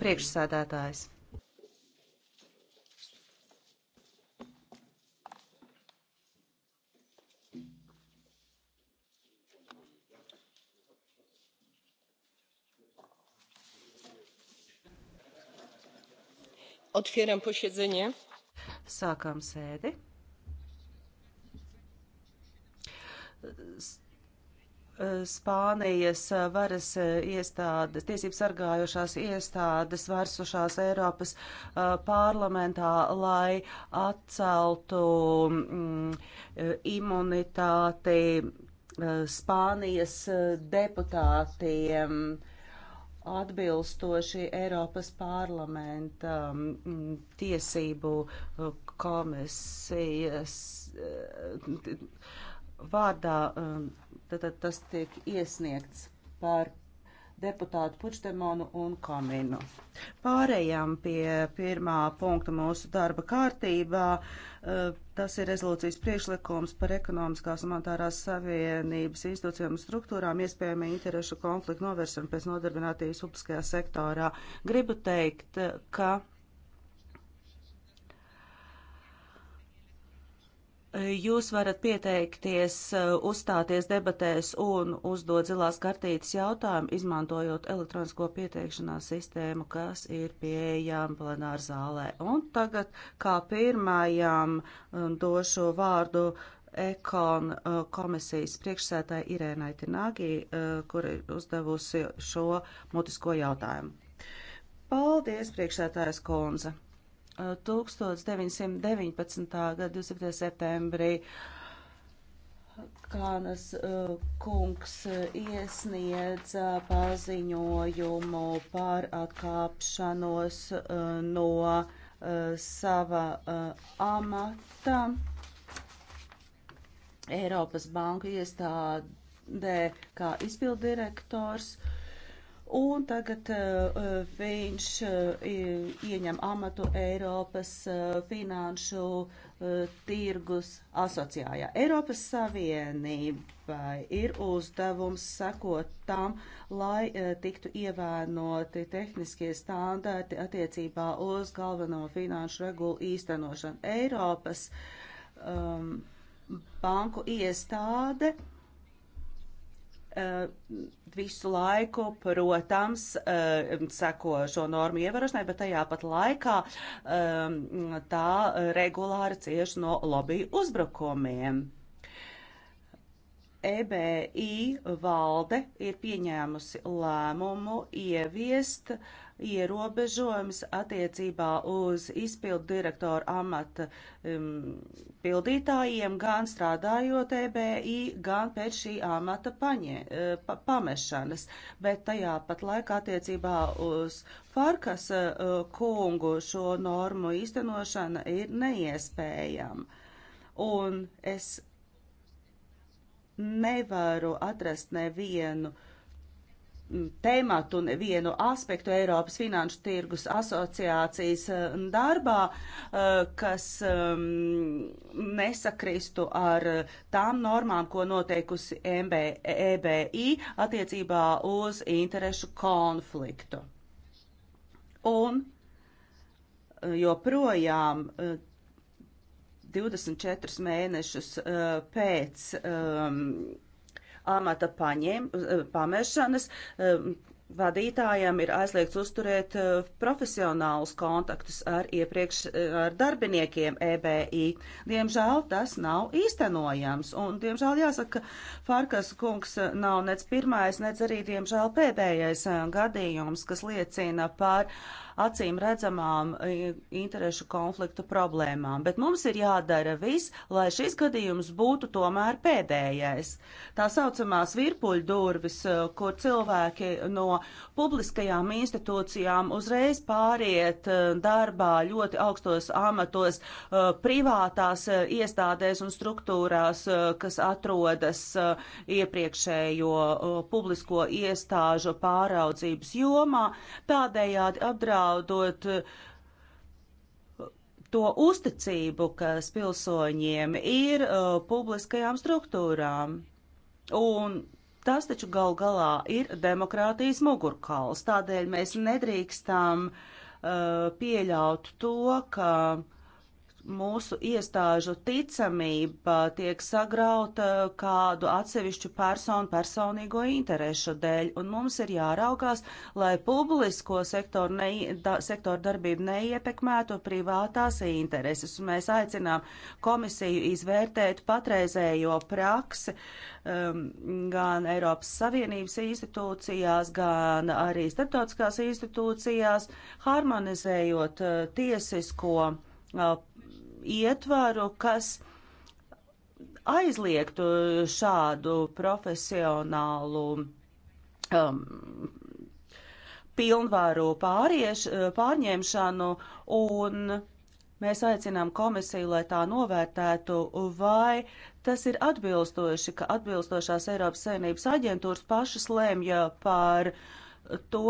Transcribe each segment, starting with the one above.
Priekšsēdētājs. Otwieram posiedzenie. Sākam sēdi. Spānijas eh, varas eh, iestādes, tiesības sargājošās iestādes vērsušās Eiropas eh, parlamentā, lai atceltu mm, imunitāti Spānijas deputātiem atbilstoši Eiropas parlamenta mm, tiesību komisijas vārdā tātad um, tas tiek iesniegts par deputātu Pučdemonu un Kaminu. Pārējām pie pirmā punkta mūsu darba kārtībā. Uh, tas ir rezolūcijas priekšlikums par ekonomiskās un monetārās savienības institūcijām un struktūrām iespējami interešu konfliktu novēršanu pēc nodarbinātības publiskajā sektorā. Gribu teikt, ka Jūs varat pieteikties, eh, uzstāties debatēs un uzdot zilās kartītes jautājumu, izmantojot elektronisko pieteikšanās sistēmu, kas ir pieejama plenāra zālē. Un tagad kā pirmajam eh, došu vārdu Ekon eh, komisijas priekšsētāja Irēnai Tinagī, kur ir uzdevusi šo mutisko jautājumu. Paldies, priekšsētājas konza! 1919. gada 27. septembrī Kānas e, kungs e, iesniedza paziņojumu par atkāpšanos e, no sava amata Eiropas Banku iestādē kā izpildirektors. direktors un tagad uh, viņš uh, ieņem amatu Eiropas uh, finanšu uh, tirgus asociācijā. Eiropas Savienībai ir uzdevums sekot tam, lai uh, tiktu ievērnoti tehniskie standarti attiecībā uz galveno finanšu regulu īstenošanu. Eiropas um, banku iestāde uh, Eh, visu laiku, protams, eh, seko šo normu ievērošanai, bet tajā pat laikā eh, tā regulāri cieši no lobby uzbrukumiem. EBI valde ir pieņēmusi lēmumu ieviest uh, ierobežojums attiecībā uz izpildu direktoru amata um, pildītājiem gan strādājot EBI, gan pēc šī amata paņē, eh, pa, pamešanas, bet tajā pat laikā attiecībā uz Farkas uh, kungu šo normu īstenošana ir neiespējama. Un es nevaru atrast nevienu uh, tēmatu un vienu aspektu Eiropas Finanšu tirgus asociācijas eh, darbā, eh, kas ehm, nesakristu ar eh, tām normām, ko noteikusi MB, EBI attiecībā uz interešu konfliktu. Un joprojām 24 mēnešus pēc ehm, amata paņem, eh, pamešanas eh, vadītājam ir aizliegts uzturēt eh, profesionālus kontaktus ar iepriekš ar darbiniekiem EBI. Diemžēl tas nav īstenojams, un diemžēl jāsaka, ka Farkas kungs nav nec pirmais, nec arī diemžēl pēdējais gadījums, kas liecina par uh, acīm redzamām e, interešu konfliktu problēmām, bet mums ir jādara viss, lai šis gadījums būtu tomēr pēdējais. Tā saucamās virpuļdurvis, e, kur cilvēki no publiskajām institūcijām uzreiz pāriet e, darbā ļoti augstos amatos privātās iestādēs un struktūrās, kas atrodas iepriekšējo publisko iestāžu pāraudzības jomā, tādējādi apdraud apdraudot uh, to uzticību, kas pilsoņiem ir uh, publiskajām struktūrām. Un tas taču gal galā ir demokrātijas mugurkauls. Tādēļ mēs nedrīkstam uh, pieļaut to, ka uh, mūsu iestāžu ticamība tiek sagrauta kādu atsevišķu personu personīgo interešu dēļ, un mums ir jāraugās, lai publisko sektoru, ne, da, sektoru darbību neietekmētu privātās intereses. Un mēs aicinām komisiju izvērtēt patreizējo praksi um, gan Eiropas Savienības institūcijās, gan arī starptautiskās institūcijās, harmonizējot uh, tiesisko uh, ietvaru, kas aizliegtu šādu profesionālu um, pilnvaru pārieš, pārņemšanu un Mēs aicinām komisiju, lai tā novērtētu, vai tas ir atbilstoši, ka atbilstošās Eiropas Savienības aģentūras pašas lēmja par to,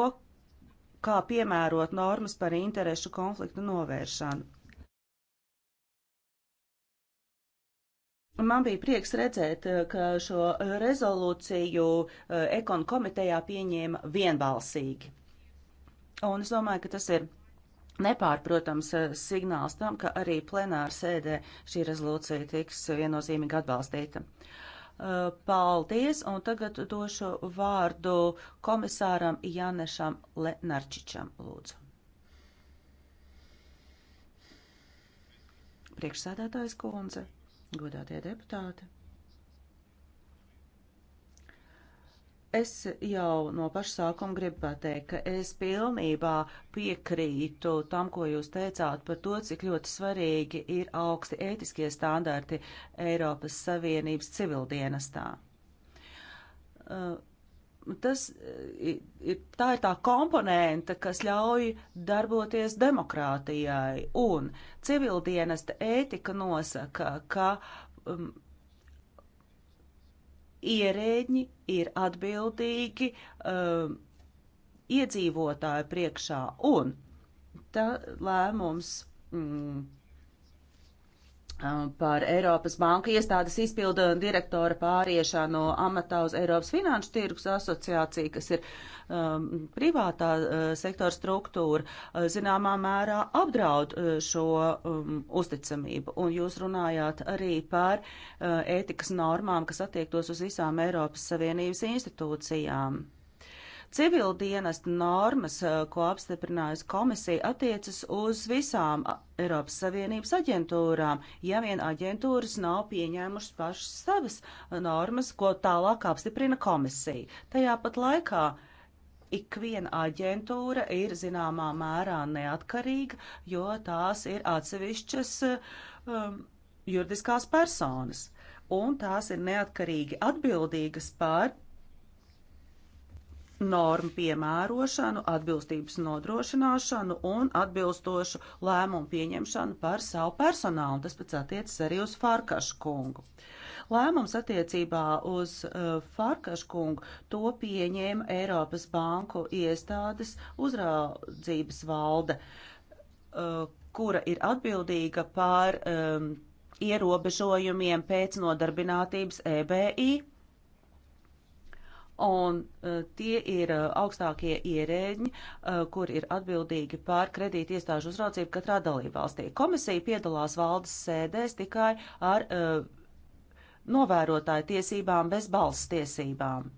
kā piemērot normas par interešu konfliktu novēršanu. Man bija prieks redzēt, eh, ka šo rezolūciju eh, ekon komitejā pieņēma vienbalsīgi. Un es domāju, ka tas ir nepārprotams eh, signāls tam, ka arī plenāra sēdē šī rezolūcija tiks viennozīmīgi atbalstīta. Paldies, un tagad došu vārdu komisāram Janešam Lenarčičam, lūdzu. Priekšsēdētājs kundze godātie deputāti. Es jau no paša sākuma gribu pateikt, ka es pilnībā piekrītu tam, ko jūs teicāt par to, cik ļoti svarīgi ir augsti ētiskie standarti Eiropas Savienības civildienestā. Uh, tas e, ir tā, ir tā komponente, kas ļauj darboties demokrātijai. Un civildienesta ētika nosaka, ka um, ierēģi ir atbildīgi um, iedzīvotāju priekšā. Un tā lēmums. Mm, Um, par Eiropas Banka iestādes izpildu direktora pāriešanu amatā uz Eiropas Finanšu tirgus asociāciju, kas ir um, privātā uh, sektora struktūra, uh, zināmā mērā apdraud uh, šo um, uzticamību. Un jūs runājāt arī par uh, ētikas normām, kas attiektos uz visām Eiropas Savienības institūcijām. Civildienas normas, eh, ko apstiprinājusi komisija, attiecas uz visām Eiropas Savienības aģentūrām, ja vien aģentūras nav pieņēmušas pašas savas eh, normas, ko tālāk apstiprina komisija. Tajā pat laikā ikviena aģentūra ir zināmā mērā neatkarīga, jo tās ir atsevišķas eh, um, juridiskās personas, un tās ir neatkarīgi atbildīgas par normu piemērošanu, atbilstības nodrošināšanu un atbilstošu lēmumu pieņemšanu par savu personālu. Tas pats attiecas arī uz Farkašu kungu. Lēmums attiecībā uz uh, eh, Farkašu kungu to pieņēma Eiropas banku iestādes uzraudzības valde, uh, kura ir atbildīga par um, ierobežojumiem pēc nodarbinātības EBI un uh, tie ir uh, augstākie ierēģi, uh, kur ir atbildīgi pār kredīti iestāžu uzraudzību katrā dalībvalstī. Komisija piedalās valdes sēdēs tikai ar uh, novērotāju tiesībām bez balss tiesībām.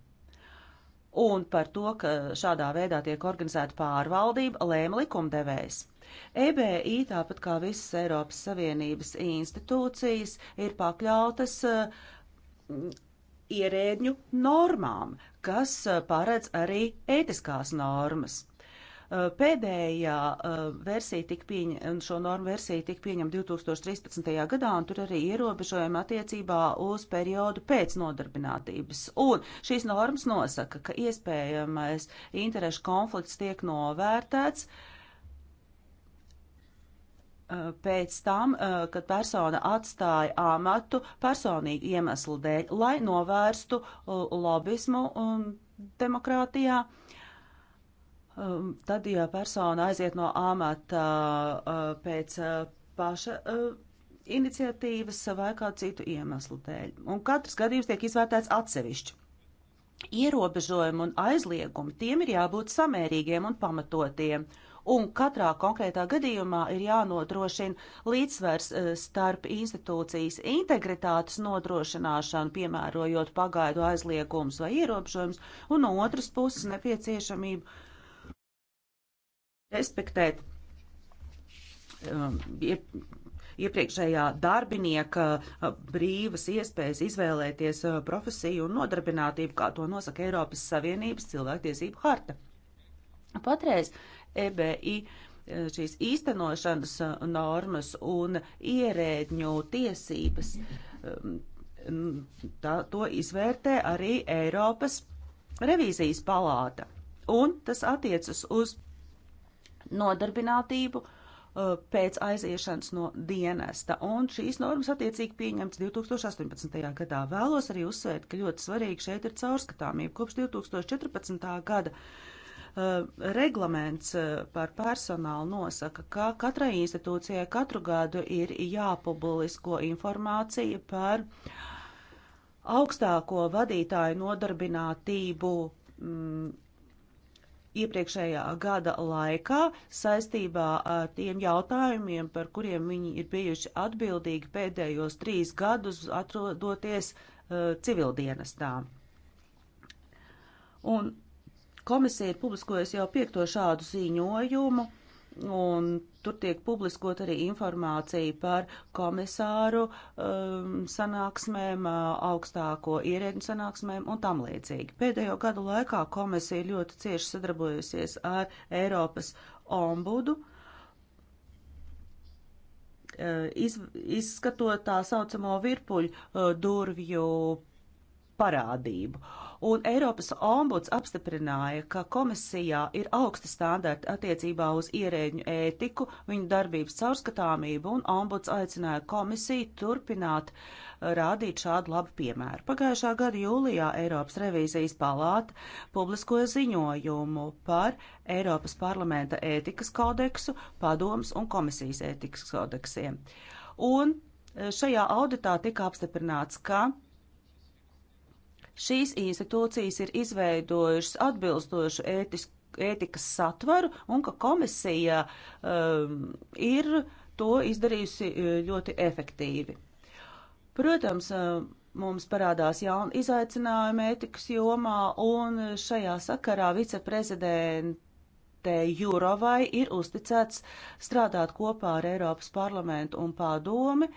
Un par to, ka šādā veidā tiek organizēta pārvaldība, lēma likumdevējs. EBI, tāpat kā visas Eiropas Savienības institūcijas, ir pakļautas uh, ierēģu normām, kas eh, paredz arī ētiskās normas. Eh, pēdējā eh, versija tika pieņemta, šo normu versija tika pieņemta 2013. gadā, un tur arī ierobežojumi attiecībā uz periodu pēc nodarbinātības. Un šīs normas nosaka, ka iespējamais interešu konflikts tiek novērtēts uh, Eh, pēc tam, eh, kad persona atstāja amatu personīgu iemeslu dēļ, lai novērstu eh, lobismu um, demokrātijā. Um, tad, ja persona aiziet no amata pēc paša iniciatīvas vai kā citu iemeslu dēļ, un katrs gadījums tiek izvērtēts atsevišķi. Ierobežojumi un aizliegumi tiem ir jābūt samērīgiem un pamatotiem. Uh, un katrā konkrētā gadījumā ir jānodrošina līdzsvers e, starp institūcijas integritātes nodrošināšanu, piemērojot pagaidu aizliegumus vai ierobežojumus, un no otras puses nepieciešamību respektēt. Um, ja iepriekšējā darbinieka uh, brīvas iespējas izvēlēties uh, profesiju un nodarbinātību, kā to nosaka Eiropas Savienības cilvēktiesību harta. Patreiz EBI eh, šīs īstenošanas eh, normas un ierēģņu tiesības. Tā, to izvērtē arī Eiropas revīzijas palāta. Un tas attiecas uz nodarbinātību eh, pēc aiziešanas no dienesta. Un šīs normas attiecīgi pieņemts 2018. gadā. Vēlos arī uzsvērt, ka ļoti svarīgi šeit ir caurskatāmība. Kopš 2014. gada Eh, reglaments eh, par personālu nosaka, ka katrai institūcijai katru gadu ir jāpublisko informācija par augstāko vadītāju nodarbinātību mm, iepriekšējā gada laikā saistībā ar tiem jautājumiem, par kuriem viņi ir bijuši atbildīgi pēdējos trīs gadus atrodoties uh, civildienestā. Un Komisija ir publiskojusi jau piekto šādu ziņojumu, un tur tiek publiskot arī informācija par komisāru um, sanāksmēm, uh, augstāko ierēģu sanāksmēm un tam līdzīgi. Pēdējo gadu laikā komisija ļoti cieši sadarbojusies ar Eiropas ombudu, uh, iz, izskatot tā saucamo virpuļu uh, durvju parādību. Un Eiropas ombuds apstiprināja, ka komisijā ir augsti standarti attiecībā uz ierēģu ētiku, viņu darbības caurskatāmību, un ombuds aicināja komisiju turpināt uh, rādīt šādu labu piemēru. Pagājušā gada jūlijā Eiropas revīzijas palāta publiskoja ziņojumu par Eiropas parlamenta ētikas kodeksu, padomus un komisijas ētikas kodeksiem. Un uh, šajā auditā tika apstiprināts, ka Šīs institūcijas ir izveidojušas atbilstošu ētisku ētikas satvaru un ka komisija um, ir to izdarījusi uh, ļoti efektīvi. Protams, uh, mums parādās jauni izaicinājumi ētikas jomā un šajā sakarā viceprezidente Jurovai ir uzticēts strādāt kopā ar Eiropas parlamentu un padomi, uh,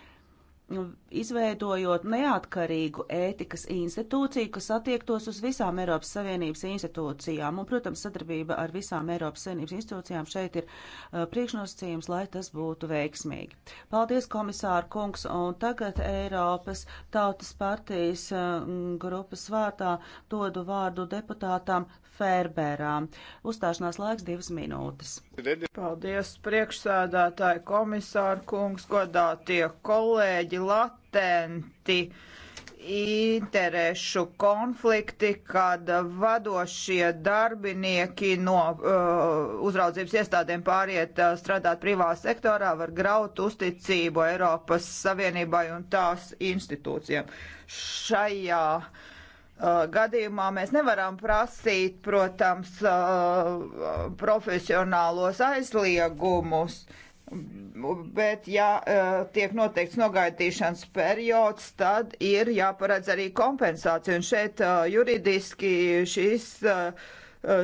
izveidojot neatkarīgu ētikas institūciju, kas attiektos uz visām Eiropas Savienības institūcijām. Un, protams, sadarbība ar visām Eiropas Savienības institūcijām šeit ir uh, priekšnosacījums, lai tas būtu veiksmīgi. Paldies, komisāra kungs, un tagad Eiropas Tautas partijas uh, grupas vārtā dodu vārdu deputātām Ferberā. Uzstāšanās laiks divas minūtes. Paldies, priekšsēdētāji, komisāra kungs, godātie kolēģi, latenti interešu konflikti, kad vadošie darbinieki no uh, uzraudzības iestādēm pāriet uh, strādāt privā sektorā, var graut uzticību Eiropas Savienībai un tās institūcijām. Šajā uh, Uh, gadījumā mēs nevaram prasīt, protams, uh, profesionālos aizliegumus, bet ja uh, tiek noteikts nogaidīšanas periods, tad ir jāparedz arī kompensācija. Un šeit juridiski šis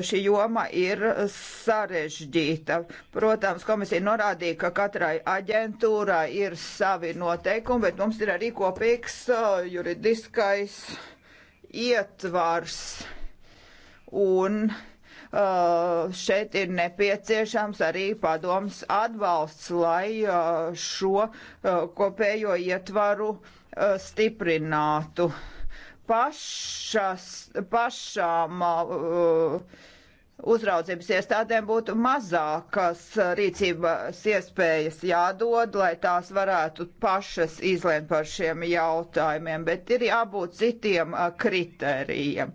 šī joma ir sarežģīta. Protams, komisija norādīja, ka katrai aģentūrai ir savi noteikumi, bet mums ir arī kopīgs juridiskais uh, ietvars. Un Uh, šeit ir nepieciešams arī padoms atbalsts, lai uh, šo uh, kopējo ietvaru uh, stiprinātu. Pašas, pašām uh, uzraudzības iestādēm būtu mazākas rīcības iespējas jādod, lai tās varētu pašas izlēmt par šiem jautājumiem, bet ir jābūt citiem kritērijiem.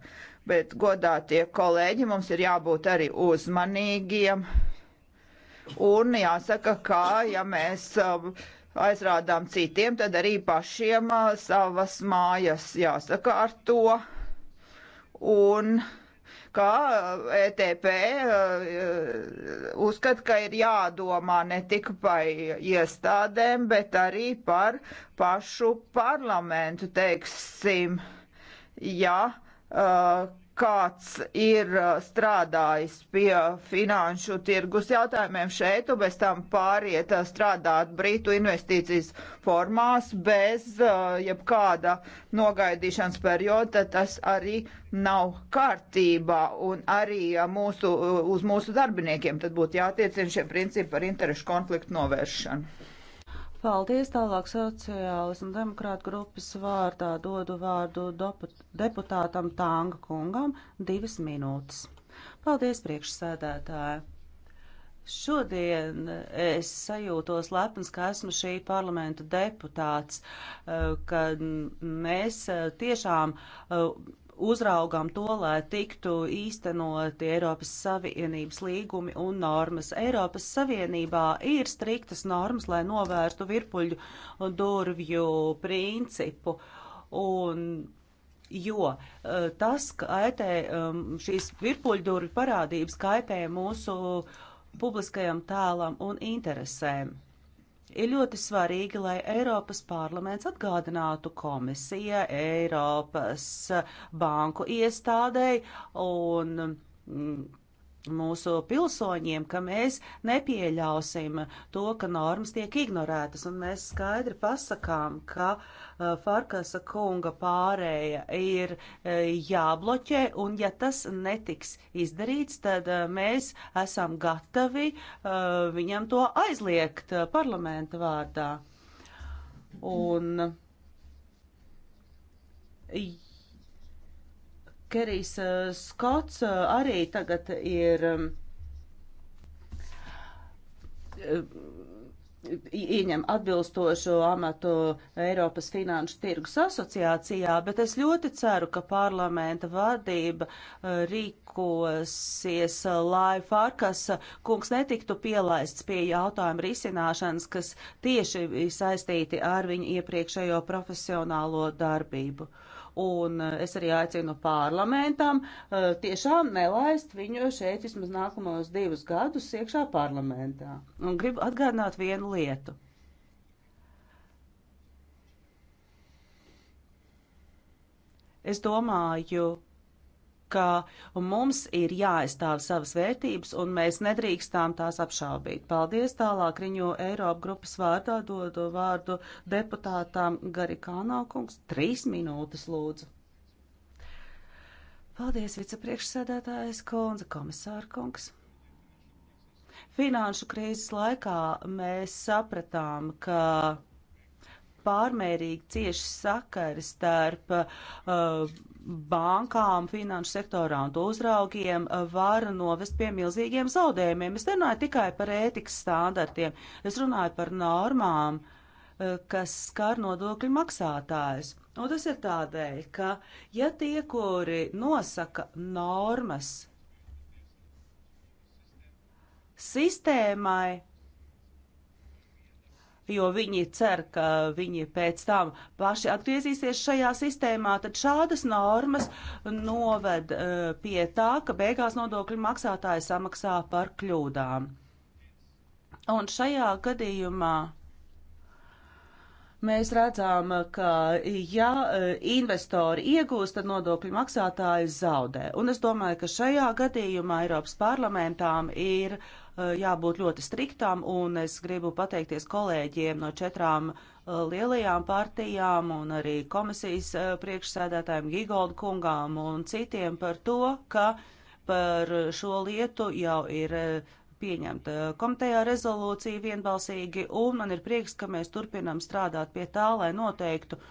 Bet godā tie kolēģi mums ir jābūt arī uzmanīgiem. Un jāsaka, kā ja mēs aizrādām citiem, tad arī pašiem savas mājas jāsaka ar to. Un uh, ka ETP eh, e eh, uzskata, ka ir jādomā ne tik par iestādēm, bet arī par pašu parlamentu, teiksim, ja eh, kāds ir uh, strādājis pie finanšu tirgus jautājumiem šeit, un bez tam pāriet uh, strādāt Britu investīcijas formās bez uh, jebkāda nogaidīšanas perioda, tas arī nav kārtībā, un arī mūsu, uz mūsu darbiniekiem tad būtu jātiecina šie principi par interešu konfliktu novēršanu. Paldies tālāk sociālismu demokrātu grupas vārdā dodu vārdu deputātam Tānga kungam divas minūtes. Paldies priekšsēdētāji. Šodien es sajūtos lepns, ka esmu šī parlamenta deputāts, eh, ka mēs eh, tiešām eh, uzraugam to, lai tiktu īstenoti Eiropas Savienības līgumi un normas. Eiropas Savienībā ir striktas normas, lai novērstu virpuļu durvju principu. Un, jo eh, tas kaitē, um, šīs virpuļdurvju parādības kaitē mūsu publiskajam tēlam un interesēm. Ir ļoti svarīgi, lai Eiropas parlaments atgādinātu komisija, Eiropas banku iestādēji un mm, mūsu pilsoņiem, ka mēs nepieļausim to, ka normas tiek ignorētas, un mēs skaidri pasakām, ka uh, Farkasa kunga pārēja ir uh, jābloķē, un ja tas netiks izdarīts, tad uh, mēs esam gatavi uh, viņam to aizliegt uh, parlamenta vārdā. Un, Kerijs uh, Skots uh, arī tagad ir um, ieņem atbilstošo amatu Eiropas Finanšu tirgus asociācijā, bet es ļoti ceru, ka parlamenta vadība uh, rīkosies, lai Farkas kungs netiktu pielaists pie jautājuma risināšanas, kas tieši saistīti ar viņu iepriekšējo profesionālo darbību. Uh, Un eh, es arī aicinu parlamentam eh, tiešām nelaist viņu šeit vismaz nākamos divus gadus iekšā parlamentā. Un gribu atgādināt vienu lietu. Es domāju, ka mums ir jāaizstāv savas vērtības un mēs nedrīkstām tās apšaubīt. Paldies tālāk riņo Eiropa grupas vārdā dodu vārdu deputātām Garikānā kungs. Trīs minūtes lūdzu. Paldies, vicepriekšsēdētājs Konza, komisāra kungs. Finanšu krīzes laikā mēs sapratām, ka pārmērīgi cieši sakari starp uh, bankām, finanšu sektorā un to uzraugiem uh, var novest pie milzīgiem zaudējumiem. Es nerunāju tikai par ētikas standartiem, es runāju par normām, uh, kas skar nodokļu maksātājus. Un tas ir tādēļ, ka ja tie, kuri nosaka normas sistēmai, jo viņi cer, ka viņi pēc tam paši atgriezīsies šajā sistēmā, tad šādas normas noved uh, pie tā, ka beigās nodokļu maksātāji samaksā par kļūdām. Un šajā gadījumā mēs redzam, ka ja eh, investori iegūst, tad nodokļu maksātāji zaudē. Un es domāju, ka šajā gadījumā Eiropas parlamentām ir Eh, jābūt ļoti striktam, un es gribu pateikties kolēģiem no četrām eh, lielajām partijām un arī komisijas eh, priekšsēdētājiem Gigoldu kungām un citiem par to, ka par šo lietu jau ir pieņemta komitejā rezolūcija vienbalsīgi, un man ir prieks, ka mēs turpinam strādāt pie tā, lai noteiktu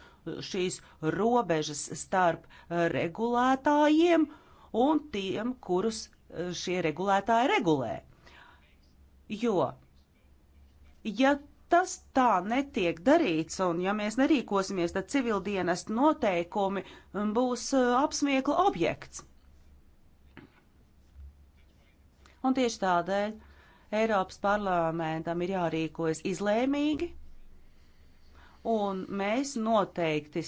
šīs robežas starp regulētājiem un tiem, kurus šie regulētāji regulē. Jo, ja tas tā netiek darīts, un ja mēs nerīkosimies, tad civildienas noteikumi būs eh, apsmiekla objekts. Un tieši tādēļ Eiropas parlamentam ir jārīkojas izlēmīgi un mēs noteikti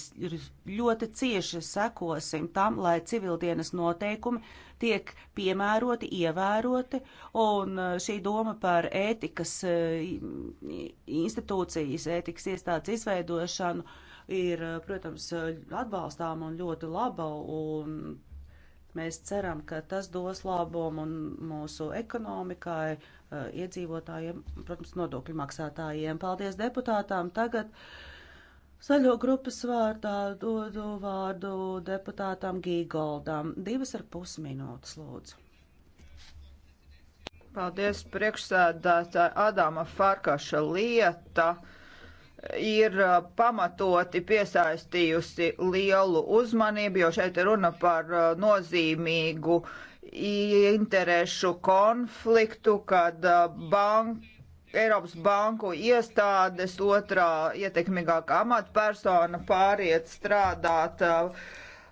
ļoti cieši sekosim tam, lai civildienas noteikumi tiek piemēroti, ievēroti, un eh, šī doma par ētikas eh, institūcijas, ētikas iestādes izveidošanu ir, eh, protams, atbalstām un ļoti laba, un Mēs ceram, ka tas dos labumu mūsu ekonomikai, eh, iedzīvotājiem, protams, nodokļu maksātājiem. Paldies deputātām! Tagad zaļo grupas vārdā dodu vārdu deputātam Gīgoldam. Divas ar pus minūtes, lūdzu. Paldies, priekšsēdētāji Adama Farkaša lieta ir uh, pamatoti piesaistījusi lielu uzmanību, jo šeit ir runa par uh, nozīmīgu interešu konfliktu, kad uh, banka. Eiropas banku iestādes otrā ietekmīgākā amatpersona pāriet strādāt uh,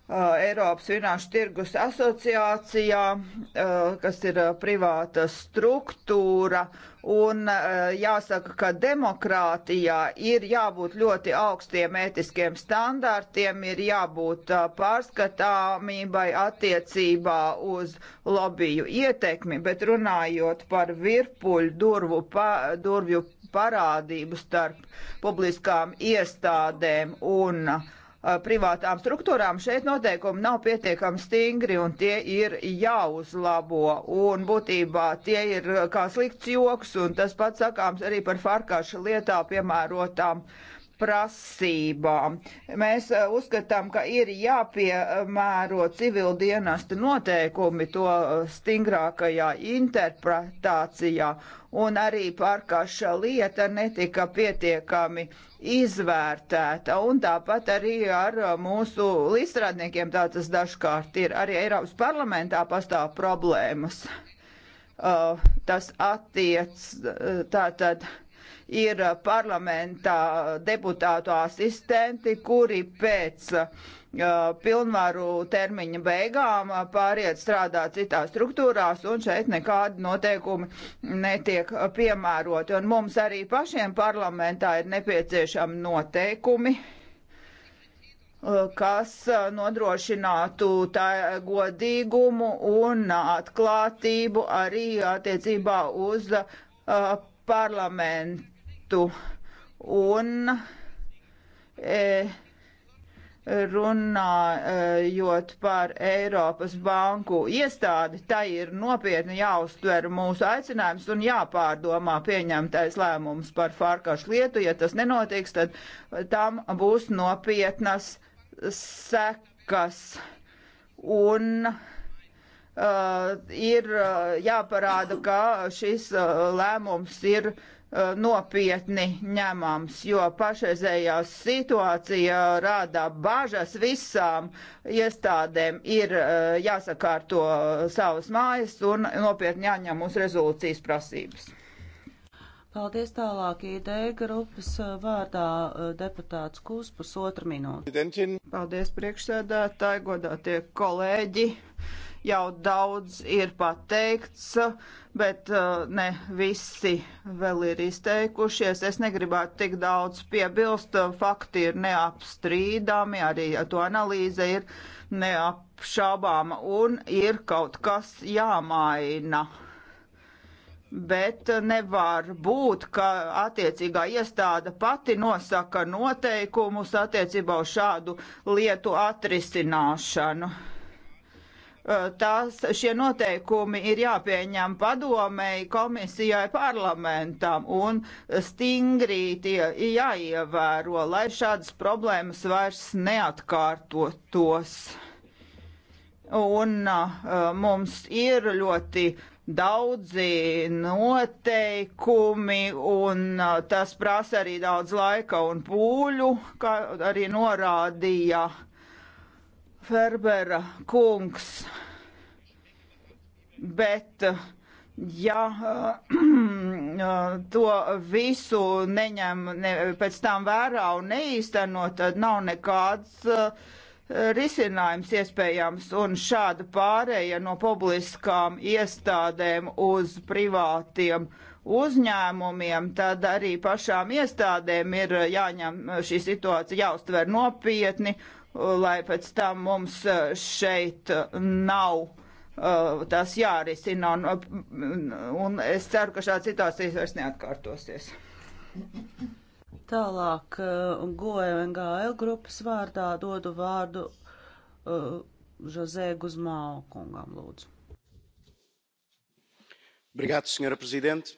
Uh, Eiropas Finanšu tirgus asociācijā, uh, kas ir uh, privāta struktūra, un jāsaka, ka demokrātijā ir jābūt ļoti augstiem ētiskiem standartiem, ir jābūt pārskatāmībai attiecībā uz lobiju ietekmi, bet runājot par virpuļu durvu, pa, durvju parādību starp publiskām iestādēm un uh, privātām struktūrām šeit noteikumi nav pietiekami stingri un tie ir jāuzlabo. Un būtībā tie ir kā slikts joks un tas pats sakāms arī par farkašu lietā piemērotām uh, prasībām. Mēs eh, uzskatām, ka ir jāpiemēro civil dienesta noteikumi to eh, stingrākajā interpretācijā, un arī pārkāša lieta netika pietiekami izvērtēta, un tāpat arī ar eh, mūsu līdzstrādniekiem tā tas dažkārt ir. Arī Eiropas parlamentā pastāv problēmas. Uh, tas attiec tātad. Tā, ir eh, parlamentā deputātu asistenti, kuri pēc eh, pilnvaru termiņa beigām pāriet strādāt citās struktūrās, un šeit nekādi noteikumi netiek piemēroti. Un mums arī pašiem parlamentā ir nepieciešami noteikumi, eh, kas nodrošinātu tā godīgumu un atklātību arī attiecībā uz parlamentu budžetu un e, runājot par Eiropas banku iestādi, tai ir nopietni jāuztver mūsu aicinājums un jāpārdomā pieņemtais lēmums par Farkašu lietu. Ja tas nenotiks, tad tam būs nopietnas sekas. Un uh, ir uh, jāparāda, ka šis uh, lēmums ir uh, Eh, nopietni ņemams, jo pašreizējā situācija rāda bažas visām iestādēm ir eh, jāsakārto savas mājas un nopietni jāņem mūsu rezolūcijas prasības. Paldies tālāk ideja grupas vārdā eh, deputāts Kūs pusotra minūte. Paldies priekšsēdētāji, godātie kolēģi jau daudz ir pateikts, bet uh, ne visi vēl ir izteikušies. Es negribētu tik daudz piebilst, fakti ir neapstrīdami, arī to analīze ir neapšaubāma un ir kaut kas jāmaina bet nevar būt, ka attiecīgā iestāde pati nosaka noteikumus attiecībā uz šādu lietu atrisināšanu. Eh, tās šie noteikumi ir jāpieņem padomēji, komisijai, parlamentam un stingri tie jāievēro, lai šādas problēmas vairs neatkārtotos. Un eh, mums ir ļoti daudzi noteikumi, un eh, tas prasa arī daudz laika un pūļu, kā arī norādīja uh, Ferbera kungs, bet ja eh, to visu neņem ne, pēc tam vērā un neīsteno, tad nav nekāds eh, risinājums iespējams un šāda pārēja no publiskām iestādēm uz privātiem uzņēmumiem, tad arī pašām iestādēm ir eh, jāņem šī situācija jāuztver nopietni lai pēc tam mums eh, šeit eh, nav eh, tas jārisina. Un, un es ceru, ka šāda situācija vairs neatkārtosies. Tālāk GOMGL grupas vārdā dodu vārdu uh, José Guzmao kungam lūdzu. Brigāts, senjora prezidente.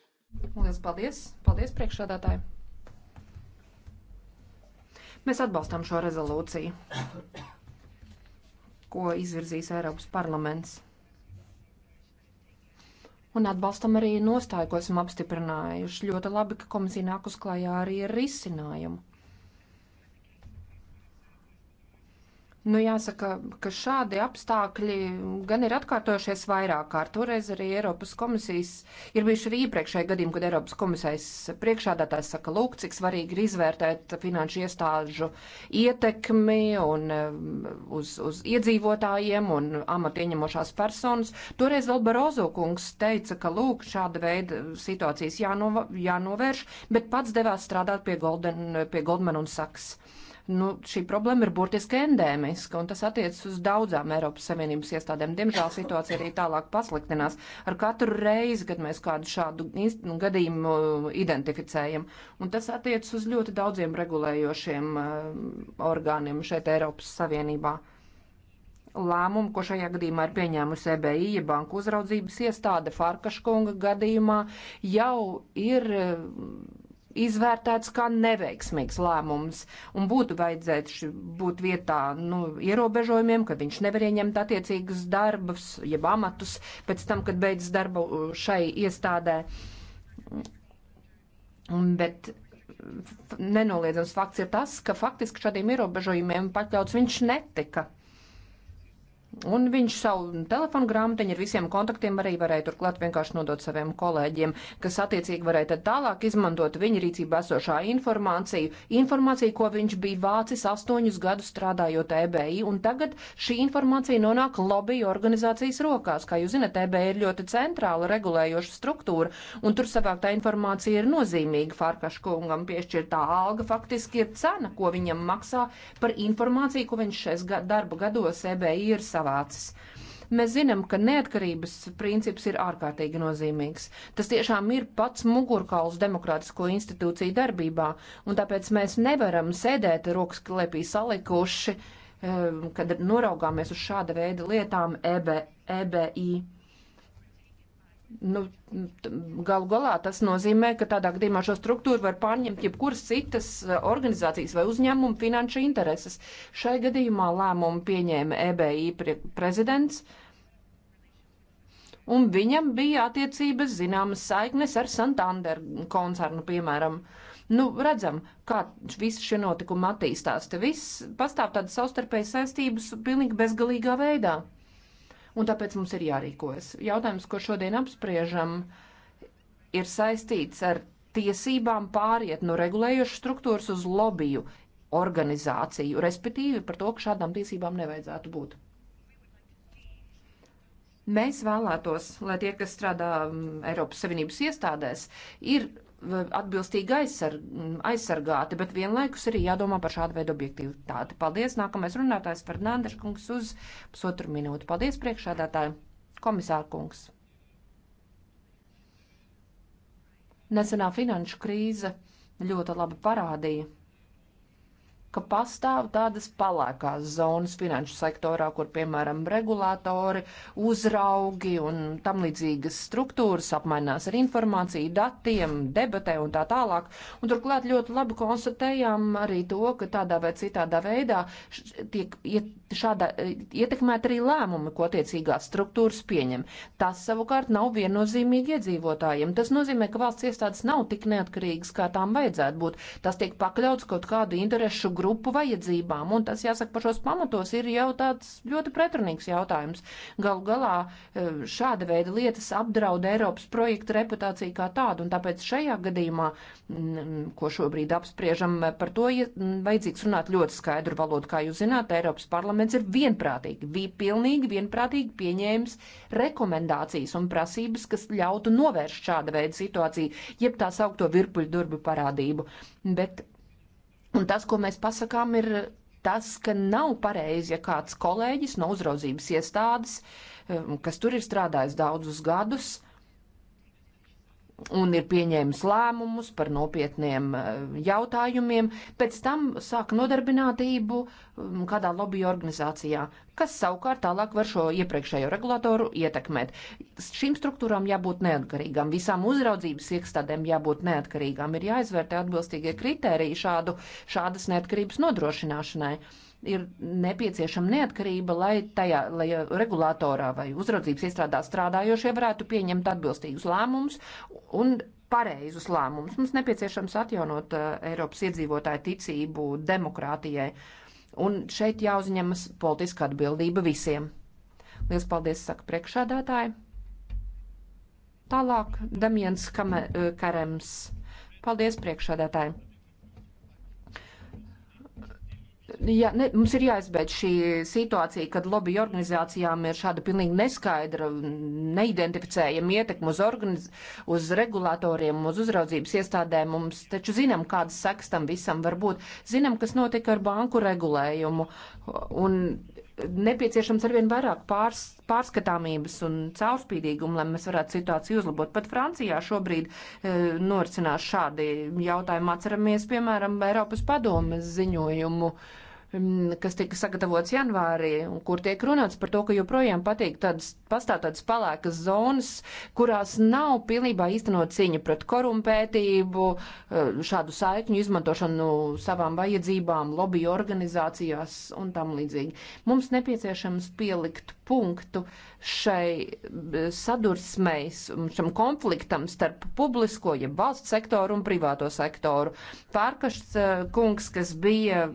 Lielas paldies. Paldies, priekšādātāji. Mēs atbalstam šo rezolūciju, ko izvirzīs Eiropas parlaments. Un atbalstam arī nostāju, ko esam apstiprinājuši. Ļoti labi, ka komisija nāk uz klājā arī ar risinājumu. Nu, jāsaka, ka šādi apstākļi gan ir atkārtojušies vairāk kārt. Toreiz arī Eiropas komisijas ir bijuši arī iepriekšēji gadījumi, kad Eiropas komisijas priekšādātājs saka, lūk, cik svarīgi ir izvērtēt finanšu iestāžu ietekmi un um, uz, uz iedzīvotājiem un amatu ieņemošās personas. Toreiz vēl Barozo kungs teica, ka lūk, šāda veida situācijas jānova, jānovērš, bet pats devās strādāt pie, Golden, pie Goldman un Saks nu, šī problēma ir burtiski endēmiska, un tas attiecas uz daudzām Eiropas Savienības iestādēm. Diemžēl situācija arī tālāk pasliktinās ar katru reizi, kad mēs kādu šādu nu, gadījumu uh, identificējam. Un tas attiecas uz ļoti daudziem regulējošiem uh, orgāniem šeit Eiropas Savienībā lēmumu, ko šajā gadījumā ir pieņēmusi EBI, ja banku uzraudzības iestāde Farkaškunga gadījumā, jau ir uh, izvērtēts kā neveiksmīgs lēmums un būtu vajadzējuši būt vietā nu, ierobežojumiem, ka viņš nevar ieņemt attiecīgus darbus, jeb amatus pēc tam, kad beidzas darbu šai iestādē. Bet nenoliedzams fakts ir tas, ka faktiski šādiem ierobežojumiem pakļauts viņš netika. Un viņš savu telefonu grāmatiņu ar visiem kontaktiem arī varēja turklāt vienkārši nodot saviem kolēģiem, kas attiecīgi varēja tad tālāk izmantot viņa rīcībā esošā informāciju, informāciju, ko viņš bija vācis astoņus gadus strādājot EBI, un tagad šī informācija nonāk lobby organizācijas rokās. Kā jūs zinat, EBI ir ļoti centrāla regulējoša struktūra, un tur savāktā informācija ir nozīmīga. Farkašu kungam piešķirtā alga faktiski ir cena, ko viņam maksā par informāciju, ko viņš šais darba gados EBI ir savā savācis. Mēs zinām, ka neatkarības princips ir ārkārtīgi nozīmīgs. Tas tiešām ir pats mugurkauls demokrātisko institūciju darbībā, un tāpēc mēs nevaram sēdēt rokas klēpī salikuši, eh, kad noraugāmies uz šāda veida lietām EB, EBI. Nu, galu galā tas nozīmē, ka tādā gadījumā šo struktūru var pārņemt jebkuras citas eh, organizācijas vai uzņēmuma finanšu intereses. Šai gadījumā lēmumu pieņēma EBI prezidents, un viņam bija attiecības zināmas saiknes ar Santander koncernu, piemēram. Nu, redzam, kā visi šie notikumi attīstās. Te viss pastāv tāda savstarpēja saistības pilnīgi bezgalīgā veidā un tāpēc mums ir jārīkojas. Jautājums, ko šodien apspriežam, ir saistīts ar tiesībām pāriet no regulējušas struktūras uz lobiju organizāciju, respektīvi par to, ka šādām tiesībām nevajadzētu būt. Mēs vēlētos, lai tie, kas strādā mm, Eiropas Savienības iestādēs, ir atbilstīgi aizsarg, aizsargāti, bet vienlaikus arī jādomā par šādu veidu objektivitāti. Paldies, nākamais runātājs Fernandes kungs uz pusotru minūtu. Paldies, priekšādātāji, komisāra kungs. Nesenā finanšu krīze ļoti labi parādīja, ka pastāv tādas palēkās zonas finanšu sektorā, kur, piemēram, regulātori, uzraugi un tam līdzīgas struktūras apmainās ar informāciju, datiem, debatē un tā tālāk. Un turklāt ļoti labi konstatējām arī to, ka tādā vai citādā veidā tiek iet, šāda, e, ietekmēt arī lēmumi, ko tiecīgās struktūras pieņem. Tas savukārt nav viennozīmīgi iedzīvotājiem. Tas nozīmē, ka valsts iestādes nav tik neatkarīgas, kā tām vajadzētu būt. Tas tiek pakļauts kaut kādu interesu grupu grupu vajadzībām. Un tas, jāsaka, pašos pamatos ir jau tāds ļoti pretrunīgs jautājums. Galu galā e, šāda veida lietas apdraud Eiropas projekta reputāciju kā tādu, un tāpēc šajā gadījumā, ko šobrīd apspriežam, e, par to ja vajadzīgs runāt ļoti skaidru valodu. Kā jūs zināt, Eiropas parlaments ir vienprātīgi, bija pilnīgi vienprātīgi pieņēmis rekomendācijas un prasības, kas ļautu novērst šāda veida situāciju, jeb tā saukto virpuļu durbu parādību. Bet Un tas, ko mēs pasakām, ir tas, ka nav pareizi, ja kāds kolēģis no uzraudzības iestādes, um, kas tur ir strādājis daudzus gadus, un ir pieņēmis lēmumus par nopietniem eh, jautājumiem, pēc tam sāk nodarbinātību mm, kādā lobby organizācijā, kas savukārt tālāk var šo iepriekšējo regulatoru ietekmēt. Šīm struktūrām jābūt neatkarīgām, visām uzraudzības iekstādēm jābūt neatkarīgām, ir jāizvērtē atbilstīgie kriteriji šādu, šādas neatkarības nodrošināšanai ir nepieciešama neatkarība, lai tajā, lai eh, regulātorā vai uzraudzības iestrādā strādājošie varētu pieņemt atbilstīgus lēmumus un pareizus lēmumus. Mums nepieciešams atjaunot eh, Eiropas iedzīvotāju ticību demokrātijai. Un šeit jāuzņemas politiska atbildība visiem. Lielas paldies, saka priekšādātāji. Tālāk Damiens eh, Karems. Paldies priekšādātājiem! Jā, ne, mums ir jāizbeidz šī situācija, kad lobby organizācijām ir šāda pilnīgi neskaidra, neidentificējama ietekma uz, organiz, uz regulātoriem, uz uzraudzības iestādēm. Mums taču zinām, kādas sekas tam visam var būt. Zinām, kas notika ar banku regulējumu. Un nepieciešams arvien vairāk pārs, pārskatāmības un caurspīdīguma, lai mēs varētu situāciju uzlabot. Pat Francijā šobrīd e, norisinās šādi jautājumi. Atceramies, piemēram, Eiropas padomas ziņojumu. E, Mm, kas tika sagatavots janvārī, un kur tiek runāts par to, ka joprojām patīk tādas, pastāv tādas palēkas zonas, kurās nav pilnībā īstenot cīņa pret korumpētību, eh, šādu saikņu izmantošanu savām vajadzībām, lobby organizācijās un tam līdzīgi. Mums nepieciešams pielikt punktu uh, šai e, sadursmei, šam konfliktam starp publisko, ja valsts sektoru un privāto sektoru. Pārkašs e, kungs, kas bija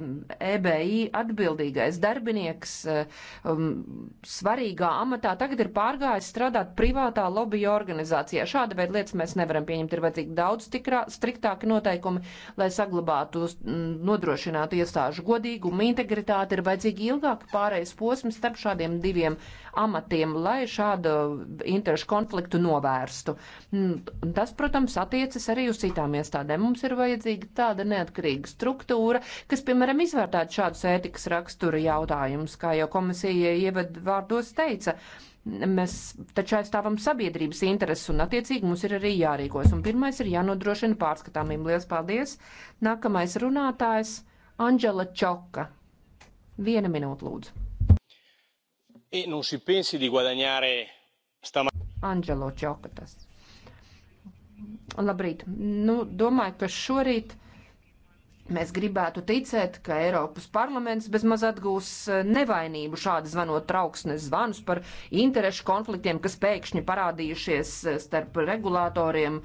EBI atbildīgais darbinieks um, svarīgā amatā, tagad ir pārgājis strādāt privātā lobby organizācijā. Šāda veida lietas mēs nevaram pieņemt. Ir vajadzīgi daudz tikrā, striktāki noteikumi, lai saglabātu, nodrošinātu iestāžu godīgumu, integritāti. Ir vajadzīgi ilgāki pārējais posms starp šādiem diviem amatiem, lai šādu interešu konfliktu novērstu. Mm, tas, protams, attiecas arī uz citām iestādēm. Mums ir vajadzīga tāda neatkarīga struktūra, kas, piemēram, izvērtētu šādus ētikas rakstura jautājumus, kā jau komisija ievadvārdos teica mēs taču aizstāvam sabiedrības intereses un, attiecīgi, mums ir arī jārīkos. Un pirmais ir jānodrošina pārskatāmība. Lielas paldies! Nākamais runātājs - Anģela Čoka. Viena minūte, lūdzu e non si pensi di guadagnare stamattina. Angelo Čokatas. Labrīt. Nu, domāju, ka šorīt Mēs gribētu ticēt, ka Eiropas parlaments bezmaz atgūs eh, nevainību šādi zvanot trauksnes zvanus par interešu konfliktiem, kas pēkšņi parādījušies eh, starp regulātoriem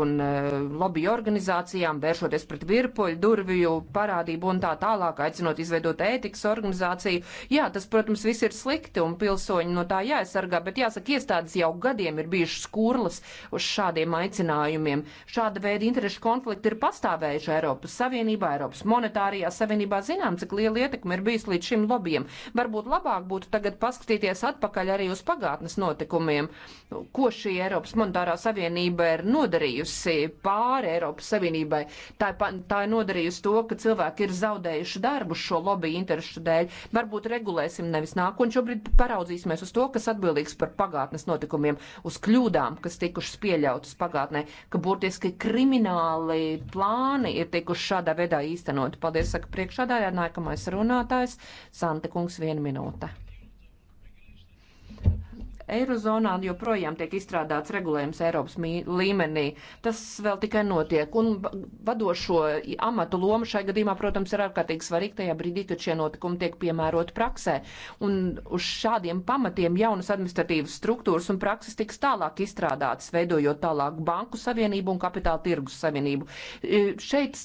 un eh, lobby organizācijām, vēršoties pret virpuļu, durvju parādību un tā tālāk, aicinot izveidot ētikas organizāciju. Jā, tas, protams, viss ir slikti un pilsoņi no tā jāaizsargā, bet jāsaka, iestādes jau gadiem ir bijušas kurlas uz šādiem aicinājumiem. Šāda veida interešu konflikti ir pastāvējuši Eiropas Savienībā. Eiropas monetārajā savienībā zinām, cik liela ietekme ir bijis līdz šim lobbyiem. Varbūt labāk būtu tagad paskatīties atpakaļ arī uz pagātnes notikumiem, ko šī Eiropas monetārā savienība ir nodarījusi pāri Eiropas Savienībai. Tā, tā ir nodarījusi to, ka cilvēki ir zaudējuši darbu šo lobby interesu dēļ. Varbūt regulēsim nevis nākotnē, šobrīd paraudzīsimies uz to, kas atbildīgs par pagātnes notikumiem, uz kļūdām, kas tikušas pieļautas pagātnē, ka burtiski krimināli plāni ir tikuši šādā veidā īstenot. Paldies, saka priekšādājā, nākamais runātājs Sante Kungs, viena minūte. Eirozonā joprojām tiek izstrādāts regulējums Eiropas līmenī. Tas vēl tikai notiek. Un vadošo amatu loma šai gadījumā, protams, ir ārkārtīgi svarīga tajā brīdī, kad šie notikumi tiek piemēroti praksē. Un uz šādiem pamatiem jaunas administratīvas struktūras un prakses tiks tālāk izstrādātas, veidojot tālāk banku savienību un kapitāla tirgus savienību. E, šeit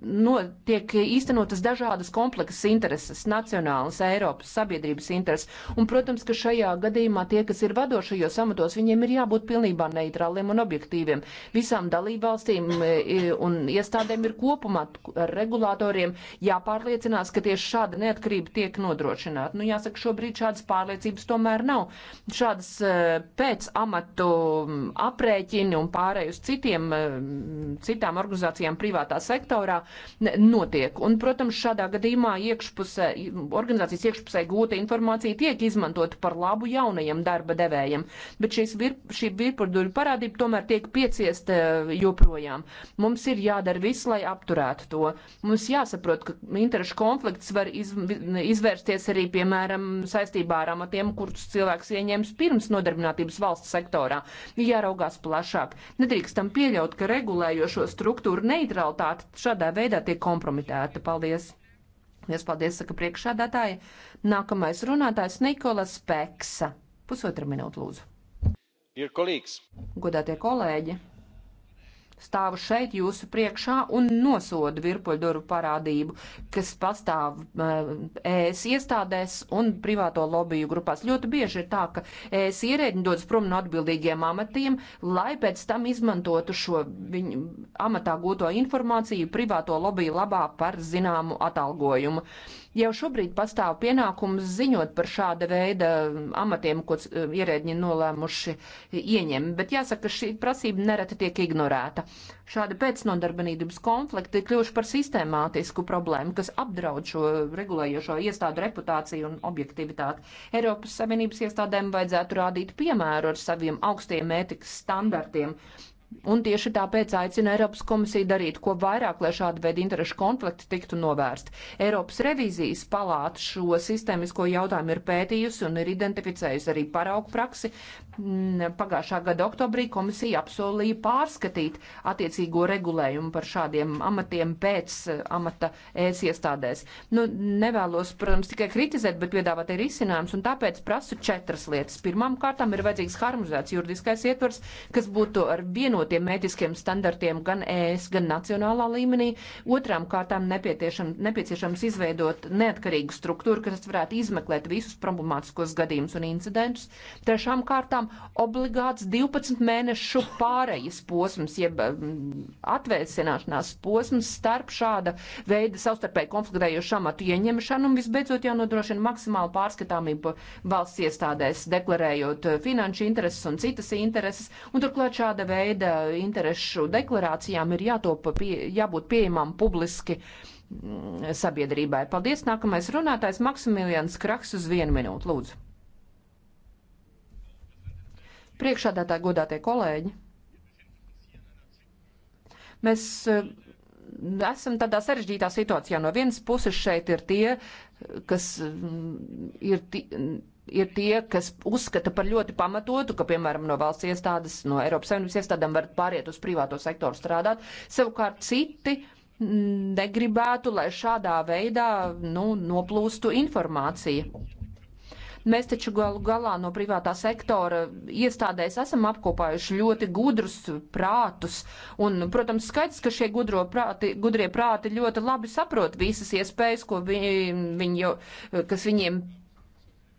no, tiek īstenotas dažādas kompleksas intereses, nacionālas, Eiropas, sabiedrības intereses. Un, protams, ka šajā gadījumā tie, kas ir vadošajos amatos, viņiem ir jābūt pilnībā neitrāliem un objektīviem. Visām dalībvalstīm e, e, un iestādēm ir kopumā ar regulātoriem jāpārliecinās, ka tieši šāda neatkarība tiek nodrošināta. Nu, jāsaka, šobrīd šādas pārliecības tomēr nav. Šādas e, pēc amatu aprēķini un pārēj uz citiem, citām organizācijām privātā sektorā mērā notiek. Un, protams, šādā gadījumā iekšpusē, organizācijas iekšpusē gūta informācija tiek izmantota par labu jaunajiem darba devējiem, bet šīs vir, šī virpuļu parādība tomēr tiek pieciesta e, joprojām. Mums ir jādara viss, lai apturētu to. Mums jāsaprot, ka interešu konflikts var iz, izvērsties arī, piemēram, saistībā ar amatiem, kurus cilvēks ieņems pirms nodarbinātības valsts sektorā. Jāraugās plašāk. Nedrīkstam pieļaut, ka regulējošo struktūru neutralitāte šādā šādā veidā tiek kompromitēta. Paldies! Liels paldies, saka priekšādātāja. Nākamais runātājs Nikolas Peksa. Pusotra minūte, lūdzu. Godātie kolēģi! stāvu šeit jūsu priekšā un nosodu virpuļduru parādību, kas pastāv uh, eh, ES iestādēs un privāto lobiju grupās. Ļoti bieži ir tā, ka ES ierēģi dodas prom no atbildīgiem amatiem, lai pēc tam izmantotu šo viņu amatā gūto informāciju privāto lobiju labā par zināmu atalgojumu. Jau šobrīd pastāv pienākums ziņot par šāda veida amatiem, ko eh, ierēģi nolēmuši ieņem, bet jāsaka, ka šī prasība nereti tiek ignorēta. Šādi pēcnodarbenības konflikti kļuvuši par sistemātisku problēmu, kas apdraud šo regulējošo iestādu reputāciju un objektivitāti. Eiropas Savienības iestādēm vajadzētu rādīt piemēru ar saviem augstiem ētikas standartiem. Un tieši tāpēc aicina Eiropas komisiju darīt ko vairāk, lai šāda veida interešu konflikti tiktu novērst. Eiropas revīzijas palāta šo sistēmisko jautājumu ir pētījusi un ir identificējusi arī paraugu praksi, pagājušā gada oktobrī komisija apsolīja pārskatīt attiecīgo regulējumu par šādiem amatiem pēc uh, amata ēs iestādēs. Nu, nevēlos, protams, tikai kritizēt, bet piedāvāt ir izcinājums, un tāpēc prasu četras lietas. Pirmām kārtām ir vajadzīgs harmonizēts juridiskais ietvers, kas būtu ar vienotiem mētiskiem standartiem gan ēs, gan nacionālā līmenī. Otrām kārtām nepieciešam, nepieciešams izveidot neatkarīgu struktūru, kas varētu izmeklēt visus problemātiskos gadījumus un incidentus. Trešām kārtām pagaidām obligāts 12 mēnešu pārejas posms, jeb mm, atvēsināšanās posms starp šāda veida savstarpēji konfliktējošu amatu ieņemšanu un visbeidzot jānodrošina maksimāla pārskatāmība valsts iestādēs, deklarējot eh, finanšu intereses un citas intereses, un turklāt šāda veida interesu deklarācijām ir jātopa, pie, jābūt pieejamām publiski mm, sabiedrībai. Paldies! Nākamais runātājs Maksimilians Kraks uz vienu minūtu, lūdzu. Priekšādātāji, godātie kolēģi, mēs eh, esam tādā sarežģītā situācijā. No vienas puses šeit ir tie, kas mm, ir. Tie, mm, ir tie, kas uzskata par ļoti pamatotu, ka, piemēram, no valsts iestādes, no Eiropas Savienības iestādēm var pāriet uz privāto sektoru strādāt. Savukārt citi mm, negribētu, lai šādā veidā nu, noplūstu informācija. Mēs taču galu galā no privātā sektora iestādēs esam apkopājuši ļoti gudrus prātus. Un, protams, skaidrs, ka šie prāti, gudrie prāti ļoti labi saprot visas iespējas, ko viņi, viņi jau, kas viņiem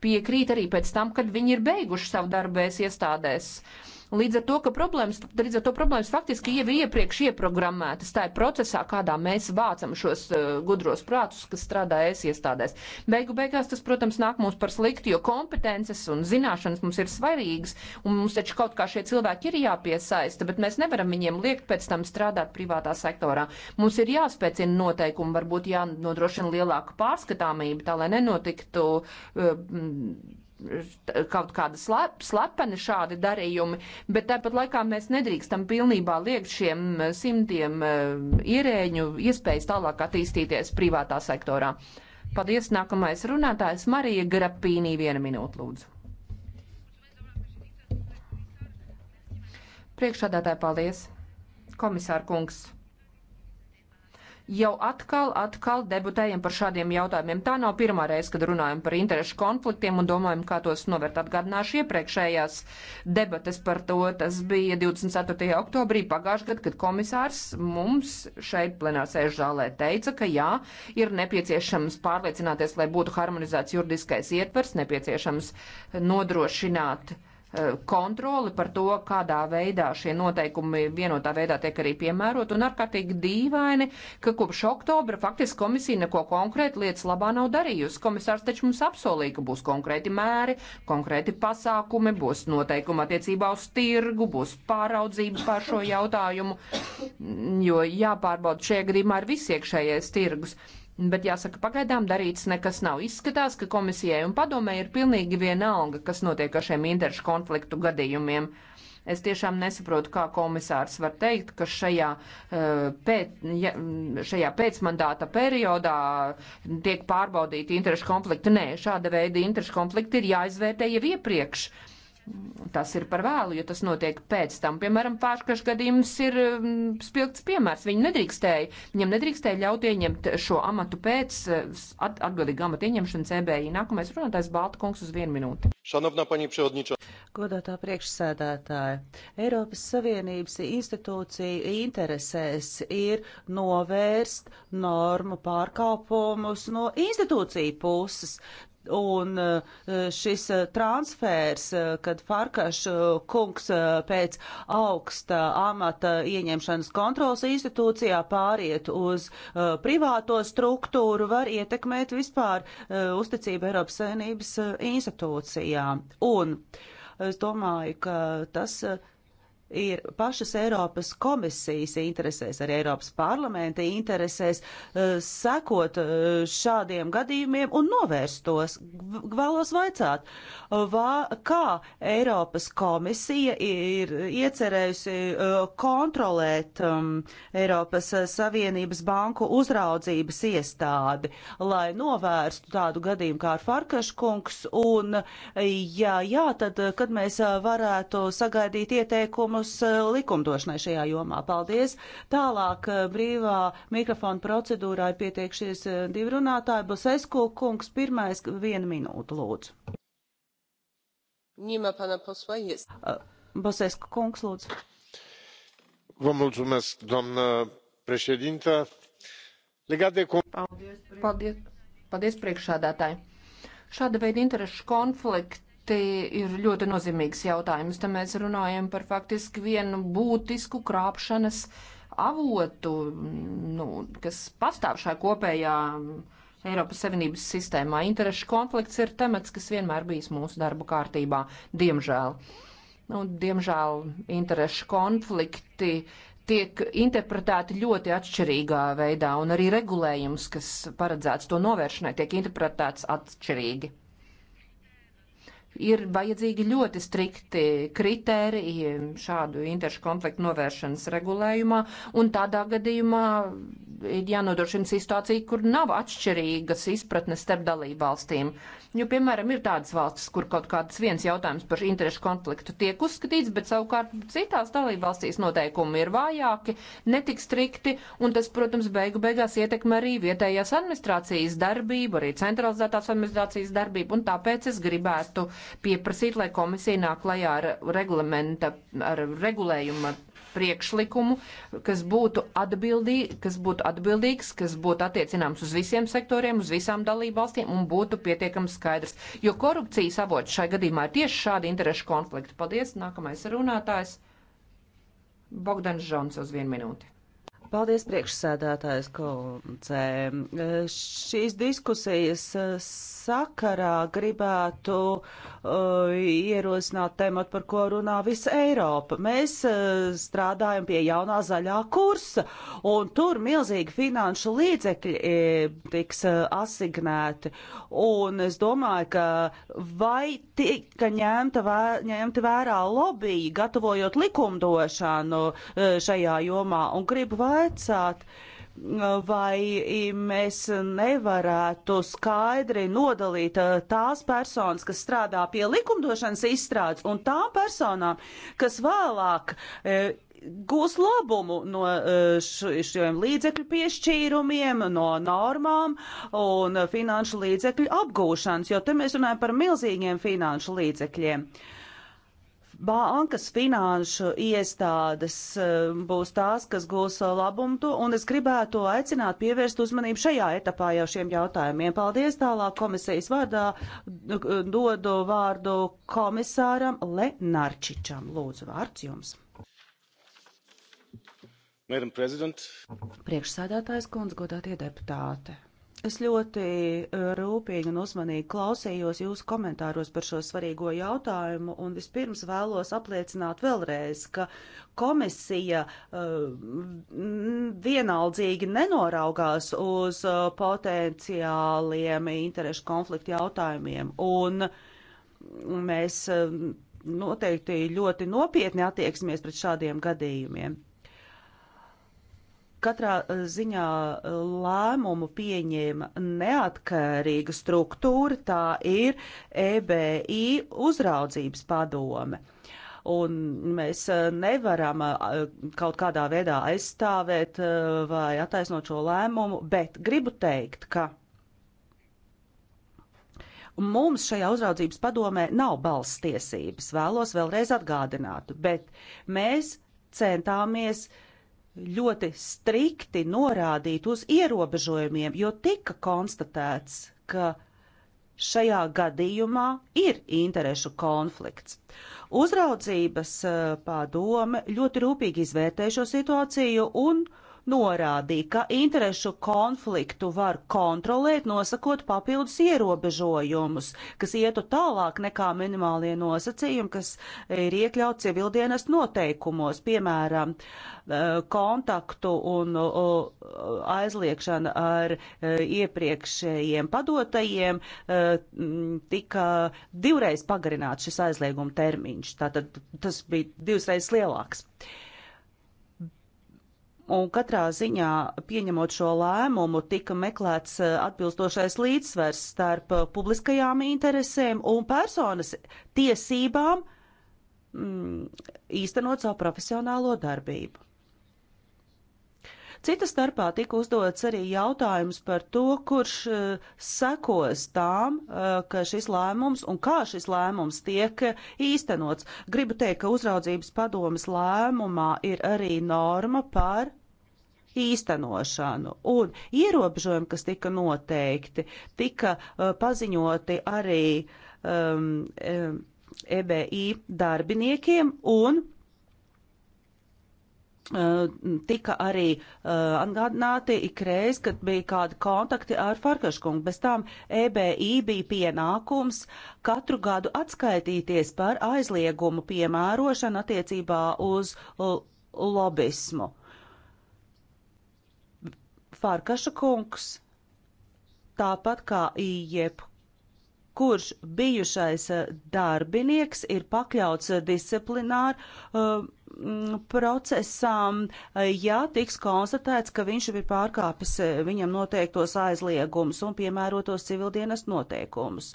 piekrīt arī pēc tam, kad viņi ir beiguši savu darbēs iestādēs. Uh, Līdz ar to, ka problēmas, līdz ar to problēmas faktiski jau ir iepriekš ieprogrammētas tajā procesā, kādā mēs vācam šos uh, gudros prātus, kas strādājas iestādēs. Beigu beigās tas, protams, nāk mums par slikti, jo kompetences un zināšanas mums ir svarīgas, un mums taču kaut kā šie cilvēki ir jāpiesaista, bet mēs nevaram viņiem liekt pēc tam strādāt privātā sektorā. Mums ir jāspēcina noteikumi, varbūt jānodrošina lielāka pārskatāmība, tā lai nenotiktu. Uh, kaut kāda slep, slepeni šādi darījumi, bet tāpat laikā mēs nedrīkstam pilnībā liekt šiem eh, simtiem eh, ierēņu iespējas tālāk attīstīties privātā sektorā. Paldies, nākamais runātājs Marija Grapīnī, viena minūte lūdzu. Priekšādātāji, paldies. Komisāra kungs jau atkal, atkal debutējam par šādiem jautājumiem. Tā nav pirmā reize, kad runājam par interešu konfliktiem un domājam, kā tos novērt. Atgādināšu iepriekšējās debates par to. Tas bija 24. oktobrī pagājušajā gadā, kad komisārs mums šeit plenārsēžu zālē teica, ka jā, ir nepieciešams pārliecināties, lai būtu harmonizēts juridiskais ietvers, nepieciešams nodrošināt uh, Eh, kontroli par to, kādā veidā šie noteikumi vienotā veidā tiek arī piemērot, un ārkārtīgi dīvaini, ka kopš oktobra faktiski komisija neko konkrēti lietas labā nav darījusi. Komisārs taču mums apsolīja, ka būs konkrēti mēri, konkrēti pasākumi, būs noteikumi attiecībā uz tirgu, būs pāraudzība pār šo jautājumu, jo jāpārbauda šajā gadījumā ir visiekšējais tirgus. Bet jāsaka, pagaidām darīts nekas nav. Izskatās, ka komisijai un padomē ir pilnīgi vienalga, kas notiek ar šiem interešu konfliktu gadījumiem. Es tiešām nesaprotu, kā komisārs var teikt, ka šajā, eh, pēc, ja, šajā pēcmandāta periodā tiek pārbaudīti interešu konflikti. Nē, šāda veida interešu konflikti ir jāizvērtē jau iepriekš. Uh, Tas ir par vēlu, jo tas notiek pēc tam. Piemēram, pārskaš gadījums ir mm, spilgts piemērs. Viņi nedrīkstēja, viņam nedrīkstēja ļaut ieņemt šo amatu pēc eh, at, atbildīga amata ieņemšanas EBI. Nākamais runātājs Balta kungs uz vienu minūti. Šanovna paņi priodničo. Godātā priekšsēdētāja, Eiropas Savienības institūcija interesēs ir novērst normu pārkāpumus no institūciju puses. Un eh, šis eh, transfers, eh, kad Farkaš kungs pēc augsta amata ieņemšanas kontrolas institūcijā pāriet uz privāto struktūru, var ietekmēt vispār uzticību Eiropas Savienības institūcijām. Un es domāju, ka tas ir pašas Eiropas komisijas interesēs, arī Eiropas parlamenta interesēs eh, sekot eh, šādiem gadījumiem un novērst tos. Vēlos vaicāt, vā, kā Eiropas komisija ir iecerējusi eh, kontrolēt um, Eiropas Savienības banku uzraudzības iestādi, lai novērstu tādu gadījumu kā ar Farkaškungs, un ja jā, tad kad mēs varētu sagaidīt ieteikumu, priekšlikumus eh, likumdošanai šajā jomā. Paldies! Tālāk eh, brīvā mikrofona procedūrā ir pieteikšies eh, divi runātāji. Bosesku kungs pirmais vienu minūtu lūdzu. Nīmā pana posla jest. Bosesku kungs lūdzu. Vă mulțumesc, doamnă președintă. Legat de... Paldies, paldies, paldies priekšādātāji. Šāda veida interešu konflikts Te ir ļoti nozīmīgs jautājums. Te mēs runājam par faktiski vienu būtisku krāpšanas avotu, nu, kas pastāv šajā kopējā Eiropas Savienības sistēmā. Interešu konflikts ir temats, kas vienmēr bijis mūsu darbu kārtībā, diemžēl. Nu, diemžēl interešu konflikti tiek interpretēti ļoti atšķirīgā veidā, un arī regulējums, kas paredzēts to novēršanai, tiek interpretēts atšķirīgi ir vajadzīgi ļoti strikti kritēriji šādu interešu konfliktu novēršanas regulējumā, un tādā gadījumā ir jānodrošina situācija, kur nav atšķirīgas izpratnes starp dalību valstīm. Jo, piemēram, ir tādas valstis, kur kaut kāds viens jautājums par interešu konfliktu tiek uzskatīts, bet savukārt citās dalību valstīs noteikumi ir vājāki, netik strikti, un tas, protams, beigu beigās ietekmē arī vietējās administrācijas darbību, arī centralizētās administrācijas darbību, un tāpēc es gribētu uh, pieprasīt, lai komisija nāk klajā ar reglamenta, ar regulējuma priekšlikumu, kas būtu, atbildī, kas būtu atbildīgs, kas būtu attiecināms uz visiem sektoriem, uz visām dalību valstīm un būtu pietiekami skaidrs. Jo korupcijas avots šai gadījumā ir tieši šādi interešu konflikti. Paldies! Nākamais runātājs Bogdans Žons uz vienu minūti. Paldies priekšsēdētājs koncē. E, šīs diskusijas e, sakarā gribētu uh, ierosināt tematu, par ko runā visa Eiropa. Mēs uh, strādājam pie jaunā zaļā kursa, un tur milzīgi finanšu līdzekļi tiks uh, asignēti. Un es domāju, ka vai tika ņemta, vē, ņemta vērā lobby, gatavojot likumdošanu šajā jomā, un gribu vairāk vaicāt, vai mēs nevarētu skaidri nodalīt eh, tās personas, kas strādā pie likumdošanas izstrādes, un tām personām, kas vēlāk eh, gūs labumu no eh, šiem līdzekļu piešķīrumiem, no normām un finanšu līdzekļu apgūšanas, jo te mēs runājam par milzīgiem finanšu līdzekļiem. Uh, bankas, finanšu iestādes e, būs tās, kas gūs labumu to, un es gribētu aicināt pievērst uzmanību šajā etapā jau šiem jautājumiem. Paldies tālāk komisijas vārdā, e, dodu vārdu komisāram Lenarčičam. Lūdzu, vārds jums. Priekšsēdētājs kundze, godātie deputāte. Es ļoti e, rūpīgi un uzmanīgi klausījos jūsu komentāros par šo svarīgo jautājumu, un vispirms vēlos apliecināt vēlreiz, ka komisija uh, vienaldzīgi nenoraugās uz uh, potenciāliem interešu konfliktu jautājumiem, un mēs uh, noteikti ļoti nopietni attieksimies pret šādiem gadījumiem katrā eh, ziņā eh, lēmumu pieņēma neatkarīga struktūra, tā ir EBI uzraudzības padome. Un mēs eh, nevaram kaut kādā veidā aizstāvēt vai attaisnot šo lēmumu, bet gribu teikt, ka mums šajā uzraudzības padomē nav balss tiesības, vēlos vēlreiz atgādināt, bet mēs centāmies uh, ļoti strikti norādīt uz ierobežojumiem, jo tika konstatēts, ka šajā gadījumā ir interešu konflikts. Uzraudzības eh, padome ļoti rūpīgi izvērtē šo situāciju un uh, norādīja, ka interešu konfliktu var kontrolēt, nosakot papildus ierobežojumus, kas ietu tālāk nekā minimālie nosacījumi, kas ir iekļauts civildienas noteikumos, piemēram, eh, kontaktu un aizliekšana ar eh, iepriekšējiem padotajiem eh, tika divreiz pagarināts šis aizlieguma termiņš. Tātad tas bija divreiz lielāks. Uh, un katrā ziņā pieņemot šo lēmumu tika meklēts eh, atbilstošais līdzsvers starp eh, publiskajām interesēm un personas tiesībām mm, īstenot savu profesionālo darbību. Cita starpā tika uzdots arī jautājums par to, kurš uh, sekos tām, uh, ka šis lēmums un kā šis lēmums tiek īstenots. Gribu teikt, ka uzraudzības padomas lēmumā ir arī norma par īstenošanu. Un ierobežojumi, kas tika noteikti, tika uh, paziņoti arī um, um, EBI darbiniekiem un uh, tika arī uh, atgādināti ikreiz, kad bija kādi kontakti ar Farkaškungu. Bez tām EBI bija pienākums katru gadu atskaitīties par aizliegumu piemērošanu attiecībā uz uh, lobismu. Farkaša kungs, tāpat kā jebkurš kurš bijušais eh, darbinieks ir pakļauts eh, disciplināru uh, eh, procesām, ja tiks konstatēts, ka viņš ir pārkāpis viņam noteiktos aizliegumus un piemērotos civildienas noteikumus.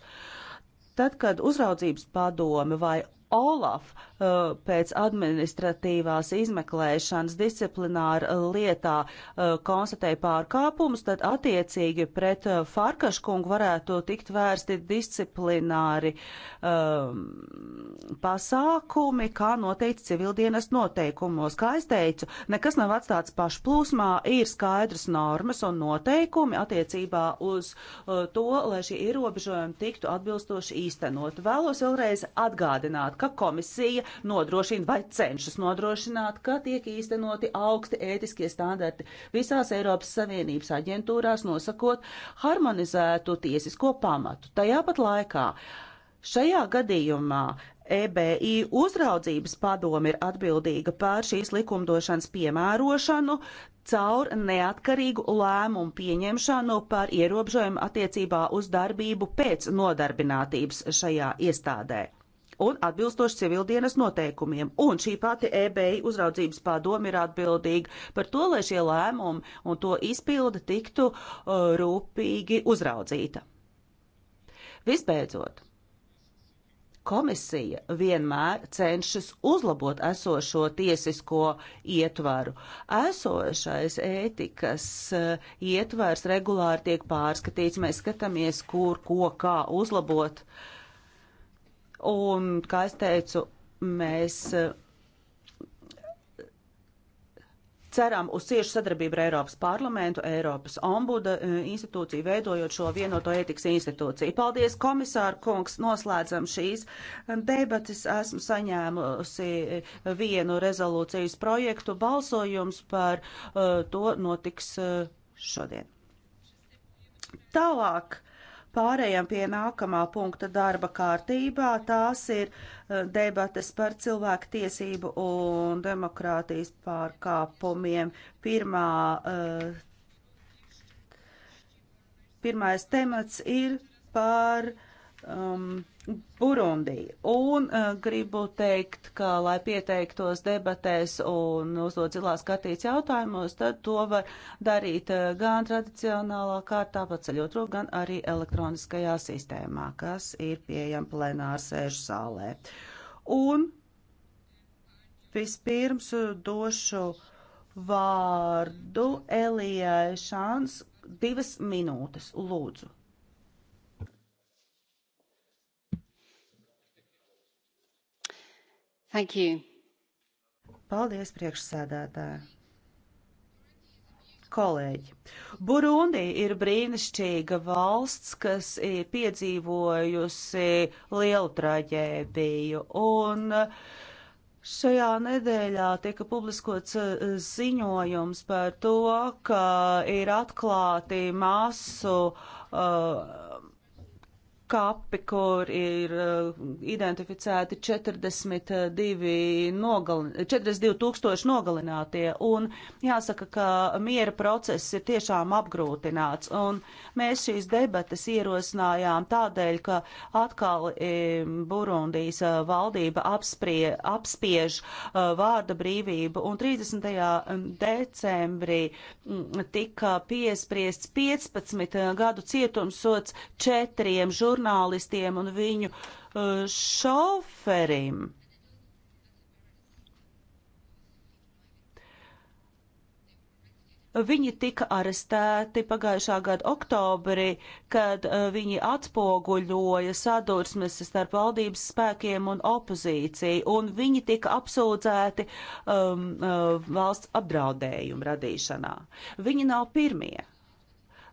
Tad, kad uzraudzības padome vai Olaf uh, pēc administratīvās izmeklēšanas disciplināra lietā uh, konstatēja pārkāpumus, tad attiecīgi pret uh, Farkaškungu varētu tikt vērsti disciplināri um, pasākumi, kā noteikti civildienas noteikumos. Kā es teicu, nekas nav atstāts pašplūsmā, ir skaidrs normas un noteikumi attiecībā uz uh, to, lai šie ierobežojumi tiktu atbilstoši īstenot. Vēlos vēlreiz atgādināt, ka komisija nodrošina vai cenšas nodrošināt, ka tiek īstenoti augsti ētiskie standarti visās Eiropas Savienības aģentūrās, nosakot harmonizētu tiesisko pamatu. Tajā pat laikā. Šajā gadījumā EBI uzraudzības padome ir atbildīga pār šīs likumdošanas piemērošanu caur neatkarīgu lēmumu pieņemšanu par ierobežojumu attiecībā uz darbību pēc nodarbinātības šajā iestādē un atbilstoši civildienas noteikumiem. Un šī pati EBI uzraudzības padoma ir atbildīga par to, lai šie lēmumi un to izpilda tiktu uh, rūpīgi uzraudzīta. Visbeidzot, komisija vienmēr cenšas uzlabot esošo tiesisko ietvaru. Esošais ētikas uh, ietvars regulāri tiek pārskatīts, mēs skatāmies, kur, ko, kā uzlabot. Uh, Un, kā es teicu, mēs eh, ceram uz ciešu sadarbību ar Eiropas parlamentu, Eiropas ombuda eh, institūciju, veidojot šo vienoto ētikas institūciju. Paldies, komisāra kungs, noslēdzam šīs debatas. Esmu saņēmusi eh, vienu rezolūcijas projektu. Balsojums par uh, to notiks uh, šodien. Tālāk. Pārējām pie nākamā punkta darba kārtībā. Tās ir uh, debates par cilvēku tiesību un demokrātijas pārkāpumiem. Pirmā, uh, pirmais temats ir par um, Burundī. Un uh, gribu teikt, ka, lai pieteiktos debatēs un uzdot zilās kartītes jautājumos, tad to var darīt uh, gan tradicionālā kārtā, paceļot roku, gan arī elektroniskajā sistēmā, kas ir pieejama plenāra sēžu zālē. Un vispirms došu vārdu Elijai Šāns divas minūtes, lūdzu. Thank you. Paldies, priekšsēdētāji! Kolēģi, Burundi ir brīnišķīga valsts, kas ir piedzīvojusi lielu traģēdiju, un šajā nedēļā tika publiskots e, ziņojums par to, ka ir atklāti masu uh, kapi, kur ir uh, identificēti 42 nogalinātie, 42 tūkstoši nogalinātie, un jāsaka, ka miera process ir tiešām apgrūtināts, un mēs šīs debatas ierosinājām tādēļ, ka atkal uh, Burundijas uh, valdība apsprie, apspiež uh, vārda brīvību, un 30. Mm, decembrī m, mm, tika piespriests 15 gadu cietumsots četriem žurnālistiem, žurnālistiem un viņu uh, šoferim. Viņi tika arestēti pagājušā gada oktobrī, kad uh, viņi atspoguļoja sadursmes starp valdības spēkiem un opozīciju, un viņi tika apsūdzēti um, uh, valsts apdraudējumu radīšanā. Viņi nav pirmie.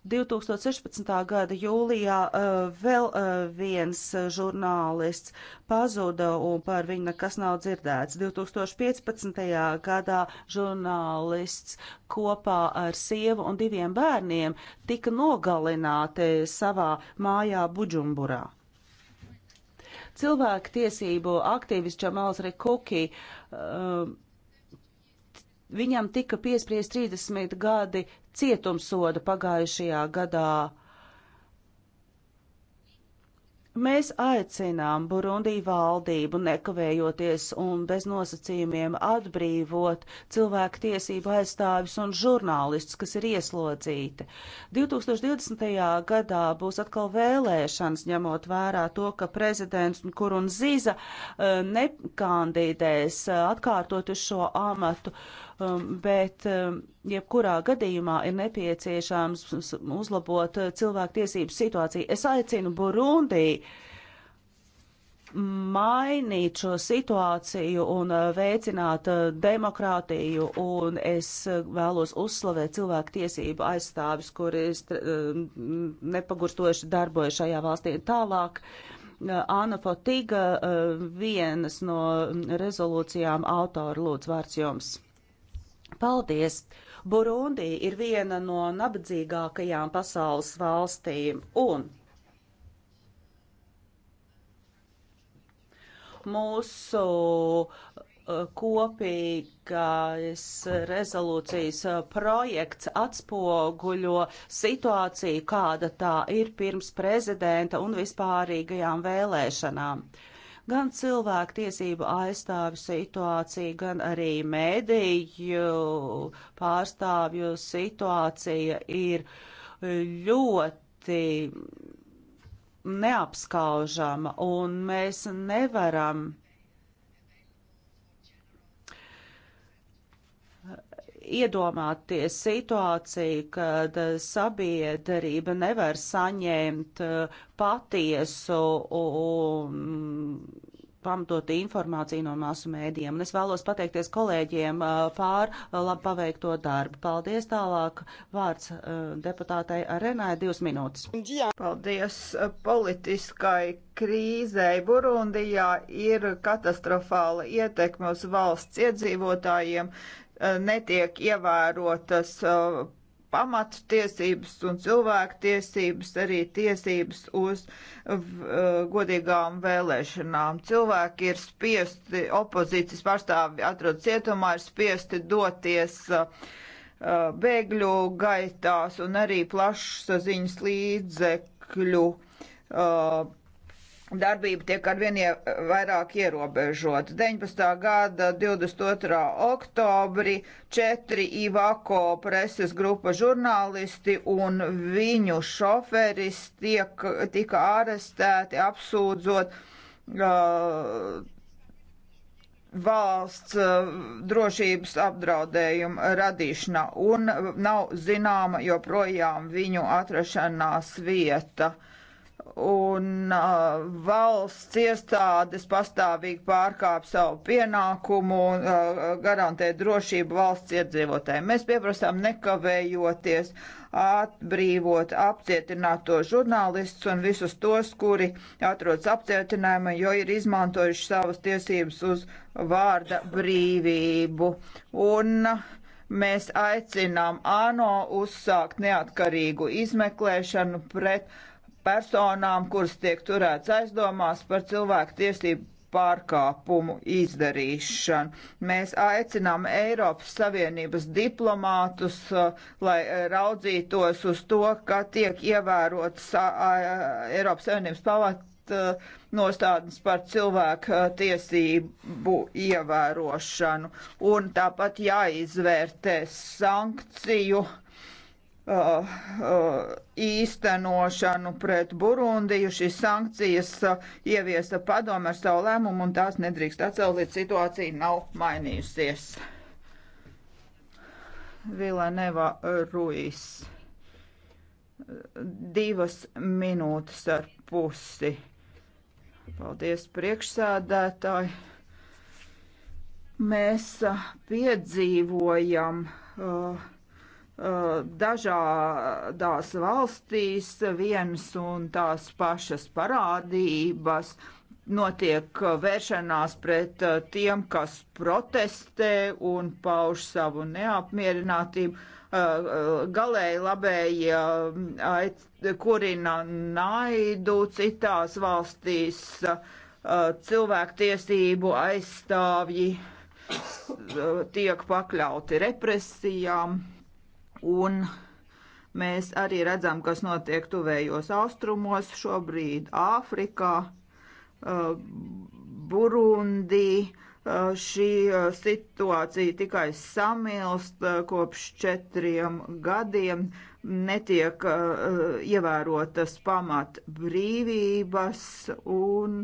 2016. gada jūlijā eh, vēl eh, viens eh, žurnālists pazuda un par viņu nekas nav dzirdēts. 2015. gadā žurnālists kopā ar sievu un diviem bērniem tika nogalināti savā mājā Buģumburā. Cilvēku tiesību aktīvis Čamals Rekuki uh, viņam tika piespriest 30 gadi cietumsoda pagājušajā gadā. Mēs aicinām Burundī valdību nekavējoties un bez nosacījumiem atbrīvot cilvēku tiesību aizstāvis un žurnālistus, kas ir ieslodzīti. 2020. gadā būs atkal vēlēšanas, ņemot vērā to, ka prezidents Kurunzīza eh, nekandidēs eh, atkārtot uz šo amatu. Uh, Um, bet um, jebkurā gadījumā ir nepieciešams uzlabot uh, cilvēku tiesību situāciju. Es aicinu Burundī mainīt šo situāciju un uh, veicināt uh, demokrātiju, un es vēlos uzslavēt cilvēku tiesību aizstāvis, kuri um, nepagurstoši darbojas šajā valstī tālāk. Āna Fotīga, vienas no rezolūcijām autora lūdzu vārds jums. Paldies! Burundi ir viena no nabadzīgākajām pasaules valstīm un mūsu uh, kopīgais rezolūcijas uh, projekts atspoguļo situāciju, kāda tā ir pirms prezidenta un vispārīgajām vēlēšanām gan cilvēku tiesību aizstāvju situācija, gan arī mediju pārstāvju situācija ir ļoti neapskaužama, un mēs nevaram iedomāties situāciju, kad eh, sabiedrība nevar saņemt eh, patiesu un pamatot informāciju no masu mēdījiem. Un es vēlos pateikties kolēģiem eh, pār labi paveikto darbu. Paldies tālāk vārds deputātei Arenai divas minūtes. Paldies politiskai krīzei Burundijā ir katastrofāla ietekme uz valsts iedzīvotājiem. Eh, netiek ievērotas eh, pamattiesības un cilvēktiesības, arī tiesības uz eh, godīgām vēlēšanām. Cilvēki ir spiesti, opozīcijas pārstāvi atrod cietumā, ir spiesti doties bēgļu gaitās un arī plašsaziņas līdzekļu uh, darbība tiek arvien vairāk ierobežot. 19. gada 22. oktobri četri Ivako preses grupa žurnālisti un viņu šoferis tiek, tika arestēti apsūdzot uh, valsts uh, drošības apdraudējuma radīšanā un nav zināma joprojām viņu atrašanās vieta. Uh, un uh, valsts iestādes pastāvīgi pārkāp savu pienākumu un uh, uh, garantē drošību valsts iedzīvotājiem. Mēs pieprasām nekavējoties atbrīvot apcietināto žurnālistus un visus tos, kuri atrodas apcietinājumā, jo ir izmantojuši savas tiesības uz vārda brīvību. Un, uh, Mēs aicinām ANO uzsākt neatkarīgu izmeklēšanu pret uh, personām, kuras tiek turēts aizdomās par cilvēku tiesību pārkāpumu izdarīšanu. Mēs aicinām Eiropas Savienības diplomātus, uh, lai uh, raudzītos uz to, ka tiek ievērotas uh, Eiropas Savienības palata nostādnes par cilvēku tiesību ievērošanu. Un tāpat jāizvērtē sankciju uh, Uh, uh, īstenošanu pret Burundiju. Šīs sankcijas uh, ieviesa padome ar savu lēmumu un tās nedrīkst atcelt, līdz situācija nav mainījusies. Vilaneva Ruiz. Divas minūtes ar pusi. Paldies priekšsēdētāji. Mēs uh, piedzīvojam uh, Eh, dažādās valstīs vienas un tās pašas parādības, notiek eh, vēršanās pret eh, tiem, kas protestē un pauž savu neapmierinātību. Galēji labējie mm, kurina naidu citās valstīs, cilvēktiesību aizstāvji tiek pakļauti represijām un mēs arī redzam, kas notiek tuvējos austrumos, šobrīd Āfrikā, eh, Burundī. Eh, šī eh, situācija tikai samilst kopš četriem gadiem, netiek ievērotas pamat brīvības, un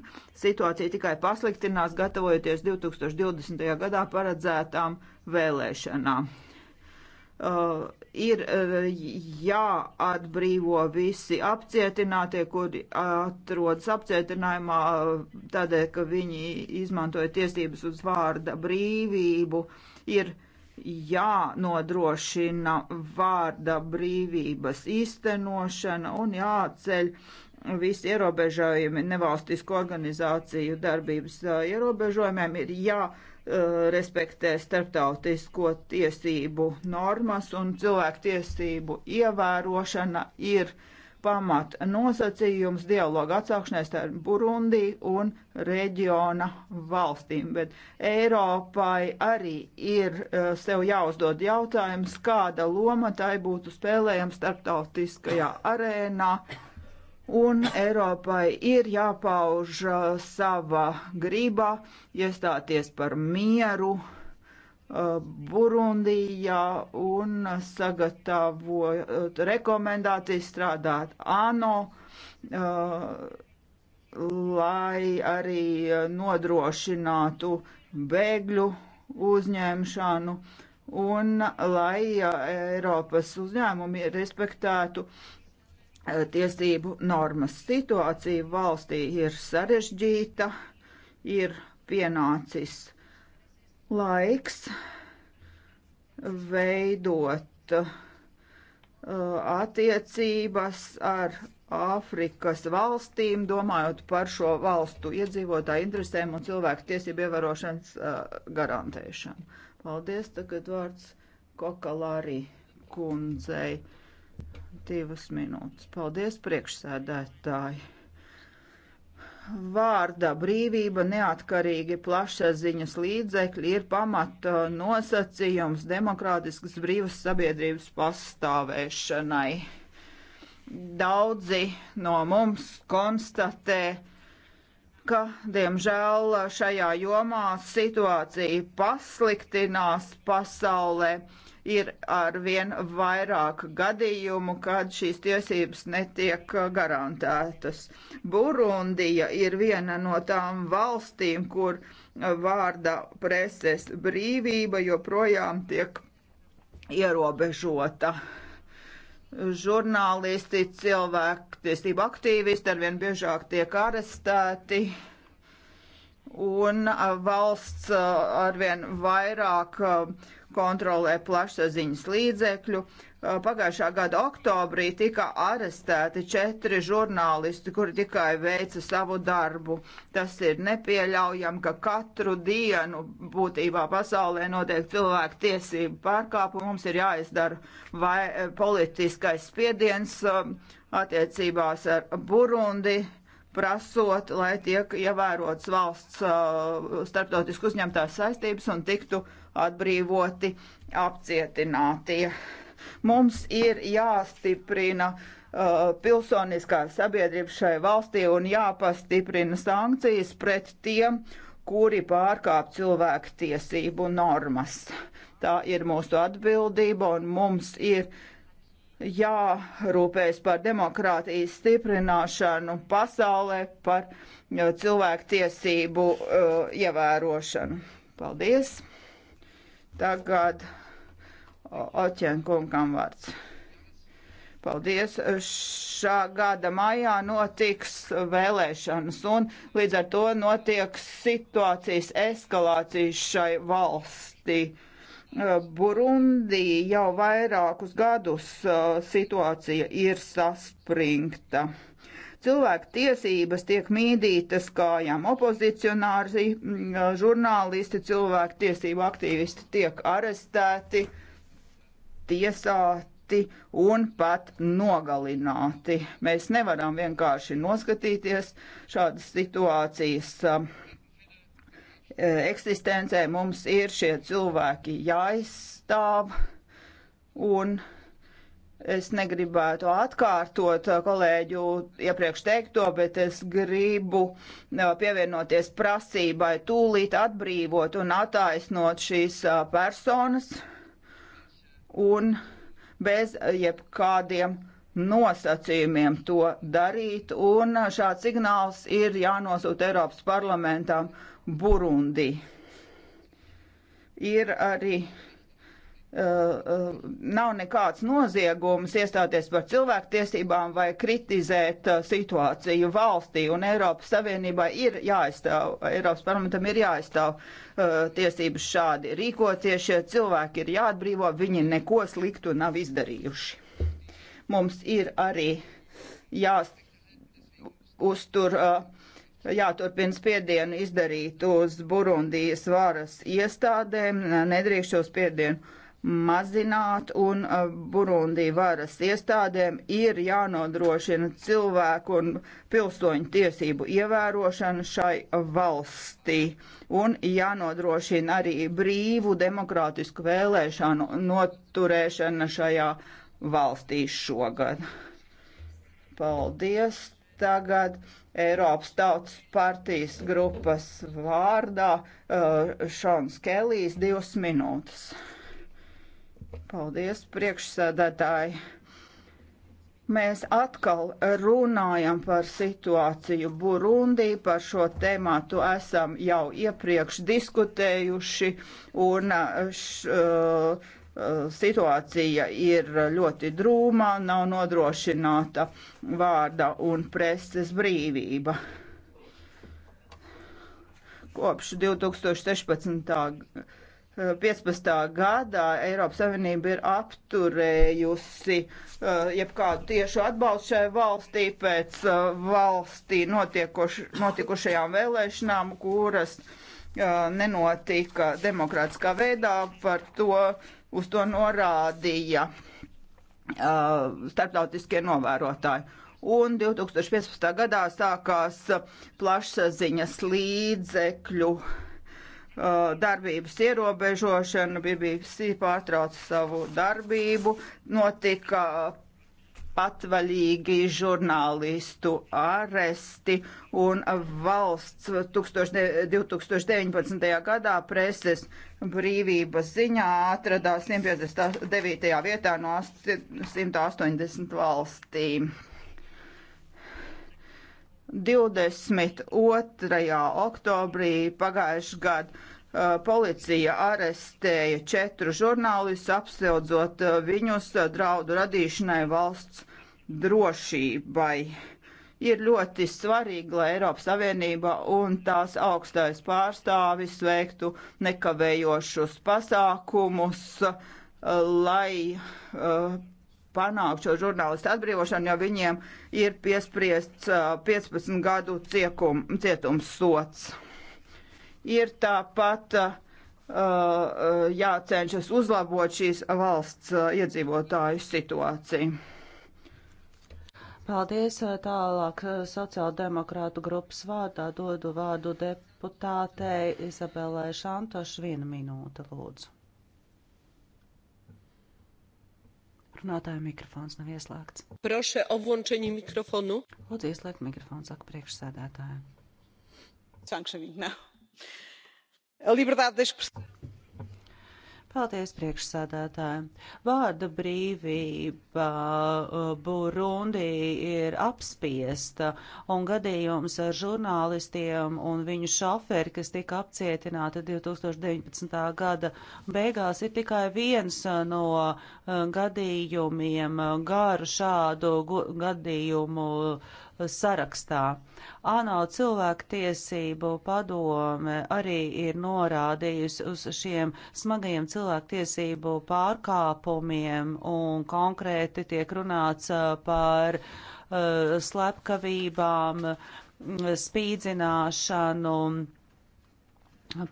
situācija tikai pasliktinās, gatavojoties 2020. gadā paredzētām vēlēšanām. Uh, ir uh, jāatbrīvo visi apcietinātie, kuri atrodas apcietinājumā uh, tādēļ, ka viņi izmantoja tiesības uz vārda brīvību. Ir jānodrošina vārda brīvības īstenošana un jāceļ visi ierobežojumi nevalstisko organizāciju darbības uh, ierobežojumiem ir jā. Ja Eh, respektē starptautisko tiesību normas un cilvēktiesību ievērošana ir pamat nosacījums dialogu atsākšanai starp Burundī un reģiona valstīm. Bet Eiropai arī ir eh, sev jāuzdod jautājums, kāda loma tai būtu spēlējama starptautiskajā arēnā un Eiropai ir jāpauž uh, sava grība iestāties par mieru uh, Burundijā un sagatavot rekomendācijas strādāt ANO, uh, lai arī nodrošinātu bēgļu uzņemšanu un lai Eiropas uzņēmumi respektētu uh, Eh, tiesību normas. Situācija valstī ir sarežģīta, ir pienācis laiks veidot uh, attiecības ar Āfrikas valstīm, domājot par šo valstu iedzīvotāju interesēm un cilvēku tiesību ievērošanas uh, garantēšanu. Paldies, tagad vārds Kokalārī kundzei. Divas minūtes. Paldies, priekšsēdētāji! Vārda brīvība, neatkarīgi plašsaziņas līdzekļi ir pamata nosacījums demokrātiskas brīvas sabiedrības pastāvēšanai. Daudzi no mums konstatē, ka, diemžēl, šajā jomā situācija pasliktinās pasaulē. Ir ar vien vairāk gadījumu, kad šīs tiesības netiek garantētas. Burundija ir viena no tām valstīm, kur vārda preses brīvība joprojām tiek ierobežota žurnālisti, cilvēktiesību aktīvisti arvien biežāk tiek arestēti un valsts arvien vairāk uh, kontrolē plašsaziņas līdzekļu. Pagājušā gada oktobrī tika arestēti četri žurnālisti, kuri tikai veica savu darbu. Tas ir nepieļaujami, ka katru dienu būtībā pasaulē notiek cilvēku tiesību pārkāpumi. Mums ir jāizdara vai politiskais spiediens attiecībās ar Burundi, prasot, lai tiek ievērots valsts starptautisku uzņemtās saistības un tiktu uh, atbrīvoti apcietinātie. Mums ir jāstiprina uh, pilsoniskā sabiedrība šai valstī un jāpastiprina sankcijas pret tiem, kuri pārkāp cilvēku tiesību normas. Tā ir mūsu atbildība un mums ir jārūpējas par demokrātijas stiprināšanu pasaulē, par uh, cilvēku tiesību uh, ievērošanu. Paldies! Tagad Oķēna kungam vārds. Paldies! Šā gada maijā notiks vēlēšanas, un līdz ar to notiek situācijas eskalācijas šai valstī. E, Burundī jau vairākus gadus e, situācija ir saspringta. Cilvēku tiesības tiek mīdītas kājām. Opozicionāri, mm, žurnālisti, cilvēku tiesību aktīvisti tiek arestēti, tiesāti cieti un pat nogalināti. Mēs nevaram vienkārši noskatīties šādas situācijas um, e, eksistencē. Mums ir šie cilvēki jāizstāv un jāizstāv Es negribētu atkārtot kolēģu iepriekš teikto, bet es gribu pievienoties prasībai tūlīt atbrīvot un attaisnot šīs personas un bez jebkādiem nosacījumiem to darīt. Un šāds signāls ir jānosūta Eiropas parlamentam Burundi. Ir arī Uh, uh, nav nekāds noziegums iestāties par cilvēktiesībām vai kritizēt uh, situāciju valstī, un Eiropas Savienībā ir jāaizstāv, Eiropas parlamentam ir jāaizstāv uh, tiesības šādi rīkoties, šie cilvēki ir jāatbrīvo, viņi neko sliktu nav izdarījuši. Mums ir arī jāuztur. Uh, jāturpina spiedienu izdarīt uz Burundijas varas iestādēm, nedrīkst šo spiedienu mazināt, un uh, Burundī varas iestādēm ir jānodrošina cilvēku un pilsoņu tiesību ievērošana šai valstī, un jānodrošina arī brīvu demokrātisku vēlēšanu noturēšana šajā valstī šogad. Paldies! Tagad Eiropas Tautas partijas grupas vārdā uh, Šons Kelijs divas minūtes. Paldies, priekšsēdētāji! Mēs atkal runājam par situāciju Burundī, par šo tēmātu esam jau iepriekš diskutējuši, un uh, š, uh, situācija ir ļoti drūmā, nav nodrošināta vārda un preses brīvība. Kopš 2016. gada 15. gadā Eiropas Savienība ir apturējusi uh, jebkādu tiešu atbalstu šai valstī pēc uh, valstī notiekoš, notikušajām vēlēšanām, kuras uh, nenotika demokrātiskā veidā, par to uz to norādīja uh, starptautiskie novērotāji un 2015. gadā sākās uh, plašsaziņas līdzekļu Uh, darbības ierobežošanu, BBC pārtrauca savu darbību, notika patvaļīgi žurnālistu aresti un valsts 2019. gadā preses brīvības ziņā atradās 159. vietā no 180 valstīm. 22. oktobrī pagājušajā gadā uh, policija arestēja četru žurnālistus, apsaudzot uh, viņus uh, draudu radīšanai valsts drošībai. Ir ļoti svarīgi, lai Eiropas Savienība un tās augstais pārstāvis veiktu nekavējošus pasākumus, lai uh, panākt šo žurnālistu atbrīvošanu, jo viņiem ir piespriests 15 gadu ciekum, cietums sots. Ir tāpat uh, jācenšas uzlabot šīs valsts uh, iedzīvotāju situāciju. Paldies. Tālāk sociāldemokrātu grupas vārdā dodu vārdu deputātei Izabelē Šantošu. Vienu minūti, lūdzu. Runātāja mikrofons nav ieslēgts. Prošē o vončeņu mikrofonu. Lūdzu, ieslēgt mikrofonu, saka priekšsēdētāja. Sankšavīna. Libertāte de expressão. Paldies priekšsādātājiem. Vārda brīvība uh, Burundi ir apspiesta, un gadījums ar žurnālistiem un viņu šoferi, kas tika apcietināti 2019. gada beigās, ir tikai viens uh, no uh, gadījumiem garu šādu gadījumu sarakstā. ANO cilvēktiesību padome arī ir norādījusi uz šiem smagajiem cilvēktiesību pārkāpumiem un konkrēti tiek runāts uh, par uh, slepkavībām, spīdzināšanu,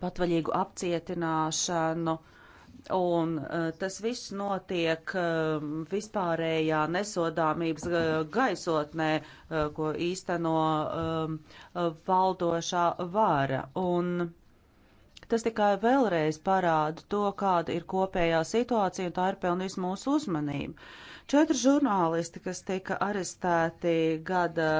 patvaļīgu apcietināšanu. Uh, Un e, tas viss notiek e, vispārējā nesodāmības e, gaisotnē, ko īsteno valdošā vara. Un tas tikai vēlreiz parāda to, kāda ir kopējā situācija, un tā ir pelnījusi mūsu uzmanību. Četri žurnālisti, kas tika arestēti gada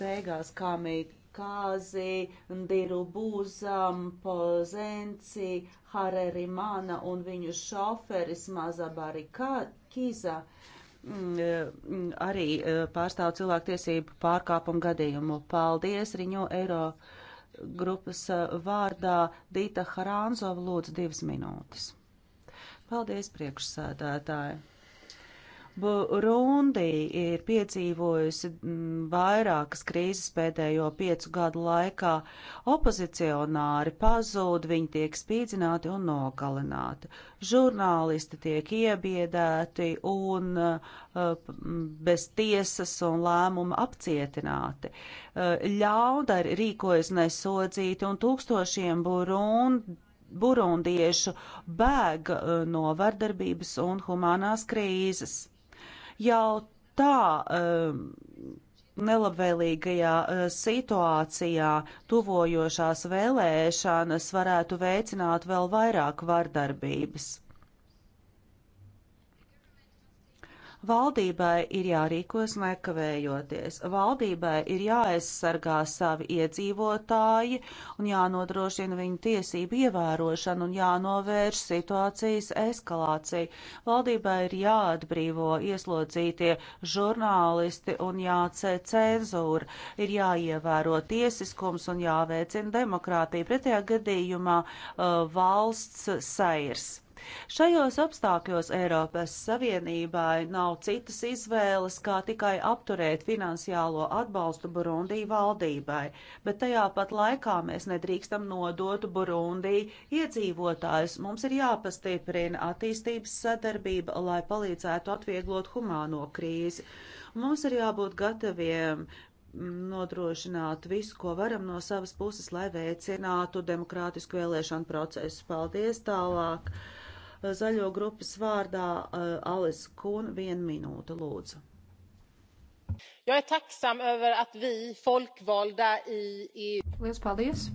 beigās, kā mīt Kazi, Ndiru Būzam, Pozenci, Hareri Mana un viņu šoferis Mazabari Kiza mm, e, mm, arī e, pārstāv cilvēktiesību pārkāpumu gadījumu. Paldies, Riņo Eiro grupas e, vārdā Dīta Harānzova lūdzu divas minūtes. Paldies, priekšsēdētāji! Burundi ir piedzīvojusi mm, vairākas krīzes pēdējo piecu gadu laikā. Opozicionāri pazūd, viņi tiek spīdzināti un nogalināti. Žurnālisti tiek iebiedēti un eh, bez tiesas un lēmuma apcietināti. Eh, ļaudari rīkojas nesodzīti un tūkstošiem Burundi burundiešu bēg eh, no vardarbības un humanās krīzes jau tā um, nelabvēlīgajā uh, situācijā tuvojošās vēlēšanas varētu veicināt vēl vairāk vardarbības. Valdībai ir jārīkos nekavējoties. Valdībai ir jāaizsargā savi iedzīvotāji un jānodrošina viņu tiesību ievērošanu un jānovērš situācijas eskalāciju. Valdībai ir jāatbrīvo ieslodzītie žurnālisti un jāceļ cenzūra. Ir jāievēro tiesiskums un jāveicina demokrātija. Pretējā gadījumā uh, valsts sairs. Šajos apstākļos Eiropas Savienībai nav citas izvēles, kā tikai apturēt finansiālo atbalstu Burundī valdībai, bet tajā pat laikā mēs nedrīkstam nodot Burundī iedzīvotājus. Mums ir jāpastiprina attīstības sadarbība, lai palīdzētu atvieglot humāno krīzi. Mums ir jābūt gataviem nodrošināt visu, ko varam no savas puses, lai veicinātu demokrātisku vēlēšanu procesu. Paldies tālāk! Uh, Eh, zaļo grupas vārdā eh, Alis Kun, vienu minūtu lūdzu. Jag är tacksam över att vi folkvalda i EU. Liels paldies!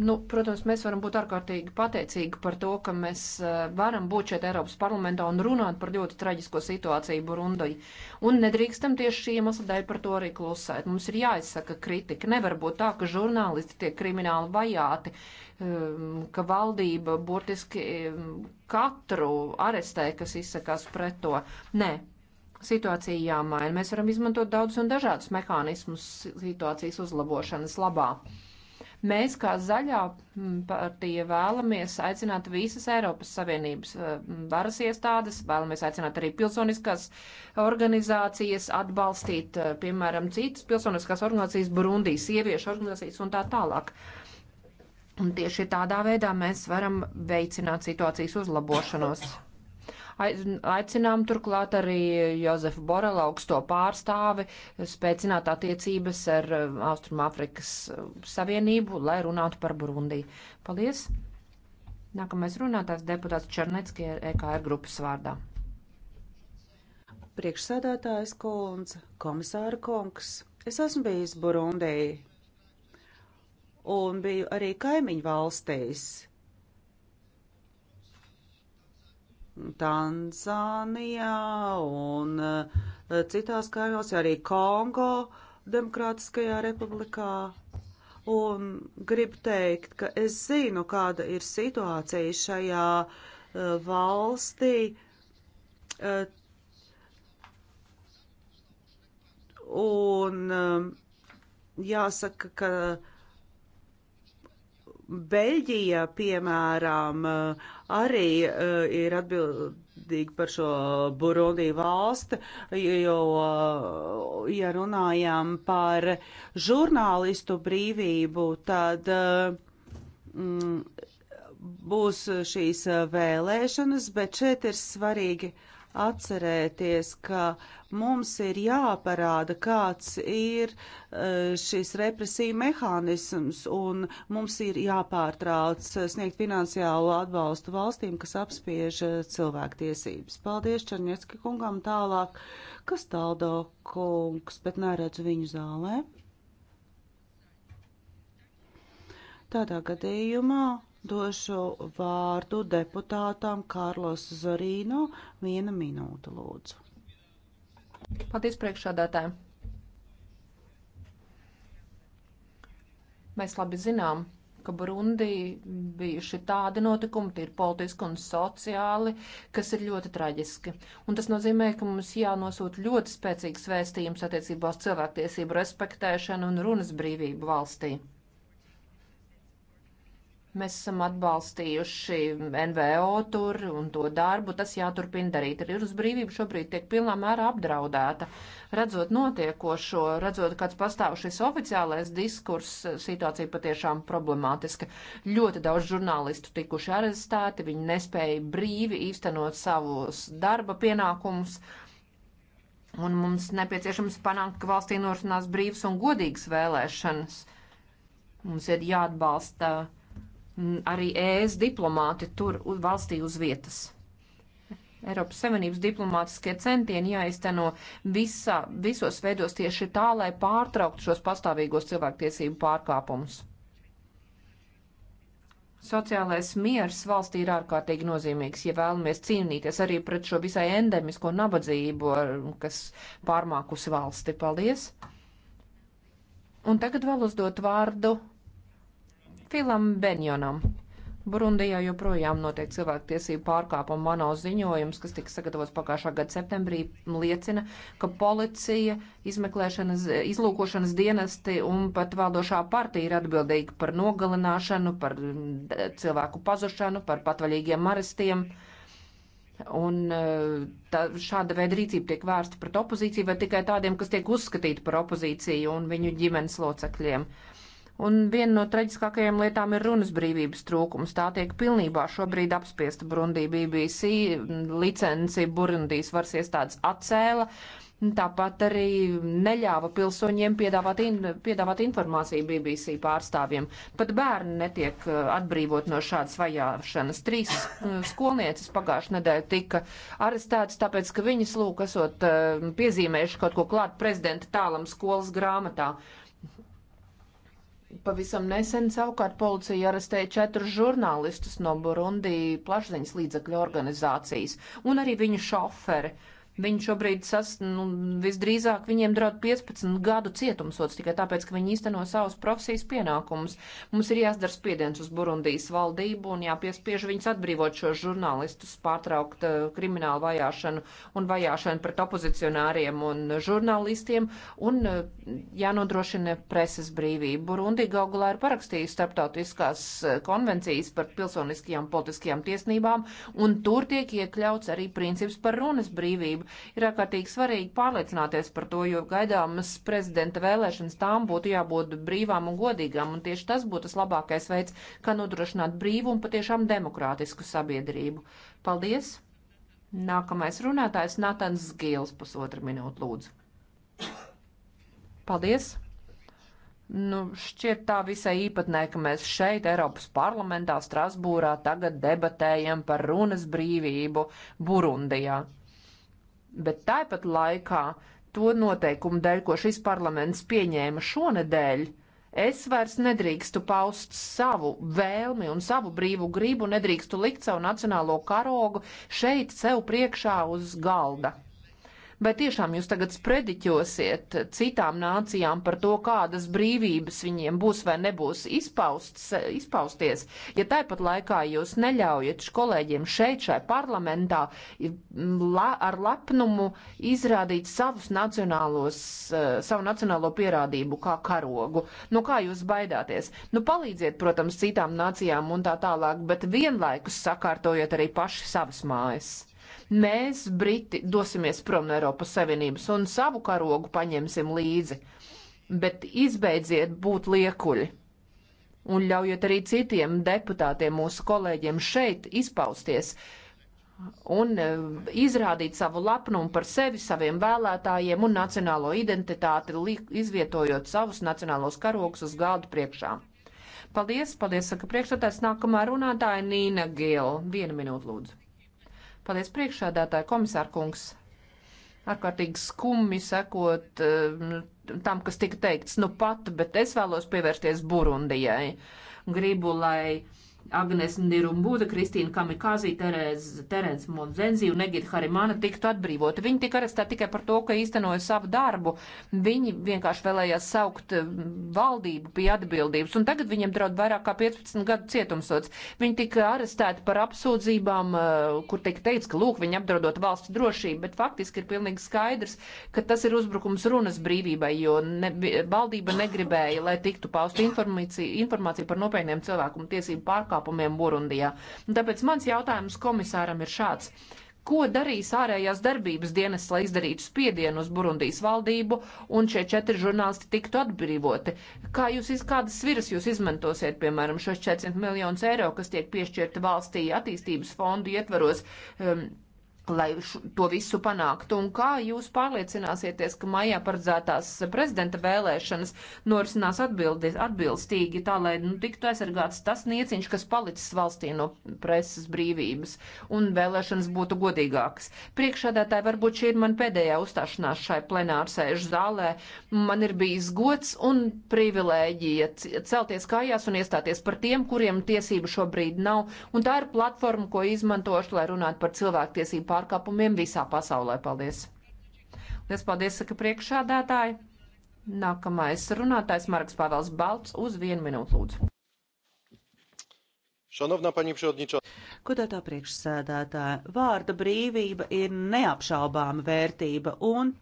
Nu, protams, mēs varam būt ārkārtīgi pateicīgi par to, ka mēs eh, varam būt šeit Eiropas parlamentā un runāt par ļoti traģisko situāciju Burundai. Un nedrīkstam tieši šī iemesla dēļ par to arī klusēt. Mums ir jāizsaka kritika. Nevar būt tā, ka žurnālisti tiek krimināli vajāti, ehm, ka valdība burtiski ehm, katru arestē, kas izsakās pret to. Nē, situācija jāmaina. Mēs varam izmantot daudz un dažādus mehānismus situācijas uzlabošanas labā. Mēs, kā zaļā mm, partija, vēlamies aicināt visas Eiropas Savienības eh, mm, varas iestādes, vēlamies aicināt arī pilsoniskās organizācijas atbalstīt, eh, piemēram, citas pilsoniskās organizācijas Burundī, sieviešu organizācijas un tā tālāk. Un tieši tādā veidā mēs varam veicināt situācijas uzlabošanos. Aicinām turklāt arī Jozefu Borelu augsto pārstāvi spēcināt attiecības ar um, Austrumāfrikas um, Savienību, lai runātu par Burundiju. Paldies! Nākamais runātājs deputāts Černecki EKR grupas vārdā. Priekšsēdētājs Kolns, komisāra Kongs, es esmu bijis Burundī un biju arī kaimiņu valstīs Tanzānijā un eh, citās kaimiņos, arī Kongo Demokrātiskajā republikā. Un gribu teikt, ka es zinu, kāda ir situācija šajā eh, valstī. Eh, un jāsaka, ka Beļģija, piemēram, arī eh, ir atbildīga par šo Burundi valsti, jo, eh, ja runājam par žurnālistu brīvību, tad eh, mm, būs šīs vēlēšanas, bet šeit ir svarīgi atcerēties, ka mums ir jāparāda, kāds ir e, šis represija mehānisms, un mums ir jāpārtrauc sniegt finansiālu atbalstu valstīm, kas apspiež e, cilvēktiesības. Paldies Černiecki kungam tālāk, kas taldo kungs, bet neredzu viņu zālē. Tādā gadījumā Došu vārdu deputātām Kārlos Zorīno. Viena minūte, lūdzu. Paldies priekšādātājiem. Mēs labi zinām, ka Burundī bijuši tādi notikumi, tie ir politiski un sociāli, kas ir ļoti traģiski. Un tas nozīmē, ka mums jānosūta ļoti spēcīgs vēstījums attiecībā uz cilvēktiesību respektēšanu un runas brīvību valstī. Mēs esam atbalstījuši NVO tur un to darbu, tas jāturpina darīt. Arī uz brīvību šobrīd tiek pilnā mērā apdraudēta. Redzot notiekošo, redzot, kāds pastāv šis oficiālais diskurs, situācija patiešām problemātiska. Ļoti daudz žurnālistu tikuši arestēti, viņi nespēja brīvi īstenot savus darba pienākumus. Un mums nepieciešams panākt, ka valstī norisinās brīvas un godīgas vēlēšanas. Mums ir jāatbalsta uh, arī ES diplomāti tur valstī uz vietas. Eiropas Savienības diplomātiskie centieni jāizteno visā, visos veidos tieši tā, lai pārtrauktu šos pastāvīgos cilvēktiesību pārkāpumus. Sociālais miers valstī ir ārkārtīgi nozīmīgs, ja vēlamies cīnīties arī pret šo visai endemisko nabadzību, kas pārmākusi valsti. Paldies! Un tagad vēl uzdot vārdu Filam Benjonam. Burundijā joprojām notiek cilvēktiesību pārkāpuma mano ziņojums, kas tika sagatavots pagājušā gada septembrī, liecina, ka policija, izmeklēšanas, izlūkošanas dienesti un pat valdošā partija ir atbildīgi par nogalināšanu, par mm, cilvēku pazušanu, par patvaļīgiem arestiem. Un eh, tā, šāda veida rīcība tiek vērsta pret opozīciju vai tikai tādiem, kas tiek uzskatīti par opozīciju un viņu ģimenes locekļiem. Uh, Un viena no traģiskākajām lietām ir runas brīvības trūkums. Tā tiek pilnībā šobrīd apspiesta Burundī. BBC licenci Burundijas varas iestādes atcēla. Tāpat arī neļāva pilsoņiem piedāvāt, in, piedāvāt informāciju BBC pārstāvjiem. Pat bērni netiek uh, atbrīvot no šādas vajāšanas. Trīs uh, skolnieces pagājušajā nedēļā tika arestētas, tāpēc, ka viņas, lūk, esot uh, piezīmējuši kaut ko klāt prezidenta tālam skolas grāmatā. Uh, Pavisam nesen savukārt policija arestēja četrus žurnālistus no Burundi plašsaziņas līdzakļu organizācijas un arī viņu šoferi. Viņi šobrīd sas, nu, visdrīzāk viņiem draud 15 gadu cietumsots tikai tāpēc, ka viņi īsteno savus profesijas pienākumus. Mums ir jāsadara spiediens uz Burundijas valdību un jāpiespiež viņus atbrīvot šo žurnālistus, pārtraukt uh, kriminālu vajāšanu un vajāšanu pret opozicionāriem un žurnālistiem un uh, jānodrošina preses brīvību. Burundi gaugulā ir parakstījusi starptautiskās eh, konvencijas par pilsoniskajām politiskajām tiesībām un tur tiek iekļauts arī princips par runas brīvību ir ārkārtīgi svarīgi pārliecināties par to, jo gaidāmas prezidenta vēlēšanas tām būtu jābūt brīvām un godīgām, un tieši tas būtu tas labākais veids, kā nodrošināt brīvu un patiešām demokrātisku sabiedrību. Paldies! Nākamais runātājs Natans Gīls, pusotra minūte lūdzu. Paldies! Nu, šķiet tā visai īpatnē, ka mēs šeit, Eiropas parlamentā, Strasbūrā, tagad debatējam par runas brīvību Burundijā bet tāpat laikā to noteikumu dēļ, ko šis parlaments pieņēma šonedēļ, es vairs nedrīkstu paust savu vēlmi un savu brīvu gribu, nedrīkstu likt savu nacionālo karogu šeit sev priekšā uz galda. Vai tiešām jūs tagad sprediķosiet citām nācijām par to, kādas brīvības viņiem būs vai nebūs izpausts, izpausties, ja tāpat laikā jūs neļaujat kolēģiem šeit, šai parlamentā, la, ar lepnumu izrādīt savus nacionālos, eh, savu nacionālo pierādību kā karogu? Nu, kā jūs baidāties? Nu, palīdziet, protams, citām nācijām un tā tālāk, bet vienlaikus sakārtojot arī paši savas mājas. Mēs, Briti, dosimies prom no Eiropas Savienības un savu karogu paņemsim līdzi. Bet izbeidziet būt liekuļi un ļaujiet arī citiem deputātiem, mūsu kolēģiem šeit izpausties un e, izrādīt savu lepnumu par sevi, saviem vēlētājiem un nacionālo identitāti, izvietojot savus nacionālos karogus uz galdu priekšā. Paldies, paldies, saka priekšstādājs. Nākamā runātāja Nīna Gil. Vienu minūtu lūdzu. Paldies priekšādātāji, komisārkungs. Ārkārtīgi skumji sekot eh, tam, kas tika teikts, nu pat, bet es vēlos pievērsties Burundijai. Gribu, lai Agnes Nirumbuda, Kristīna Kamikāzī, Terēns Monzenzi un Egita Harimana tiktu atbrīvota. Viņi tika arestēti tikai par to, ka īstenoja savu darbu. Viņi vienkārši vēlējās saukt eh, valdību pie atbildības, un tagad viņiem draud vairāk kā 15 gadu cietumsots. Viņi tika arestēti par apsūdzībām, eh, kur tika teikts, ka lūk, viņi apdraudot valsts drošību, bet faktiski ir pilnīgi skaidrs, ka tas ir uzbrukums runas brīvībai, jo ne, valdība negribēja, lai tiktu pausta informācija, informācija par nopietniem cilvēku tiesību pārkāpumiem pārkāpumiem Burundijā. Un tāpēc mans jautājums komisāram ir šāds. Ko darīs ārējās darbības dienas, lai izdarītu spiedienu uz Burundijas valdību un šie četri žurnālisti tiktu atbrīvoti? Kā jūs, iz, kādas sviras jūs izmantosiet, piemēram, šos 400 miljonus eiro, kas tiek piešķirta valstī attīstības fondu ietvaros? Um, lai to visu panāktu? Un kā jūs pārliecināsieties, ka maijā paredzētās prezidenta vēlēšanas norisinās atbildi, atbilstīgi tā, lai nu, tiktu aizsargāts tas nieciņš, kas palicis valstī no preses brīvības un vēlēšanas būtu godīgākas? Priekšādātāji, varbūt šī ir man pēdējā uzstāšanās šai plenārsēžu zālē. Man ir bijis gods un privilēģija celties kājās un iestāties par tiem, kuriem tiesību šobrīd nav. Un tā ir platforma, ko izmantošu, lai runātu par cilvēktiesību pārkāpumiem visā pasaulē. Paldies! Liels paldies, saka priekšādātāji! Nākamais runātājs Marks Pāvels Balts uz vienu minūtu lūdzu. Šanovna paņem šodničo. Kodētā priekšsēdētāja, vārda brīvība ir neapšaubāma vērtība un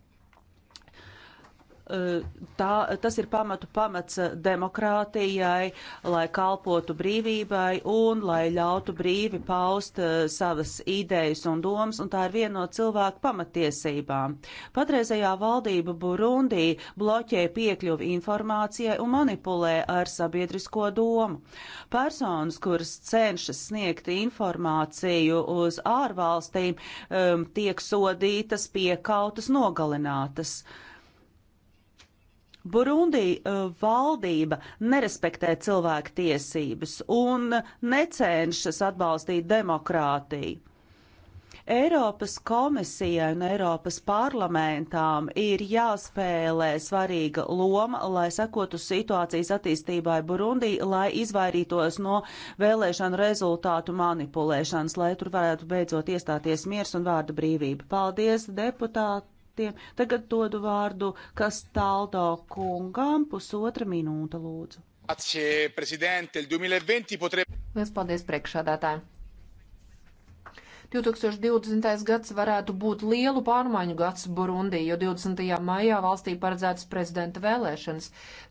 tā, tas ir pamatu pamats demokrātijai, lai kalpotu brīvībai un lai ļautu brīvi paust eh, savas idejas un domas, un tā ir viena no cilvēku pamatiesībām. Patreizējā valdība Burundī bloķē piekļuvi informācijai un manipulē ar sabiedrisko domu. Personas, kuras cenšas sniegt informāciju uz ārvalstīm, um, tiek sodītas, piekautas, nogalinātas. Uh, Burundi uh, valdība nerespektē cilvēku tiesības un necenšas atbalstīt demokrātiju. Eiropas komisijai un Eiropas parlamentām ir jāspēlē svarīga loma, lai sekotu situācijas attīstībai Burundī, lai izvairītos no vēlēšanu rezultātu manipulēšanas, lai tur varētu beidzot iestāties miers un vārda brīvība. Paldies, deputāti! aktiem. Tagad dodu vārdu Kastaldo kungām pusotra minūte lūdzu. Liels paldies priekšādātājiem! 2020. gads varētu būt lielu pārmaiņu gads Burundī, jo 20. maijā valstī paredzētas prezidenta vēlēšanas.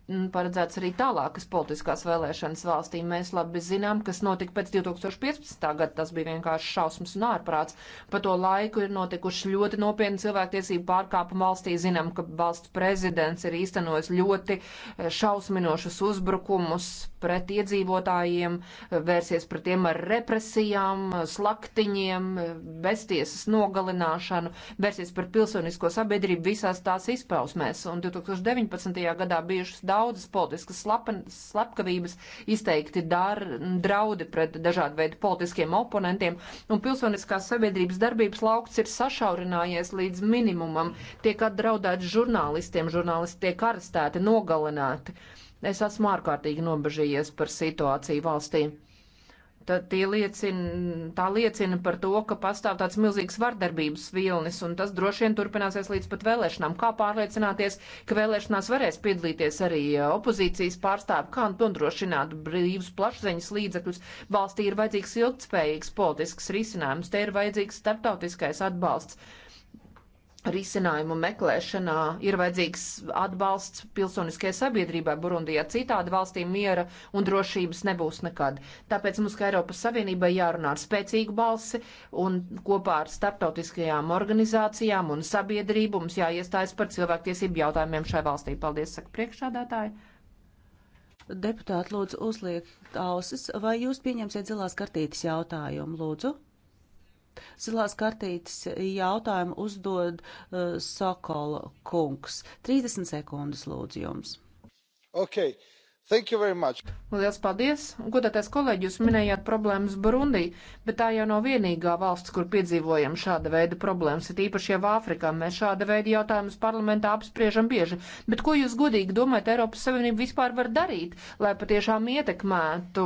Mm, paredzēts arī tālākas politiskās vēlēšanas valstī. Mēs labi zinām, kas notika pēc 2015. gada. Tas bija vienkārši šausmas un ārprāts. Pa to laiku ir notikuši ļoti nopietni cilvēktiesību pārkāpumi valstī. Zinām, ka valsts prezidents ir īstenojis ļoti eh, šausminošus uzbrukumus pret iedzīvotājiem, eh, vērsies pret tiem ar represijām, slaktiņiem, eh, beztiesas nogalināšanu, vērsies pret pilsonisko sabiedrību visās tās izpausmēs. Un 2019. gadā bijušas daudz daudzas politiskas slepkavības, izteikti dar, draudi pret dažādu veidu politiskiem oponentiem, un pilsoniskās sabiedrības darbības lauks ir sašaurinājies līdz minimumam. Tiek apdraudēti žurnālistiem, žurnālisti tiek arestēti, nogalināti. Es esmu ārkārtīgi nobežījies par situāciju valstī tie liecina, tā liecina par to, ka pastāv tāds milzīgs vardarbības vilnis, un tas droši vien turpināsies līdz pat vēlēšanām. Kā pārliecināties, ka vēlēšanās varēs piedalīties arī eh, opozīcijas pārstāvi, kā nodrošināt brīvus plašsaziņas līdzekļus? Valstī ir vajadzīgs ilgtspējīgs politisks risinājums, te ir vajadzīgs starptautiskais atbalsts risinājumu meklēšanā ir vajadzīgs atbalsts pilsoniskajai sabiedrībai Burundijā. Citādi valstī miera un drošības nebūs nekad. Tāpēc mums, kā Eiropas Savienībai, jārunā ar spēcīgu balsi un kopā ar starptautiskajām organizācijām un sabiedrību mums jāiestājas par cilvēktiesību jautājumiem šai valstī. Paldies, saka priekšādātāji. Deputāti, lūdzu, uzliek ausis, vai jūs pieņemsiet zilās kartītes jautājumu, lūdzu? Zilās kartītes jautājumu uzdod uh, Sokola kungs. 30 sekundes lūdzu jums. Okay. Thank you very much. Lielas paldies! Godātais kolēģi, jūs minējāt problēmas Burundī, bet tā jau nav vienīgā valsts, kur piedzīvojam šāda veida problēmas, ir īpaši jau Āfrikā. Mēs šāda veida jautājumus parlamentā apspriežam bieži. Bet ko jūs godīgi domājat, Eiropas Savienība vispār var darīt, lai patiešām ietekmētu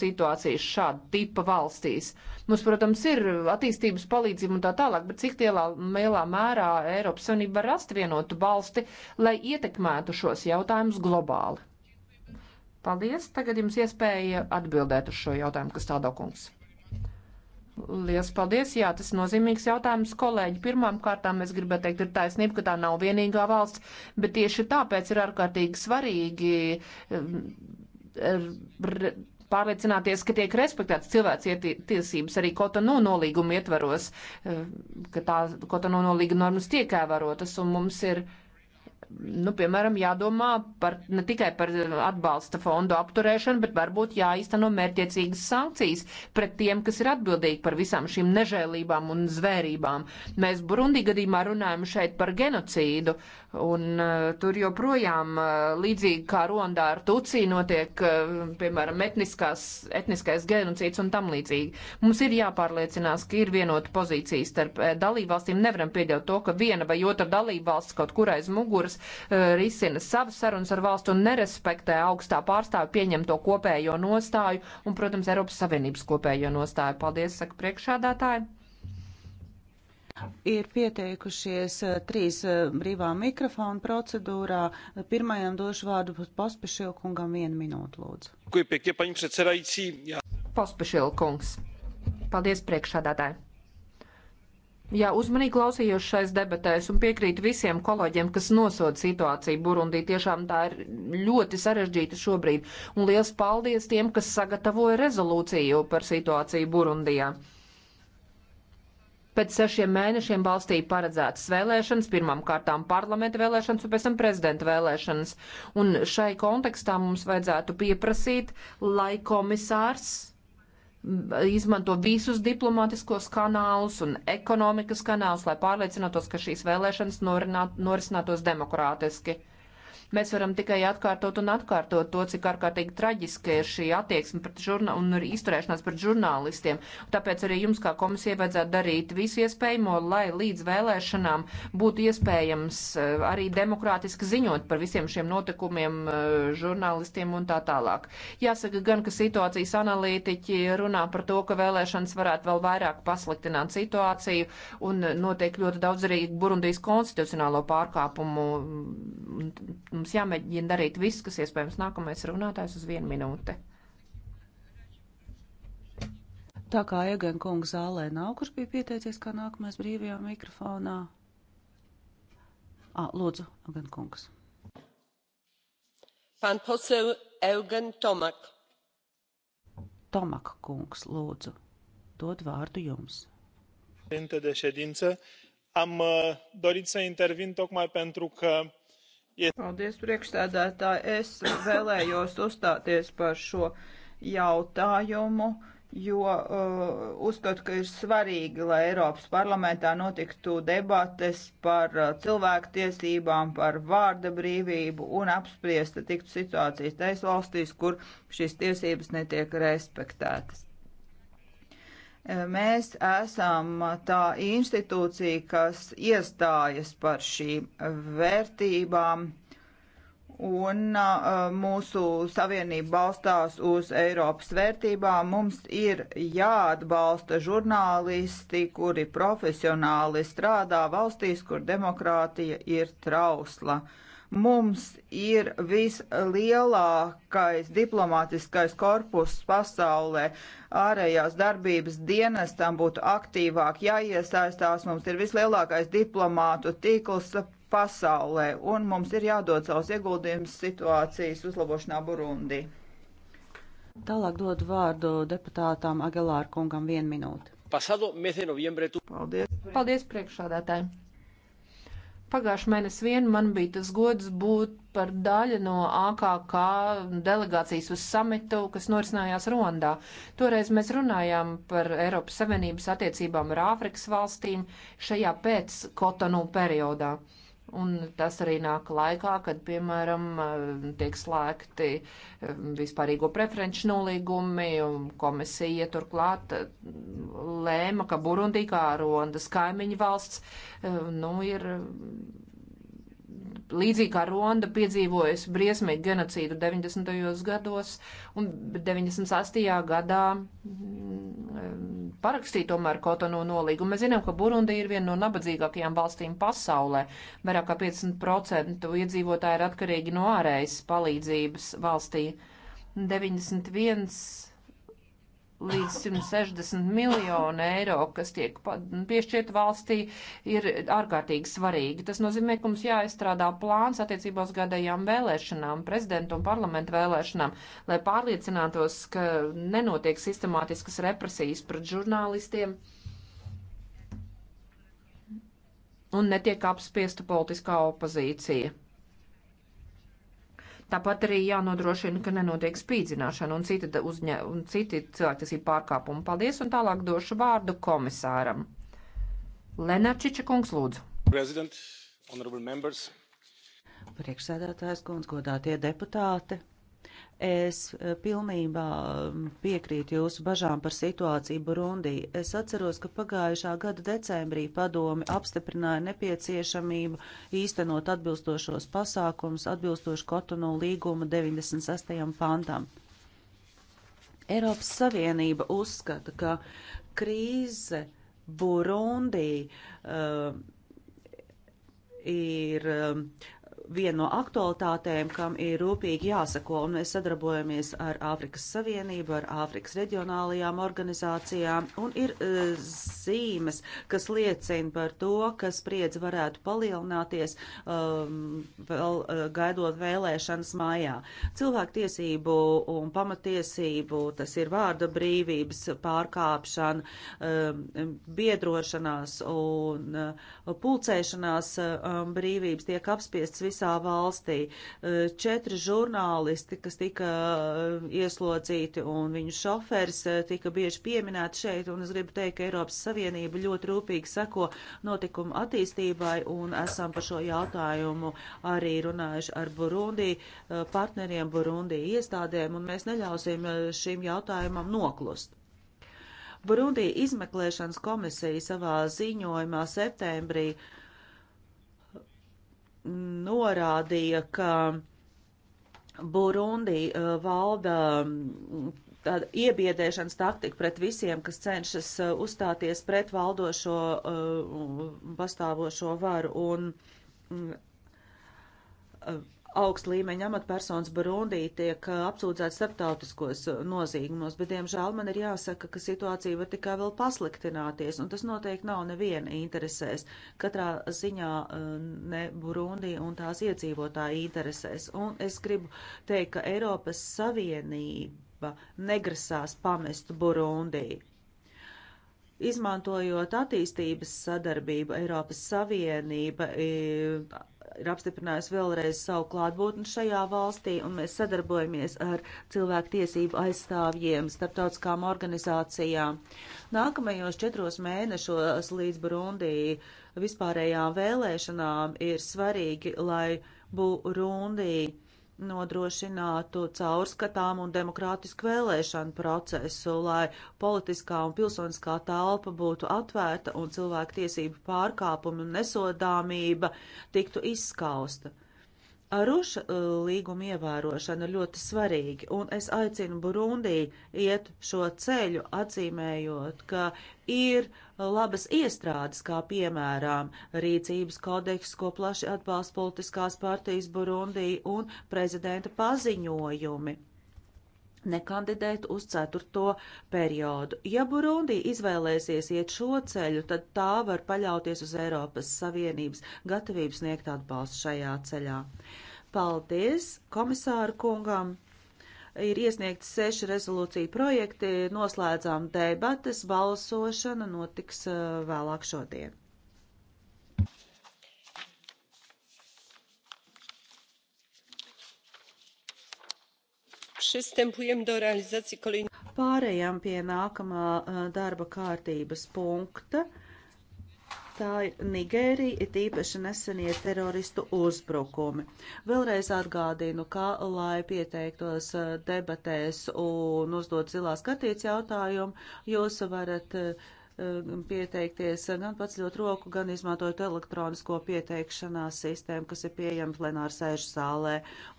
situācijas šāda tipa valstīs? Mums, protams, ir attīstības palīdzība un tā tālāk, bet cik lielā, lielā mērā Eiropas Savienība var rast vienotu balsti, lai ietekmētu šos jautājumus globāli? Paldies! Tagad jums iespēja atbildēt uz šo jautājumu, kas tādā kungs. Lielas paldies! Jā, tas ir nozīmīgs jautājums, kolēģi. Pirmām kārtām es gribētu teikt, ir taisnība, ka tā nav vienīgā valsts, bet tieši tāpēc ir ārkārtīgi svarīgi um, er, pārliecināties, ka tiek respektēts cilvēks tiesības arī Kotonu nolīguma ietvaros, um, ka tā Kotonu nolīga normas tiek ēvarotas un mums ir. Uh, nu, piemēram, jādomā par, ne tikai par atbalsta fondu apturēšanu, bet varbūt jāizteno mērķiecīgas sankcijas pret tiem, kas ir atbildīgi par visām šīm nežēlībām un zvērībām. Mēs Burundī gadījumā runājam šeit par genocīdu, un uh, tur joprojām uh, līdzīgi kā Rondā ar Tucī notiek, uh, piemēram, etniskās, etniskais genocīds un tam līdzīgi. Mums ir jāpārliecinās, ka ir vienota pozīcija starp dalībvalstīm. Nevaram pieļaut to, ka viena vai otra dalībvalsts kaut kur aiz muguras Eh, risina savas sarunas ar valstu un nerespektē augstā pārstāvi pieņemto kopējo nostāju un, protams, Eiropas Savienības kopējo nostāju. Paldies, saka priekšādātāji. Ir pieteikušies eh, trīs eh, brīvā mikrofona procedūrā. Pirmajam došu vārdu Pospešilkungam vienu minūtu, lūdzu. Pospešilkungs. Paldies, priekšādātāji. Jā, uzmanīgi klausījos šais debatēs un piekrītu visiem kolēģiem, kas nosoda situāciju Burundī. Tiešām tā ir ļoti sarežģīta šobrīd. Un liels paldies tiem, kas sagatavoja rezolūciju par situāciju Burundijā. Pēc sešiem mēnešiem valstī paredzētas vēlēšanas, pirmām kārtām parlamenta vēlēšanas un pēc tam prezidenta vēlēšanas. Un šai kontekstā mums vajadzētu pieprasīt, lai komisārs izmanto visus diplomātiskos kanālus un ekonomikas kanālus, lai pārliecinātos, ka šīs vēlēšanas norināt, norisinātos demokrātiski. Mēs varam tikai atkārtot un atkārtot to, cik ārkārtīgi traģiska ir šī attieksme pret žurnā un izturēšanās pret žurnālistiem. Tāpēc arī jums kā komisija vajadzētu darīt visu iespējamo, lai līdz vēlēšanām būtu iespējams eh, arī demokrātiski ziņot par visiem šiem notikumiem eh, žurnālistiem un tā tālāk. Jāsaka gan, ka situācijas analītiķi runā par to, ka vēlēšanas varētu vēl vairāk pasliktināt situāciju un notiek ļoti daudz arī Burundijas konstitucionālo pārkāpumu. Un, mm, un, mums jāmēģina darīt viss, kas iespējams nākamais runātājs uz vienu minūti. Tā kā Egan kunga zālē nav, kurš bija pieteicies kā nākamais brīvajā mikrofonā. À, ah, lūdzu, Egan kungs. Pan poseł Eugen Tomak. Tomak kungs, lūdzu, dod vārdu jums. Am uh, dorit să intervin tocmai pentru că Paldies, priekšstādātāji. Es vēlējos uzstāties par šo jautājumu jo uh, uzskatu, ka ir svarīgi, lai Eiropas parlamentā notiktu debates par uh, cilvēktiesībām, par vārda brīvību un apspriesta tiktu situācijas tais valstīs, kur šīs tiesības netiek respektētas. Mēs esam tā institūcija, kas iestājas par šīm vērtībām un a, uh, mūsu savienība balstās uz Eiropas vērtībām. Mums ir jāatbalsta žurnālisti, kuri profesionāli strādā valstīs, kur demokrātija ir trausla. Mums ir vislielākais diplomātiskais korpus pasaulē. Ārējās darbības dienestam būtu aktīvāk jāiesaistās. Mums ir vislielākais diplomātu tīkls pasaulē, un mums ir jādod savus ieguldījumus situācijas uzlabošanā Burundī. Tālāk dod vārdu deputātām Agelāra kungam vienu minūti. Paldies, Paldies priekšādātāji! Pagājušajā mēnesī vien man bija tas gods būt par daļu no AKK delegācijas uz samitu, kas norisinājās Rondā. Toreiz mēs runājām par Eiropas Savienības attiecībām ar Āfrikas valstīm šajā pēc Kotonu periodā. Un tas arī nāk laikā, kad, piemēram, tiek slēgti eh, vispārīgo preferenču nolīgumi, un komisija turklāt eh, lēma, ka Burundī kā Rondas kaimiņu valsts, eh, nu, ir līdzīgi kā Ronda piedzīvojusi briesmīgu genocīdu 90. gados un 98. gadā mm, mm, parakstīja tomēr Kotono nolīgumu. Mēs zinām, ka Burundi ir viena no nabadzīgākajām valstīm pasaulē. Vairāk kā 50% iedzīvotāji ir atkarīgi no ārējas palīdzības valstī. 91 līdz 160 miljonu eiro, kas tiek piešķirt valstī, ir ārkārtīgi svarīgi. Tas nozīmē, ka mums jāizstrādā plāns attiecībā uz gadējām vēlēšanām, prezidentu un parlamentu vēlēšanām, lai pārliecinātos, ka nenotiek sistemātiskas represijas pret žurnālistiem. Un netiek apspiesta politiskā opozīcija. Tāpat arī jānodrošina, ka nenotiek spīdzināšana un citi, uzņē, un citi cilvēktiesību pārkāpumi. Paldies, un tālāk došu vārdu komisāram. Lenarčiča kungs, lūdzu. President, honorable members. Priekšsēdētājs kungs, godātie deputāti. Es eh, pilnībā mm, piekrītu jūsu bažām par situāciju Burundī. Es atceros, ka pagājušā gada decembrī padomi apstiprināja nepieciešamību īstenot atbilstošos pasākums atbilstoši Kotonu līguma 96. pantam. Eiropas Savienība uzskata, ka krīze Burundī uh, ir eh, viena no aktualitātēm, kam ir rūpīgi jāsako, un mēs sadarbojamies ar Āfrikas Savienību, ar Āfrikas reģionālajām organizācijām, un ir e, zīmes, kas liecina par to, ka spriedze varētu palielināties um, vēl e, gaidot vēlēšanas mājā. Cilvēktiesību un pamatiesību, tas ir vārda brīvības pārkāpšana, um, biedrošanās un uh, pulcēšanās um, brīvības tiek apspiestas visā visā valstī. Eh, četri žurnālisti, kas tika eh, ieslodzīti un viņu šoferis eh, tika bieži pieminēti šeit, un es gribu teikt, ka Eiropas Savienība ļoti rūpīgi seko notikumu attīstībai, un esam par šo jautājumu arī runājuši ar Burundi, partneriem Burundi iestādēm, un mēs neļausim šim jautājumam noklust. Burundī izmeklēšanas komisija savā ziņojumā septembrī uh, norādīja, ka Burundi uh, valda mm, tāda iebiedēšanas taktika pret visiem, kas cenšas uh, uzstāties pret valdošo uh, pastāvošo varu un mm, augst līmeņa amatpersonas Burundī tiek uh, apsūdzēts starptautiskos uh, nozīgumos, bet, diemžēl, man ir jāsaka, ka situācija var tikai vēl pasliktināties, un tas noteikti nav neviena interesēs. Katrā ziņā uh, ne Burundī un tās iedzīvotāji interesēs. Un es gribu teikt, ka Eiropas Savienība negrasās pamest Burundī. Izmantojot attīstības sadarbību, Eiropas Savienība ir apstiprinājusi vēlreiz savu klātbūtni šajā valstī, un mēs sadarbojamies ar cilvēktiesību aizstāvjiem, starptautiskām organizācijām. Nākamajos četros mēnešos līdz Burundī vispārējām vēlēšanām ir svarīgi, lai Burundī nodrošinātu caurskatām un demokrātisku vēlēšanu procesu, lai politiskā un pilsoniskā telpa būtu atvērta un cilvēku tiesību pārkāpumi un nesodāmība tiktu izskausta. Aruša uh, līguma ievērošana ir ļoti svarīga, un es aicinu Burundī iet šo ceļu, atzīmējot, ka ir uh, labas iestrādes, kā piemēram rīcības kodeks, ko plaši atbalsta politiskās partijas Burundī un prezidenta paziņojumi nekandidēt uz ceturto periodu. Ja Burundi izvēlēsies iet šo ceļu, tad tā var paļauties uz Eiropas Savienības gatavību sniegt atbalstu šajā ceļā. Paldies komisāru kungam! ir iesniegti seši rezolūcija projekti, noslēdzām debates, balsošana notiks uh, vēlāk šodien. Pārējām pie nākamā uh, darba kārtības punkta. Tā ir Nigērija, it īpaši nesenie teroristu uzbrukumi. Vēlreiz atgādinu, ka, lai pieteiktos eh, debatēs un uzdot zilās kartītes jautājumu, jūs varat eh, pieteikties gan paceļot roku, gan izmantojot elektronisko pieteikšanās sistēmu, kas ir pieejama plenāra sēžu zālē.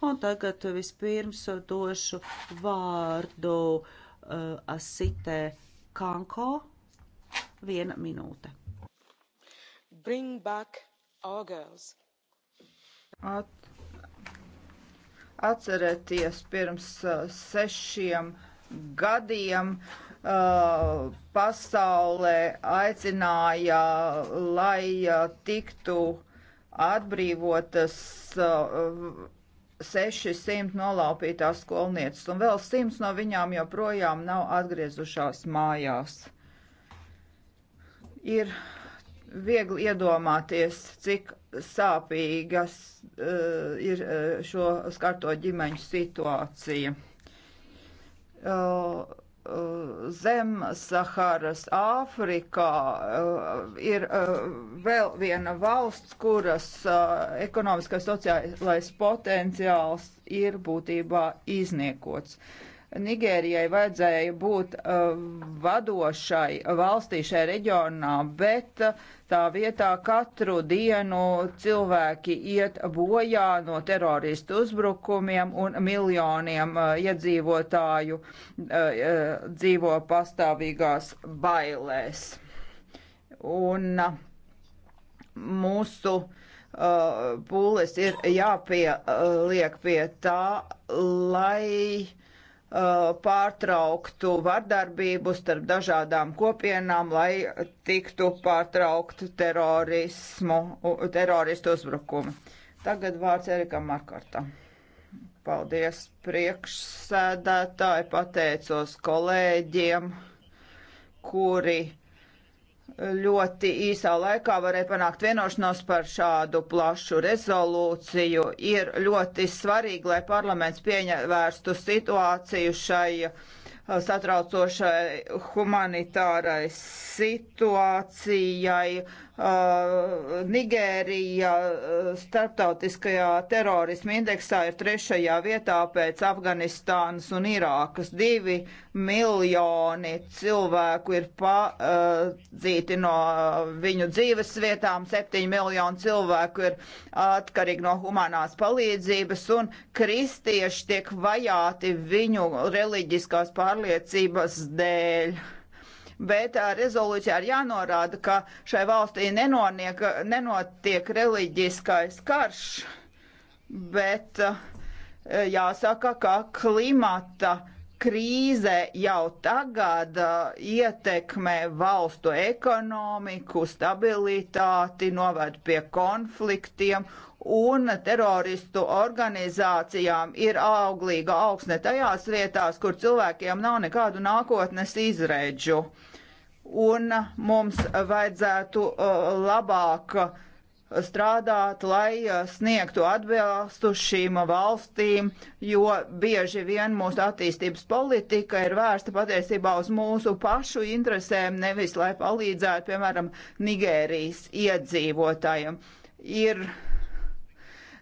Un tagad vispirms došu vārdu uh, eh, Asitē Kanko. Viena minūte. Bring back our girls. At, atcerieties, pirms uh, sešiem gadiem uh, pasaulē aicināja, lai uh, tiktu atbrīvotas uh, 600 nolaupītās skolnieces, un vēl 100 no viņām joprojām nav atgriezušās mājās. Ir viegli iedomāties, cik sāpīgas uh, ir eh, šo skarto ģimeņu situācija. Uh, uh, zem Saharas Āfrikā uh, ir uh, vēl viena valsts, kuras uh, ekonomiskais sociālais potenciāls ir būtībā izniekots. Uh, Nigērijai vajadzēja būt uh, vadošai valstī šajā reģionā, bet uh, tā vietā katru dienu cilvēki iet bojā no teroristu uzbrukumiem un miljoniem uh, iedzīvotāju uh, uh, dzīvo pastāvīgās bailēs. Un uh, mūsu pūles ir jāpieliek pie tā, lai Uh, pārtrauktu vardarbību starp dažādām kopienām, lai tiktu pārtrauktu terorismu, teroristu uzbrukumu. Tagad vārds Erikam Markartam. Paldies priekšsēdētāji, pateicos kolēģiem, kuri ļoti īsā laikā varēja panākt vienošanos par šādu plašu rezolūciju. Ir ļoti svarīgi, lai parlaments pieņemtu situāciju šai uh, satraucošai humanitārai situācijai Uh, Nigērija uh, starptautiskajā terorisma indeksā ir trešajā vietā pēc Afganistānas un Irākas. Divi miljoni cilvēku ir padzīti no viņu dzīves vietām, septiņi miljoni cilvēku ir atkarīgi no humanās palīdzības, un kristieši tiek vajāti viņu reliģiskās pārliecības dēļ bet rezolūcijā ir jānorāda, ka šai valstī nenoniek, nenotiek reliģiskais karš, bet jāsaka, ka klimata krīze jau tagad ietekmē valstu ekonomiku, stabilitāti, noved pie konfliktiem un teroristu organizācijām ir auglīga augsne tajās vietās, kur cilvēkiem nav nekādu nākotnes izredžu. Un mums vajadzētu uh, labāk uh, strādāt, lai uh, sniegtu atbalstu šīm valstīm, jo bieži vien mūsu attīstības politika ir vērsta patiesībā uz mūsu pašu interesēm, nevis lai palīdzētu, piemēram, Nigērijas iedzīvotājiem. Ir uh,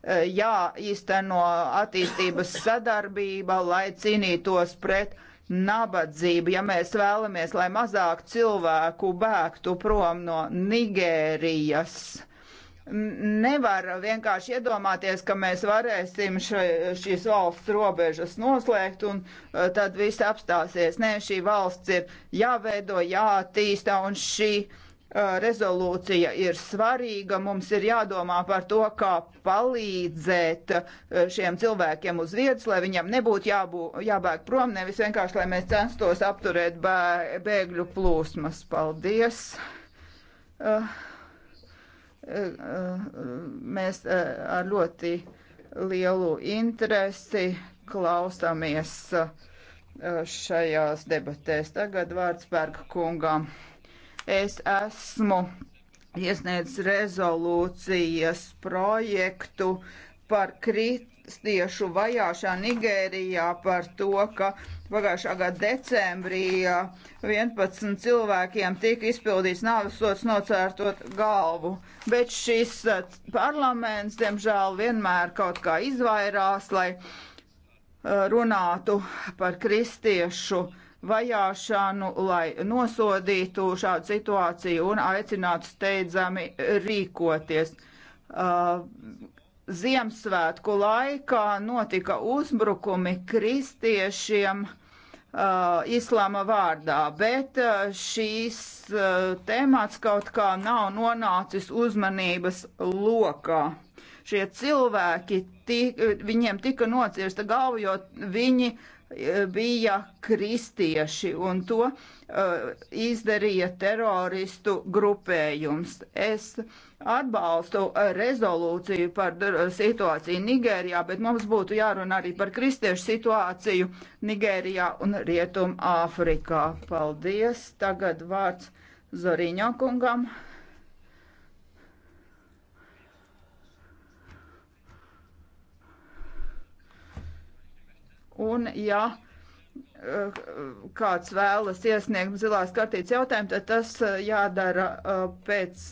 jāīsteno attīstības sadarbība, lai cīnītos pret nabadzību. Ja mēs vēlamies, lai mazāk cilvēku bēgtu prom no Nigērijas, nevar vienkārši iedomāties, ka mēs varēsim še, šīs valsts robežas noslēgt un uh, tad viss apstāsies. Nē, šī valsts ir jāveido, jātīsta un šī Eh, rezolūcija ir svarīga. Mums ir jādomā par to, kā palīdzēt eh, šiem cilvēkiem uz vietas, lai viņam nebūtu jābū, jābēg prom, nevis vienkārši, lai mēs censtos apturēt bē, bēgļu plūsmas. Paldies! Eh, mēs ar ļoti lielu interesi klausāmies šajās debatēs. Tagad vārds Berga kungam. Es esmu iesniedz rezolūcijas projektu par kristiešu vajāšanu Nigērijā, par to, ka pagājušā gada decembrī 11 cilvēkiem tika izpildīts nāves sots nocērtot galvu. Bet šis eh, parlaments, diemžēl, vienmēr kaut kā izvairās, lai eh, runātu par kristiešu vajāšanu, lai nosodītu šādu situāciju un aicinātu steidzami rīkoties. Uh, Ziemassvētku laikā notika uzbrukumi kristiešiem uh, islāma vārdā, bet uh, šīs uh, temats kaut kā nav nonācis uzmanības lokā. Šie cilvēki, tik, viņiem tika nocirsta galva, jo viņi uh, bija kristieši, un to uh, izdarīja teroristu grupējums. Es atbalstu rezolūciju par eh, situāciju Nigērijā, bet mums būtu jārunā arī par kristiešu situāciju Nigērijā un Rietum Āfrikā. Paldies! Tagad vārds Zoriņokungam. kungam. Un, ja eh, kāds vēlas iesniegt zilās kartītes jautājumu, tad tas eh, jādara eh, pēc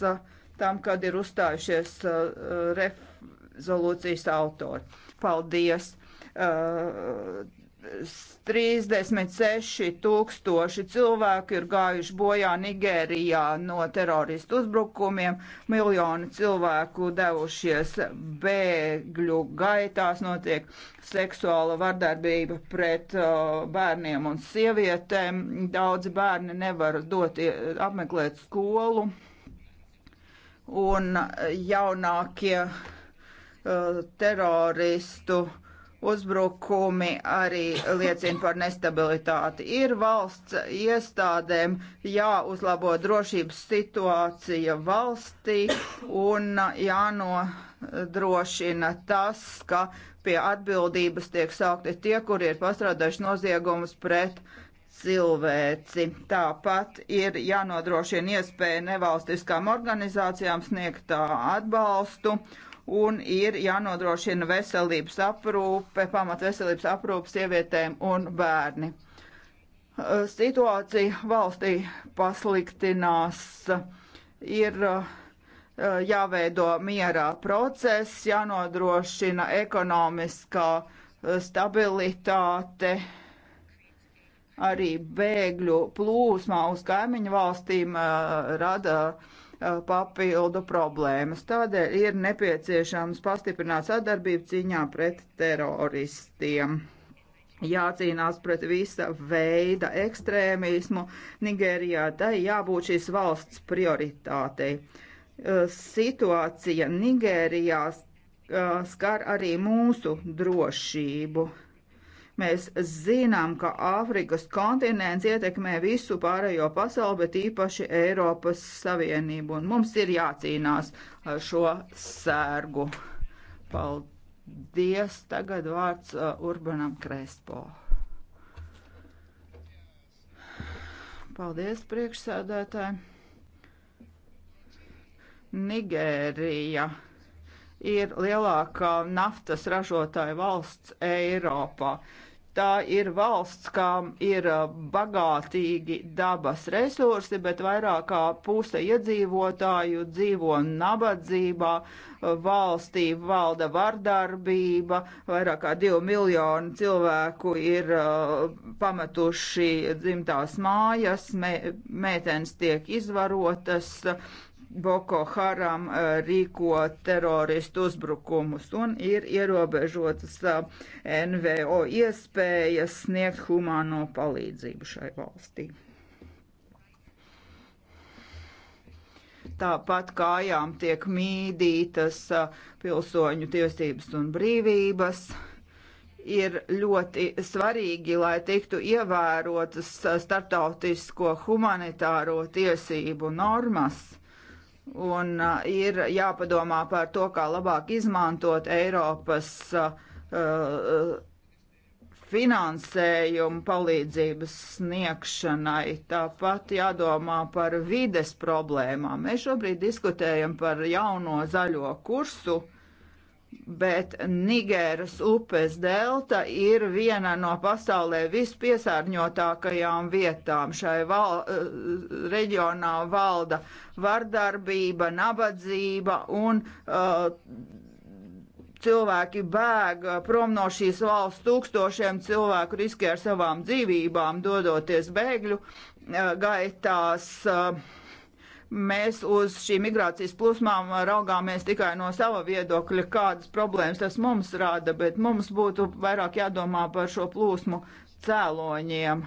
tam, kad ir uzstājušies rezolūcijas autori. Paldies! 36 tūkstoši cilvēku ir gājuši bojā Nigērijā no teroristu uzbrukumiem, miljoni cilvēku devušies bēgļu gaitās, notiek seksuāla vardarbība pret uh, bērniem un sievietēm, daudzi bērni nevar dot apmeklēt skolu, un uh, jaunākie uh, teroristu uh, uzbrukumi arī liecina par nestabilitāti. Ir valsts iestādēm jāuzlabo drošības situācija valstī un jānodrošina tas, ka pie atbildības tiek saukti tie, kuri ir pastrādājuši noziegumus pret cilvēci. Tāpat ir jānodrošina iespēja nevalstiskām organizācijām sniegt uh, atbalstu un ir jānodrošina veselības aprūpe, pamat veselības aprūpe sievietēm un bērni. Eh, situācija valstī pasliktinās, ir eh, jāveido mierā process, jānodrošina ekonomiskā eh, stabilitāte, arī bēgļu plūsmā uz kaimiņu valstīm rada uh, Uh, papildu problēmas. Tādēļ ir nepieciešams pastiprināt sadarbību cīņā pret teroristiem jācīnās pret visa veida ekstrēmismu. Nigērijā tai jābūt šīs valsts prioritātei. Uh, situācija Nigērijā uh, skar arī mūsu drošību. Mēs zinām, ka Āfrikas kontinents ietekmē visu pārējo pasauli, bet īpaši Eiropas Savienību, un mums ir jācīnās ar šo sērgu. Paldies! Tagad vārds uh, Urbanam Krespo. Paldies, priekšsēdētāji! Nigērija ir lielākā naftas ražotāja valsts Eiropā tā ir valsts, kam ir uh, bagātīgi dabas resursi, bet vairāk kā puse iedzīvotāju dzīvo nabadzībā, uh, valstī valda vardarbība, vairāk kā divi miljoni cilvēku ir uh, pametuši dzimtās mājas, mē, mētens tiek izvarotas. Uh, Boko Haram eh, rīko teroristu uzbrukumus un ir ierobežotas eh, NVO iespējas sniegt humāno palīdzību šai valstī. Tāpat kājām tiek mīdītas eh, pilsoņu tiesības un brīvības ir ļoti svarīgi, lai tiktu ievērotas starptautisko humanitāro tiesību normas un uh, ir jāpadomā par to, kā labāk izmantot Eiropas uh, uh, finansējumu palīdzības sniegšanai, tāpat jādomā par vides problēmām. Mēs šobrīd diskutējam par jauno zaļo kursu, uh, bet Nigēras upes delta ir viena no pasaulē vispiesārņotākajām vietām. Šai val, eh, reģionā valda vardarbība, nabadzība un uh, cilvēki bēg prom no šīs valsts. Tūkstošiem cilvēku riskē ar savām dzīvībām, dodoties bēgļu uh, gaitās. Uh, mēs uz šīm migrācijas plūsmām raugāmies tikai no sava viedokļa, kādas problēmas tas mums rada, bet mums būtu vairāk jādomā par šo plūsmu cēloņiem,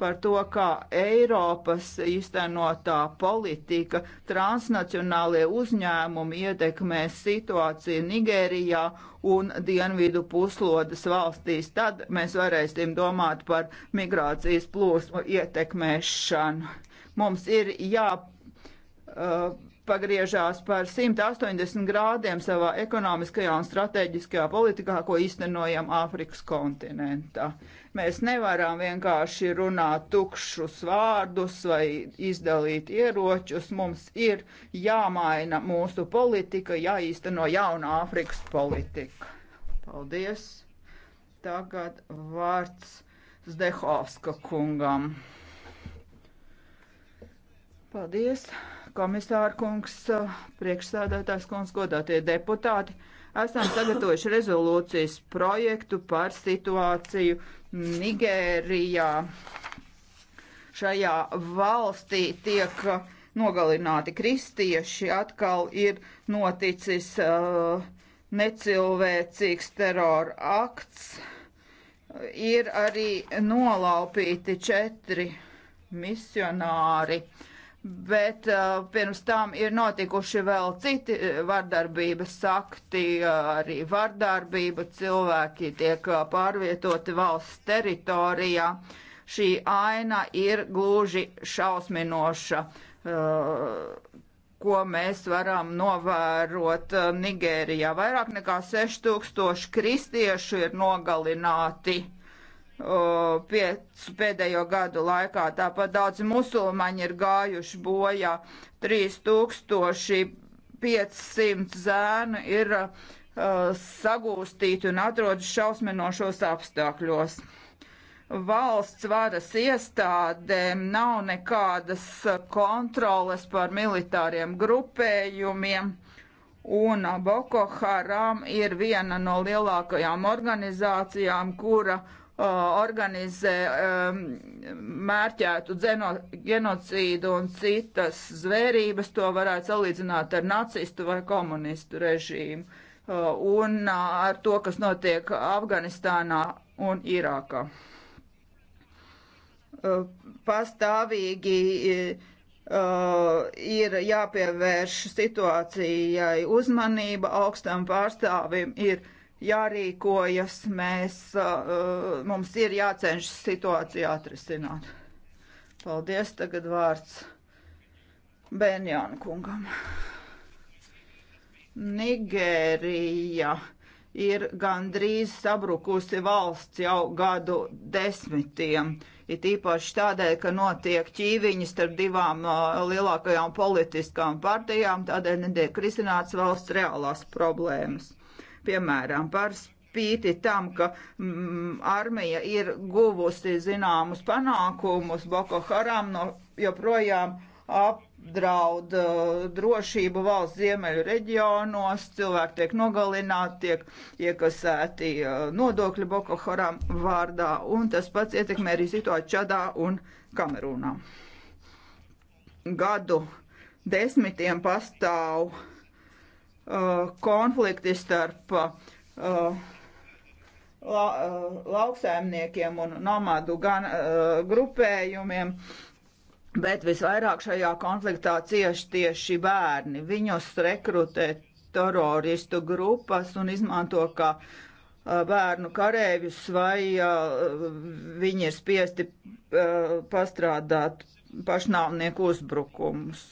par to, kā Eiropas īstenotā politika, transnacionālie uzņēmumi ietekmēs situāciju Nigērijā un Dienvidu puslodes valstīs. Tad mēs varēsim domāt par migrācijas plūsmu ietekmēšanu. Mums ir jāpārāk Uh, pagriežās par 180 grādiem savā ekonomiskajā un strateģiskajā politikā, ko īstenojam Āfrikas kontinentā. Mēs nevaram vienkārši runāt tukšus vārdus vai izdalīt ieročus. Mums ir jāmaina mūsu politika, jāīsteno jauna Āfrikas politika. Paldies! Tagad vārds Zdehovska kungam. Paldies! komisāra kungs, priekšsādātājs kungs, godātie deputāti, esam sagatavojuši rezolūcijas projektu par situāciju Nigērijā. Šajā valstī tiek nogalināti kristieši, atkal ir noticis uh, necilvēcīgs terora akts, ir arī nolaupīti četri misionāri. Uh, bet uh, pirms tam ir notikuši vēl citi uh, vardarbības akti, uh, arī vardarbība, cilvēki tiek uh, pārvietoti valsts teritorijā. Šī aina ir gluži šausminoša, uh, ko mēs varam novērot Nigērijā. Vairāk nekā 6000 kristiešu ir nogalināti piecu pēdējo gadu laikā. Tāpat daudz musulmaņi ir gājuši bojā. 3500 zēnu ir uh, sagūstīti un atrodas šausminošos apstākļos. Valsts varas iestādēm nav nekādas kontroles par militāriem grupējumiem. Un Boko Haram ir viena no lielākajām organizācijām, kura uh, organizē mērķētu genocīdu un citas zvērības, to varētu salīdzināt ar nacistu vai komunistu režīmu un ar to, kas notiek Afganistānā un Irākā. Pastāvīgi Uh, ir jāpievērš situācijai uzmanība, augstam pārstāvim ir jārīkojas, mēs, uh, mums ir jācenšas situāciju atrisināt. Paldies, tagad vārds Benjāna kungam. Nigērija ir gandrīz sabrukusi valsts jau gadu desmitiem. Ir tīpaši tādēļ, ka notiek ķīviņas starp divām uh, lielākajām politiskām partijām, tādēļ netiek risināts valsts reālās problēmas. Uh, Piemēram, par spīti tam, ka mm, armija ir guvusi zināmus panākumus, Boko Haram no, joprojām apdraud uh, drošību valsts ziemeļu reģionos, cilvēki tiek nogalināti, tiek iekasēti uh, nodokļi Boko Haram vārdā, un tas pats ietekmē arī situāciju Čadā un Kamerūnā. Gadu desmitiem pastāv uh, Uh, konflikti starp uh, la, uh, lauksaimniekiem un nomadu gan, grupējumiem, bet visvairāk šajā konfliktā cieši tieši bērni. Viņus rekrutē teroristu grupas un izmanto kā bērnu karēvis, vai viņi ir spiesti pastrādāt pašnāvnieku uzbrukumus.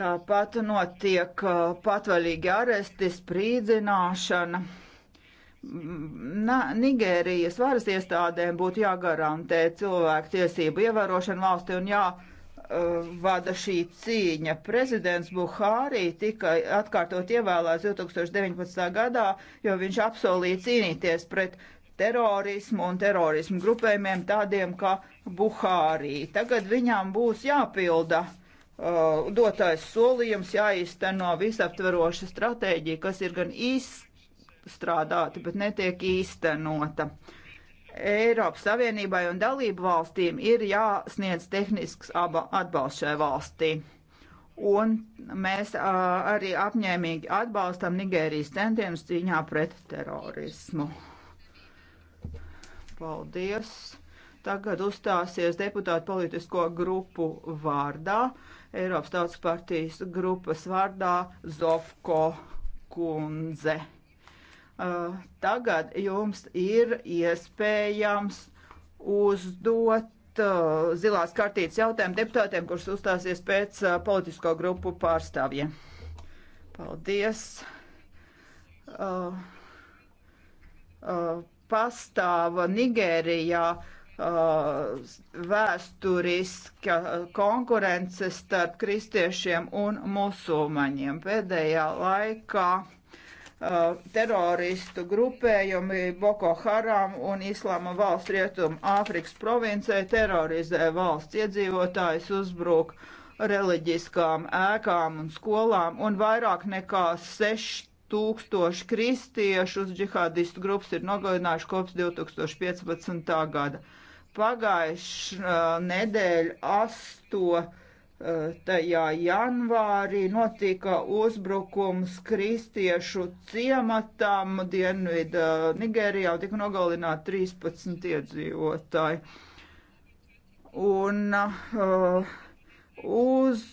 Tāpat notiek uh, patvaļīgi aresti, sprīdzināšana. Mm, na, Nigērijas varas iestādēm būtu jāgarantē cilvēku tiesību ievērošana valsti un jā uh, vada šī cīņa. Prezidents Buhārī tika atkārtot ievēlēts 2019. gadā, jo viņš apsolīja cīnīties pret terorismu un terorismu grupējumiem tādiem kā Buhārī. Tagad viņām būs jāpilda uh, Uh, dotais solījums jāīsteno visaptveroša stratēģija, kas ir gan izstrādāta, bet netiek īstenota. Eiropas Savienībai un dalību valstīm ir jāsniedz tehnisks atbalsts šai valstī. Un mēs a, uh, arī apņēmīgi atbalstam Nigērijas centienus cīņā pret terorismu. Paldies! Tagad uzstāsies deputāta politisko grupu vārdā. Eiropas Tautas partijas grupas vārdā Zofko kundze. Uh, tagad jums ir iespējams uzdot uh, zilās kartītes jautājumu deputātiem, kurš uzstāsies pēc uh, politisko grupu pārstāvjiem. Paldies! Uh, uh, pastāva Nigērijā uh, Uh, vēsturiska konkurence starp kristiešiem un musulmaņiem. Pēdējā laikā uh, teroristu grupējumi Boko Haram un Islāma valsts rietumu Āfrikas provincē terorizē valsts iedzīvotājus uzbruk reliģiskām ēkām un skolām un vairāk nekā 6 tūkstoši kristiešus džihādistu grupas ir nogalinājuši kopš 2015. gada pagājušā uh, nedēļa 8. Uh, janvārī notika uzbrukums kristiešu ciematam Dienvidā Nigērijā, tika nogalināti 13 iedzīvotāji. Un uh, uz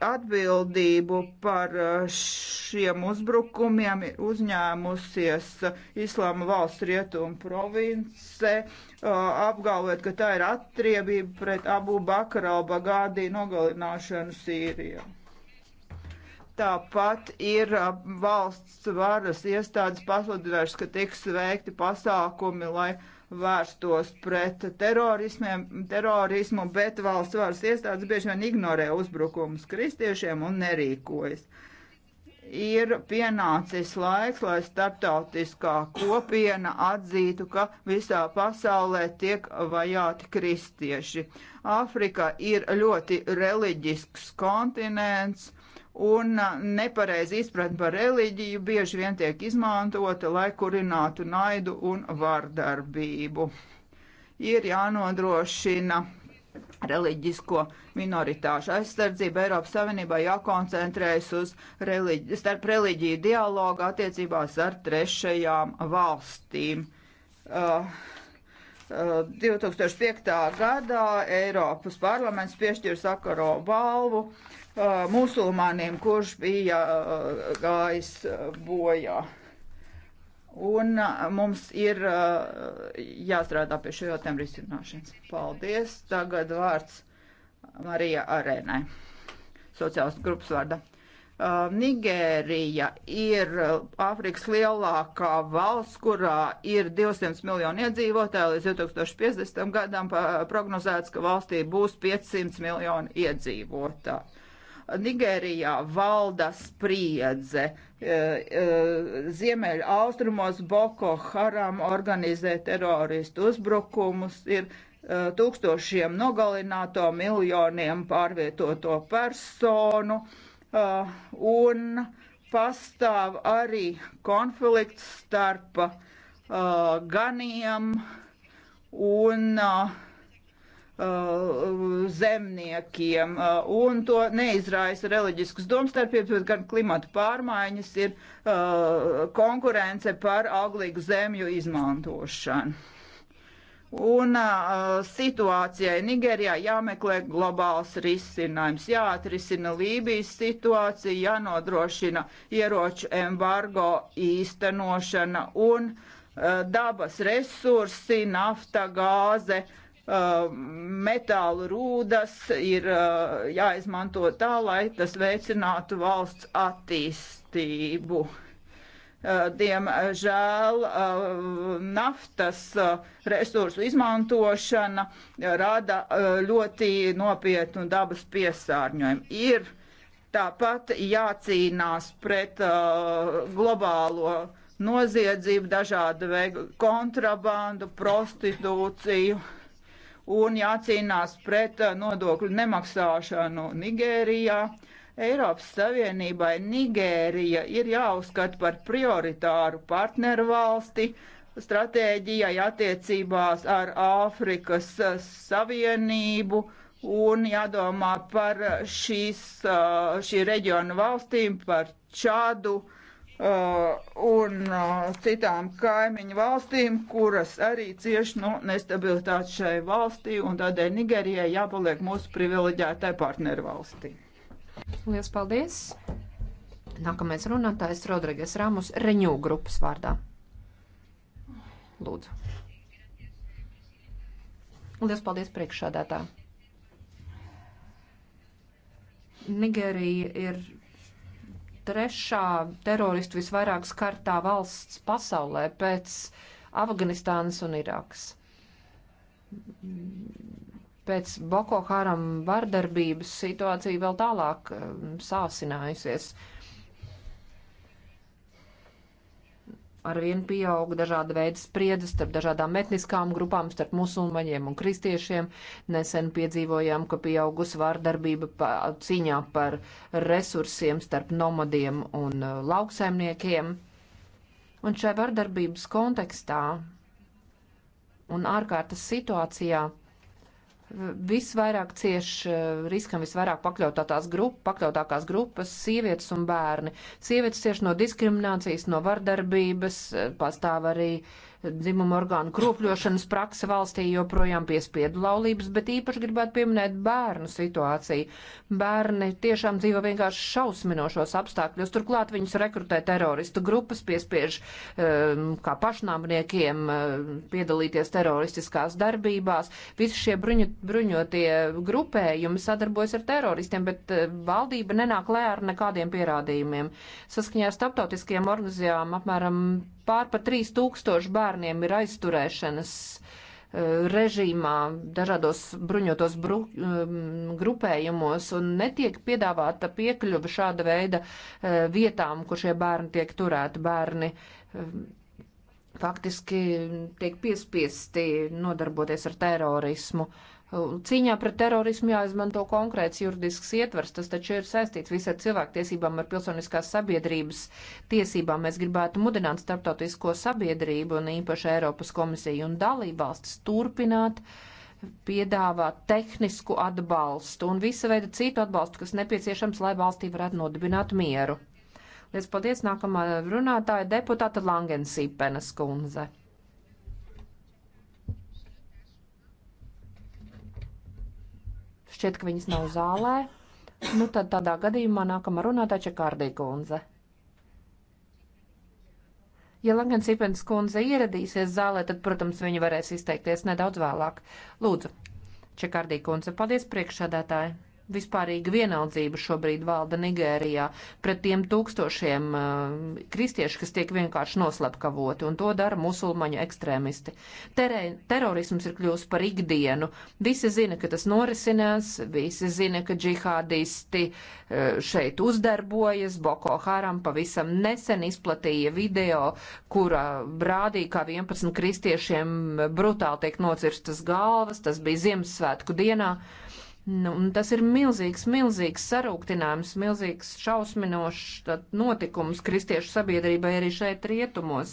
atbildību par uh, šiem uzbrukumiem ir uzņēmusies uh, Islāma valsts rietumu province, uh, apgalvojot, ka tā ir atriebība pret Abu Bakara al-Bagādī nogalināšanu Sīrijā. Tāpat ir valsts varas iestādes pasludinājušas, ka tiks veikti pasākumi, lai uh, vērstos pret terorismu, bet valsts varas iestādes bieži vien ignorē uzbrukumus kristiešiem un nerīkojas. Ir pienācis laiks, lai starptautiskā kopiena atzītu, ka visā pasaulē tiek vajāti kristieši. Āfrika ir ļoti reliģisks kontinents un nepareizi izpratni par reliģiju bieži vien tiek izmantota, lai kurinātu naidu un vardarbību. Ir jānodrošina reliģisko minoritāšu aizsardzība Eiropas Savienībā jākoncentrējas uz reliģi, starp reliģiju dialogu attiecībās ar trešajām valstīm. Uh, 2005. gadā Eiropas parlaments piešķīra Sakaro balvu uh, Uh, musulmanim, kurš bija uh, gājis uh, bojā. Un mums ir jāstrādā pie šo jautājumu risināšanas. Paldies. Tagad vārds Marija Arēnai, sociālistu grupas vārda. Nigērija ir Āfrikas lielākā valsts, kurā ir 200 miljoni iedzīvotāji. Līdz 2050. gadam prognozēts, ka valstī būs 500 miljoni iedzīvotāji. Nigērijā valda spriedze. E, e, Ziemeļa austrumos Boko Haram organizē teroristu uzbrukumus, ir e, tūkstošiem nogalināto, miljoniem pārvietoto personu, un pastāv arī konflikts starp ganiem un uh, Uh, zemniekiem, uh, un to neizraisa reliģiskas domstarpības, bet gan klimata pārmaiņas ir uh, konkurence par auglīgu zemju izmantošanu. Un uh, situācijai Nigerijā jāmeklē globāls risinājums, jāatrisina Lībijas situācija, jānodrošina ieroču embargo īstenošana un uh, dabas resursi, nafta, gāze, uh, Uh, metālu rūdas ir uh, jāizmanto tā, lai tas veicinātu valsts attīstību. Uh, diemžēl naftas resursu izmantošana rada ļoti nopietnu dabas piesārņojumu. Ir tāpat jācīnās pret globālo noziedzību, dažādu veidu kontrabandu, prostitūciju un jācīnās pret uh, nodokļu nemaksāšanu Nigērijā. Eiropas Savienībai Nigērija ir jāuzskata par prioritāru partneru valsti stratēģijai attiecībās ar Āfrikas uh, Savienību un jādomā par uh, šīs, šī reģiona valstīm, par Čādu, uh, Uh, un uh, citām kaimiņu valstīm, kuras arī cieši no nestabilitātes šai valstī, un tādēļ Nigērijai jāpaliek mūsu privileģētai partneru valstī. Lielas paldies! Nākamais runātājs Rodrigas Rāmus Reņū grupas vārdā. Lūdzu. Lielas paldies priekšādātā. Nigērija ir trešā teroristu visvairāk skartā valsts pasaulē pēc Afganistānas un Irākas. Pēc Boko Haram vardarbības situācija vēl tālāk um, sāsinājusies. Uh, arvien pieaug dažāda veida spriedzes starp dažādām etniskām grupām, starp musulmaņiem un kristiešiem. Nesen piedzīvojām, ka pieaugus vārdarbība cīņā par resursiem starp nomadiem un uh, lauksaimniekiem. Un šai vardarbības kontekstā un ārkārtas situācijā visvairāk cieši eh, riskam visvairāk pakļautātās grup, pakļautākās grupas - sievietes un bērni. Sievietes cieši no diskriminācijas, no vardarbības, eh, pastāv arī uh, dzimumu orgānu kropļošanas praksa valstī joprojām piespiedu laulības, bet īpaši gribētu pieminēt bērnu situāciju. Bērni tiešām dzīvo vienkārši šausminošos apstākļos, turklāt viņus rekrutē teroristu grupas, piespiež um, kā pašnāmniekiem uh, piedalīties teroristiskās darbībās. Visi šie bruņu, bruņotie grupējumi sadarbojas ar teroristiem, bet uh, valdība nenāk lē ar nekādiem pierādījumiem. Saskaņā ar starptautiskajām organizācijām apmēram pār pa 3000 bērniem ir aizturēšanas eh, režīmā, dažādos bruņotos bru, um, grupējumos un netiek piedāvāta piekļuva šāda veida eh, vietām, kur šie bērni tiek turēti. Bērni um, faktiski tiek piespiesti nodarboties ar terorismu. Uh, Cīņā pret terorismu jāizmanto konkrēts juridisks ietvers, tas taču ir saistīts visai cilvēktiesībām ar pilsoniskās sabiedrības tiesībām. Mēs gribētu mudināt starptautisko sabiedrību un īpaši Eiropas komisiju un dalībvalstis turpināt piedāvāt tehnisku atbalstu un visa veida citu atbalstu, kas nepieciešams, lai valstī varētu nodibināt mieru. Lies paldies nākamā runātāja deputāta Langensīpenes kundze. Šķiet, ka viņas nav zālē. Nu, tad tādā gadījumā nākamā runātāja Čekārdī kundze. Ja Langens Ipens kundze ieradīsies zālē, tad, protams, viņa varēs izteikties nedaudz vēlāk. Lūdzu, Čekārdī kundze, paldies priekšsādātāji! Vispārīga vienaldzība šobrīd valda Nigērijā pret tiem tūkstošiem uh, kristiešu, kas tiek vienkārši noslepkavoti, un to dara musulmaņu ekstrēmisti. Terē, terorisms ir kļūst par ikdienu. Visi zina, ka tas norisinās, visi zina, ka džihādisti uh, šeit uzdarbojas. Boko Haram pavisam nesen izplatīja video, kura rādīja, kā 11 kristiešiem eh, brutāli tiek nocirstas galvas. Tas bija Ziemassvētku dienā. Uh, Nu, tas ir milzīgs, milzīgs sarūktinājums, milzīgs šausminošs notikums kristiešu sabiedrībai arī šeit rietumos.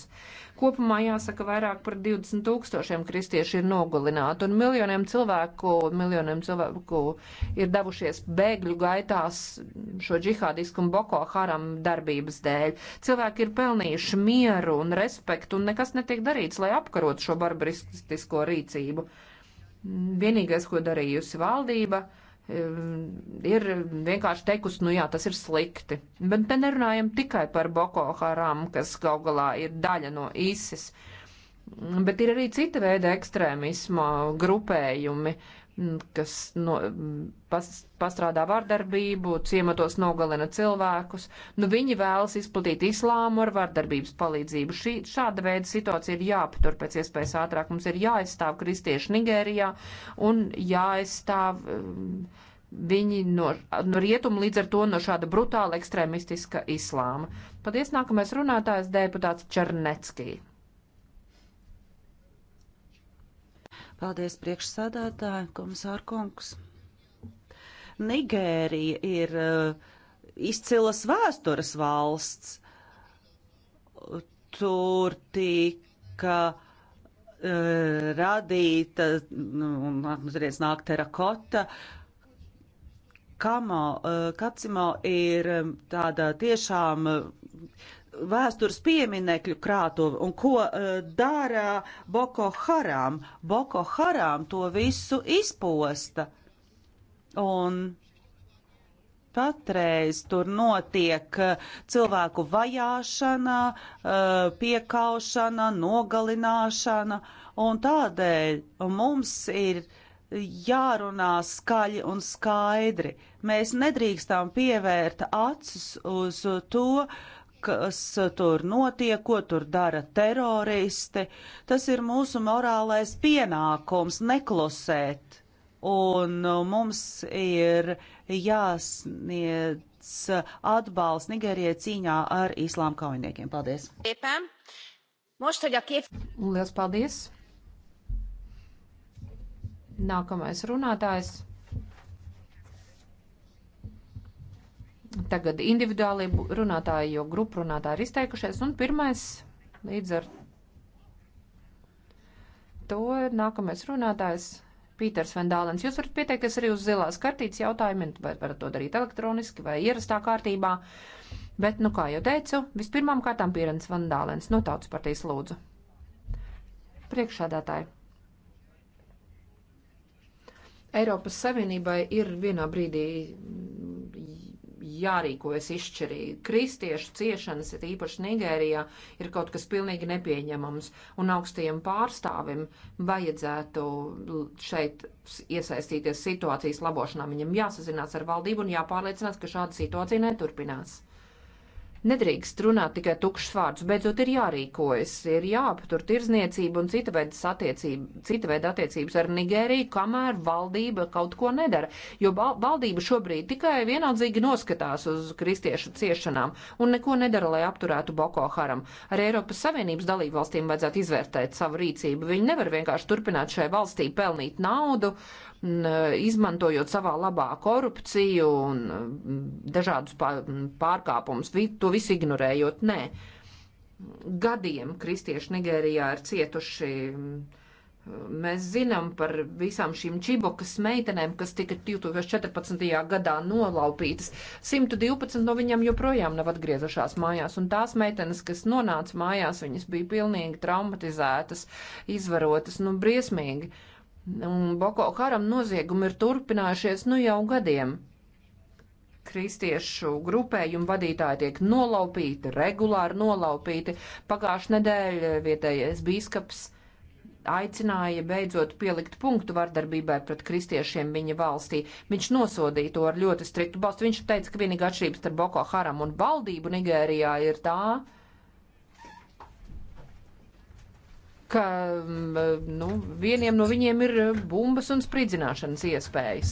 Kopumā jāsaka, vairāk par 20 tūkstošiem kristieši ir nogalināti, un miljoniem cilvēku, miljoniem cilvēku ir devušies bēgļu gaitās šo džihādisku un Boko Haram darbības dēļ. Cilvēki ir pelnījuši mieru un respektu, un nekas netiek darīts, lai apkarotu šo barbaristisko rīcību. Vienīgais, ko darījusi valdība, eh, ir vienkārši teikusi, nu jā, tas ir slikti. Bet te nerunājam tikai par Boko Haram, kas gal galā ir daļa no ISIS. Bet ir arī cita veida ekstrēmisma grupējumi, Mm, kas no, mm, pas, pastrādā vardarbību, ciematos nogalina cilvēkus. Nu, viņi vēlas izplatīt islāmu ar vardarbības palīdzību. Šī, šāda veida situācija ir jāpatur pēc iespējas ātrāk. Mums ir jāaizstāv kristieši Nigērijā un jāaizstāv mm, viņi no, no rietumu līdz ar to no šāda brutāla ekstrēmistiska islāma. Paldies, nākamais runātājs deputāts Černecki. Paldies priekšsādātāji, komisārkungs. Nigērija ir uh, izcilas vēstures valsts. Tur tika uh, radīta, nu, mazliet nāk terakota. Kamo, uh, kacimo ir um, tāda tiešām uh, vēstures pieminekļu krātuvi un ko uh, dara Boko Haram. Boko Haram to visu izposta. Un patreiz tur notiek eh, cilvēku vajāšana, eh, piekaušana, nogalināšana, un tādēļ mums ir jārunā skaļi un skaidri. Mēs nedrīkstam pievērt acis uz to, uh, kas tur notiek, ko tur dara teroristi. Tas ir mūsu morālais pienākums neklusēt. Un mums ir jāsniedz atbalsts Nigērijai cīņā ar islām kaujiniekiem. Paldies! Lielas paldies! Nākamais runātājs Tagad individuāli runātāji, jo grupu runātāji ir izteikušies, un pirmais līdz ar to nākamais runātājs Pīters Vendālens. Jūs varat pieteikties arī uz zilās kartītes jautājumiem, vai varat to darīt elektroniski vai ierastā kārtībā. Bet, nu kā jau teicu, vispirmām kārtām Pīrens Vendālens no Tautas partijas lūdzu. Priekšādātāji. Eiropas Savienībai ir vienā brīdī jārīkojas izšķirīgi. Kristiešu ciešanas, ir īpaši Nigērijā, ir kaut kas pilnīgi nepieņemams, un augstajiem pārstāvim vajadzētu šeit iesaistīties situācijas labošanā. Viņam jāsazinās ar valdību un jāpārliecinās, ka šāda situācija neturpinās. Nedrīkst runāt tikai tukšs vārds, beidzot ir jārīkojas, ir jāaptur tirzniecība un cita veida, cita veida attiecības ar Nigēriju, kamēr valdība kaut ko nedara, jo valdība šobrīd tikai vienaldzīgi noskatās uz kristiešu ciešanām un neko nedara, lai apturētu Boko Haram. Ar Eiropas Savienības dalību valstīm vajadzētu izvērtēt savu rīcību. Viņi nevar vienkārši turpināt šai valstī pelnīt naudu izmantojot savā labā korupciju un dažādus pārkāpumus, to visu ignorējot. Nē, gadiem kristieši Nigērijā ir cietuši. Mēs zinām par visām šīm čibokas meitenēm, kas tika 2014. gadā nolaupītas. 112 no viņām joprojām nav atgriezušās mājās, un tās meitenes, kas nonāca mājās, viņas bija pilnīgi traumatizētas, izvarotas, nu, briesmīgi. Uh, Un Boko Haram noziegumi ir turpinājušies nu jau gadiem. Kristiešu grupējumu vadītāji tiek nolaupīti, regulāri nolaupīti. Pagājušajā nedēļā vietējais bīskaps aicināja beidzot pielikt punktu vardarbībai pret kristiešiem viņa valstī. Viņš nosodīja to ar ļoti striktu balstu. Viņš teica, ka vienīgā atšķirība starp Boko Haram un valdību Nigērijā ir tā, ka mm, nu, vieniem no viņiem ir eh, bumbas un spridzināšanas iespējas.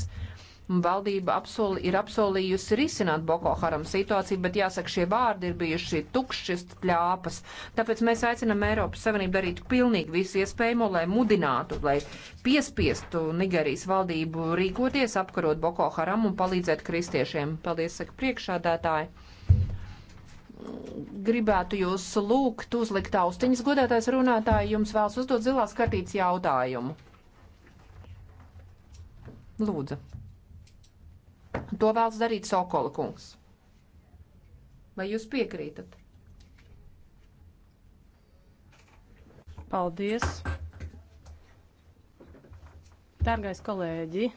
Valdība apsoli, ir apsolījusi risināt Boko Haram situāciju, bet jāsaka, šie vārdi ir bijuši tukšas kļāpas. Tāpēc mēs aicinam Eiropas Savienību darīt pilnīgi visu iespējamo, lai mudinātu, lai piespiestu Nigerijas valdību rīkoties, apkarot Boko Haram un palīdzēt kristiešiem. Paldies, saka priekšādētāji gribētu jūs lūgt uzlikt austiņas. Godētais runātāji jums vēlas uzdot zilās kartītes jautājumu. Lūdzu. To vēlas darīt Sokola kungs. Vai jūs piekrītat? Paldies. Dārgais kolēģi,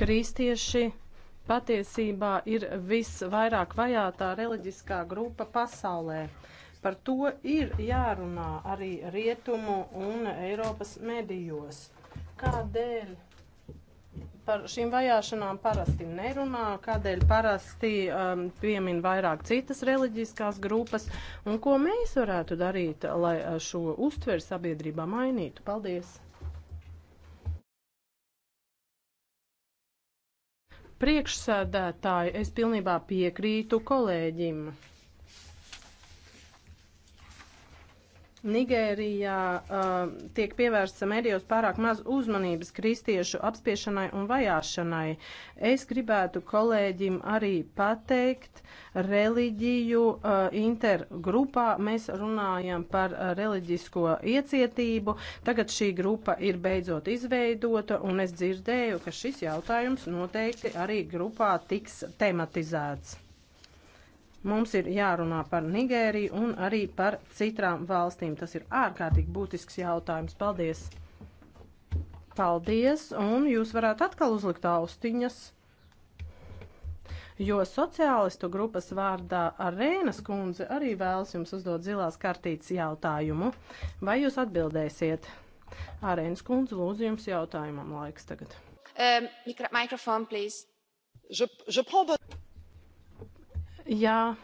kristieši patiesībā ir visvairāk vajātā reliģiskā grupa pasaulē. Par to ir jārunā arī rietumu un Eiropas medijos. Kādēļ? par šīm vajāšanām parasti nerunā, kādēļ parasti um, piemin vairāk citas reliģiskās grupas un ko mēs varētu darīt, lai uh, šo uztveri sabiedrībā mainītu. Paldies! Priekšsēdētāji, es pilnībā piekrītu kolēģim. Nigērijā uh, tiek pievērsta medijos pārāk maz uzmanības kristiešu apspiešanai un vajāšanai. Es gribētu kolēģim arī pateikt, reliģiju uh, intergrupā mēs runājam par uh, reliģisko iecietību. Tagad šī grupa ir beidzot izveidota, un es dzirdēju, ka šis jautājums noteikti arī grupā tiks tematizēts. Mums ir jārunā par Nigēriju un arī par citām valstīm. Tas ir ārkārtīgi būtisks jautājums. Paldies! Paldies! Un jūs varētu atkal uzlikt austiņas, jo sociālistu grupas vārdā Arēnas kundze arī vēlas jums uzdot zilās kartītes jautājumu. Vai jūs atbildēsiet? Arēnas kundze, lūdzu jums jautājumam laiks tagad. Um, mikrofonu, please. Je, je prends... Jā,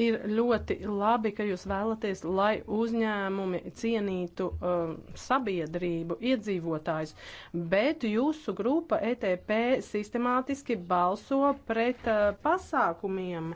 ir ļoti labi, ka jūs vēlaties, lai uzņēmumi cienītu um, sabiedrību, iedzīvotājus, bet jūsu grupa ETP sistemātiski balso pret uh, pasākumiem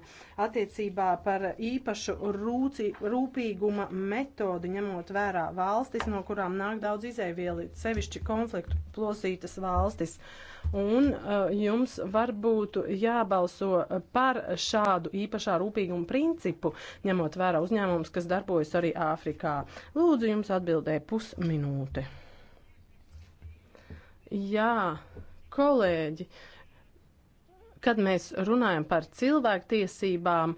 attiecībā par īpašu rūci, rūpīguma metodu, ņemot vērā valstis, no kurām nāk daudz izēvieli, sevišķi konfliktu plosītas valstis. Uh, un uh, jums varbūt jābalso par šādu īpašā rūpīguma principu, ņemot vērā uzņēmumus, kas darbojas arī Āfrikā. Lūdzu, jums atbildēja pusminūte. Jā, kolēģi. Uh, Kad mēs runājam par cilvēktiesībām,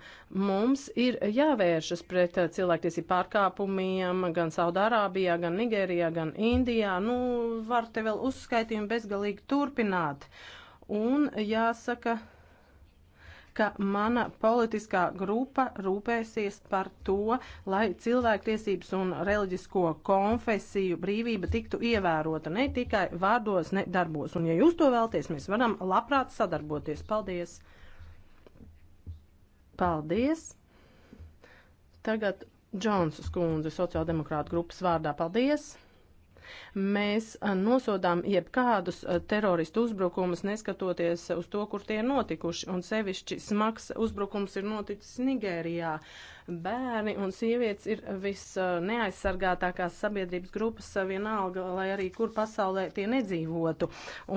mums ir jāvēršas pret eh, cilvēktiesību pārkāpumiem gan Saudārābijā, gan Nigērijā, gan Indijā. Nu, var te vēl uzskaitījumu bezgalīgi turpināt. Un jāsaka, ka mana politiskā grupa rūpēsies par to, lai cilvēktiesības un reliģisko konfesiju brīvība tiktu ievērota ne tikai vārdos, ne darbos. Un, ja jūs to vēlties, mēs varam labprāt sadarboties. Paldies! Paldies! Tagad Džonsas kundze sociāldemokrāta grupas vārdā. Paldies! Mēs nosodām jebkādus teroristu uzbrukumus, neskatoties uz to, kur tie ir notikuši, un sevišķi smags uzbrukums ir noticis Nigērijā. Bērni un sievietes ir visneaizsargātākās sabiedrības grupas vienalga, lai arī kur pasaulē tie nedzīvotu.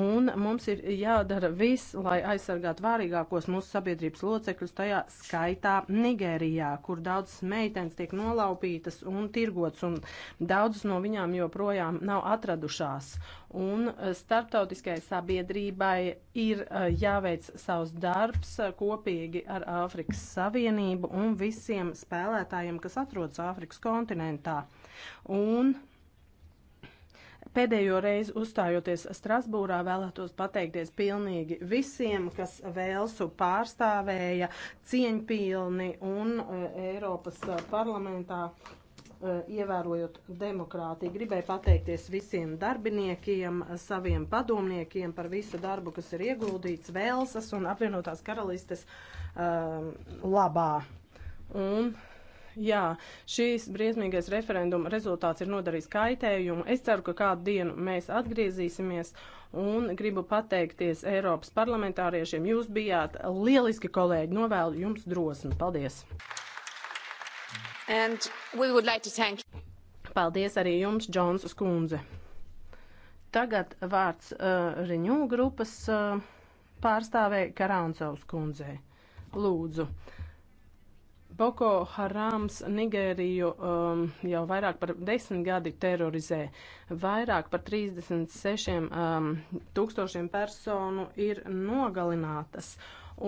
Un mums ir jādara viss, lai aizsargātu vārīgākos mūsu sabiedrības locekļus, tajā skaitā Nigērijā, kur daudzas meitenes tiek nolaupītas un tirgots, un daudzas no viņām joprojām nav atradušās. Un e, starptautiskajai sabiedrībai ir e, jāveic savs darbs e, kopīgi ar Āfrikas Savienību un visiem spēlētājiem, kas atrodas Āfrikas kontinentā. Un Pēdējo reizi uzstājoties Strasbūrā vēlētos pateikties pilnīgi visiem, kas Velsu pārstāvēja cieņpilni un uh, Eiropas eh, parlamentā uh, ievērojot demokrātiju. Gribēju pateikties visiem darbiniekiem, saviem padomniekiem par visu darbu, kas ir ieguldīts Velsas un apvienotās karalistes uh, labā. Un jā, šīs briesmīgais referenduma rezultāts ir nodarījis kaitējumu. Es ceru, ka kādu dienu mēs atgriezīsimies un gribu pateikties Eiropas parlamentāriešiem. Jūs bijāt lieliski kolēģi, novēlu jums drosmi. Paldies! Like Paldies arī jums, Džons Skundze. Tagad vārds uh, Riņū grupas uh, pārstāvē Karāncovs kundzei. Lūdzu. Uh, Boko Harams Nigēriju um, jau vairāk par desmit gadi terorizē. Vairāk par 36 um, tūkstošiem personu ir nogalinātas.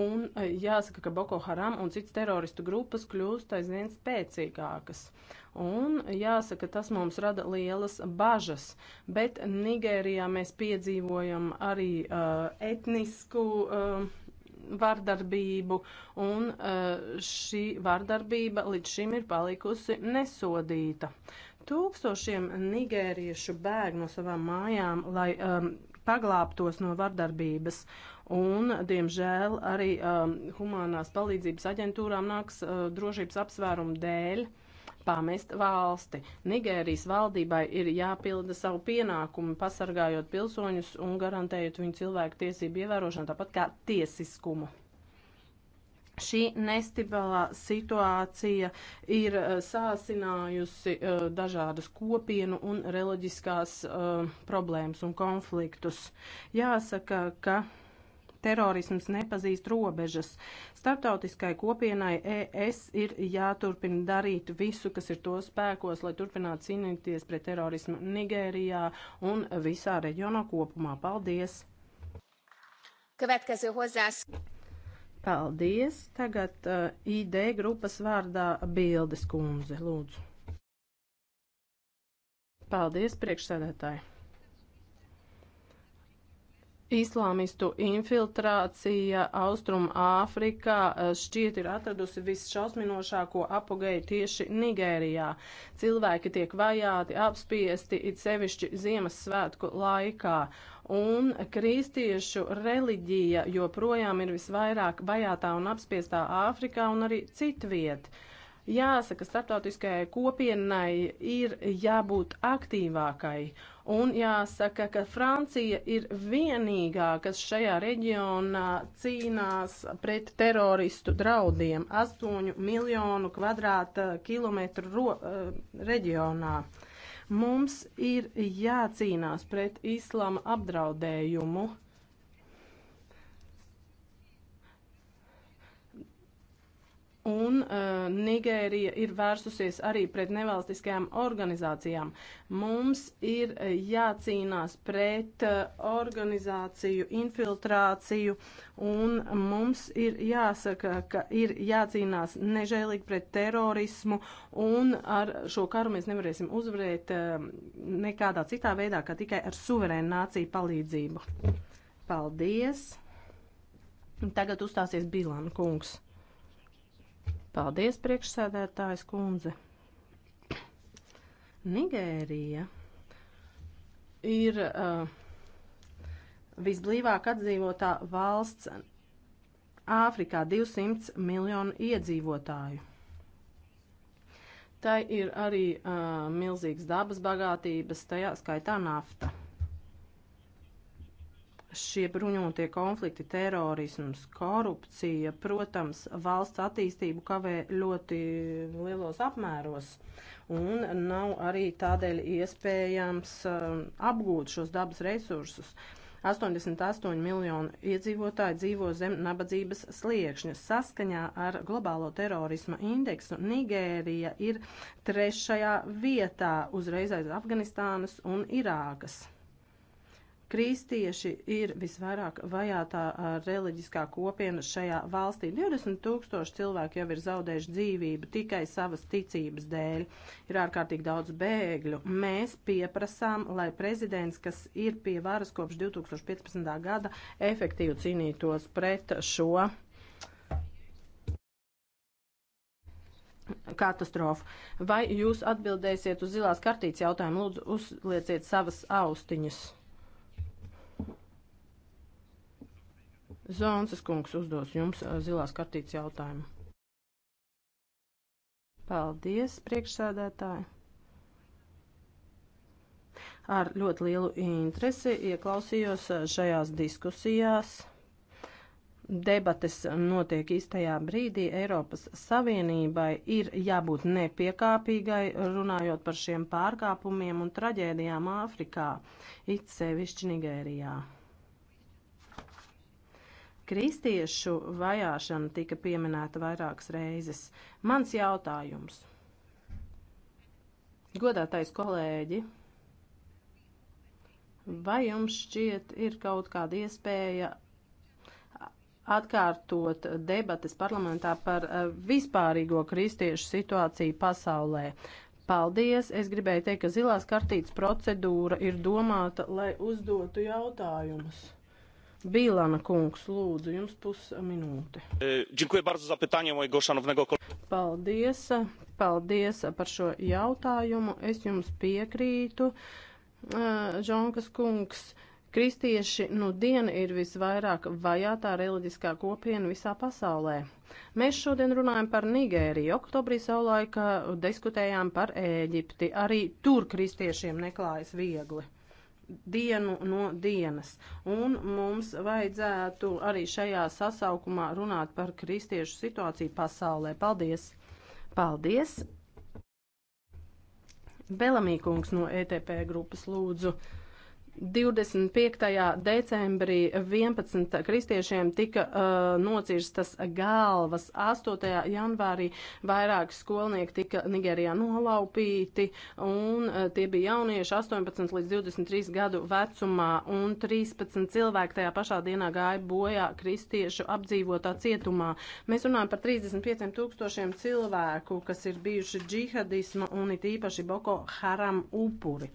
Un uh, jāsaka, ka Boko Haram un citas teroristu grupas kļūst aizvien spēcīgākas. Un jāsaka, tas mums rada lielas bažas. Bet Nigērijā mēs piedzīvojam arī uh, etnisku. Uh, vardarbību, un eh, šī vardarbība līdz šim ir palikusi nesodīta. Tūkstošiem nigēriešu bēg no savām mājām, lai um, paglābtos no vardarbības, un, diemžēl, arī um, humanās palīdzības aģentūrām nāks uh, drošības apsvērumu dēļ uh, pamest valsti. Nigērijas valdībai ir jāpilda savu pienākumu, pasargājot pilsoņus un garantējot viņu cilvēku tiesību ievērošanu, tāpat kā tiesiskumu. Šī nestabilā situācija ir eh, sāsinājusi uh, dažādas kopienu un reliģiskās uh, problēmas un konfliktus. Jāsaka, ka Terorisms nepazīst robežas. Startautiskai kopienai ES ir jāturpina darīt visu, kas ir to spēkos, lai turpinātu cīnīties pret terorismu Nigērijā un visā reģionā kopumā. Paldies! Következő hozzász. Paldies. Tagad uh, ID grupas vārdā Bildes kundze, lūdzu. Paldies, priekšsēdētāji. Islāmistu infiltrācija Austrum Āfrikā eh, šķiet ir atradusi visšausminošāko apogēju tieši Nigērijā. Cilvēki tiek vajāti, apspiesti, it sevišķi Ziemassvētku laikā un kristiešu reliģija joprojām ir visvairāk vajātā un apspiestā Āfrikā un arī citviet. Jāsaka, starptautiskajai kopienai ir jābūt aktīvākai. Un jāsaka, ka Francija ir vienīgā, kas šajā reģionā cīnās pret teroristu draudiem 8 miljonu kvadrāta kilometru ro, eh, reģionā. Mums ir jācīnās pret islama apdraudējumu. Un uh, Nigērija ir vērsusies arī pret nevalstiskajām organizācijām. Mums ir uh, jācīnās pret uh, organizāciju infiltrāciju, un mums ir jāsaka, ka ir jācīnās nežēlīgi pret terorismu, un ar šo karu mēs nevarēsim uzvarēt uh, nekādā citā veidā, kā tikai ar suverēnu nāciju palīdzību. Paldies! Tagad uzstāsies Bilan kungs. Paldies, priekšsēdētājs kundze. Nigērija ir uh, visblīvāk atdzīvotā valsts Āfrikā 200 miljonu iedzīvotāju. Tai ir arī uh, milzīgas dabas bagātības, tajā skaitā nafta šie bruņotie konflikti, terorisms, korupcija, protams, valsts attīstību kavē ļoti lielos apmēros, un nav arī tādēļ iespējams um, apgūt šos dabas resursus. 88 miljonu iedzīvotāji dzīvo zem nabadzības sliekšņa. Saskaņā ar globālo terorisma indeksu Nigērija ir trešajā vietā uzreiz aiz Afganistānas un Irākas. Kristieši ir visvairāk vajātā reliģiskā kopiena šajā valstī. 20 tūkstoši cilvēki jau ir zaudējuši dzīvību tikai savas ticības dēļ. Ir ārkārtīgi daudz bēgļu. Mēs pieprasām, lai prezidents, kas ir pie varas kopš 2015. gada, efektīvi cīnītos pret šo katastrofu. Vai jūs atbildēsiet uz zilās kartītes jautājumu? Lūdzu, uzlieciet savas austiņas. Zonsas kungs uzdos jums zilās kartītes jautājumu. Paldies, priekšsēdētāji! Ar ļoti lielu interesi ieklausījos šajās diskusijās. Debates notiek īstajā brīdī. Eiropas Savienībai ir jābūt nepiekāpīgai runājot par šiem pārkāpumiem un traģēdijām Āfrikā, it sevišķi Nigērijā. Kristiešu vajāšana tika pieminēta vairākas reizes. Mans jautājums. Godātais kolēģi, vai jums šķiet ir kaut kāda iespēja atkārtot debates parlamentā par eh, vispārīgo kristiešu situāciju pasaulē. Paldies! Es gribēju teikt, ka zilās kartītes procedūra ir domāta, lai uzdotu jautājumus. Bīlana kungs, lūdzu, jums pusminūte. E, paldies, paldies par šo jautājumu. Es jums piekrītu, e, Žonkas kungs. Kristieši nu diena ir visvairāk vajātā reliģiskā kopiena visā pasaulē. Mēs šodien runājam par Nigēriju. Oktobrī savulaik diskutējām par Ēģipti. Arī tur kristiešiem neklājas viegli dienu no dienas. Un mums vajadzētu arī šajā sasaukumā runāt par kristiešu situāciju pasaulē. Paldies! Paldies! Belamīkungs no ETP grupas lūdzu. 25. decembrī 11 kristiešiem tika uh, nocirstas galvas, 8. janvārī vairāki skolnieki tika Nigerijā nolaupīti, un uh, tie bija jaunieši 18 līdz 23 gadu vecumā, un 13 cilvēki tajā pašā dienā gāja bojā kristiešu apdzīvotā cietumā. Mēs runājam par 35 tūkstošiem cilvēku, kas ir bijuši džihadisma un it īpaši Boko Haram upuri.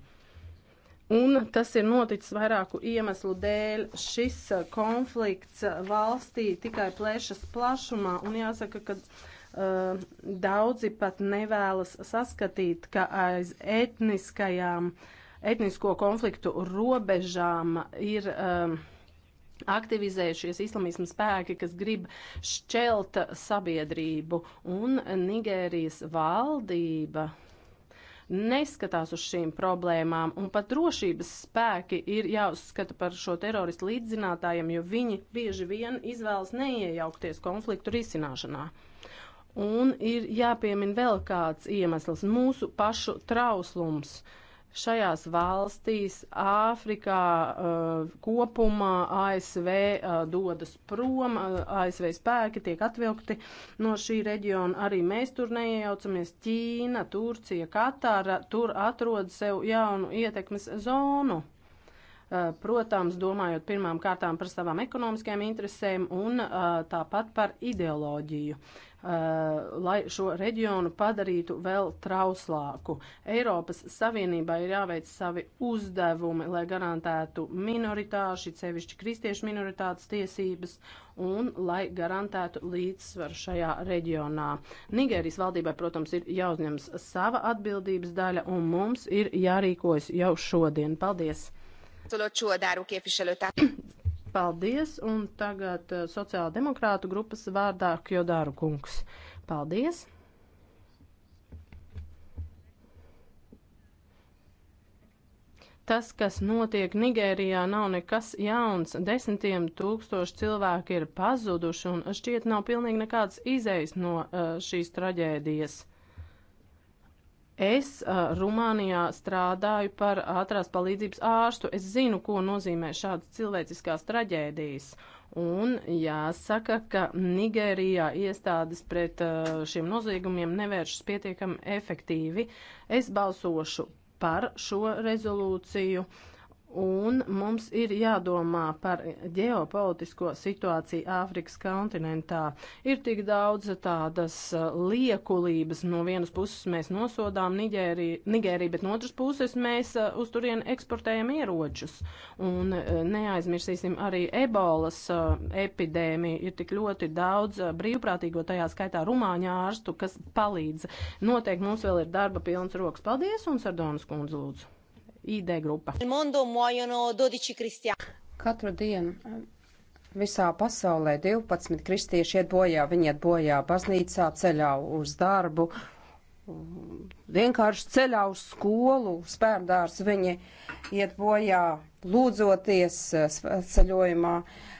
Un tas ir noticis vairāku iemeslu dēļ. Šis uh, konflikts uh, valstī tikai plēšas plašumā, un jāsaka, ka uh, daudzi pat nevēlas saskatīt, ka aiz etniskajām, etnisko konfliktu robežām ir. Uh, aktivizējušies islamismu spēki, kas grib šķelt sabiedrību, un Nigērijas valdība neskatās uz šīm problēmām, un pat drošības spēki ir jāuzskata par šo teroristu līdzzinātājiem, jo viņi bieži vien izvēlas neiejaukties konfliktu risināšanā. Un ir jāpiemina vēl kāds iemesls - mūsu pašu trauslums. Uh, šajās valstīs, Āfrikā uh, kopumā ASV uh, dodas prom, uh, ASV spēki tiek atvilkti no šī reģiona. Arī mēs tur neiejaucamies. Ķīna, Turcija, Katāra tur atrod sev jaunu ietekmes zonu. Uh, protams, domājot pirmām kārtām par savām ekonomiskajām interesēm un uh, tāpat par ideoloģiju. Uh, lai šo reģionu padarītu vēl trauslāku. Eiropas Savienībā ir jāveic savi uzdevumi, lai garantētu minoritāšu, sevišķi kristiešu minoritātes tiesības un lai garantētu līdzsvaru šajā reģionā. Nigērijas valdībai, protams, ir jāuzņems sava atbildības daļa un mums ir jārīkojas jau šodien. Paldies! Tudod, csodáró képviselőtár. Paldies, un tagad eh, sociāla demokrātu grupas vārdā Kjodāru kungs. Paldies! Tas, kas notiek Nigērijā, nav nekas jauns. Desmitiem tūkstoši cilvēki ir pazuduši un šķiet nav pilnīgi nekādas izējas no uh, šīs traģēdijas. Es uh, Rumānijā strādāju par ātrās palīdzības ārstu. Es zinu, ko nozīmē šādas cilvēciskās traģēdijas. Un jāsaka, ka Nigērijā iestādes pret uh, šiem noziegumiem nevēršas pietiekami efektīvi. Es balsošu par šo rezolūciju. Uh, Un mums ir jādomā par ģeopolitisko situāciju Āfrikas kontinentā. Ir tik daudz tādas uh, liekulības. No vienas puses mēs nosodām Nigēriju, Nigēriju bet no otras puses mēs uh, uz turieni eksportējam ieročus. Un uh, neaizmirsīsim arī ebolas epidēmiju. Ir tik ļoti daudz brīvprātīgo, tajā skaitā rumāņu ārstu, kas palīdz. Noteikti mums vēl ir darba pilns rokas. Paldies un Sardonas kundze lūdzu. ID grupa. Katru dienu eh, visā pasaulē 12 kristieši iet bojā, viņi iet bojā baznīcā, ceļā uz darbu, vienkārši ceļā uz skolu, spērndārs, viņi iet bojā lūdzoties eh, ceļojumā. Uh,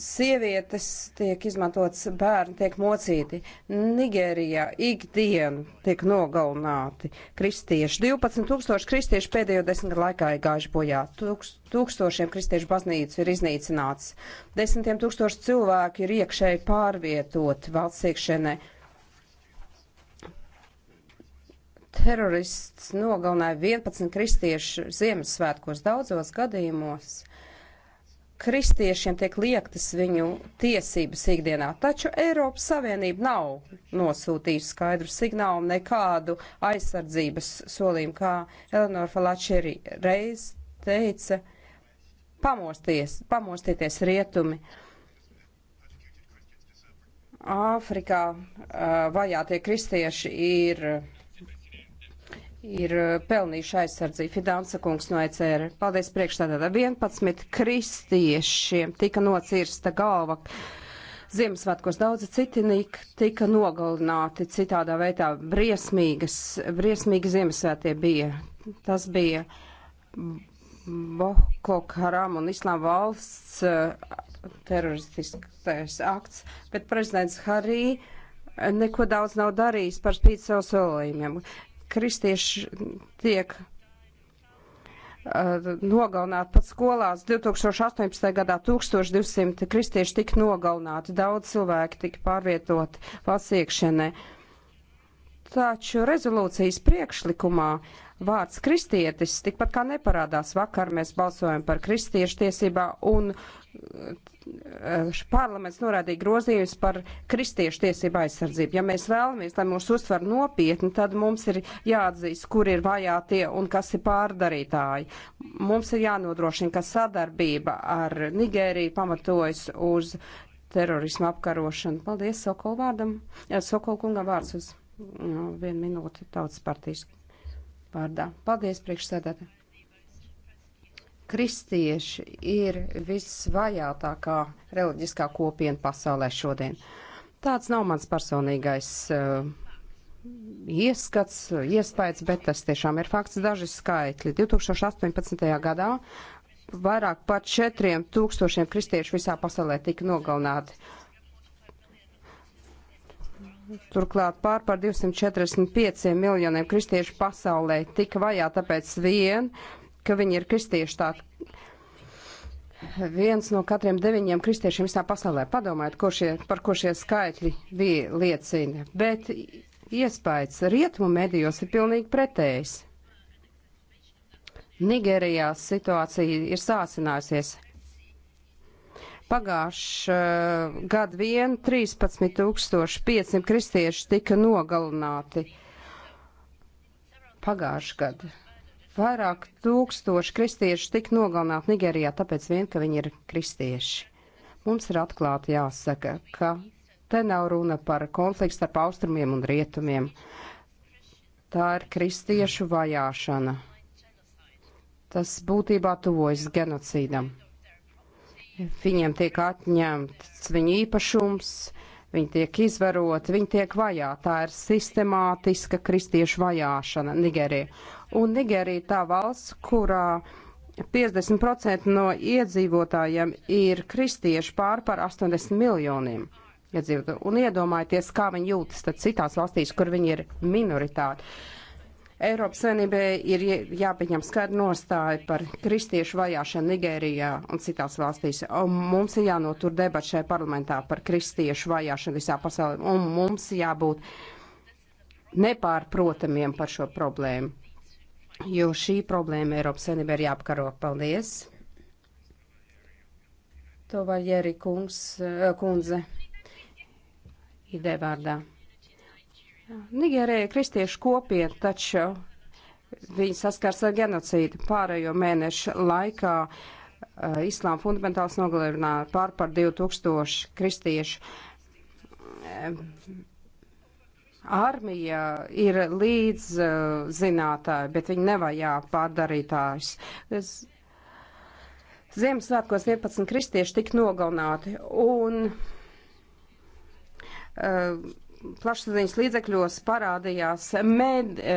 sievietes tiek izmantotas, bērni tiek mocīti. Nigērijā ikdienu tiek nogalināti kristieši. 12 tūkstoši kristieši pēdējo desmit gadu laikā ir gājuši bojā. Tūks, tūkstošiem kristiešu baznīcu ir iznīcināts. Desmitiem tūkstoši cilvēku ir iekšēji pārvietoti valsts iekšēnē. Terorists nogalināja 11 kristiešu Ziemassvētkos daudzos gadījumos kristiešiem tiek liektas viņu tiesības ikdienā, taču Eiropas Savienība nav nosūtījusi skaidru signālu nekādu aizsardzības solījumu, kā Eleonora Falačeri reiz teica, pamosties, pamostieties rietumi. Āfrikā uh, vajātie kristieši ir ir eh, pelnījuši aizsardzību. Fidansa kungs no ECR. Paldies priekšstādātā. 11 kristiešiem tika nocirsta galva. Ziemassvētkos daudzi citi tika nogalināti citādā veidā. Briesmīgas, briesmīgi Ziemassvētie bija. Tas bija Boko Haram un Islām valsts eh, teroristiskais akts, bet prezidents Harī eh, neko daudz nav darījis par spīti savu solījumiem kristieši tiek uh, nogalināti pat skolās. 2018. gadā 1200 kristieši tika nogalināti, daudz cilvēki tika pārvietoti valsts iekšienē. Taču rezolūcijas priekšlikumā vārds kristietis tikpat kā neparādās. Vakar mēs balsojam par kristiešu tiesībā un parlaments norādīja grozījums par kristiešu tiesību aizsardzību. Ja mēs vēlamies, lai mūs uztver nopietni, tad mums ir jāatzīst, kur ir vajātie un kas ir pārdarītāji. Mums ir jānodrošina, ka sadarbība ar Nigēriju pamatojas uz terorismu apkarošanu. Paldies Sokol vārdam. Jā, Sokol kunga vārds uz no, nu, vienu minūti tautas partijas vārdā. Paldies priekšsēdētāji kristieši ir visvajātākā reliģiskā kopiena pasaulē šodien. Tāds nav mans personīgais uh, ieskats, iespējas, bet tas tiešām ir fakts daži skaitļi. 2018. gadā vairāk par 4000 kristiešu visā pasaulē tika nogalināti. Turklāt pār par 245 miljoniem kristiešu pasaulē tika vajā, tāpēc vien ka viņi ir kristieši tā. Viens no katriem deviņiem kristiešiem visā pasaulē. Padomājiet, ko šie, par ko šie skaitļi bija liecina. Bet iespējas rietumu medijos ir pilnīgi pretējs. Nigērijā situācija ir sācinājusies. Pagājušā uh, gada vien 13,500 kristieši tika nogalināti. Pagājušā gada Vairāk tūkstoši kristiešu tik nogalināti Nigerijā, tāpēc vien, ka viņi ir kristieši. Mums ir atklāti jāsaka, ka te nav runa par konfliktu starp austrumiem un rietumiem. Tā ir kristiešu vajāšana. Tas būtībā tuvojas genocīdam. Viņiem tiek atņemts viņu īpašums, Viņi tiek izvaroti, viņi tiek vajāti. Tā ir sistemātiska kristiešu vajāšana Nigērija. Un Nigērija tā valsts, kurā 50% no iedzīvotājiem ir kristieši pār par 80 miljoniem. Iedzīvotāji. Un iedomājieties, kā viņi jūtas citās valstīs, kur viņi ir minoritāti. Uh, Eiropas Savienībai ir jāpieņem skaidra nostāja par kristiešu vajāšanu Nigērijā un citās valstīs. Un mums ir jānotur debats šajā parlamentā par kristiešu vajāšanu visā pasaulē, un mums jābūt nepārprotamiem par šo problēmu, jo šī problēma Eiropas Savienībai ir jāapkaro. Paldies! To var Jeri kungs, eh, kundze, ideja vārdā. Nigērija ir kristiešu kopiena, taču viņi saskars ar genocīdu pārējo mēnešu laikā. Uh, Islāma fundamentāls nogalināja pār par 2000 kristiešu. Uh, armija ir līdz uh, zinātāji, bet viņi nevajā pārdarītājs. Es, Ziemassvētkos 11 kristieši tika nogalināti un uh, plašsaziņas līdzekļos parādījās med, e,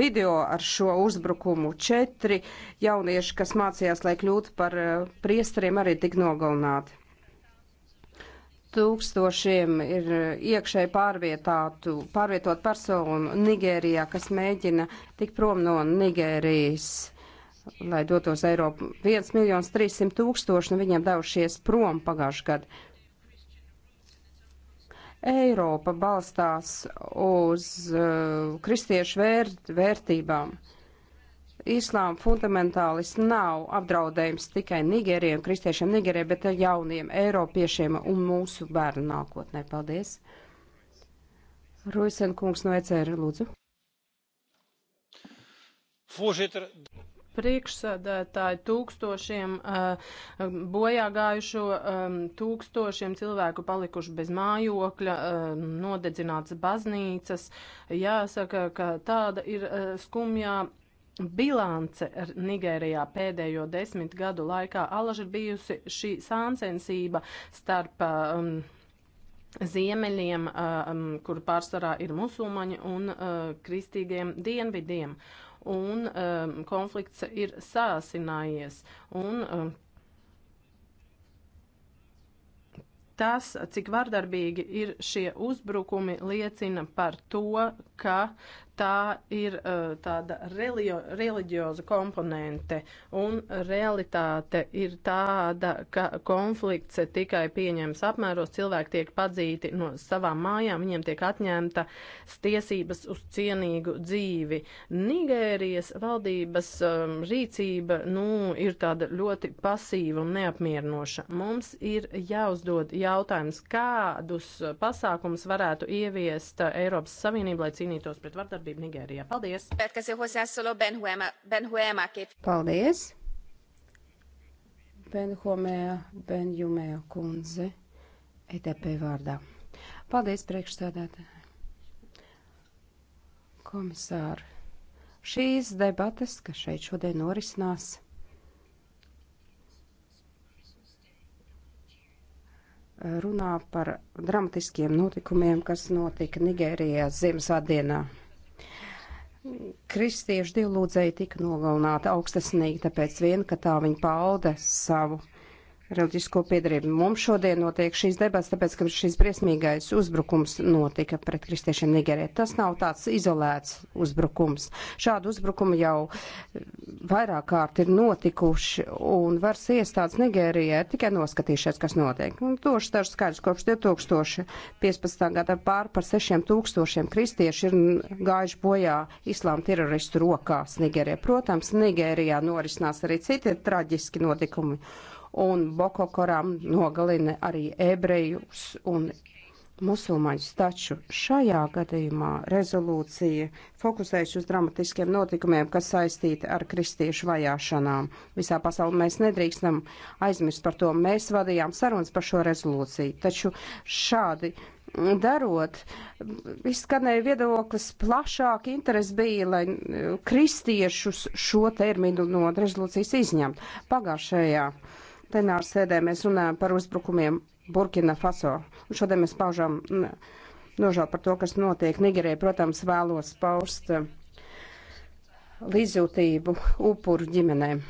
video ar šo uzbrukumu. Četri jaunieši, kas mācījās, lai kļūtu par e, priesteriem, arī tik nogalināti. Tūkstošiem ir iekšēji pārvietot personu Nigērijā, kas mēģina tik prom no Nigērijas, lai dotos Eiropu. 1 miljons 300 tūkstoši no viņiem devušies prom pagājušajā gadā Eiropa balstās uz uh, kristiešu vērt, vērtībām. Islām fundamentālis nav apdraudējums tikai Nigēriem, kristiešiem Nigēriem, bet ar jauniem Eiropiešiem un mūsu bērnu nākotnē. Paldies! Roisen kungs no ECR, lūdzu. Voorzitter priekšsēdētāji, tūkstošiem uh, bojā gājušo, um, tūkstošiem cilvēku palikuši bez mājokļa, uh, nodedzināts baznīcas. Jāsaka, ka tāda ir uh, skumjā bilance Nigērijā pēdējo desmit gadu laikā alaž ir bijusi šī sāncensība starp um, ziemeļiem, uh, um, kur pārsvarā ir musulmaņi, un uh, kristīgiem dienvidiem. Uh, un um, konflikts ir sāsinājies. Un, um, Tas, cik vardarbīgi ir šie uzbrukumi, liecina par to, ka tā ir uh, tāda relio, reliģioza komponente, un realitāte ir tāda, ka konflikts tikai pieņems apmēros, cilvēki tiek padzīti no savām mājām, viņiem tiek atņemtas tiesības uz cienīgu dzīvi. Nigērijas valdības um, rīcība, nu, ir tāda ļoti pasīva un neapmierinoša. Mums ir jāuzdod jautājums, kādus pasākumus varētu ieviest Eiropas Savienība, lai cīnītos cīnītos pret vardarbību Nigērijā. Paldies! Paldies! Benhomēja Benjumēja kundze ETP vārdā. Paldies, priekšstādātāji! Komisāri! Šīs debates, kas šeit šodien norisinās, runā par dramatiskiem notikumiem, kas notika Nigērijā Ziemassvētdienā. Kristiešu divlūdzēji tika nogalināta augstasinīgi, tāpēc vien, ka tā viņa pauda savu reliģisko piedarību. Mums šodien notiek šīs debats, tāpēc, ka šis briesmīgais uzbrukums notika pret kristiešiem Nigerē. Tas nav tāds izolēts uzbrukums. Šādu uzbrukumu jau vairāk kārt ir notikuši, un varas iestādes Nigērijā tikai noskatījušies, kas notiek. Un toši dažs skaidrs, kopš 2015. gada pār par 6000 kristieši ir gājuši bojā islāma teroristu rokās Nigērijā. Protams, Nigērijā norisinās arī citi traģiski notikumi un Boko Koram nogalina arī ebrejus un musulmaņus. Taču šajā gadījumā rezolūcija fokusējas uz dramatiskiem notikumiem, kas saistīti ar kristiešu vajāšanām. Visā pasaulē mēs nedrīkstam aizmirst par to. Mēs vadījām sarunas par šo rezolūciju, taču šādi darot, izskanēja viedoklis plašāk, interes bija, lai eh, kristiešus šo terminu no rezolūcijas izņemt. Pagājušajā plenāru sēdē mēs runājam par uzbrukumiem Burkina Faso. Un šodien mēs paužam nožēlu par to, kas notiek Nigerē. Protams, vēlos paust uh, līdzjūtību upuru ģimenēm.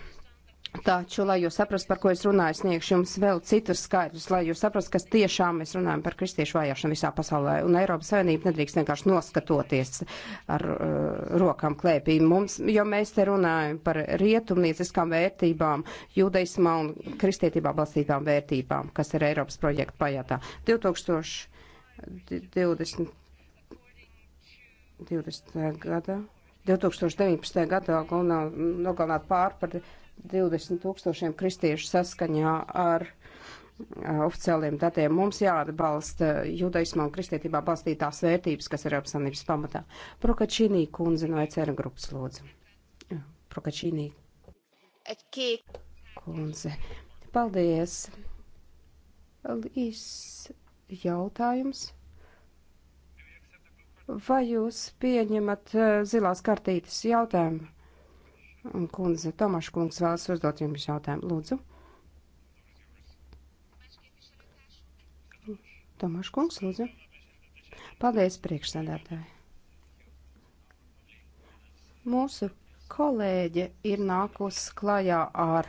Taču, lai jūs saprastu, par ko es runāju, sniegšu jums vēl citus skaidrus, lai jūs saprastu, kas tiešām mēs runājam par kristiešu vajāšanu visā pasaulē. Un Eiropas Savienība nedrīkst vienkārši noskatoties ar uh, rokām klēpī mums, jo mēs te runājam par rietumnieciskām vērtībām, judaismā un kristietībā balstītām vērtībām, kas ir Eiropas projekta pajātā. 2020. 20. gada. 2019. gadā nogalināti pār par 20 tūkstošiem kristiešu saskaņā ar uh, oficiāliem datiem. Mums jāatbalsta judaismā un kristietībā balstītās vērtības, kas ir Eiropas Savienības pamatā. Prokačīnī kundze no ECR grupas lūdzu. Prokačīnī. Kundze. Paldies. Īs jautājums. Vai jūs pieņemat zilās kartītes jautājumu? Un kundze Tomaša kungs vēlas uzdot jums jautājumu. Lūdzu. Tomaša kungs, lūdzu. Paldies, priekšsēdētāji. Mūsu kolēģe ir nākus klajā ar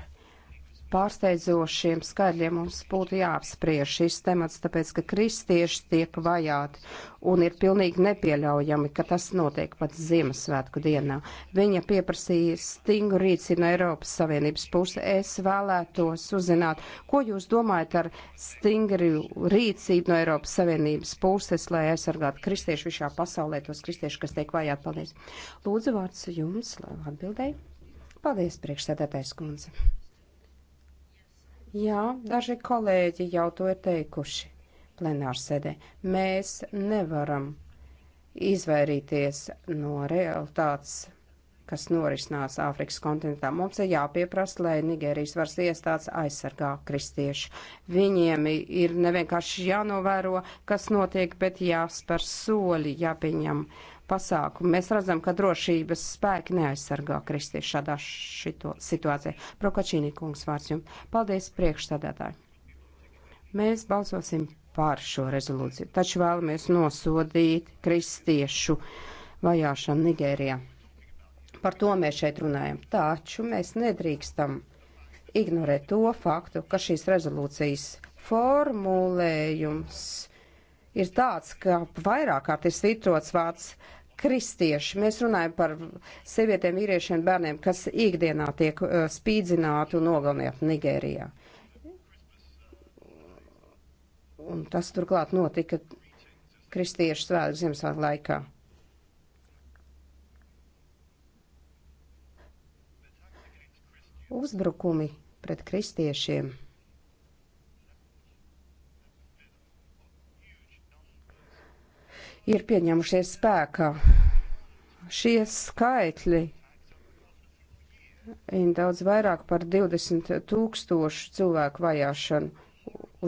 pārsteidzošiem skaidriem mums būtu jāapspriež šis temats, tāpēc, ka kristieši tiek vajāti un ir pilnīgi nepieļaujami, ka tas notiek pat Ziemassvētku dienā. Viņa pieprasīja stingru rīcību no Eiropas Savienības puses. Es vēlētos uzzināt, ko jūs domājat ar stingru rīcību no Eiropas Savienības puses, lai aizsargātu kristiešu visā pasaulē, tos kristiešu, kas tiek vajāti. Paldies! Lūdzu, vārds jums, lai atbildēju. Paldies, priekšsēdētājs kundze. Jā, daži kolēģi jau to ir teikuši plenārsēdē. Mēs nevaram izvairīties no realitātes, kas norisinās Āfrikas kontinentā. Mums ir jāpieprasa, lai Nigērijas varas iestādes aizsargā kristiešu. Viņiem ir nevienkārši jānovēro, kas notiek, bet jāspēr soļi, jāpieņem pasākumu. Mēs redzam, ka drošības spēki neaizsargā kristiešu šādā šito situācijā. Prokačīnī kungs vārds jums. Paldies priekšstādātāji. Mēs balsosim pār šo rezolūciju, taču vēlamies nosodīt kristiešu vajāšanu Nigērijā. Par to mēs šeit runājam. Taču mēs nedrīkstam ignorēt to faktu, ka šīs rezolūcijas formulējums ir tāds, ka vairāk kārt ir svītrots vārds kristieši. Mēs runājam par sievietēm, vīriešiem, bērniem, kas ikdienā tiek uh, spīdzināti un nogalināti Nigērijā. Un tas turklāt notika kristiešu svētku Ziemassvētku laikā. Uzbrukumi pret kristiešiem. ir pieņemušies spēkā. Šie skaitļi ir daudz vairāk par 20 tūkstošu cilvēku vajāšanu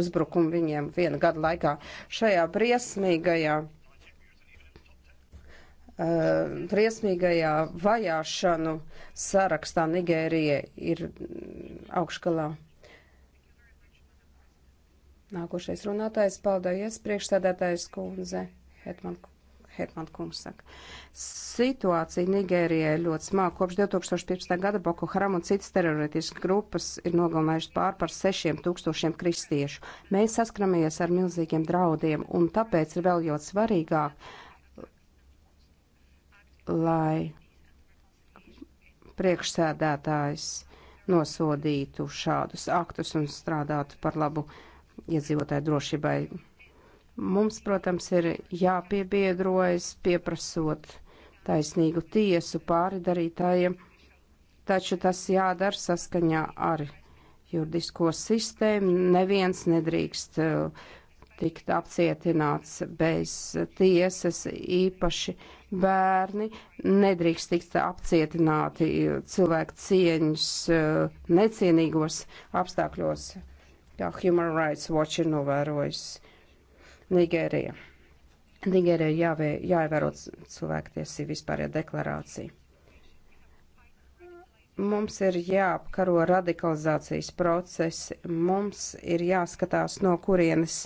uzbrukumu viņiem viena gada laikā. Šajā briesmīgajā, uh, briesmīgajā vajāšanu sarakstā Nigērija ir augškalā. Nākošais runātājs paldies priekšstādātājs kundze. Hetman, Hetman kungs saka. Situācija Nigērijā ir ļoti smaga. Kopš 2015. gada Boko Haram un citas teroristiskas grupas ir nogalinājušas pār par 6000 kristiešu. Mēs saskaramies ar milzīgiem draudiem, un tāpēc ir vēl ļoti svarīgāk, lai priekšsēdētājs nosodītu šādus aktus un strādātu par labu iedzīvotāju drošībai Mums, protams, ir jāpiebiedrojas, pieprasot taisnīgu tiesu pāri darītājiem, taču tas jādara saskaņā ar juridisko sistēmu. Neviens nedrīkst uh, tikt apcietināts bez tiesas, īpaši bērni nedrīkst tikt apcietināti cilvēku cieņas uh, necienīgos apstākļos, kā Human Rights Watch ir novērojis. Nigērija. Nigērija jāvē, jāievēro cilvēktiesību vispārējā deklarācija. Mums ir jāapkaro radikalizācijas procesi, mums ir jāskatās, no kurienes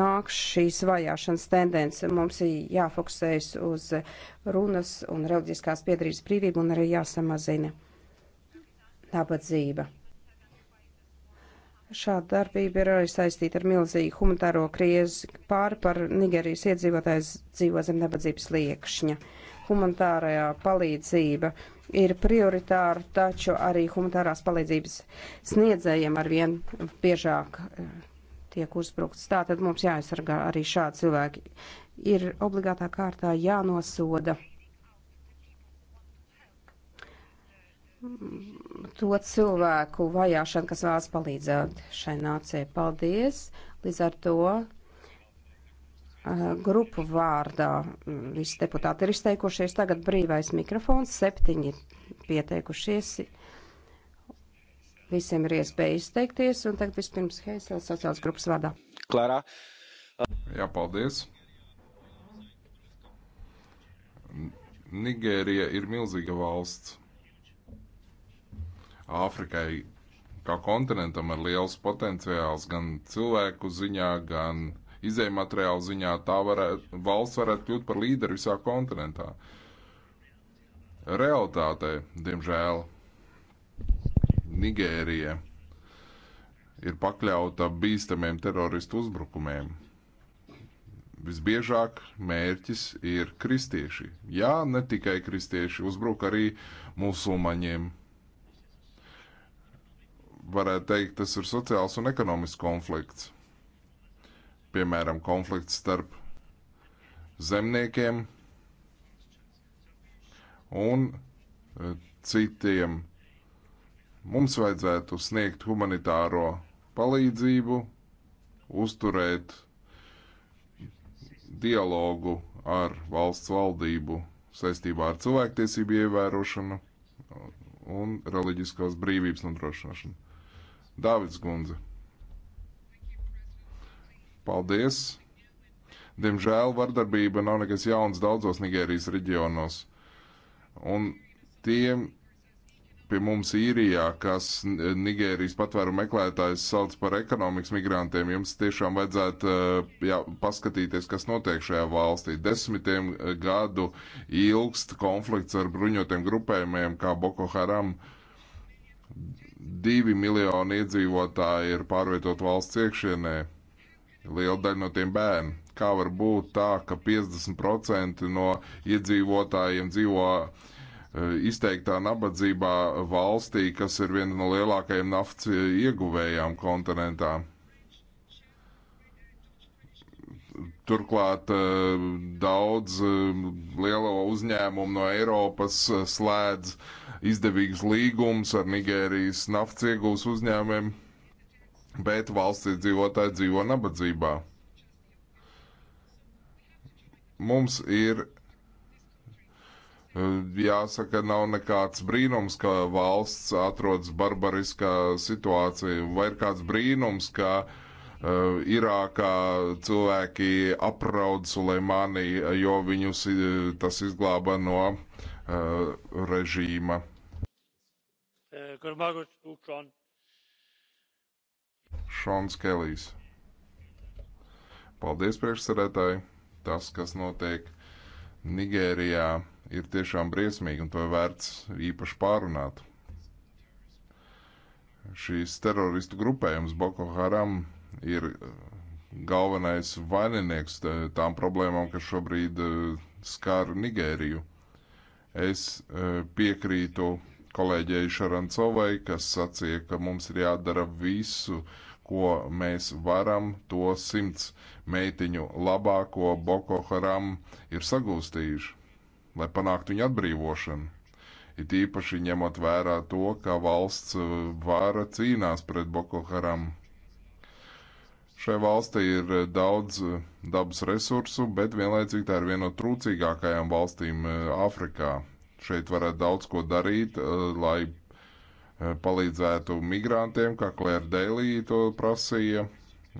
nāk šīs vajāšanas tendence, mums ir jāfokusējas uz runas un reliģiskās piedarības brīvību un arī jāsamazina nabadzība. Šāda darbība ir arī saistīta ar milzīgu humanitāro kriezi pāri par Nigerijas iedzīvotājs dzīvo zem nebadzības liekšņa. Humanitārajā palīdzība ir prioritāra, taču arī humanitārās palīdzības sniedzējiem arvien biežāk eh, tiek uzbrukts. Tātad mums jāaizsargā arī šādi cilvēki. Ir obligātā kārtā jānosoda to cilvēku vajāšanu, kas vēlas palīdzēt šai nācijai. Paldies! Līdz ar to eh, grupu vārdā mm, visi deputāti ir izteikušies. Tagad brīvais mikrofons, septiņi pieteikušies. Visiem ir iespēja izteikties, un tagad vispirms Heisela sociālas grupas vārdā. Klārā. Jā, paldies. Nigērija ir milzīga valsts Āfrikai kā kontinentam ir liels potenciāls gan cilvēku ziņā, gan izējuma materiālu ziņā. Tā varētu, valsts varētu kļūt par līderi visā kontinentā. Realtātē, diemžēl, Nigērija ir pakļauta bīstamiem teroristu uzbrukumiem. Visbiežāk mērķis ir kristieši. Jā, ne tikai kristieši uzbruk arī musulmaņiem, varētu teikt, tas ir sociāls un ekonomisks konflikts. Piemēram, konflikts starp zemniekiem un eh, citiem. Mums vajadzētu sniegt humanitāro palīdzību, uzturēt dialogu ar valsts valdību saistībā ar cilvēktiesību ievērošanu un reliģiskās brīvības nodrošināšanu. Dāvids Gundze. Paldies! Diemžēl vardarbība nav nekas jauns daudzos Nigērijas reģionos. Un tiem pie mums īrijā, kas Nigērijas patvēru meklētājs sauc par ekonomikas migrantiem, jums tiešām vajadzētu jā, paskatīties, kas notiek šajā valstī. Desmitiem gadu ilgst konflikts ar bruņotiem grupējumiem kā Boko Haram. Divi miljoni iedzīvotāji ir pārvietot valsts iekšienē. Liela daļa no tiem bērni. Kā var būt tā, ka 50% no iedzīvotājiem dzīvo e, izteiktā nabadzībā valstī, kas ir viena no lielākajiem naftas ieguvējām kontinentā? Turklāt e, daudz e, lielo uzņēmumu no Eiropas slēdz izdevīgs līgums ar Nigērijas naftas iegūs uzņēmumiem, bet valsts iedzīvotāji dzīvo nabadzībā. Mums ir eh, jāsaka, nav nekāds brīnums, ka valsts atrodas barbariskā situācija, vai ir kāds brīnums, ka uh, Irākā cilvēki apraud Suleimani, jo viņus uh, tas izglāba no Uh, režīma. Šons Kelijs. Paldies, priekšsarētāji! Tas, kas notiek Nigērijā, ir tiešām briesmīgi un to vērts īpaši pārunāt. Šīs teroristu grupējums Boko Haram ir uh, galvenais vaininieks tām problēmām, kas šobrīd uh, skar Nigēriju. Es e, piekrītu kolēģei Šarancovai, kas sacīja, ka mums ir jādara visu, ko mēs varam to simts meitiņu labā, ko Boko Haram ir sagūstījuši, lai panāktu viņu atbrīvošanu. It īpaši ņemot vērā to, ka valsts e, vara cīnās pret Boko Haram. Šai valstī ir eh, daudz eh, dabas resursu, bet vienlaicīgi tā ir viena no trūcīgākajām valstīm eh, Āfrikā. Šeit varētu daudz ko darīt, lai palīdzētu migrantiem, kā Klēra Dēlī to prasīja.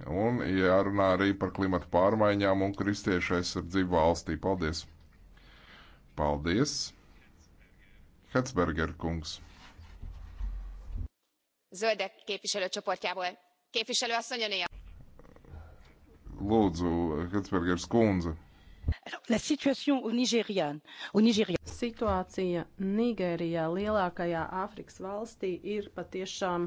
Un jārunā arī par klimatu pārmaiņām un kristiešu aizsardzību valstī. Paldies! Paldies! Hetzberger kungs! Zöldek képviselőcsoportjából. Képviselő asszony, a Lūdzu, Katsbergers kundze. Situācija Nigērijā, lielākajā Āfrikas valstī, ir patiešām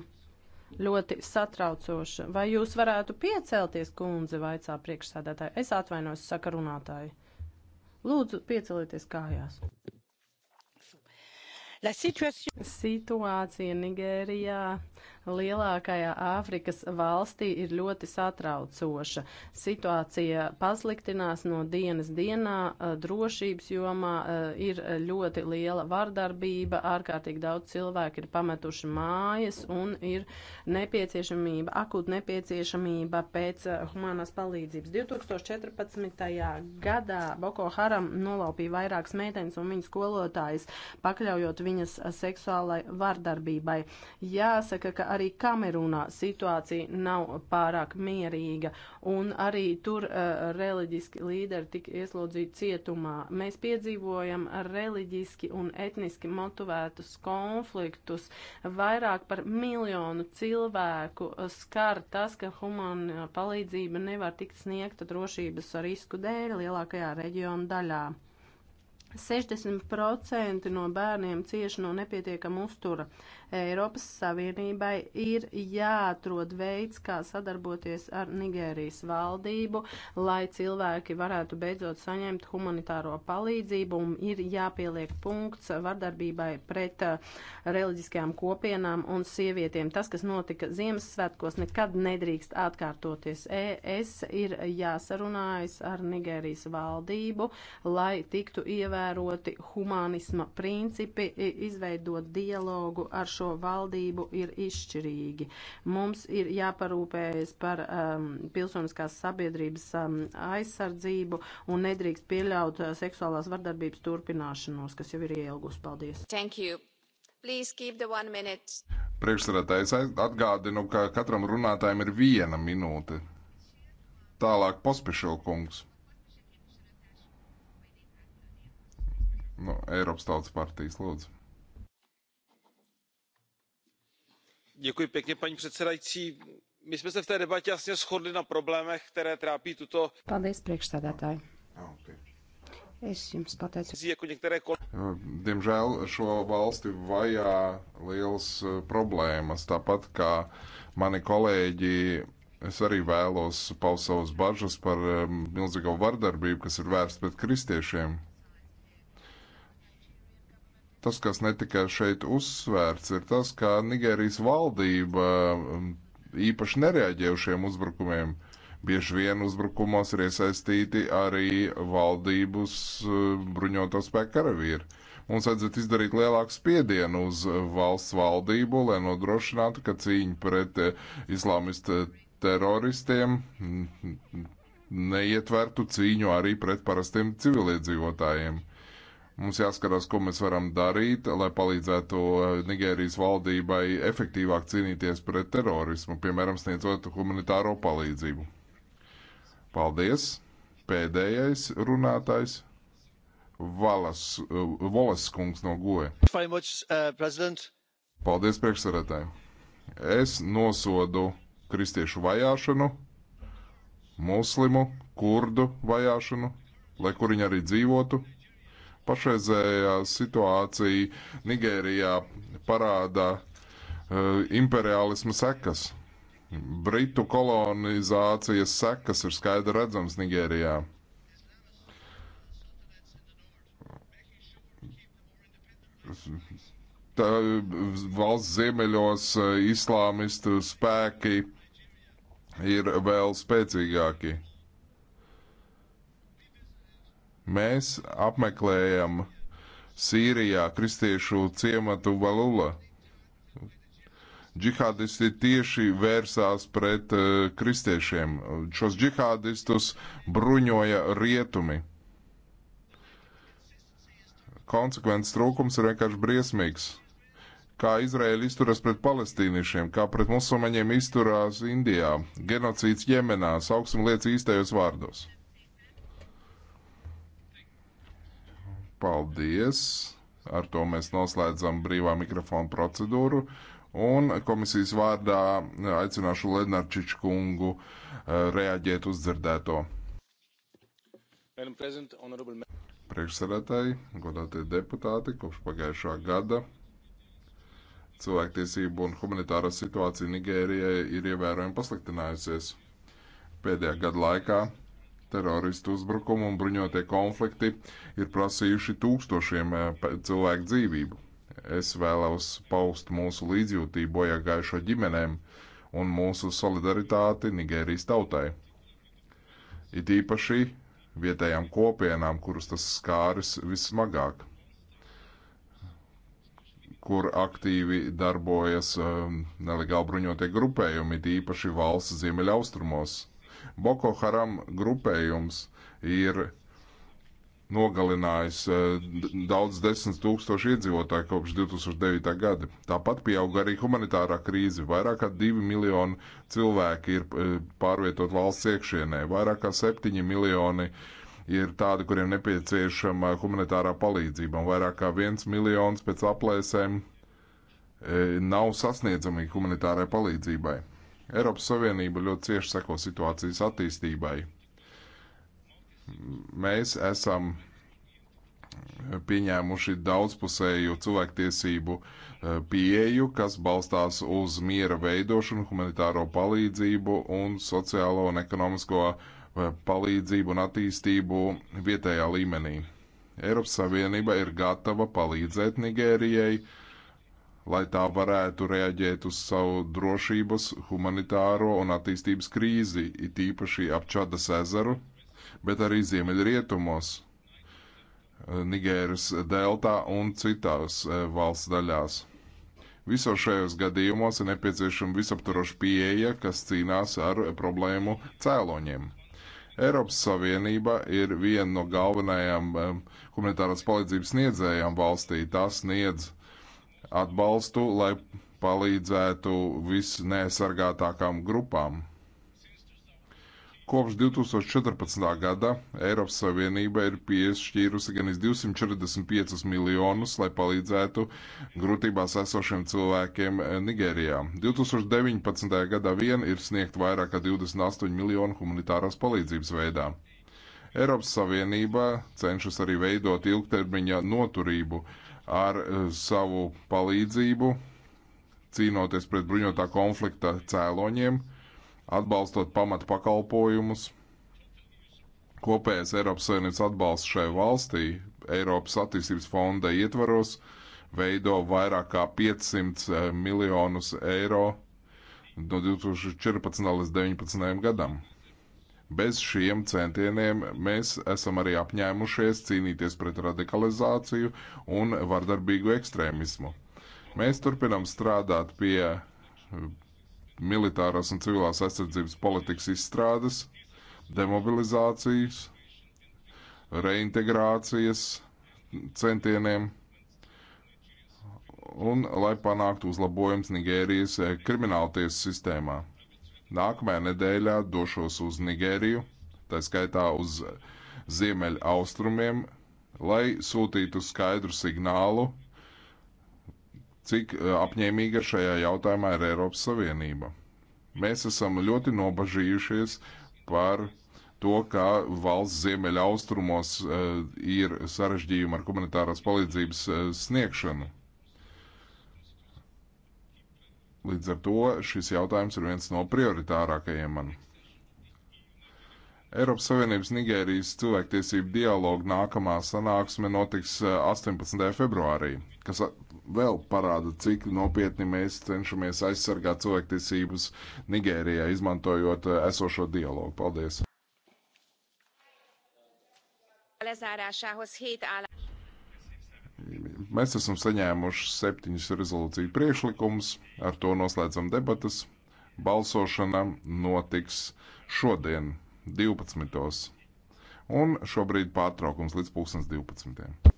ļoti satraucoša. Vai jūs varētu piecelties, kundze, vaicā priekšsēdētāji? Es atvainos, saka runātāji. Lūdzu, piecelieties kājās. Situācija Nigērijā lielākajā Āfrikas valstī ir ļoti satraucoša. Situācija pasliktinās no dienas dienā, drošības jomā ir ļoti liela vardarbība, ārkārtīgi daudz cilvēku ir pametuši mājas un ir nepieciešamība, akūta nepieciešamība pēc humanās palīdzības. 2014. gadā Boko Haram nolaupīja vairākas meitenes un viņu skolotājas, pakļaujot viņas seksuālai vardarbībai. Jāsaka, jāsaka, ka arī Kamerunā situācija nav pārāk mierīga, un arī tur uh, reliģiski līderi tika ieslodzīti cietumā. Mēs piedzīvojam reliģiski un etniski motivētus konfliktus. Vairāk par miljonu cilvēku uh, skar tas, ka humana palīdzība nevar tikt sniegta drošības risku dēļ lielākajā reģiona daļā. 60% no bērniem cieši no nepietiekama uztura. Eiropas Savienībai ir jāatrod veids, kā sadarboties ar Nigērijas valdību, lai cilvēki varētu beidzot saņemt humanitāro palīdzību un ir jāpieliek punkts vardarbībai pret uh, reliģiskajām kopienām un sievietiem. Tas, kas notika Ziemassvētkos, nekad nedrīkst atkārtoties. ES ir jāsarunājas ar Nigērijas valdību, lai tiktu ievērts ievēroti humānisma principi, izveidot dialogu ar šo valdību ir izšķirīgi. Mums ir jāparūpējas par um, pilsoniskās sabiedrības um, aizsardzību un nedrīkst pieļaut uh, seksuālās vardarbības turpināšanos, kas jau ir ielgus. Paldies! Thank you. Priekšsēdētājs atgādinu, ka katram runātājam ir viena minūte. Tālāk pospešo kungs. no nu, Eiropas Tautas partijas. Lūdzu. Děkuji pěkně, paní předsedající. My jsme se v té debatě jasně shodli na problémech, které trápí tuto... Paldies, priekšstādātāji. Okay. Es jums pateicu. Diemžēl šo valsti vajā liels eh, problēmas, tāpat kā mani kolēģi. Es arī vēlos paust savas bažas par eh, milzīgo vardarbību, kas ir vērsta pret kristiešiem, Tas, kas netika šeit uzsvērts, ir tas, ka Nigērijas valdība um, īpaši nereaģē uz šiem uzbrukumiem. Bieži vien uzbrukumos ir iesaistīti arī valdības um, bruņoto spēku karavīri. Mums vajadzētu izdarīt lielāku spiedienu uz valsts valdību, lai nodrošinātu, ka cīņa pret eh, islāmistu teroristiem mm, mm, neietvertu cīņu arī pret parastiem civiliedzīvotājiem. Mums jāskatās, ko mēs varam darīt, lai palīdzētu eh, Nigērijas valdībai efektīvāk cīnīties pret terorismu, piemēram, sniedzot humanitāro palīdzību. Paldies! Pēdējais runātājs Valas, eh, Volas kungs no Goja. Uh, Paldies, priekšsarētāji! Es nosodu kristiešu vajāšanu, muslimu, kurdu vajāšanu, lai kur viņi arī dzīvotu Pašreizējā situācija Nigērijā parāda uh, e, imperiālisma sekas. Britu kolonizācijas sekas ir skaidri redzamas Nigērijā. Tā, valsts ziemeļos e, islāmistu spēki ir vēl spēcīgāki. Mēs apmeklējam Sīrijā kristiešu ciematu Valula. Džihādisti tieši vērsās pret uh, kristiešiem. Šos džihādistus bruņoja rietumi. Konsekvences trūkums ir vienkārši briesmīgs. Kā Izraēla izturas pret palestīniešiem, kā pret musulmaņiem izturās Indijā, genocīds Jemenā, sauksim lietas īstajos vārdos. Paldies! Ar to mēs noslēdzam brīvā mikrofona procedūru. Un komisijas vārdā aicināšu Lenarčiču kungu eh, reaģēt uz dzirdēto. Priekšsēdētāji, godātie deputāti, kopš pagājušā gada cilvēktiesību un humanitārā situācija Nigērijai ir ievērojami pasliktinājusies. Pēdējā gada laikā teroristu uzbrukumu un bruņotie konflikti ir prasījuši tūkstošiem eh, cilvēku dzīvību. Es vēlos paust mūsu līdzjūtību bojāgājušo ģimenēm un mūsu solidaritāti Nigērijas tautai. It īpaši vietējām kopienām, kuras tas skāris vismagāk, kur aktīvi darbojas um, nelegāli bruņotie grupējumi, it īpaši valsts ziemeļaustrumos Boko Haram grupējums ir nogalinājis eh, daudz desmit tūkstoši iedzīvotāju kopš 2009. gada. Tāpat pieauga arī humanitārā krīze. Vairāk kā divi miljoni cilvēki ir eh, pārvietot valsts iekšienē, vairāk kā septiņi miljoni ir tādi, kuriem nepieciešama humanitārā palīdzība, un vairāk kā viens miljons pēc aplēsēm eh, nav sasniedzami humanitārai palīdzībai. Eiropas Savienība ļoti cieši seko situācijas attīstībai. Mēs esam pieņēmuši daudzpusēju cilvēktiesību eh, pieeju, kas balstās uz miera veidošanu, humanitāro palīdzību un sociālo un ekonomisko eh, palīdzību un attīstību vietējā līmenī. Eiropas Savienība ir gatava palīdzēt Nigērijai, uh, lai tā varētu reaģēt uz savu drošības, humanitāro un attīstības krīzi, it īpaši ap Čadas ezeru, bet arī ziemeļrietumos, Nigēras deltā un citās e, valsts daļās. Visos šajos gadījumos ir nepieciešama visaptvaroša pieeja, kas cīnās ar problēmu cēloņiem. Eiropas Savienība ir viena no galvenajām e, humanitārās palīdzības sniedzējām valstī. Tā sniedz atbalstu, lai palīdzētu visneaizsargātākām grupām. Kopš 2014. gada Eiropas Savienība ir piešķīrusi gan 245 miljonus, lai palīdzētu grūtībās esošiem cilvēkiem Nigērijā. 2019. gadā vien ir sniegt vairāk kā 28 miljonu humanitāras palīdzības veidā. Eiropas Savienība cenšas arī veidot ilgtermiņa noturību uh, ar eh, savu palīdzību, cīnoties pret bruņotā konflikta cēloņiem, atbalstot pamata pakalpojumus. Kopējais Eiropas Savienības atbalsts šai valstī Eiropas attīstības fonda ietvaros veido vairāk kā 500 eh, miljonus eiro no 2014. līdz 2019. gadam. Bez šiem centieniem mēs esam arī apņēmušies cīnīties pret radikalizāciju un vardarbīgu ekstrēmismu. Mēs turpinam strādāt pie eh, militārās un civilās aizsardzības politikas izstrādes, demobilizācijas, reintegrācijas centieniem un lai panāktu uzlabojums Nigērijas eh, krimināltiesu sistēmā. Nākamajā nedēļā došos uz Nigēriju, tā skaitā uz ziemeļa austrumiem, lai sūtītu skaidru signālu, cik eh, apņēmīga šajā jautājumā ir Eiropas Savienība. Mēs esam ļoti nobažījušies par to, ka valsts ziemeļa austrumos uh, eh, ir sarežģījumi ar komunitārās palīdzības uh, sniegšanu. Līdz ar to šis jautājums ir viens no prioritārākajiem man. Eiropas Savienības Nigērijas cilvēktiesību dialogu nākamā sanāksme notiks 18. Eh, februārī, kas vēl parāda, cik nopietni mēs cenšamies aizsargāt cilvēktiesības Nigērijā, izmantojot eh, esošo dialogu. Paldies! Mēs esam saņēmuši septiņus rezolūciju priekšlikumus, ar to noslēdzam debatas. Balsošana notiks šodien, 12. un šobrīd pārtraukums līdz 2012.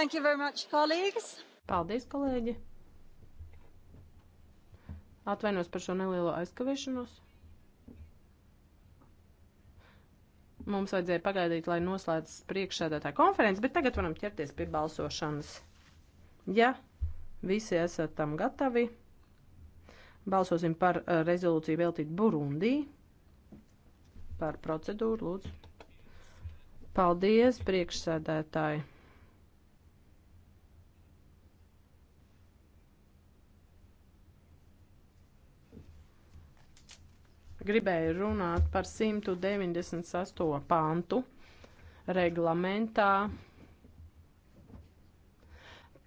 Thank you very much, colleagues. Paldies, kolēģi. Atvainos par šo nelielo aizkavēšanos. Mums vajadzēja pagaidīt, lai noslēdzas priekšsēdētā konferences, bet tagad varam ķerties pie balsošanas. Ja visi esat tam gatavi, balsosim par uh, rezolūciju veltīt Burundī. Par procedūru, lūdzu. Paldies, priekšsēdētāji. gribēju runāt par 198. pantu reglamentā.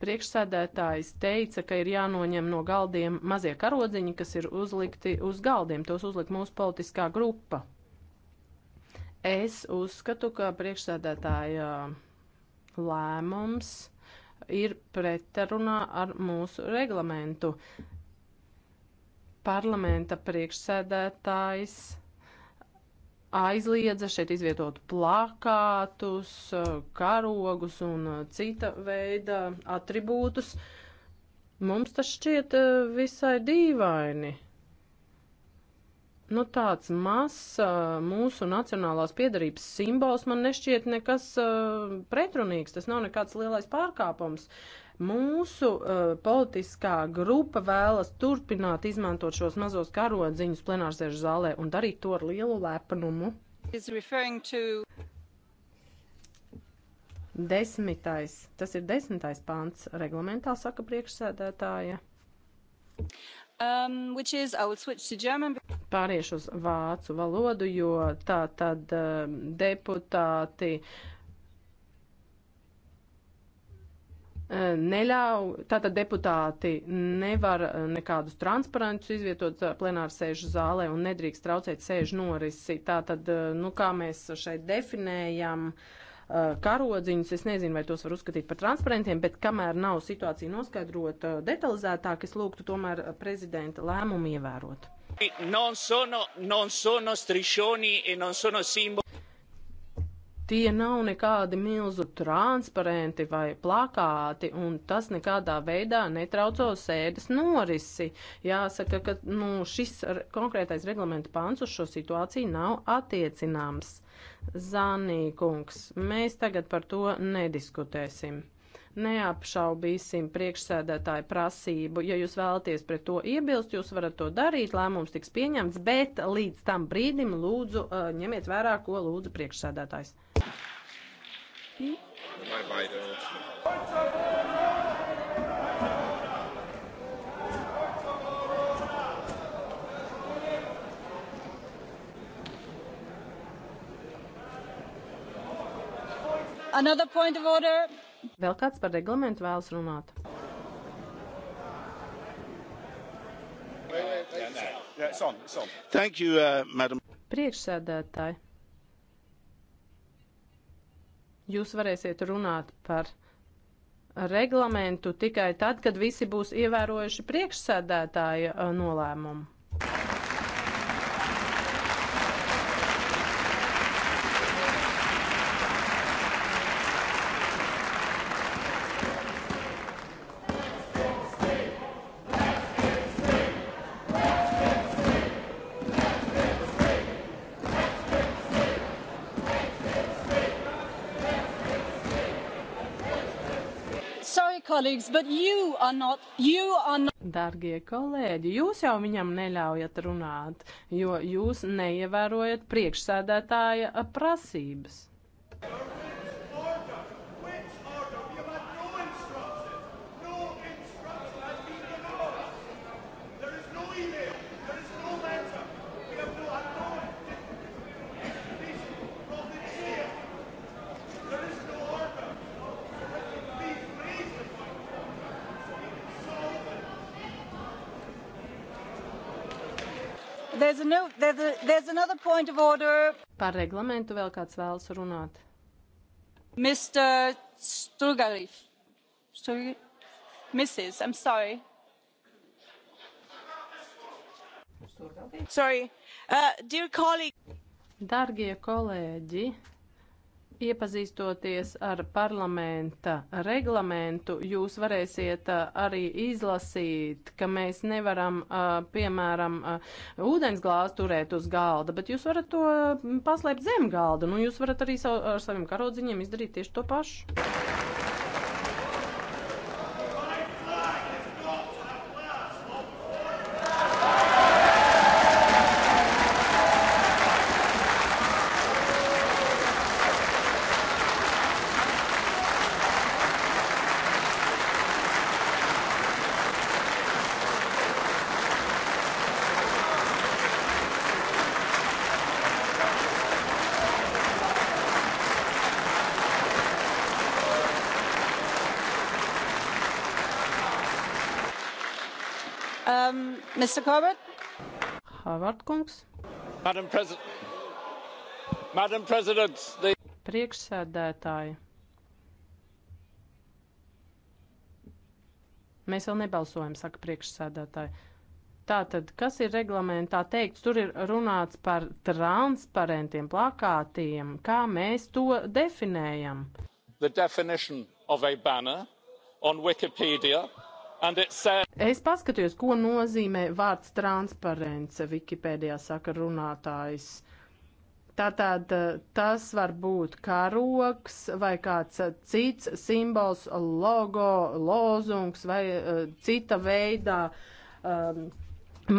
Priekšsēdētājs teica, ka ir jānoņem no galdiem mazie karodziņi, kas ir uzlikti uz galdiem. Tos uzlika mūsu politiskā grupa. Es uzskatu, ka priekšsēdētāja lēmums ir pretrunā ar mūsu reglamentu. Uh, parlamenta priekšsēdētājs aizliedza šeit izvietot plakātus, karogus un cita veida atribūtus. Mums tas šķiet e, visai dīvaini. Nu, tāds mazs e, mūsu nacionālās piedarības simbols man nešķiet nekas e, pretrunīgs. Tas nav nekāds lielais pārkāpums. Mūsu uh, politiskā grupa vēlas turpināt izmantot šos mazos karodziņus plenārsēžu zālē un darīt to ar lielu lepnumu. To... Desmitais, tas ir desmitais pants reglamentā, saka priekšsēdētāja. Um, is, Pāriešu uz vācu valodu, jo tā tad uh, deputāti uh, neļauj, tātad deputāti nevar eh, nekādus transparentus izvietot eh, plenāru sēžu zālē un nedrīkst traucēt sēžu norisi. Tātad, eh, nu, kā mēs šeit definējam karodziņus, es nezinu, vai tos var uzskatīt par transparentiem, bet kamēr nav situācija noskaidrot detalizētāk, es lūgtu tomēr prezidenta lēmumu ievērot. Non sono, non sono striscioni e non sono simboli Tie nav nekādi milzu transparenti vai plakāti, un tas nekādā veidā netrauco sēdes norisi. Jāsaka, ka nu, šis konkrētais reglamenta pāns uz šo situāciju nav attiecināms. Zanīkungs, mēs tagad par to nediskutēsim neapšaubīsim priekšsēdētāju prasību. Ja jūs vēlaties pret to iebilst, jūs varat to darīt, lēmums tiks pieņemts, bet līdz tam brīdim lūdzu uh, ņemiet vērā, ko lūdzu priekšsēdētājs. Vai vairāk? another point of order. Vēl kāds par reglamentu vēlas runāt? Thank you, uh, madam. Priekšsēdētāji, jūs varēsiet runāt par reglamentu tikai tad, kad visi būs ievērojuši priekšsēdētāja uh, nolēmumu. not, not... Dargie kolēģi, jūs jau viņam neļaujat runāt, jo jūs neievērojat priekšsēdētāja prasības. There's a new, there's a, there's another point of order. Par reglamentu vēl kāds vēlas runāt. Mr. Sturgarif. Sturgarif. Mrs. I'm sorry. Sorry. Uh, dear colleague. Dargie kolēģi, Iepazīstoties ar parlamenta reglamentu, jūs varēsiet uh, arī izlasīt, ka mēs nevaram, uh, piemēram, uh, ūdensglāzi turēt uz galda, bet jūs varat to mm, paslēpt zem galda. Nu, jūs varat arī savu, ar saviem karodziņiem izdarīt tieši to pašu. Mr. Corbett? Havard kungs. Madam President. Madam President, the... Priekšsēdētāji. Mēs vēl nebalsojam, saka priekšsēdētāji. Tātad, kas ir reglamentā teikts? Tur ir runāts par transparentiem plakātiem. Kā mēs to definējam? The definition of a banner on Wikipedia Es paskatījos, ko nozīmē vārds transparence Wikipēdijā, saka runātājs. Tātad eh, tas var būt karoks vai kāds eh, cits simbols, logo, lozungs vai uh, cita veidā um,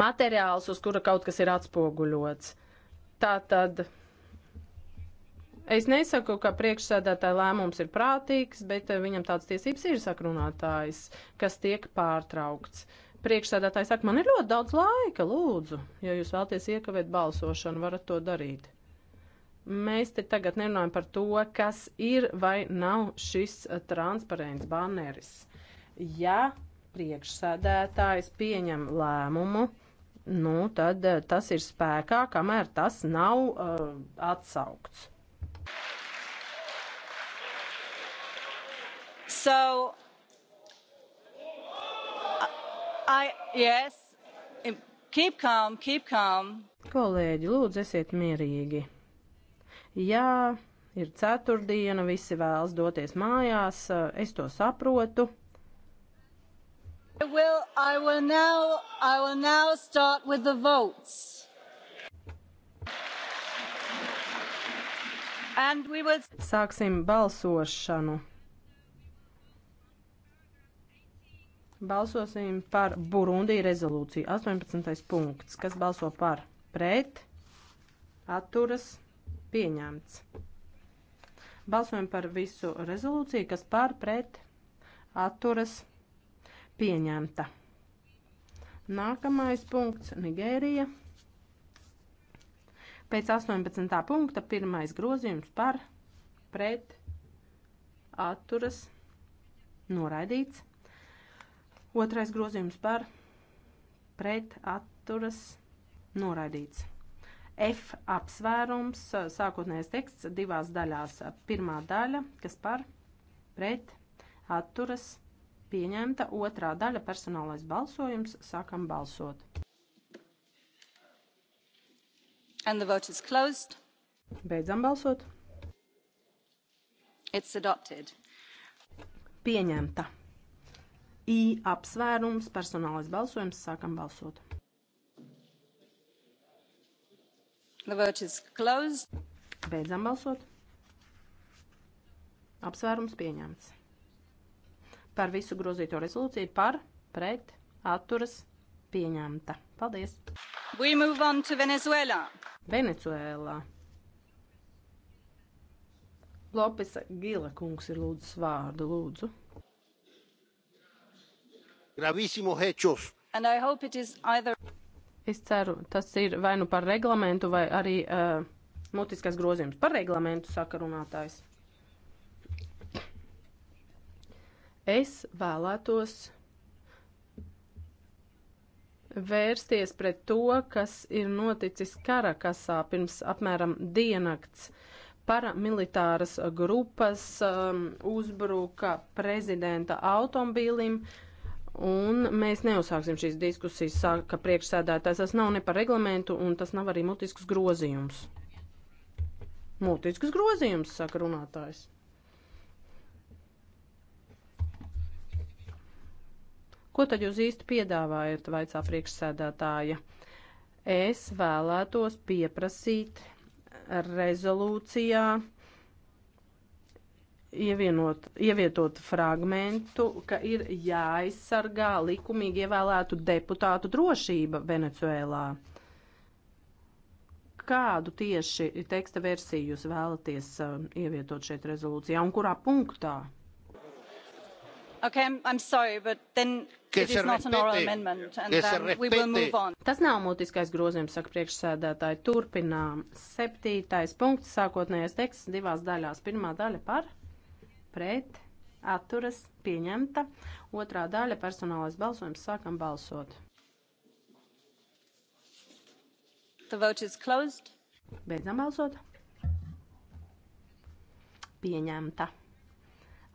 materiāls, uz kura kaut kas ir atspoguļots. Tātad. Es nesaku, ka priekšsēdētāja lēmums ir prātīgs, bet eh, viņam tāds tiesības ir sakrunātājs, kas tiek pārtraukts. Priekšsēdētājs saka, man ir ļoti daudz laika, lūdzu, ja jūs vēlaties iekavēt balsošanu, varat to darīt. Mēs te tagad nerunājam par to, kas ir vai nav šis eh, transparents baneris. Ja priekšsēdētājs pieņem lēmumu, nu, tad eh, tas ir spēkā, kamēr tas nav uh, atsaukts. So, I, yes, keep calm, keep calm. Kolēģi, lūdzu, esiet mierīgi. Jā, ir ceturtdiena, visi vēlas doties mājās, es to saprotu. I will, I will now, I will now start with the votes. Will... Sāksim balsošanu. Balsosim par Burundī rezolūciju. 18. punkts. Kas balso par? Pret? Atturas? Pieņemts. Balsojam par visu rezolūciju, kas par? Pret? Atturas? Pieņemta. Nākamais punkts - Nigērija. Pēc 18. punkta pirmais grozījums par pret atturas noraidīts. Otrais grozījums par pret atturas noraidīts. F apsvērums, sākotnējais teksts divās daļās. Pirmā daļa, kas par pret atturas pieņemta, otrā daļa personālais balsojums, sākam balsot. And the vote is closed. Beidzam balsot. It's adopted. Pieņemta. I apsvērums, personālais balsojums, sākam balsot. The vote is closed. Beidzam balsot. Apsvērums pieņemts. Par visu grozīto rezolūciju par, pret, atturas pieņemta. Paldies! We move on to Venezuela. Venecuēlā. Lopesa Gila kungs ir lūdzis vārdu, lūdzu. Gravissimo hechos. And I hope it is either. Es ceru, tas ir vai nu par reglamentu, vai arī uh, mutiskais grozījums par reglamentu, saka runātājs. Es vēlētos vērsties pret to, kas ir noticis Karakasā pirms apmēram diennakts. Paramilitāras grupas um, uzbruka prezidenta automobīlim, un mēs neuzsāksim šīs diskusijas, saka priekšsēdētājs. Tas nav ne par reglamentu, un tas nav arī mutisks grozījums. Mutisks grozījums, saka runātājs. Ko tad jūs īsti piedāvājat, vaicā priekšsēdētāja? Es vēlētos pieprasīt rezolūcijā ievienot, ievietot fragmentu, ka ir jāaizsargā likumīgi ievēlētu deputātu drošība Venecuēlā. Kādu tieši teksta versiju jūs vēlaties uh, ievietot šeit rezolūcijā un kurā punktā? Okay, I'm, I'm sorry, but then it is not an oral amendment, and then we will move on. Tas nav mutiskais grozījums, saka priekšsēdētāji. Turpinām. Septītais punkts, sākotnējais teksts divās daļās. Pirmā daļa par, pret, atturas, pieņemta. Otrā daļa personālais balsojums, sākam balsot. The vote is closed. Beidzam balsot. Pieņemta.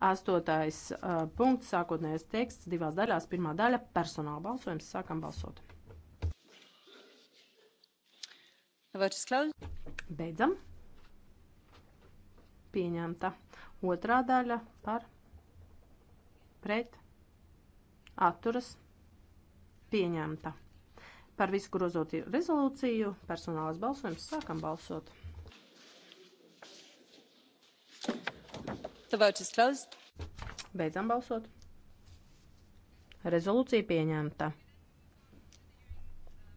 Astotais uh, punkts, sākotnējais teksts, divās daļās. Pirmā daļa - personāla balsojums. Sākam balsot. Beidzam. Pieņemta. Otrā daļa par pret atturas pieņemta. Par visu grozotie rezolūciju personālas balsojums sākam balsot. The vote is closed. Beidzam balsot. Rezolūcija pieņemta.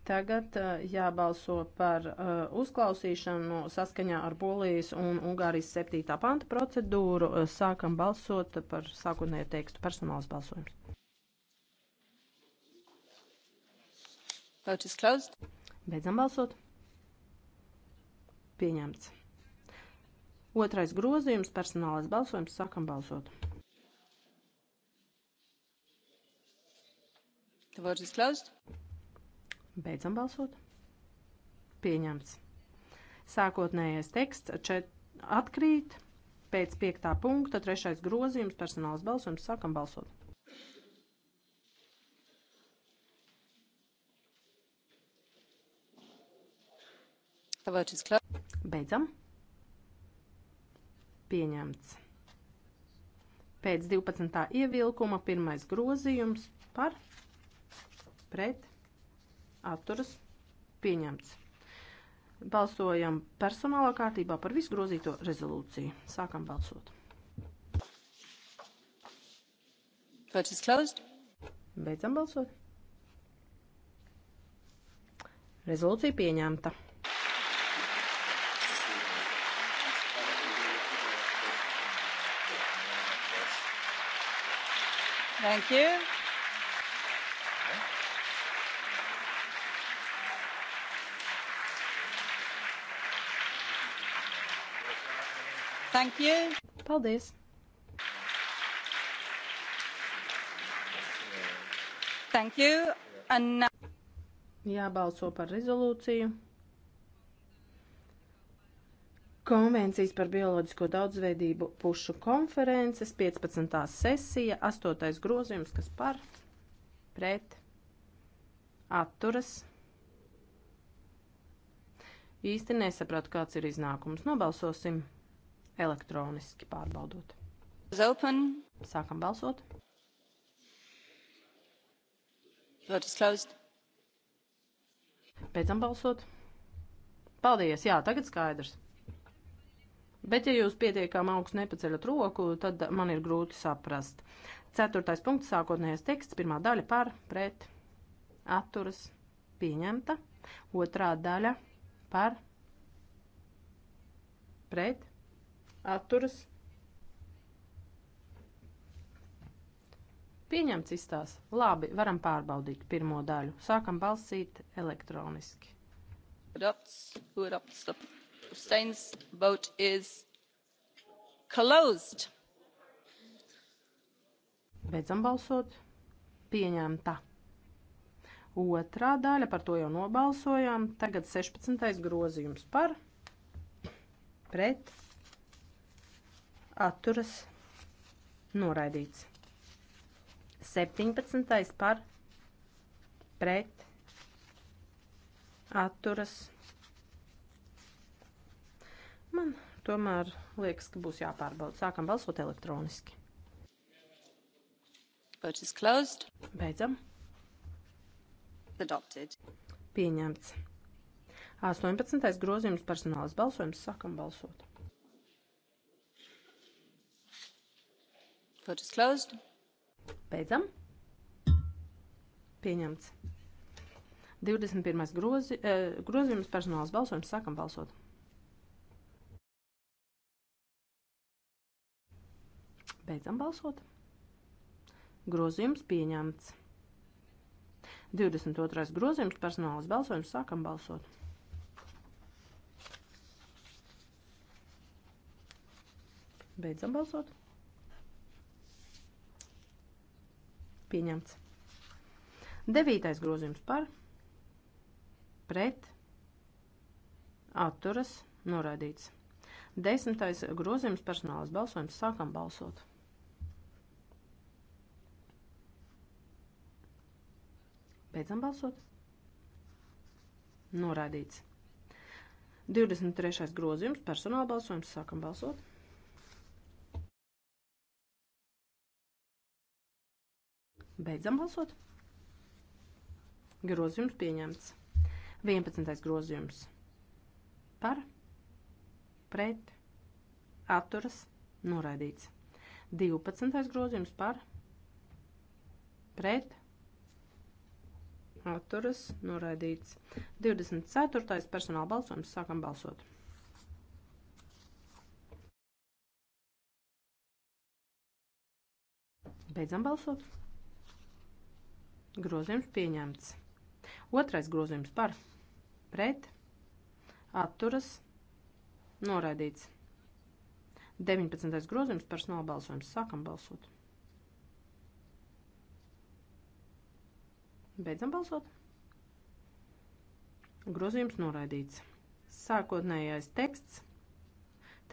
Tagad uh, jābalso par uh, uzklausīšanu saskaņā ar Polijas un Ungārijas 7. panta procedūru. Uh, sākam balsot par sākotnēju tekstu personāls balsojums. Vote is closed. Beidzam balsot. Pieņemts. Otrais grozījums - personālais balsojums. Sākam balsot. Beidzam balsot. Pieņemts. Sākotnējais teksts čet... atkrīt pēc piektā punkta, trešais grozījums, personāls balsojums, sākam balsot. Beidzam pieņemts. Pēc 12. ievilkuma pirmais grozījums par pret atturas pieņemts. Balsojam personālā kārtībā par visu grozīto rezolūciju. Sākam balsot. Vote is closed. Beidzam balsot. Rezolūcija pieņemta. thank you. Thank you. Paldies. Thank you. And now... Jābalso par rezolūciju. Konvencijas par bioloģisko daudzveidību pušu konferences 15. sesija, 8. grozījums, kas par, pret, atturas. Īsti nesapratu, kāds ir iznākums. Nobalsosim elektroniski pārbaudot. Open. Sākam balsot. Vote is closed. Beidzam balsot. Paldies, jā, tagad skaidrs. Bet, ja jūs pietiekami augstu nepaceļat roku, tad man ir grūti saprast. Ceturtais punkts, sākotnējais teksts, pirmā daļa par, pret, atturas, pieņemta. Otrā daļa par, pret, atturas, pieņemts izstās. Labi, varam pārbaudīt pirmo daļu. Sākam balsīt elektroniski. Raps, raps, raps abstains vote is closed beidzam balsot pieņemta otrā daļa par to jau nobalsojām tagad 16. grozījums par pret atturas noraidīts 17. par pret atturas noraidīts Man tomēr liekas, ka būs jāpārbauda. Sākam balsot elektroniski. Vote is closed. Beidzam. Adopted. Pieņemts. 18. grozījums personālas balsojums. Sākam balsot. Vote is closed. Beidzam. Pieņemts. 21. Grozi, eh, grozījums personālas balsojums. Sākam balsot. Beidzam balsot. Grozījums pieņemts. 22. grozījums personālas balsojums. Sākam balsot. Beidzam balsot. Pieņemts. 9. grozījums par, pret, atturas, noraidīts. 10. grozījums personālas balsojums. Sākam balsot. Beidzam balsot. Noraidīts. 23. grozījums, personāla balsojums, sākam balsot. Beidzam balsot. Grozījums pieņemts. 11. grozījums par, pret, atturas, noraidīts. 12. grozījums par, pret, atturas atturas noraidīts. 24. personāla balsojums sākam balsot. Beidzam balsot. Grozījums pieņemts. Otrais grozījums par pret atturas noraidīts. 19. grozījums personāla balsojums sākam balsot. Beidzam balsot. Grozījums noraidīts. Sākotnējais teksts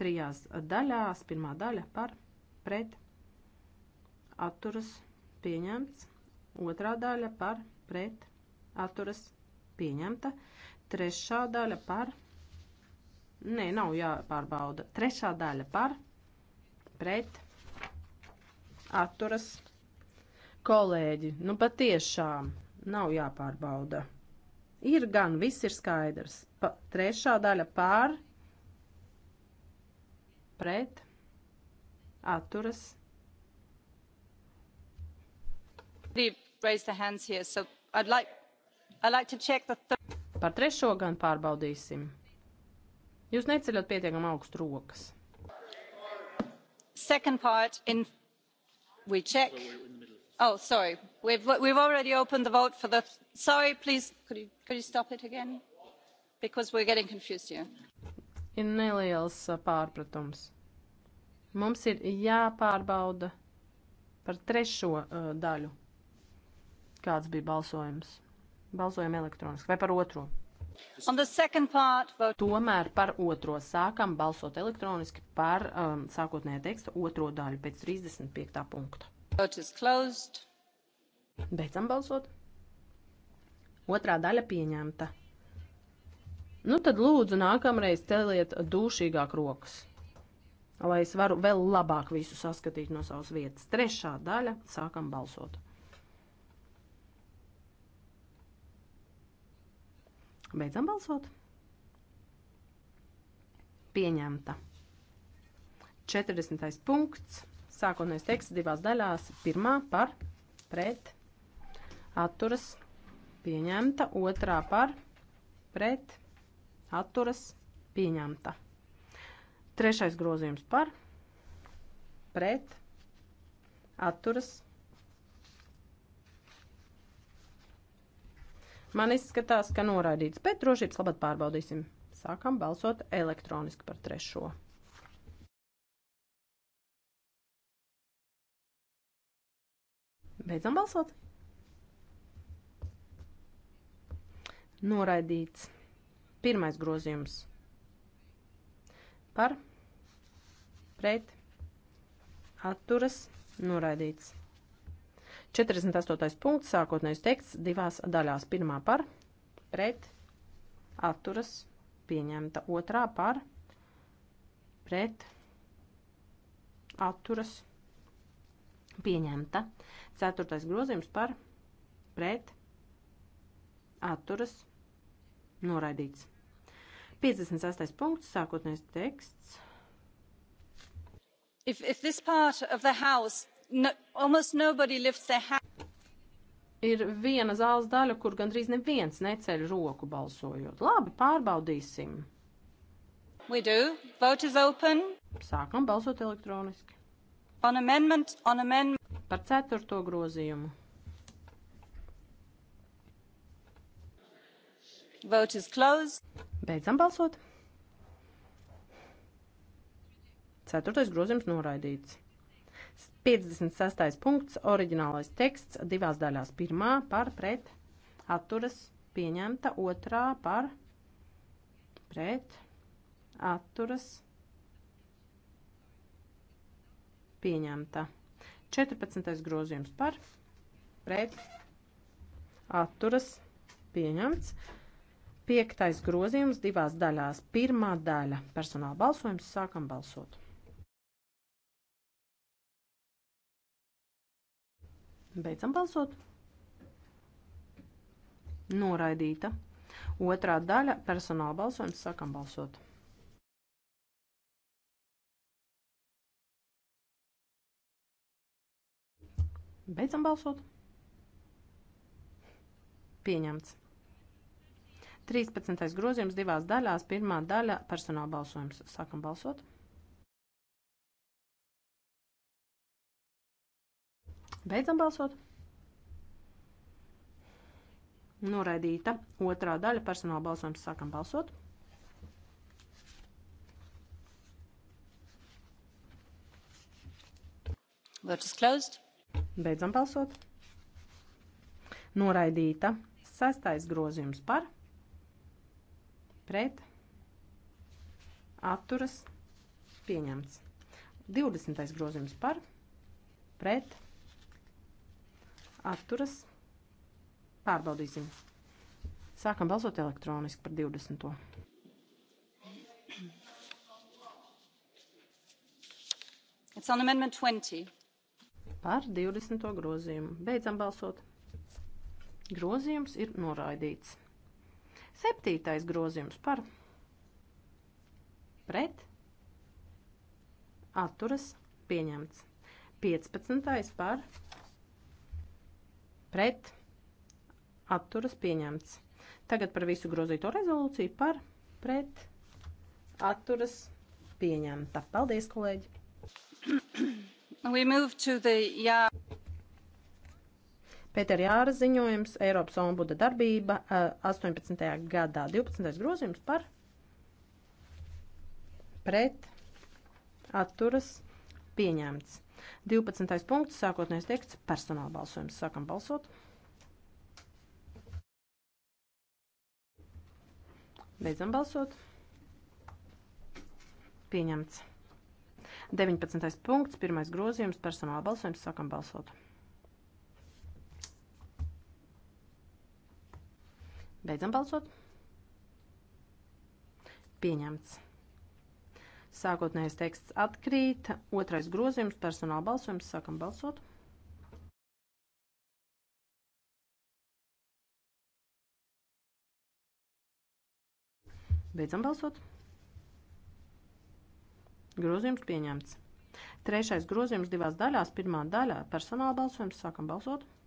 trijās daļās. Pirmā daļa par pret atturas pieņemts. Otrā daļa par pret atturas pieņemta. Trešā daļa par Nē, nav jāpārbauda. Trešā daļa par pret atturas pieņemta kolēģi, nu patiešām nav jāpārbauda. Ir gan, viss ir skaidrs. Pa, trešā daļa pār, pret, atturas. Here, so I'd like, I'd like the... Par trešo gan pārbaudīsim. Jūs neceļat pietiekam augstu rokas. Second part in... We check. Oh, sorry. We've, we've already opened the vote for the. Sorry, please, could you, could you stop it again? Because we're getting confused here. Ir neliels uh, pārpratums. Mums ir jāpārbauda par trešo uh, daļu. Kāds bija balsojums? Balsojam elektroniski vai par otro? Part, vote... Tomēr par otro sākam balsot elektroniski par um, sākotnējā teksta otro daļu pēc 35. punkta. Vote is closed. Beidzam balsot. Otrā daļa pieņemta. Nu tad lūdzu nākamreiz celiet dūšīgāk rokas, lai es varu vēl labāk visu saskatīt no savas vietas. Trešā daļa sākam balsot. Beidzam balsot. Pieņemta. 40. punkts. Sākotnējais teksts divās daļās. Pirmā par pret atturas pieņemta, otrā par pret atturas pieņemta. Trešais grozījums par pret atturas pieņemta. Man izskatās, ka noraidīts, bet drošības labāk pārbaudīsim. Sākam balsot elektroniski par trešo. Beidzam balsot! Noraidīts. Pirmais grozījums. Par, pret, atturas, noraidīts. 48. punkts, sākotnējs teksts, divās daļās. Pirmā par, pret, atturas, pieņemta. Otrā par, pret, atturas, pieņemta. Ceturtais grozījums par, pret, atturas, pieņemta Noraidīts. 58. punkts, sākotnējais teksts. If, if this part of the house, no, almost nobody lifts their hand. Ir viena zāles daļa, kur gandrīz neviens neceļ roku balsojot. Labi, pārbaudīsim. We do. Vote is open. Sākam balsot elektroniski. On amendment, on amendment. Par ceturto grozījumu. Vote is closed. Beidzam balsot. Ceturtais grozījums noraidīts. 56. punkts, oriģinālais teksts, divās daļās. Pirmā par pret atturas pieņemta, otrā par pret atturas pieņemta. 14. grozījums par pret atturas pieņemts. Piektais grozījums divās daļās. Pirmā daļa - personāla balsojums. Sākam balsot. Beidzam balsot. Noraidīta. Otrā daļa - personāla balsojums. Sākam balsot. Beidzam balsot. Pieņemts. 13. grozījums divās daļās. Pirmā daļa - personāla balsojums. Sākam balsot. Beidzam balsot. Noraidīta. Otrā daļa - personāla balsojums. Sākam balsot. Vote is closed. Beidzam balsot. Noraidīta. Sestais grozījums par pret, atturas, pieņemts. 20. grozījums par, pret, atturas, pārbaudīsim. Sākam balsot elektroniski par 20. It's on amendment 20. Par 20. grozījumu. Beidzam balsot. Grozījums ir noraidīts. Septītais grozījums par pret atturas pieņemts. 15. par pret atturas pieņemts. Tagad par visu grozīto rezolūciju par pret atturas pieņemta. Paldies, kolēģi! We move to the, yeah. Pēter Jāra ziņojums, Eiropas ombuda darbība 18. gadā, 12. grozījums par pret atturas pieņemts. 12. punkts, sākotnējais teksts, personāla balsojums. Sākam balsot. Beidzam balsot. Pieņemts. 19. punkts, pirmais grozījums, personāla balsojums. Sākam balsot. Beidzam balsot. Pieņemts. Sākotnējais teksts atkrīt. Otrais grozījums - personāla balsojums. Sākam balsot. Beidzam balsot. Grozījums pieņemts. Trešais grozījums divās daļās. Pirmā daļā - personāla balsojums. Sākam balsot. Balsot.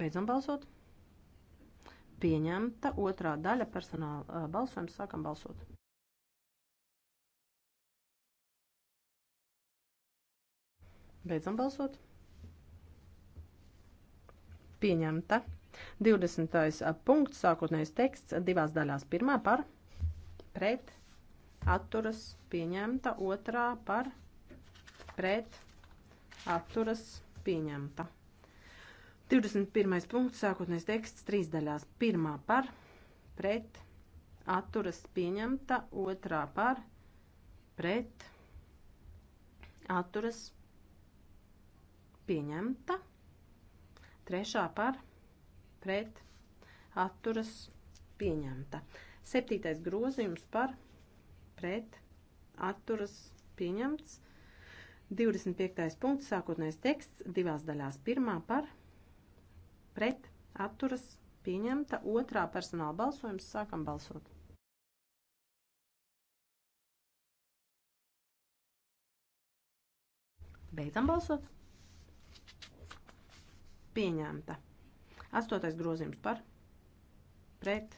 Beidzam balsot. Pieņemta otrā daļa personāla balsojums. Sākam balsot. Beidzam balsot. Pieņemta. 20. punkts, sākotnējais teksts, divās daļās. Pirmā par pret, atturas, pieņemta, otrā par pret, atturas, pieņemta. 21. punkts, sākotnēs teksts, trīs daļās. Pirmā par, pret, atturas pieņemta, otrā par, pret, atturas pieņemta, trešā par, pret, atturas pieņemta. Septītais grozījums par, pret, atturas pieņemts. 25. punkts, sākotnēs teksts, divās daļās. Pirmā par, pret pret atturas pieņemta. Otrā personāla balsojums. Sākam balsot. Beidzam balsot. Pieņemta. Astotais grozījums par pret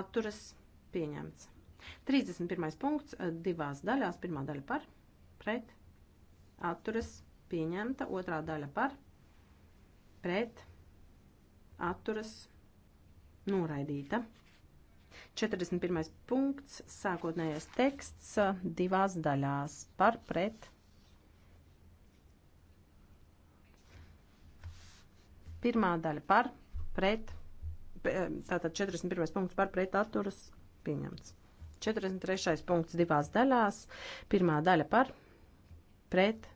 atturas pieņemts. 31. punkts eh, divās daļās. Pirmā daļa par pret atturas pieņemta. Otrā daļa par pret pret, atturas, noraidīta. 41. punkts, sākotnējais teksts divās daļās par pret. Pirmā daļa par pret, tātad 41. punkts par pret atturas pieņemts. 43. punkts divās daļās, pirmā daļa par pret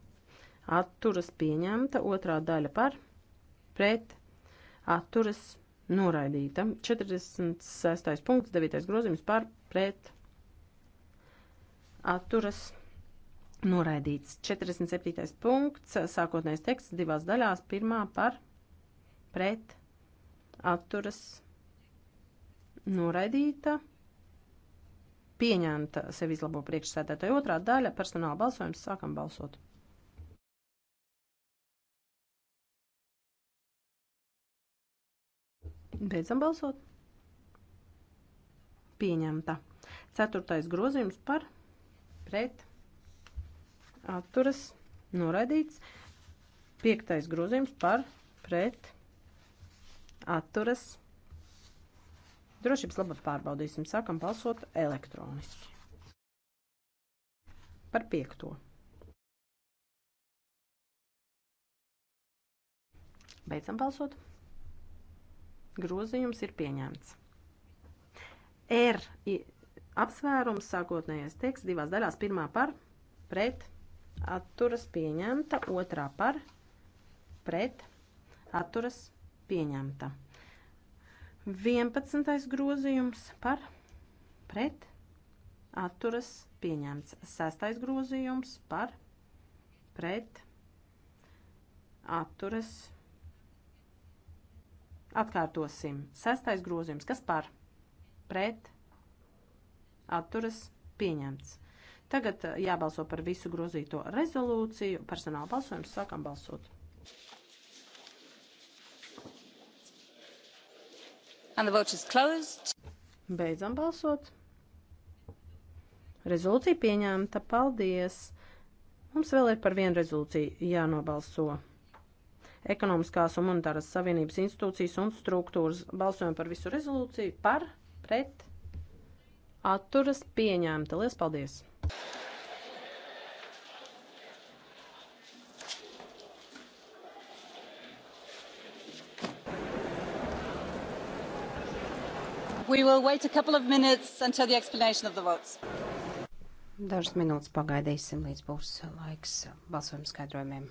atturas pieņemta, otrā daļa par pret pret atturas noraidīta. 46. punkts, 9. grozījums par pret atturas noraidīts. 47. punkts, sākotnējais teksts divās daļās, pirmā par pret atturas noraidīta pieņemta sevi izlabo priekšsēdētāja otrā daļa personāla balsojums sākam balsot. Beidzam balsot. Pieņemta. Ceturtais grozījums par pret atturas noraidīts. Piektais grozījums par pret atturas drošības labāk pārbaudīsim. Sākam balsot elektroniski. Par piekto. Beidzam balsot. Grozījums ir pieņemts. R apsvērums sākotnējais teksts divās daļās. Pirmā par pret atturas pieņemta, otrā par pret atturas pieņemta. 11. grozījums par pret atturas pieņemts. 6. grozījums par pret atturas Atkārtosim. Sestais grozījums. Kas par? Pret. Atturas. Pieņemts. Tagad eh, jābalso par visu grozīto rezolūciju. Personāla balsojums. Sākam balsot. And the vote is closed. Beidzam balsot. Rezolūcija pieņemta. Paldies. Mums vēl ir par vienu rezolūciju jānobalso ekonomiskās un monetāras savienības institūcijas un struktūras. Balsojam par visu rezolūciju, par, pret, atturas pieņēmta. Lielas paldies! We will wait a couple of minutes until the explanation of the votes. Dažas minūtes pagaidīsim, līdz būs laiks balsojuma skaidrojumiem.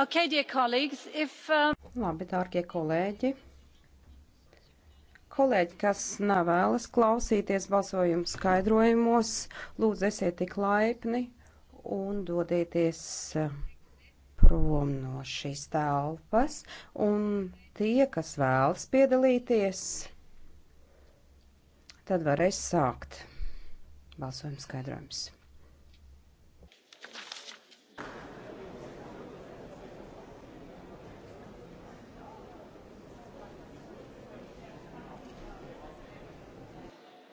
Okay, if, um... Labi, dārgie kolēģi. Kolēģi, kas nevēlas klausīties balsojumu skaidrojumos, lūdzu esiet tik laipni un dodieties uh, prom no šīs telpas. Un tie, kas vēlas piedalīties, tad varēs sākt balsojumu skaidrojumus.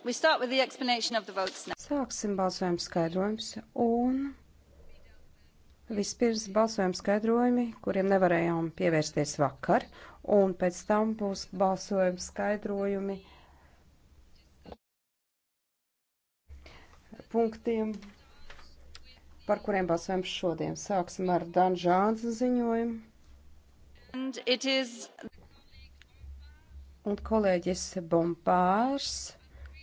Sāksim balsojumu skaidrojums un vispirms balsojumu skaidrojumi, kuriem nevarējām pievērsties vakar, un pēc tam būs balsojumu skaidrojumi punktiem, par kuriem balsojam šodien. Sāksim ar Danžāns ziņojumu. Is... Un kolēģis Bompārs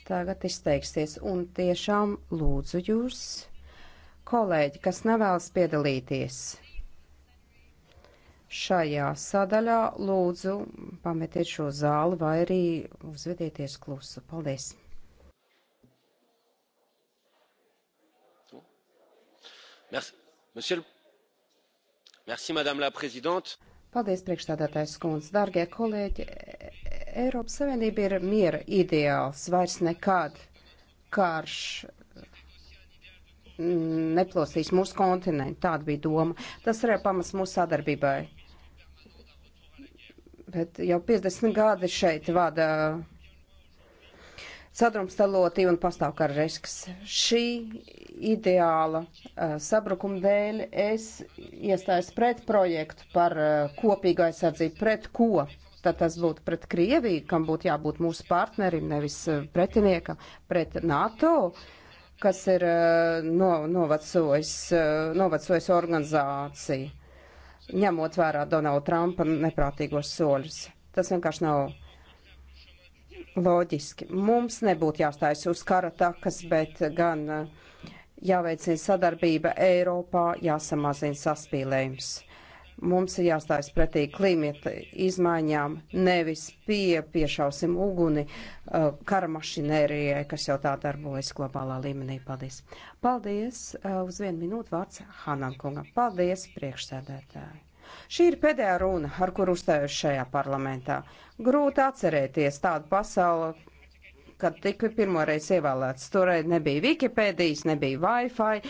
tagad izteiksies. Un tiešām lūdzu jūs, kolēģi, kas nevēlas piedalīties šajā sadaļā, lūdzu pametiet šo zāli vai arī uzvedieties klusu. Paldies! Merci, monsieur, merci, madame la présidente. Paldies, priekšstādātājs skundz. Dārgie kolēģi, Eiropas Savienība ir miera ideāls, vairs nekad karš neplosīs mūsu kontinentu. Tāda bija doma. Tas arī pamats mūsu sadarbībai. Bet jau 50 gadi šeit vada sadrumstalotība un pastāv kā risks. Šī ideāla uh, sabrukuma dēļ es iestājos pret projektu par uh, kopīgu aizsardzību. Pret ko? tad tas būtu pret Krieviju, kam būtu jābūt mūsu partnerim, nevis eh, pretiniekam, pret NATO, kas ir eh, no, novacojis, eh, novacojis organizāciju, ņemot vērā Donalda Trumpa neprātīgos soļus. Tas vienkārši nav loģiski. Mums nebūtu jāstājas uz kara takas, bet gan jāveicina sadarbība Eiropā, jāsamazina saspīlējums. Mums ir jāstājas pretī klimata izmaiņām, nevis pie, piešausim uguni uh, kara mašinērijai, kas jau tā darbojas globālā līmenī. Paldies! Paldies! Uh, uz vienu minūtu vārds Hanan kungam. Paldies, priekšsēdētāji! Šī ir pēdējā runa, ar kuru uzstājos šajā parlamentā. Grūti atcerēties tādu pasauli, kad tika pirmoreiz ievēlēts. Toreiz nebija Wikipēdijas, nebija Wi-Fi,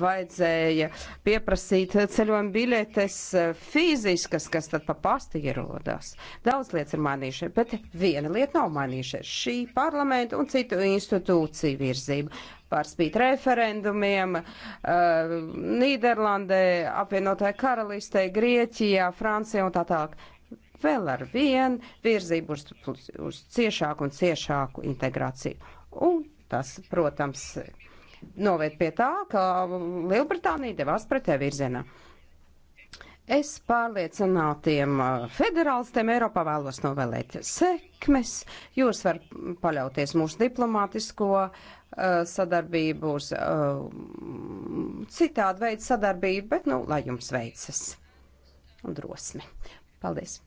vajadzēja pieprasīt ceļojuma biļetes eh, fiziskas, kas tad pa pasti ierodās. Daudz lietas ir mainījušās, bet viena lieta nav mainījušās - šī parlamenta un citu institūciju virzība. Pārspīt referendumiem, uh, Nīderlandē, apvienotāja karalistē, Grieķijā, Francijā un tā tālāk vēl ar vienu virzību uz, uz, uz ciešāku un ciešāku integrāciju. Un tas, protams, noved pie tā, ka Lielbritānija devās pretē virzienā. Es pārliecinātiem uh, federālistiem Eiropā vēlos novēlēt sekmes. Jūs varat paļauties mūsu diplomātisko uh, sadarbību, uz uh, citādu veidu sadarbību, bet, nu, lai jums veicas un drosmi. Paldies!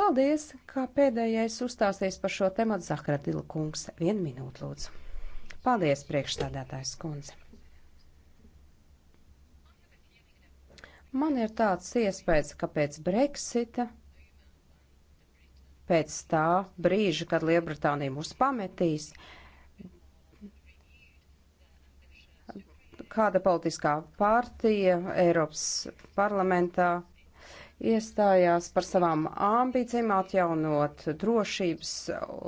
Paldies, kā pēdējais uzstāsies par šo tematu Zahradila kungs. Vienu minūtu lūdzu. Paldies, priekšstādātājs kundze. Man ir tāds iespējas, ka pēc Brexita, pēc tā brīža, kad Lielbritānija mūs pametīs, kāda politiskā partija Eiropas parlamentā iestājās par savām ambīcijām atjaunot drošības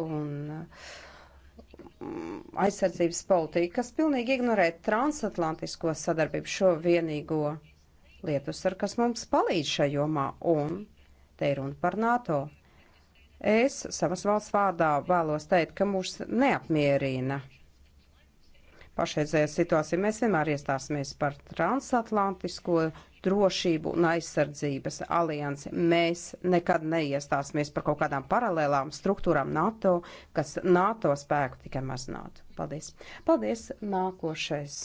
un mm, aizsardzības politiku, kas pilnīgi ignorē transatlantisko sadarbību šo vienīgo lietusvaru, kas mums palīdz šajā jomā, un te ir runa par NATO. Es savas valsts vārdā vēlos teikt, ka mūs neapmierina pašreizējā situācija. Mēs vienmēr iestāsimies par transatlantisko drošību un aizsardzības aliansi. Mēs nekad neiestāsimies par kaut kādām paralēlām struktūrām NATO, kas NATO spēku tikai mazinātu. Paldies. Paldies. Nākošais.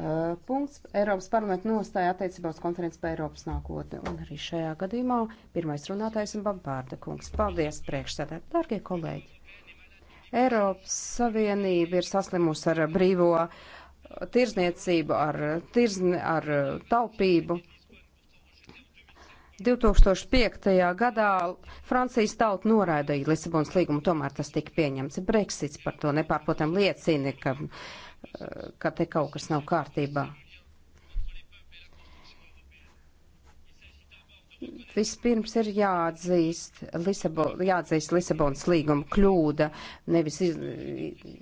Uh, punkts Eiropas parlamenta nostāja attiecībā uz konferences par Eiropas nākotni. Un arī šajā gadījumā pirmais runātājs ir Bambārda kungs. Paldies, priekšsēdētāji, dārgie kolēģi! Eiropas Savienība ir saslimusi ar brīvo uh, tirzniecību, ar, tirzne, ar taupību. 2005. gadā Francijas tauta noraidīja Lisabonas līgumu, tomēr tas tika pieņemts. Brexits par to nepārprotam liecina, ka, ka te kaut kas nav kārtībā. Vispirms ir jāatzīst, Lisabon, jāatzīst Lisabonas līguma kļūda, nevis iz,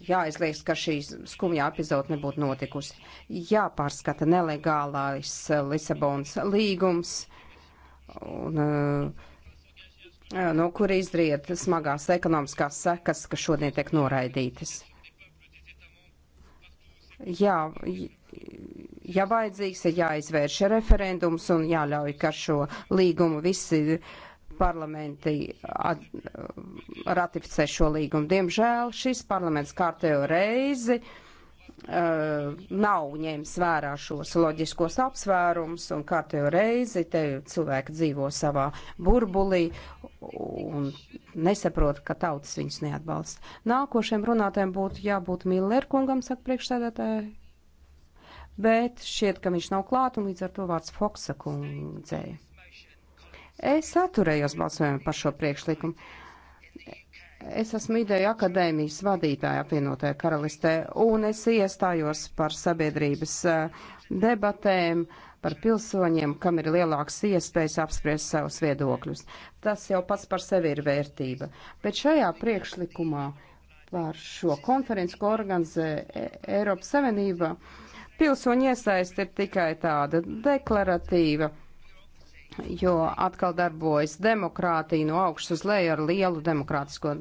jāizliekas, ka šī skumjā epizode nebūtu notikusi. Jāpārskata nelegālais Lisabonas līgums, un, uh, no kura izriet smagās ekonomiskās sekas, kas šodien tiek noraidītas. Jā, ja vajadzīgs, ir jāizvērš referendums un jāļauj, ka šo līgumu visi parlamenti at, ratificē šo līgumu. Diemžēl šis parlaments kārtējo reizi uh, nav ņēmis vērā šos loģiskos apsvērums un kārtējo reizi te cilvēki dzīvo savā burbulī un nesaprot, ka tautas viņus neatbalsta. Nākošiem runātēm būtu jābūt Miller kungam, saka priekšsēdētāji bet šķiet, ka viņš nav klāt un līdz ar to vārds Foksa kundzei. Es atturējos balsojumu par šo priekšlikumu. Es esmu ideja akadēmijas vadītāja apvienotajā karalistē un es iestājos par sabiedrības eh, debatēm, par pilsoņiem, kam ir lielāks iespējas apspriest savus viedokļus. Tas jau pats par sevi ir vērtība. Bet šajā priekšlikumā par šo konferenci, ko organizē e-, Eiropas Savienība, uh, pilsoņu iesaist ir tikai tāda deklaratīva, jo atkal darbojas demokrātija no augšas uz leju ar lielu demokrātisko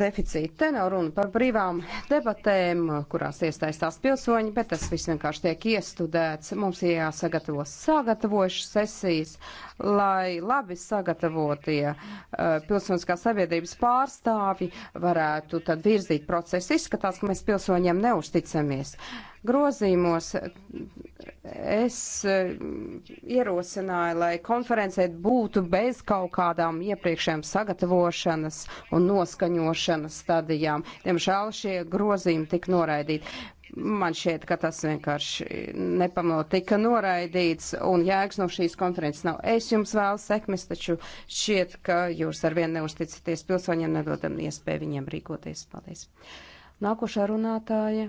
deficītu. Te nav runa par brīvām debatēm, kurās iesaistās pilsoņi, bet tas viss vienkārši tiek iestudēts. Mums ir jāsagatavo sagatavojušas sesijas lai labi sagatavotie uh, pilsoniskās sabiedrības pārstāvi varētu tad virzīt procesu. Izskatās, ka mēs pilsoņiem neusticamies. Grozīmos uh, es uh, ierosināju, lai konferencē būtu bez kaut kādām iepriekšējām sagatavošanas un noskaņošanas stadijām. Diemžēl šie grozījumi tik noraidīti. Man šķiet, ka tas vienkārši nepamanot tika noraidīts un jēgas no šīs konferences nav. Es jums vēlu sekmes, taču šķiet, ka jūs arvien neusticaties pilsoņiem, nedodam iespēju viņiem rīkoties. Paldies. Nākošā runātāja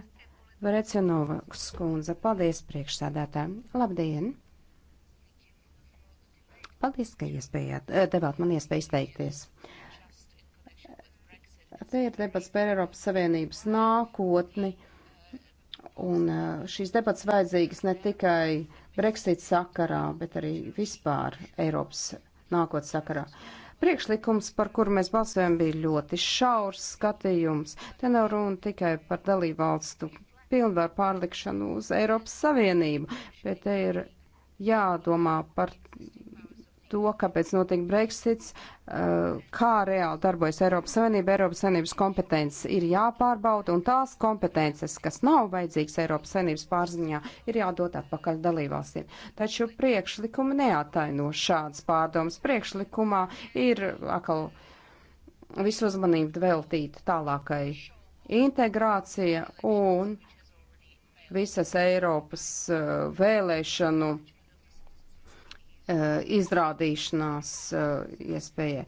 Varecenova skundze. Paldies priekšsādātājiem. Labdien! Paldies, ka iespējāt, eh, devāt man iespēju izteikties. Te ir debats par Eiropas Savienības nākotni Un šīs debats vajadzīgas ne tikai Brexit sakarā, bet arī vispār Eiropas nākotnes sakarā. Priekšlikums, par kuru mēs balsojam, bija ļoti šaurs skatījums. Te nav runa tikai par dalībvalstu pilnvaru pārlikšanu uz Eiropas Savienību, bet te ir jādomā par to, kāpēc notiek Brexits, eh, kā reāli darbojas Eiropas Savienība. Eiropas Savienības kompetences ir jāpārbauda, un tās kompetences, kas nav vajadzīgas Eiropas Savienības pārziņā, ir jādod atpakaļ dalībvalstīm. Taču priekšlikumi neataino šādas pārdomas. Priekšlikumā ir atkal visu uzmanību veltīt tālākai integrācija un visas Eiropas eh, vēlēšanu Eh, izrādīšanās eh, iespējai.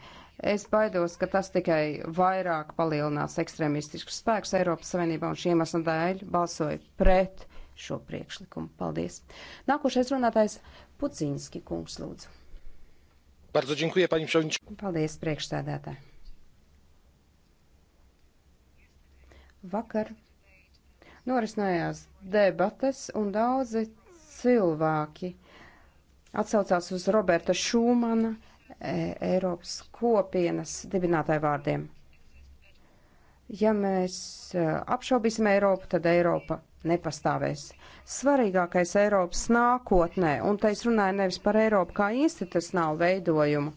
Es baidos, ka tas tikai vairāk palielinās ekstrēmistiskus spēkus Eiropas Savienībā un šī iemesla dēļ balsoju pret šo priekšlikumu. Paldies. Nākošais runātājs Puciņski kungs lūdzu. Bardzo dziękuję, pani przewodnicząca. Paldies, priekšsēdētāji. Vakar norisinājās debates un daudzi cilvēki atsaucās uz Roberta Šūmana, e, Eiropas kopienas dibinātāju vārdiem. Ja mēs e, apšaubīsim Eiropu, tad Eiropa nepastāvēs. Svarīgākais Eiropas nākotnē, un te es runāju nevis par Eiropu kā institucionālu veidojumu,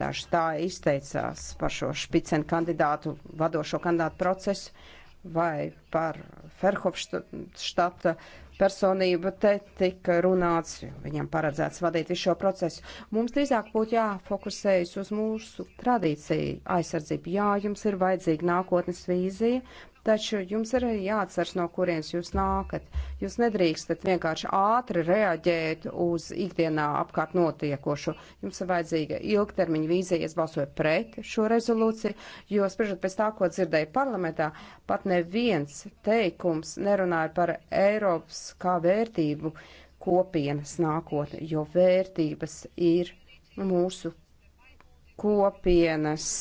daži tā izteicās par šo špicenu kandidātu, vadošo kandidātu procesu, vai par Ferhofštata personību te tika runāts, viņam paredzēts vadīt visu šo procesu. Mums drīzāk būtu jāfokusējas uz mūsu tradīciju aizsardzību. Jā, jums ir vajadzīga nākotnes vīzija, Taču jums arī jāatceras, no kurienes jūs nākat. Jūs nedrīkstat vienkārši ātri reaģēt uz ikdienā apkārt notiekošo. Jums ir vajadzīga ilgtermiņa vīzija. Es balsoju pret šo rezolūciju, jo spriežot pēc tā, ko dzirdēju parlamentā, pat neviens teikums nerunāja par Eiropas kā vērtību kopienas nākotni, jo vērtības ir mūsu kopienas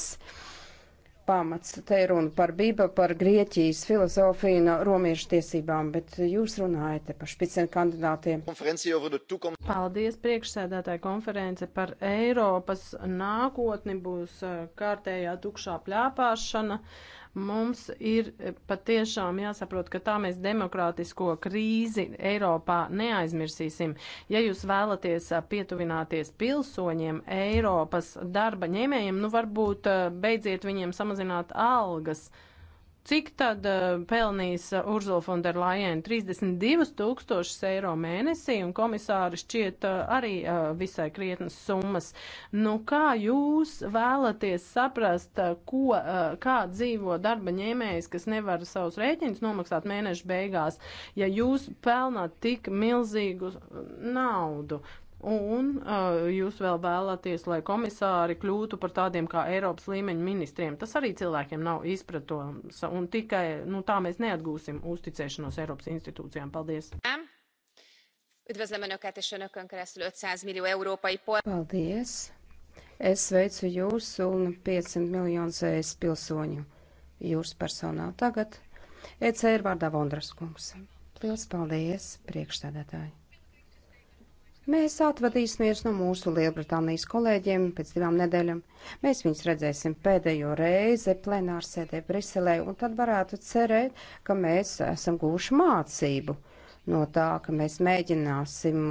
pamats. Te ir runa par Bībeli, par Grieķijas filozofiju, no romiešu tiesībām, bet jūs runājat par špicēm kandidātiem. Paldies, priekšsēdētāja konference par Eiropas nākotni būs eh, kārtējā tukšā pļāpāšana Mums ir e, patiešām jāsaprot, ka tā mēs demokrātisko krīzi Eiropā neaizmirsīsim. Ja jūs vēlaties e, pietuvināties pilsoņiem, Eiropas darba ņēmējiem, nu varbūt e, beidziet viņiem samazināt algas. Uh, Cik tad uh, pelnīs uh, Urzula Fonderlajēna? 32 tūkstošus eiro mēnesī, un komisāri šķiet uh, arī uh, visai krietnas summas. Nu, kā jūs vēlaties saprast, uh, ko, uh, kā dzīvo darba ņēmējs, kas nevar savus rēķinus nomaksāt mēneša beigās, ja jūs pelnāt tik milzīgu naudu? Un uh, jūs vēl vēlaties, lai komisāri kļūtu par tādiem kā Eiropas līmeņa ministriem. Tas arī cilvēkiem nav izpratams. Un tikai nu, tā mēs neatgūsim uzticēšanos Eiropas institūcijām. Paldies! Üdvözlöm Önöket és Önökön keresztül 500 millió európai pol. Paldies! Es sveicu jūs un 500 miljonus es pilsoņu jūras personā. Tagad ECR vārdā Vondras kungs. Liels paldies, priekšstādātāji! Mēs atvadīsimies no mūsu Lielbritānijas kolēģiem pēc divām nedēļām. Mēs viņus redzēsim pēdējo reizi plenārsēdē Briselē, un tad varētu cerēt, ka mēs esam gūši mācību no tā, ka mēs mēģināsim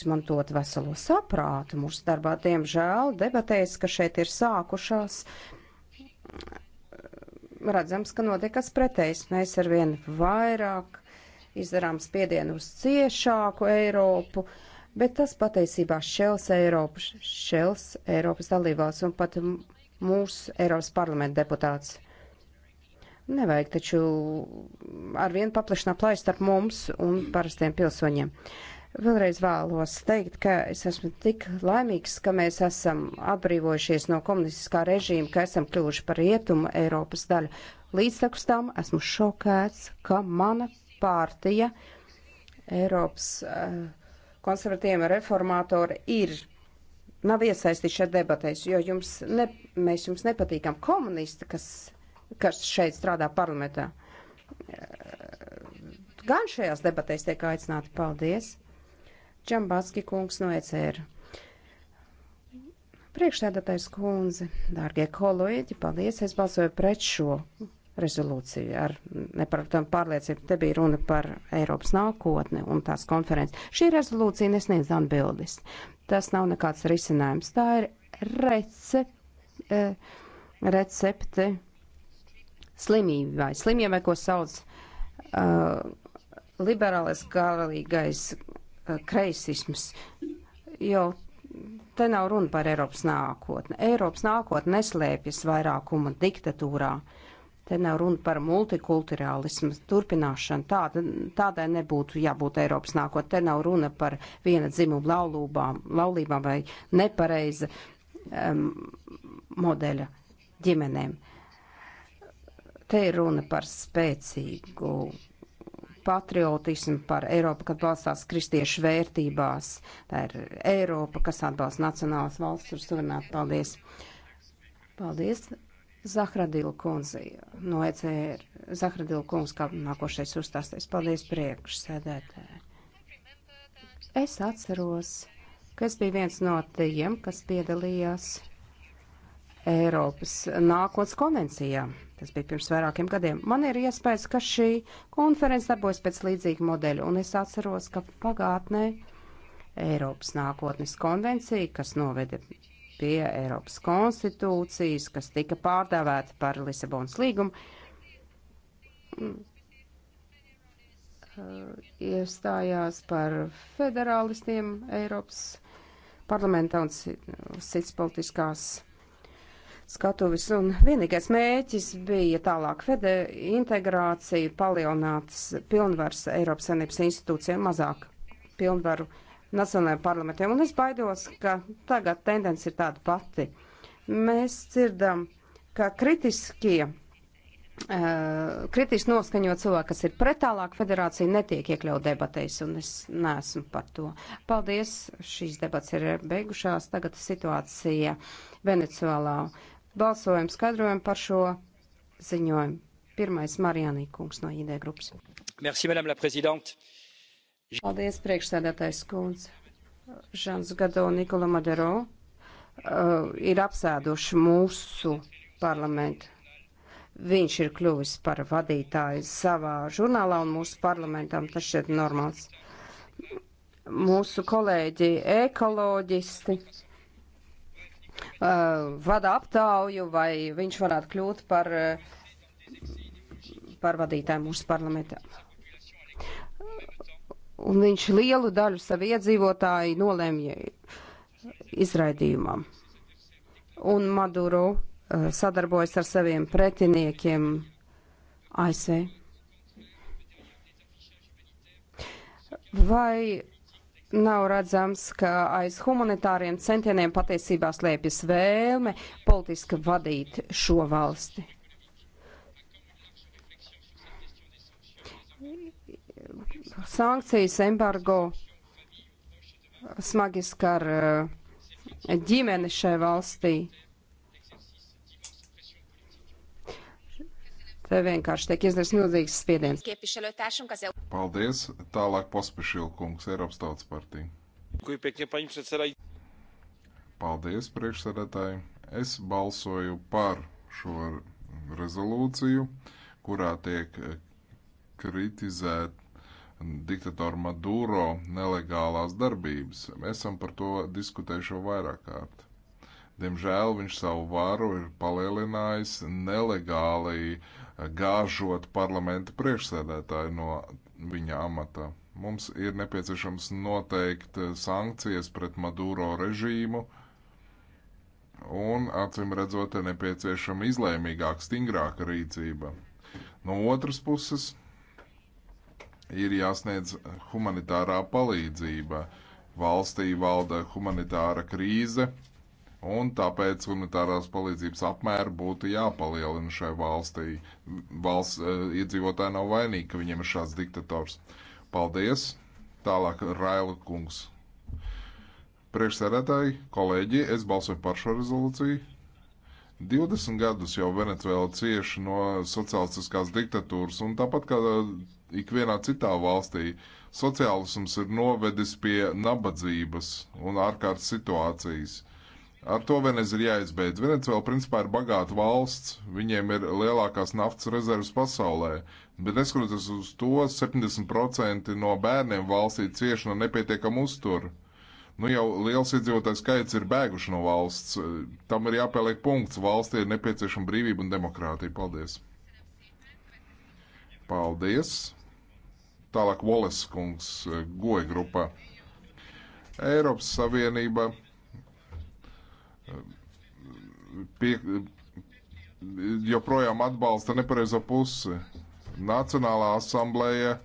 izmantot veselo saprātu mūsu darbā. Diemžēl debatēs, ka šeit ir sākušās, redzams, ka notiek kas pretējs. Mēs arvien vairāk izdarām spiedienu uz ciešāku Eiropu, bet tas patiesībā šels Eiropas, šels Eiropas dalībās un pat mūsu Eiropas parlamenta deputāts. Nevajag taču ar vienu paplašināt plājas starp mums un parastiem pilsoņiem. Vēlreiz vēlos teikt, ka es esmu tik laimīgs, ka mēs esam atbrīvojušies no komunistiskā režīma, ka esam kļuvuši par rietumu Eiropas daļu. Līdz tam esmu šokēts, ka mana pārtija Eiropas uh, konservatīviem reformātori ir, nav iesaistīti šajā debatēs, jo jums ne, mēs jums nepatīkam komunisti, kas, kas šeit strādā parlamentā. Eh, gan šajās debatēs tiek aicināti. Paldies! Čambatski kungs no ECR. Priekšsēdētājs kundze, dārgie kolēģi, paldies, es balsoju pret šo rezolūciju ar nepārprotamu pārliecību. Te bija runa par Eiropas nākotni un tās konferences. Šī rezolūcija nesniedz atbildes. Tas nav nekāds risinājums. Tā ir recep, eh, recepte slimībai, slimībai, ko sauc uh, liberālais galīgais uh, eh, kreisisms. Jo te nav runa par Eiropas nākotni. Eiropas nākotne neslēpjas vairākuma diktatūrā. Uh, Te nav runa par multikulturālismu turpināšanu. Tāda, tādai nebūtu jābūt Eiropas nākotnē. Te nav runa par viena dzimuma laulībām, laulībām vai nepareiza um, modeļa ģimenēm. Te ir runa par spēcīgu patriotismu, par Eiropu, kad balstās kristiešu vērtībās. Tā ir Eiropa, kas atbalsta nacionālas valsts, tur suverēnāt. Paldies! Paldies! Zahradila kundze no ECR. Zahradila kungs, kā nākošais uzstāsties. Paldies priekšsēdētāji. Es atceros, ka es biju viens no tiem, kas piedalījās Eiropas nākotnes konvencijā. Tas bija pirms vairākiem gadiem. Man ir iespējas, ka šī konference darbojas pēc līdzīga modeļa, un es atceros, ka pagātnē Eiropas nākotnes konvencija, kas noveda pie Eiropas konstitūcijas, kas tika pārdēvēta par Lisabonas līgumu. Mm. Uh, iestājās par federālistiem Eiropas parlamentā un cits politiskās skatuvis. Un vienīgais mēķis bija tālāk fede integrācija, palielināt pilnvars Eiropas Savienības institūcijām mazāk pilnvaru uh, nacionālajiem parlamentiem, un es baidos, ka tagad tendence ir tāda pati. Mēs dzirdam, ka kritiskie eh, kritiski noskaņot cilvēki, kas ir pretālāk federācija, netiek iekļaut debatēs, un es neesmu par to. Paldies, šīs debats ir beigušās, tagad situācija Venecuēlā. Balsojam, skaidrojam par šo ziņojumu. Pirmais Marijānī kungs no ID grupas. Merci, madame la présidente. Paldies, priekšsēdētājs kundze. Žans Gado un Nikola Madero uh, ir apsēduši mūsu parlamentu. Viņš ir kļuvis par vadītāju savā žurnālā un mūsu parlamentam tas šķiet normāls. Mūsu kolēģi ekoloģisti uh, vada aptauju, vai viņš varētu kļūt par, uh, par vadītāju mūsu parlamentam un viņš lielu daļu savu iedzīvotāju nolēmja izraidījumam. Un Maduro uh, sadarbojas ar saviem pretiniekiem ASV. E. Vai nav redzams, ka aiz humanitāriem centieniem patiesībā slēpjas vēlme politiski vadīt šo valsti? sankcijas embargo smagi skar eh, ģimeni šai valstī. Te vienkārši tiek izdarīts milzīgs spiediens. Paldies. Tālāk pospešilkungs Eiropas tautas partija. Paldies, priekšsēdētāji. Es balsoju par šo rezolūciju, kurā tiek eh, kritizēt diktatoru Maduro nelegālās darbības. Esam par to diskutējuši jau vairāk kārt. Diemžēl viņš savu varu ir palielinājis nelegāli eh, gāžot parlamenta priekšsēdētāju no viņa amata. Mums ir nepieciešams noteikt eh, sankcijas pret Maduro režīmu, un acīm redzot, ir nepieciešama izlēmīgāka, stingrāka rīcība. No otras puses, ir jāsniedz humanitārā palīdzība. Valstī valda humanitāra krīze, un tāpēc humanitārās palīdzības apmēru būtu jāpalielina šai valstī. Valsts eh, iedzīvotāji nav vainīgi, ka viņiem ir šāds diktators. Paldies! Tālāk Raila kungs. Priekšsēdētāji, kolēģi, es balsoju par šo rezolūciju. 20 gadus jau Venecuēla cieši no sociālistiskās diktatūras, un tāpat kā ikvienā citā valstī. Sociālisms ir novedis pie nabadzības un ārkārtas situācijas. Ar to Venez ir jāizbeidz. Venecuēla principā ir bagāta valsts, viņiem ir lielākās naftas rezervas pasaulē, bet neskatoties uz to, 70% no bērniem valstī cieši no nepietiekama uztura. Nu jau liels iedzīvotājs skaits ir bēguši no valsts, tam ir jāpieliek punkts, valstī ir nepieciešama brīvība un demokrātija. Paldies! Paldies! Tālāk Voles kungs, eh, goja grupa. Eiropas Savienība eh, pie, joprojām atbalsta nepareizo pusi. Nacionālā asamblēja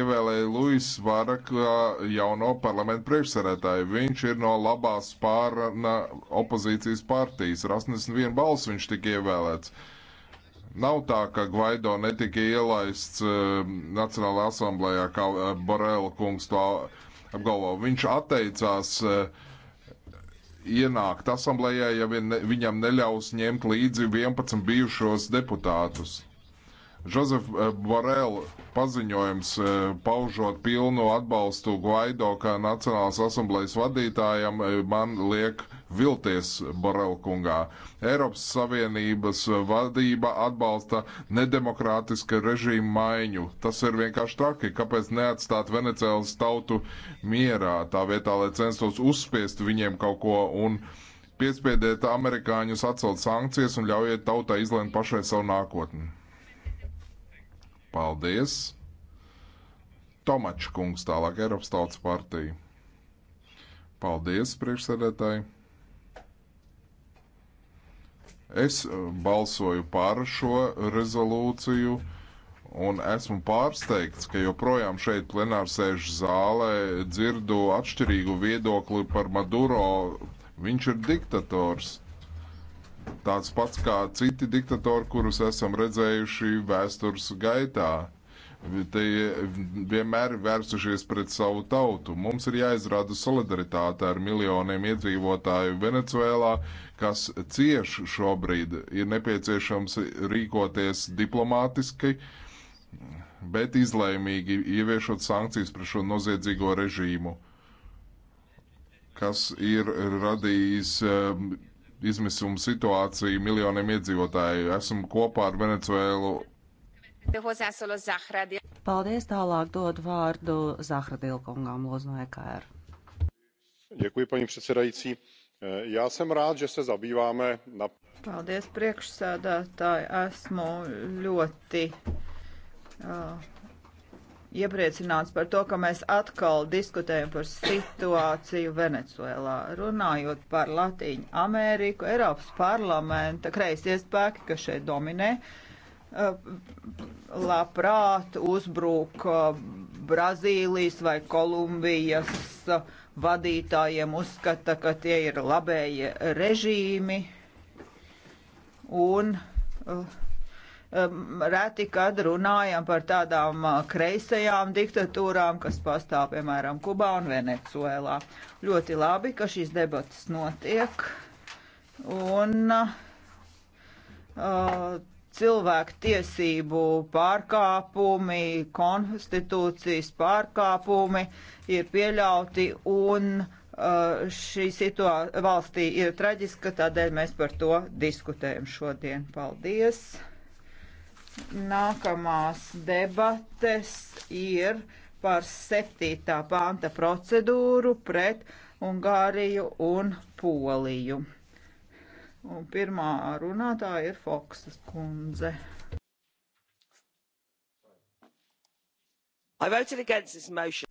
ievēlēja Luis Varaka jauno parlamentu priekšsarētāju. Viņš ir no labās pārna opozīcijas partijas. Ar 81 balsu viņš tika ievēlēts. Uh, Nav tā, ka Gvaido netika ielaists uh, Nacionālajā asamblējā, kā uh, eh, Borela kungs to apgalvo. Viņš atteicās uh, ienākt asamblējā, ja vien ne, viņam neļaus ņemt līdzi 11 bijušos deputātus. Žozef Borel paziņojums paužot pilnu atbalstu Gvaido kā Nacionālas asamblējas vadītājam man liek vilties Borelkungā. Eiropas Savienības vadība atbalsta nedemokrātiska režīma maiņu. Tas ir vienkārši traki. Kāpēc neatstāt Venecēlas tautu mierā tā vietā, lai censtos uzspiest viņiem kaut ko un piespiediet amerikāņus atcelt sankcijas un ļaujiet tautai izlēmt pašai savu nākotni. Paldies! Tomačs kungs, tālāk Eiropas Tautas partija. Paldies, priekšsēdētāji! Es eh, balsoju par šo rezolūciju un esmu pārsteigts, ka joprojām šeit plenārsēžu zālē dzirdu atšķirīgu viedokli par Maduro. Viņš ir diktators. Tāds pats kā citi diktatori, kurus esam redzējuši vēstures gaitā. Te vienmēr vērsušies pret savu tautu. Mums ir jāizrāda solidaritāte ar miljoniem iedzīvotāju Venecuēlā, kas cieš šobrīd. Ir nepieciešams rīkoties diplomātiski, bet izlēmīgi ieviešot sankcijas pret šo noziedzīgo režīmu, kas ir radījis um, izmisuma situāciju miljoniem iedzīvotāju. Esam kopā ar Venecuēlu Paldies, tālāk dod vārdu Zahradilkungam, lūdzu, no EKR. Děkuji, paní předsedající. Já jsem rád, že se zabýváme na... Paldies, priekšsēdētāji. Esmu ļoti uh, iepriecināts par to, ka mēs atkal diskutējam par situāciju Venecuēlā. Runājot par Latīņu Ameriku, Eiropas parlamenta kreisie spēki, kas šeit dominē, uh, Eh, labprāt uzbruk eh, Brazīlijas vai Kolumbijas eh, vadītājiem, uzskata, ka tie ir labēji režīmi un reti, kad runājam par tādām kreisajām diktatūrām, kas pastāv, piemēram, Kubā un Venecuēlā. Ļoti labi, ka šīs debatas notiek. Un uh, cilvēku tiesību pārkāpumi, konstitūcijas pārkāpumi ir pieļauti un uh, šī situācija valstī ir traģiska, tādēļ mēs par to diskutējam šodien. Paldies! Nākamās debates ir par 7. panta procedūru pret Ungāriju un Poliju. Un pirmā runātāja ir Foksas kundze. I voted against this motion.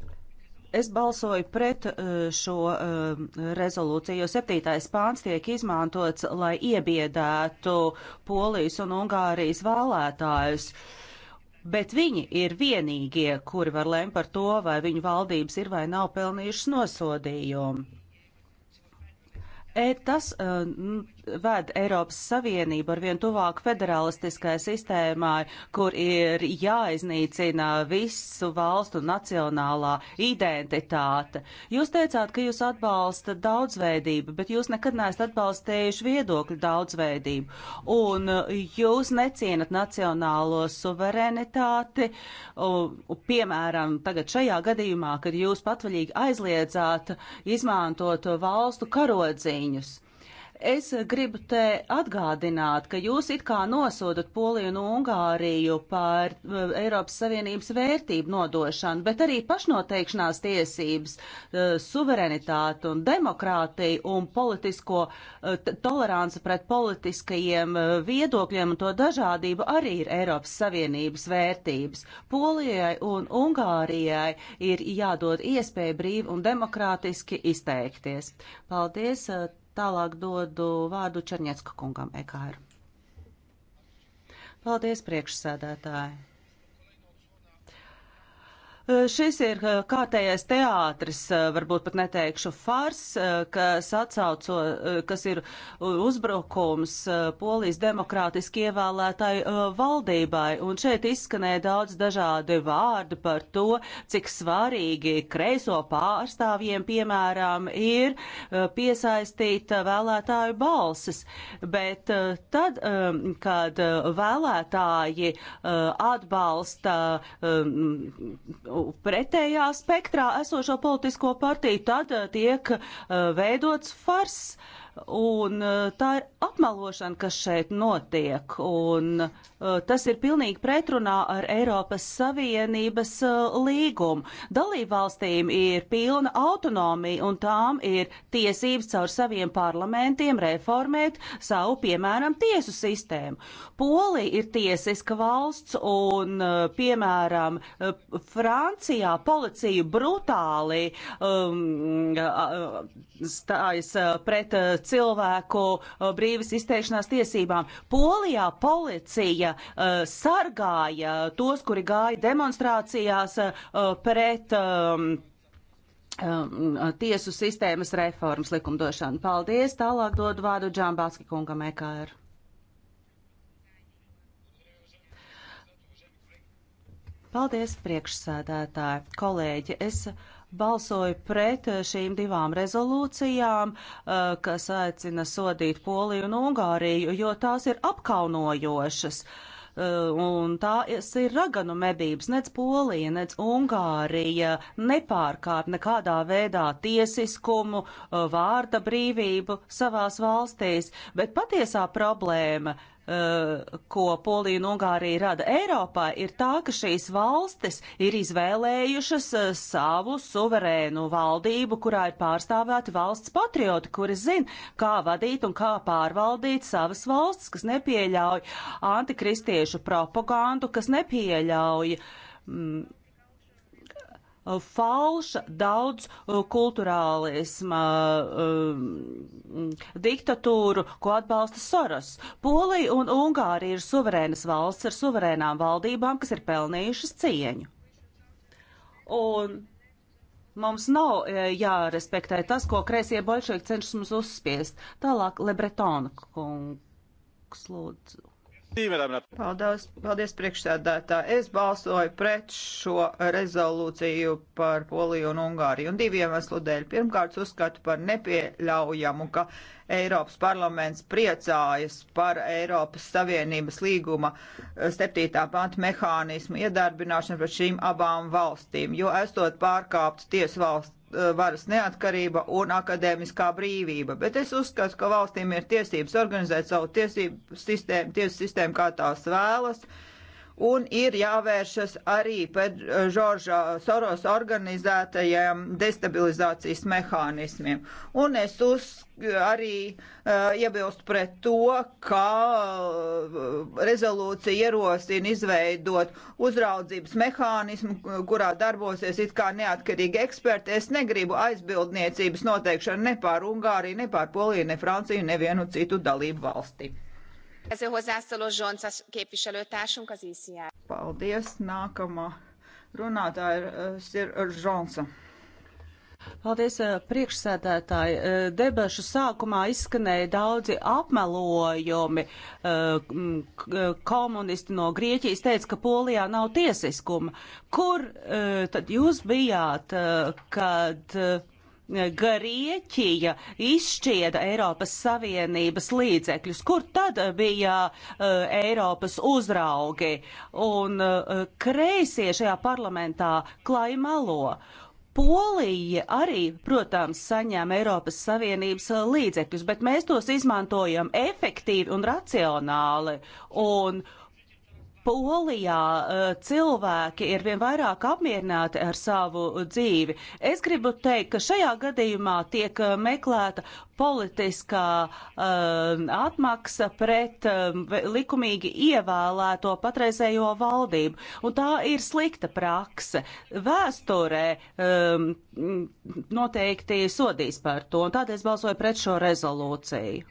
Es balsoju pret uh, šo uh, rezolūciju, jo septītais pāns tiek izmantots, lai iebiedētu Polijas un Ungārijas vēlētājus. Bet viņi ir vienīgie, kuri var lemt par to, vai viņu valdības ir vai nav pelnījušas nosodījumu. E, tas uh, ved Eiropas Savienību ar vien tuvāk federalistiskai sistēmai, kur ir jāiznīcina visu valstu nacionālā identitāte. Jūs teicāt, ka jūs atbalsta daudzveidību, bet jūs nekad neesat atbalstējuši viedokļu daudzveidību. Un jūs necienat nacionālo suverenitāti, piemēram, tagad šajā gadījumā, kad jūs patvaļīgi aizliedzāt izmantot valstu karodziņus. Es gribu te atgādināt, ka jūs it kā nosodat Poliju un Ungāriju par eh, Eiropas Savienības vērtību nodošanu, bet arī pašnoteikšanās tiesības, eh, suverenitāti un demokrātiju un politisko eh, toleranci pret politiskajiem viedokļiem un to dažādību arī ir Eiropas Savienības vērtības. Polijai un Ungārijai ir jādod iespēja brīvi un demokrātiski izteikties. Paldies! Tālāk dodu vārdu Černiecka kungam EKR. Paldies, priekšsēdētāji! Eh, šis ir eh, kārtējais teātris, eh, varbūt pat neteikšu fars, kas atsauco, kas ir uzbrukums polijas demokrātiski ievēlētai valdībai. Un šeit izskanēja daudz dažādi vārdi par to, cik svarīgi kreiso pārstāvjiem, piemēram, ir piesaistīt vēlētāju balsis. Bet tad, kad vēlētāji atbalsta pretējā spektrā esošo politisko partiju, tad eh, tiek eh, veidots fars. Uh, Un uh, tā ir apmelošana, kas šeit notiek, un uh, tas ir pilnīgi pretrunā ar Eiropas Savienības uh, līgumu. Dalībvalstīm ir pilna autonomija, un tām ir tiesības caur saviem parlamentiem reformēt savu, piemēram, tiesu sistēmu. Polija ir tiesiska valsts, un, piemēram, Francijā policija brutāli um, stājas pret cilvēku uh, brīvas izteikšanās tiesībām. Polijā policija uh, sargāja tos, kuri gāja demonstrācijās uh, pret um, um, tiesu sistēmas reformas likumdošanu. Paldies! Tālāk dodu vārdu Džambāski kungam EKR. Paldies, priekšsēdētāji, kolēģi! Es balsoju pret eh, šīm divām rezolūcijām, eh, kas aicina sodīt Poliju un Ungāriju, jo tās ir apkaunojošas. Eh, un tās ir raganu medības, nec Polija, nec Ungārija nepārkāp nekādā veidā tiesiskumu, vārda brīvību savās valstīs, bet patiesā problēma Eh, ko Polija un Ungārija rada Eiropā, ir tā, ka šīs valstis ir izvēlējušas eh, savu suverēnu valdību, kurā ir pārstāvēti valsts patrioti, kuri zina, kā vadīt un kā pārvaldīt savas valsts, kas nepieļauj antikristiešu propagandu, kas nepieļauj. Mm, Uh, falša daudz uh, kulturālisma um, diktatūru, ko atbalsta Soros. Polija un Ungārija ir suverēnas valsts ar suverēnām valdībām, kas ir pelnījušas cieņu. Un mums nav jārespektē tas, ko kreisie bolševiki cenšas mums uzspiest. Tālāk Lebretona kungs lūdzu. Paldies, paldies priekšsēdētā. Es balsoju pret šo rezolūciju par Poliju un Ungāriju un divu iemeslu dēļ. Pirmkārt, uzskatu par nepieļaujamu, ka Eiropas parlaments priecājas par Eiropas Savienības līguma 7. Eh, panta mehānismu iedarbināšanu pret šīm abām valstīm, jo esot pārkāpts tiesu valsts Eh, varas neatkarība un akadēmiskā brīvība. Bet es uzskatu, ka valstīm ir tiesības organizēt savu tiesību sistēmu, tiesu sistēmu, kā tās vēlas. Uh, un ir jāvēršas arī pret eh, Žorža Soros organizētajiem destabilizācijas mehānismiem. Un es uz, arī uh, iebilstu pret to, ka uh, rezolūcija ierosina izveidot uzraudzības mehānismu, kurā darbosies it kā neatkarīgi eksperti. Es negribu aizbildniecības noteikšanu ne pār Ungāriju, ne pār Poliju, ne Franciju, nevienu citu dalību valsti. Paldies, nākamā runātāja ir Žonsa. Paldies, priekšsēdētāji. Debašu sākumā izskanēja daudzi apmelojumi. Komunisti no Grieķijas teica, ka Polijā nav tiesiskuma. Kur tad jūs bijāt, kad Grieķija izšķieda Eiropas Savienības līdzekļus, kur tad bija uh, Eiropas uzraugi un uh, kreisie šajā parlamentā klāja malo. Polija arī, protams, saņem Eiropas Savienības eh, līdzekļus, bet mēs tos izmantojam efektīvi un racionāli. Un, uh, Polijā eh, cilvēki ir vien vairāk apmierināti ar savu dzīvi. Es gribu teikt, ka šajā gadījumā tiek eh, meklēta politiskā uh, atmaksa pret uh, likumīgi ievēlēto patreizējo valdību. Un tā ir slikta prakse. Vēsturē um, noteikti sodīs par to, un tādēļ es balsoju pret šo rezolūciju.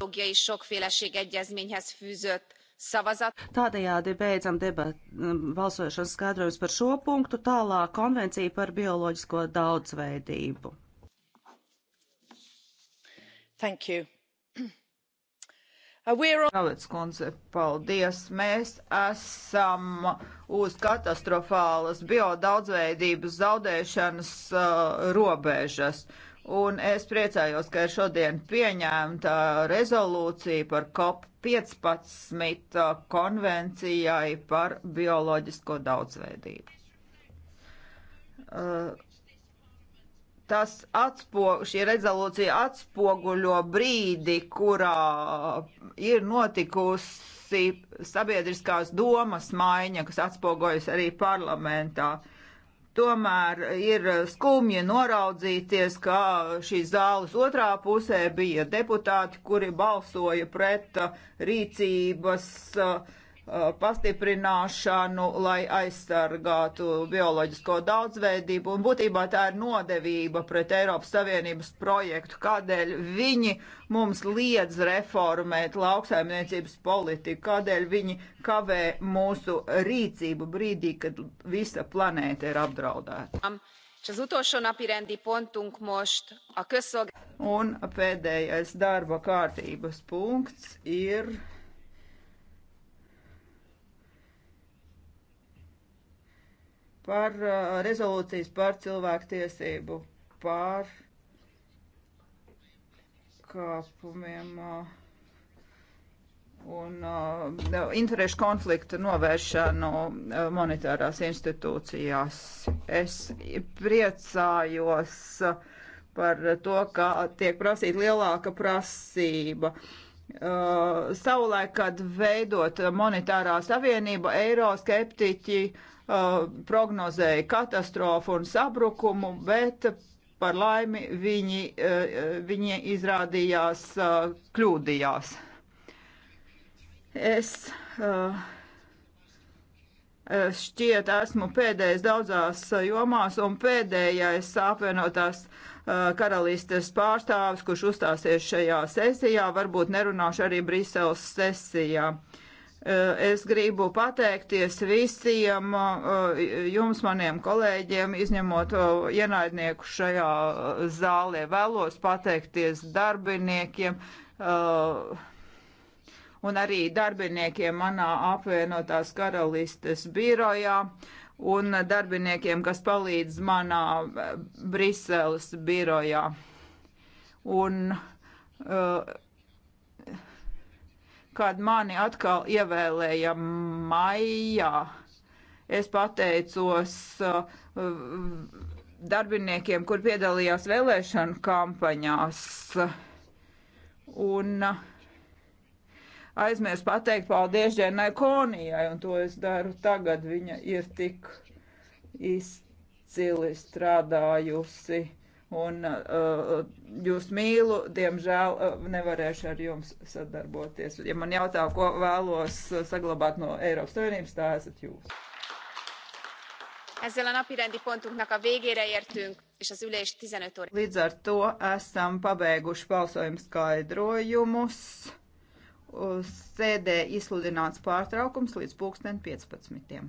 jogi és sokféleség egyezményhez fűzött savazat. Tādējādi beidzam debat, mm, balsošanas skaidrojums par šo punktu, tālāk konvencija par bioloģisko daudzveidību. Thank you. Kalets uh, kundze, paldies! Mēs esam uz katastrofālas biodaudzveidības zaudēšanas uh, robežas. Uh, Un es priecājos, ka ir šodien pieņemta rezolūcija par COP15 uh, konvencijai par bioloģisko daudzveidību. Uh, tas atspoguļo, šī rezolūcija atspoguļo brīdi, kurā ir notikusi sabiedriskās domas maiņa, kas atspoguļojas arī parlamentā. Uh, Tomēr ir skumji noraudzīties, ka šīs zāles otrā pusē bija deputāti, kuri balsoja pret rīcības uh, Uh, pastiprināšanu, lai aizsargātu bioloģisko daudzveidību. Un būtībā tā ir nodevība pret Eiropas Savienības projektu, kādēļ viņi mums liedz reformēt lauksaimniecības politiku, kādēļ viņi kavē mūsu rīcību brīdī, kad visa planēta ir apdraudēta. Um, un pēdējais darba kārtības punkts ir. par uh, rezolūcijas par cilvēktiesību pārkāpumiem uh, un uh, interešu konfliktu novēršanu uh, monetārās institūcijās. Es priecājos uh, par to, ka tiek prasīta lielāka prasība. Uh, savulaik, kad veidot monetārā savienība, eiroskeptiķi uh, Uh, prognozēja katastrofu un sabrukumu, bet par laimi viņi, uh, viņi izrādījās uh, kļūdījās. Es šķiet esmu pēdējais daudzās jomās un pēdējais apvienotās karalistes pārstāvis, kurš uzstāsies šajā sesijā, varbūt nerunāšu arī Briseles sesijā. Uh, Eh, es gribu pateikties visiem eh, jums, maniem kolēģiem, izņemot eh, ienaidnieku šajā zālē. Vēlos pateikties darbiniekiem un arī darbiniekiem manā apvienotās karalistes birojā un darbiniekiem, kas palīdz manā Briseles birojā. Un, uh, kad mani atkal ievēlēja maijā, es pateicos uh, darbiniekiem, kur piedalījās vēlēšanu kampaņās. Un uh, aizmirsu pateikt paldies Dženai Konijai, un to es daru tagad. Viņa ir tik izcili strādājusi un uh, jūs mīlu, diemžēl uh, nevarēšu ar jums sadarboties. Ja man jautā, ko vēlos uh, saglabāt no Eiropas Savienības, tā esat jūs. Ezzel a napirendi pontunknak a végére értünk, és az ülés 15 óra. Līdz ar to esam pabeiguši balsojumu skaidrojumus. Uz sēdē izsludināts pārtraukums līdz pulksten 15.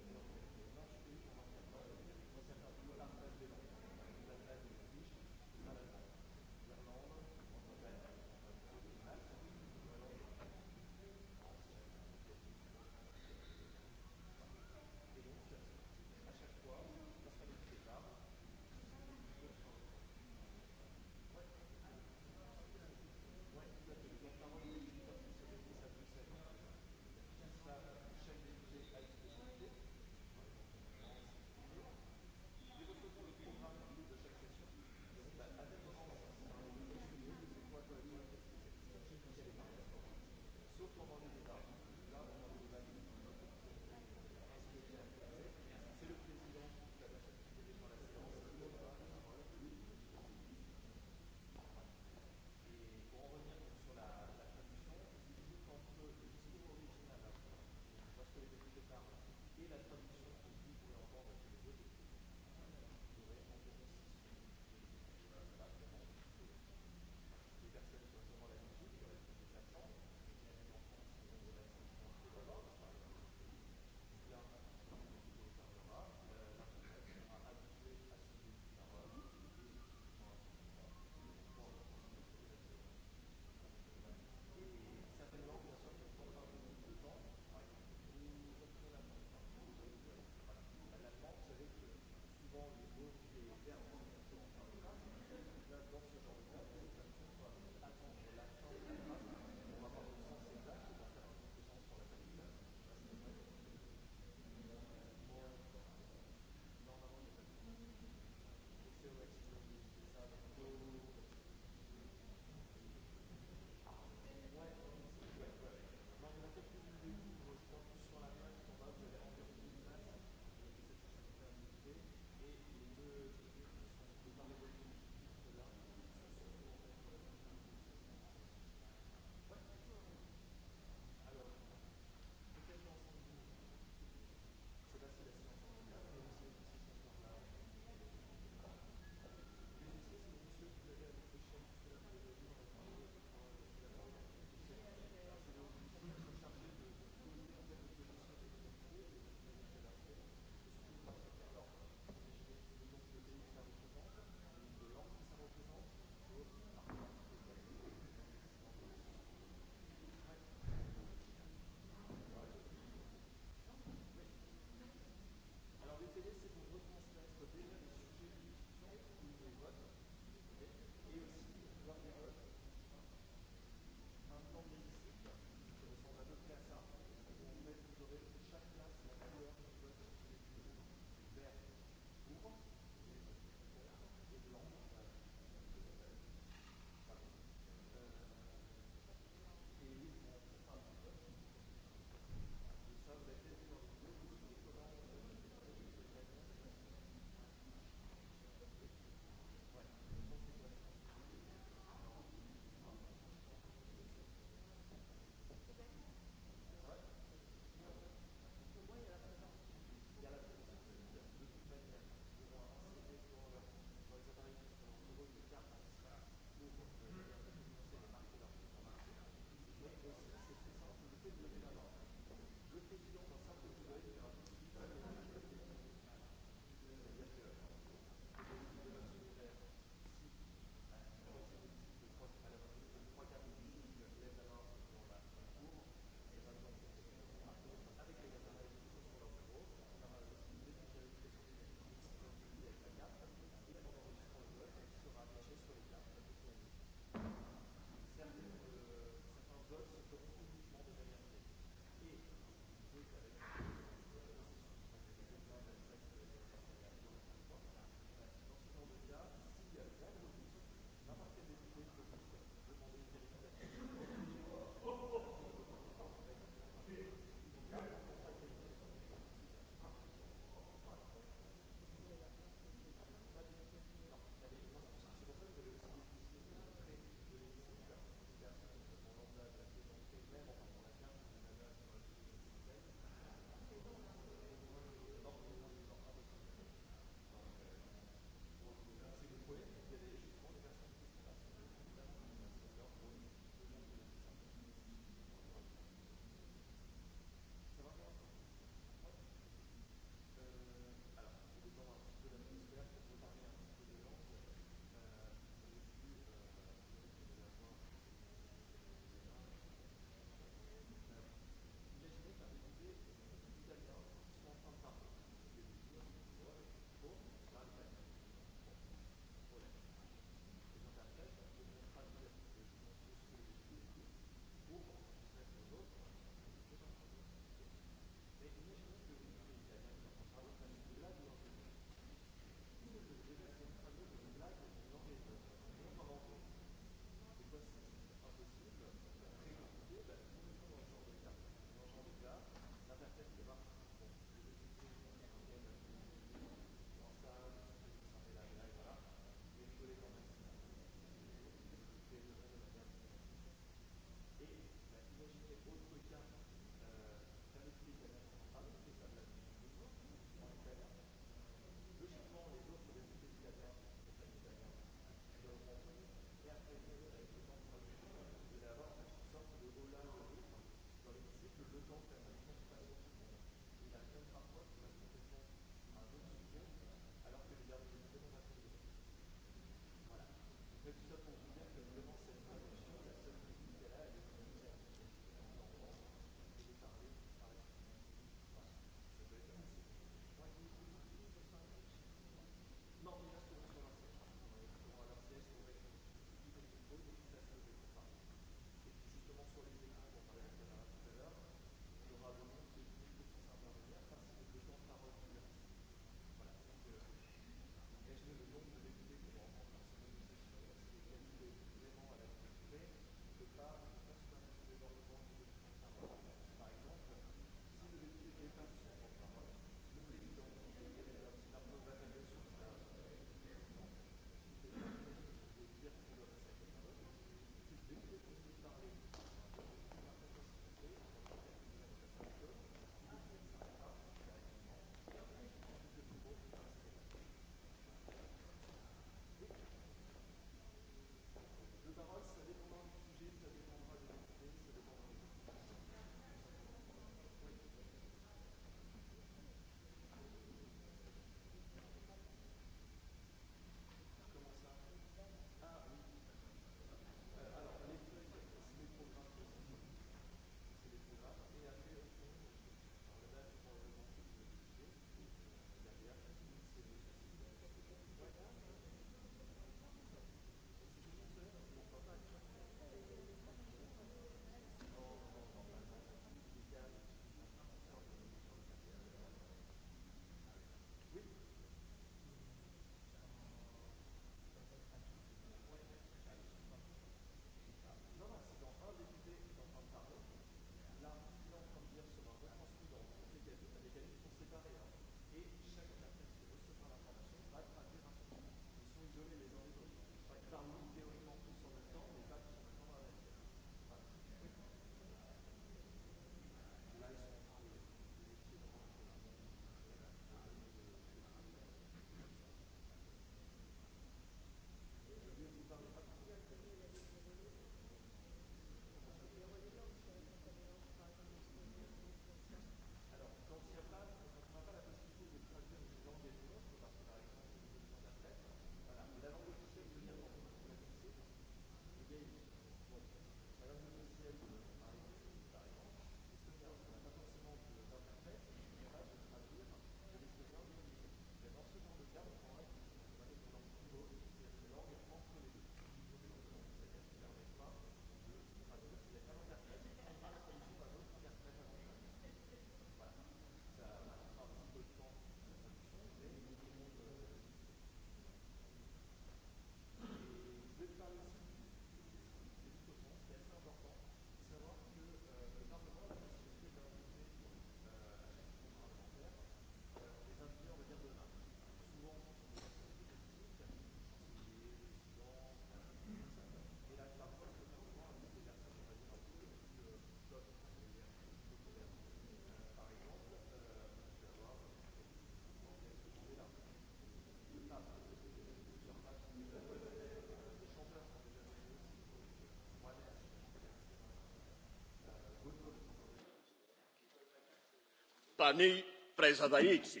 pani predsedající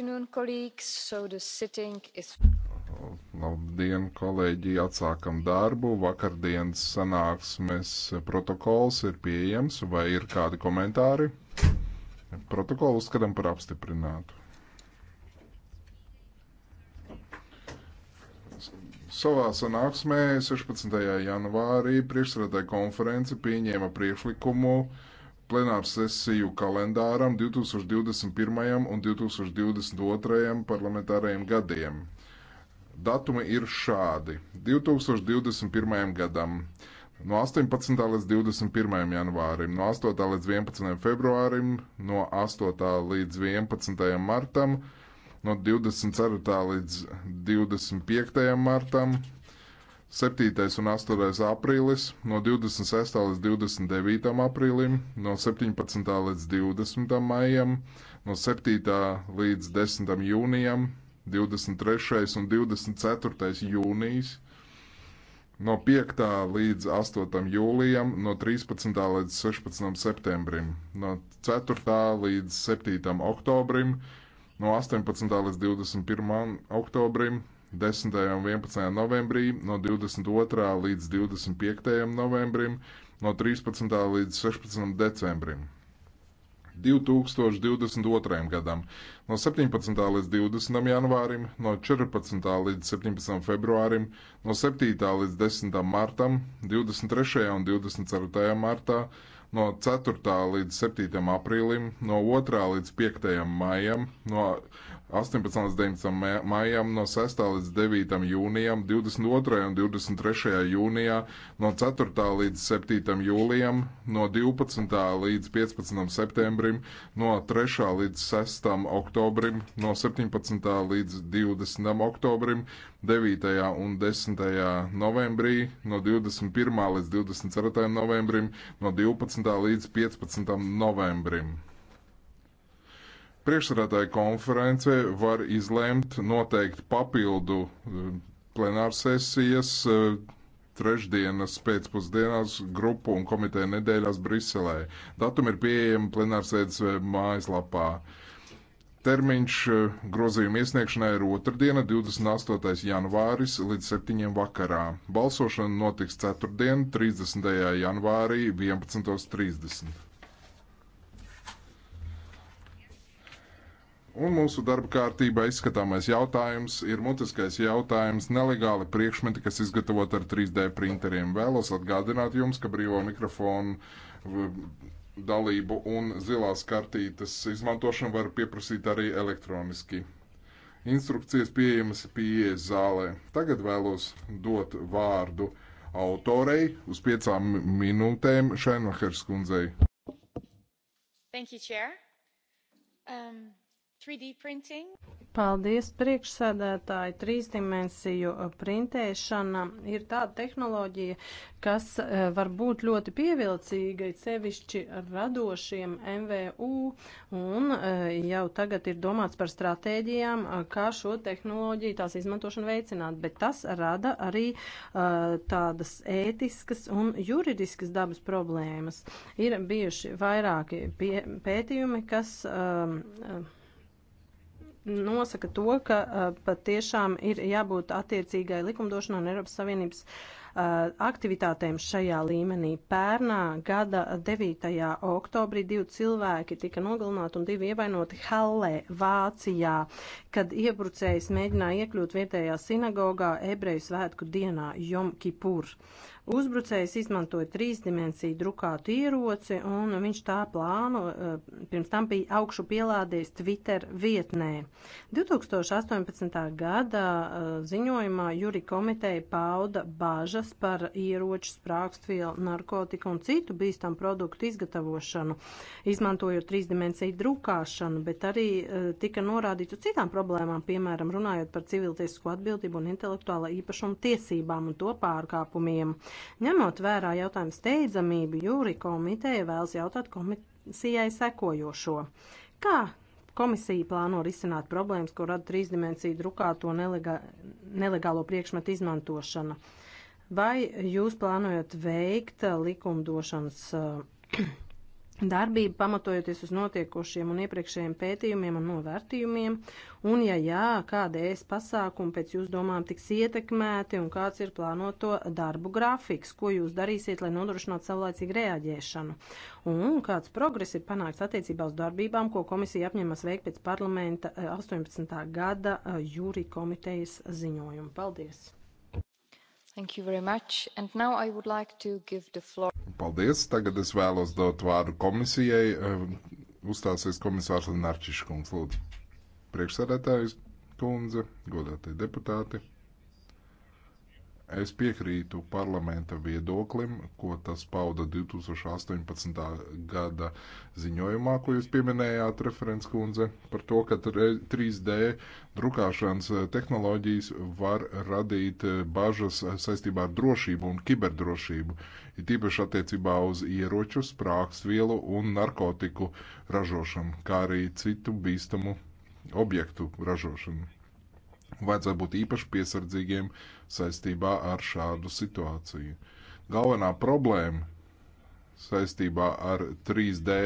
so is... Labdien, kolēģi! Atsākam darbu. Vakardienas sanāksmes protokols ir pieejams, vai ir kādi komentāri? Protokolu uzskatām par apstiprinātu. Savā sanāksmē 16. janvārī priekšsēdētāja konference pieņēma priekšlikumu plenāru sesiju kalendāram 2021. un 2022. parlamentārajiem gadiem. Datumi ir šādi. 2021. gadam no 18. līdz 21. janvārim, no 8. līdz 11. februārim, no 8. līdz 11. martam, no 24. līdz 25. martam, 7. un 8. aprīlis, no 26. līdz 29. aprīlim, no 17. līdz 20. maijam, no 7. līdz 10. jūnijam, 23. un 24. jūnijas, no 5. līdz 8. jūlijam, no 13. līdz 16. septembrim, no 4. līdz 7. oktobrim, no 18. līdz 21. oktobrim, 10. un 11. novembrī, no 22. līdz 25. novembrim, no 13. līdz 16. decembrim. 2022. gadam, no 17. līdz 20. janvārim, no 14. līdz 17. februārim, no 7. līdz 10. martam, 23. un 24. martā, no 4. līdz 7. aprīlim, no 2. līdz 5. maijam, no 18. un 19. maijam, no 6. līdz 9. jūnijam, 22. un 23. jūnijā, no 4. līdz 7. jūlijam, no 12. līdz 15. septembrim, no 3. līdz 6. oktobrim, no 17. līdz 20. oktobrim, 9. un 10. novembrī, no 21. līdz 24. novembrim, no 12. līdz 15. novembrim. Priekšsēdētāja konference var izlemt noteikti papildu eh, plenārsesijas eh, trešdienas pēcpusdienās grupu un komiteju nedēļās Briselē. Datumi ir pieejami plenārsēdes eh, mājaslapā. Termiņš grozījuma iesniegšanai ir otrdiena, 28. janvāris līdz 7. vakarā. Balsošana notiks ceturtdien, 30. janvārī 11.30. Un mūsu darba kārtībā izskatāmais jautājums ir mutiskais jautājums - nelegāli priekšmeti, kas izgatavot ar 3D printeriem. Vēlos atgādināt jums, ka brīvo mikrofonu dalību un zilās kartītes izmantošanu var pieprasīt arī elektroniski. Instrukcijas pieejamas pieejas zālē. Tagad vēlos dot vārdu autorei uz piecām minūtēm Šenvahers kundzei. Thank you, Chair. Um... Paldies, priekšsēdētāji. Trīsdimensiju uh, printēšana ir tāda tehnoloģija, kas uh, var būt ļoti pievilcīga, sevišķi radošiem MVU, un uh, jau tagad ir domāts par stratēģijām, kā šo tehnoloģiju tās izmantošanu veicināt, bet tas rada arī tādas ētiskas un juridiskas dabas problēmas. Ir bijuši vairāki pētījumi, kas. Um, nosaka to, ka patiešām ir jābūt attiecīgai likumdošanai un Eiropas Savienības aktivitātēm šajā līmenī. Pērnā gada 9. oktobrī divi cilvēki tika nogalināti un divi ievainoti Hallē, Vācijā, kad iebrucējs mēģināja iekļūt vietējā sinagogā ebreju svētku dienā Jom Kipur. Uzbrucējs izmantoja trīsdimensiju drukātu ieroci, un viņš tā plānu eh, pirms tam bija augšu pielādējis Twitter vietnē. 2018. gada eh, ziņojumā Juri komiteja pauda bāžas par ieroču sprākstvielu, narkotiku un citu bīstam produktu izgatavošanu, izmantojot trīsdimensiju drukāšanu, bet arī eh, tika norādīts uz citām problēmām, piemēram, runājot par civiltiesisko atbildību un intelektuālā īpašuma tiesībām un to pārkāpumiem. Ņemot vērā jautājumu steidzamību, jūri komiteja vēlas jautāt komisijai sekojošo. Kā komisija plāno risināt problēmas, ko rada trīsdimensiju drukāto nelegā, nelegālo priekšmetu izmantošana? Vai jūs plānojat veikt likumdošanas uh, darbību pamatojoties uz notiekošiem un iepriekšējiem pētījumiem un novērtījumiem, un ja jā, kāda ēs pasākuma pēc jūs domām tiks ietekmēti un kāds ir plānoto darbu grafiks, ko jūs darīsiet, lai nodrošinātu savlaicīgu reaģēšanu, un kāds progress ir panākts attiecībā uz darbībām, ko komisija apņemas veikt pēc parlamenta 18. Eh, gada eh, jūri komitejas ziņojuma. Paldies! Like floor... Paldies. Tagad es vēlos dot vārdu komisijai. Eh, uzstāsies komisārs Lenārčišs kungs, lūdzu. Priekšsēdētājs kundze, godātie deputāti. Es piekrītu parlamenta viedoklim, ko tas pauda 2018. gada ziņojumā, ko jūs pieminējāt, referents kundze, par to, ka 3D drukāšanas tehnoloģijas var radīt bažas saistībā ar drošību un kiberdrošību, ir tīpaši attiecībā uz ieroču, sprākstvielu un narkotiku ražošanu, kā arī citu bīstamu objektu ražošanu. Vajadzētu būt īpaši piesardzīgiem saistībā ar šādu situāciju. Galvenā problēma saistībā ar 3D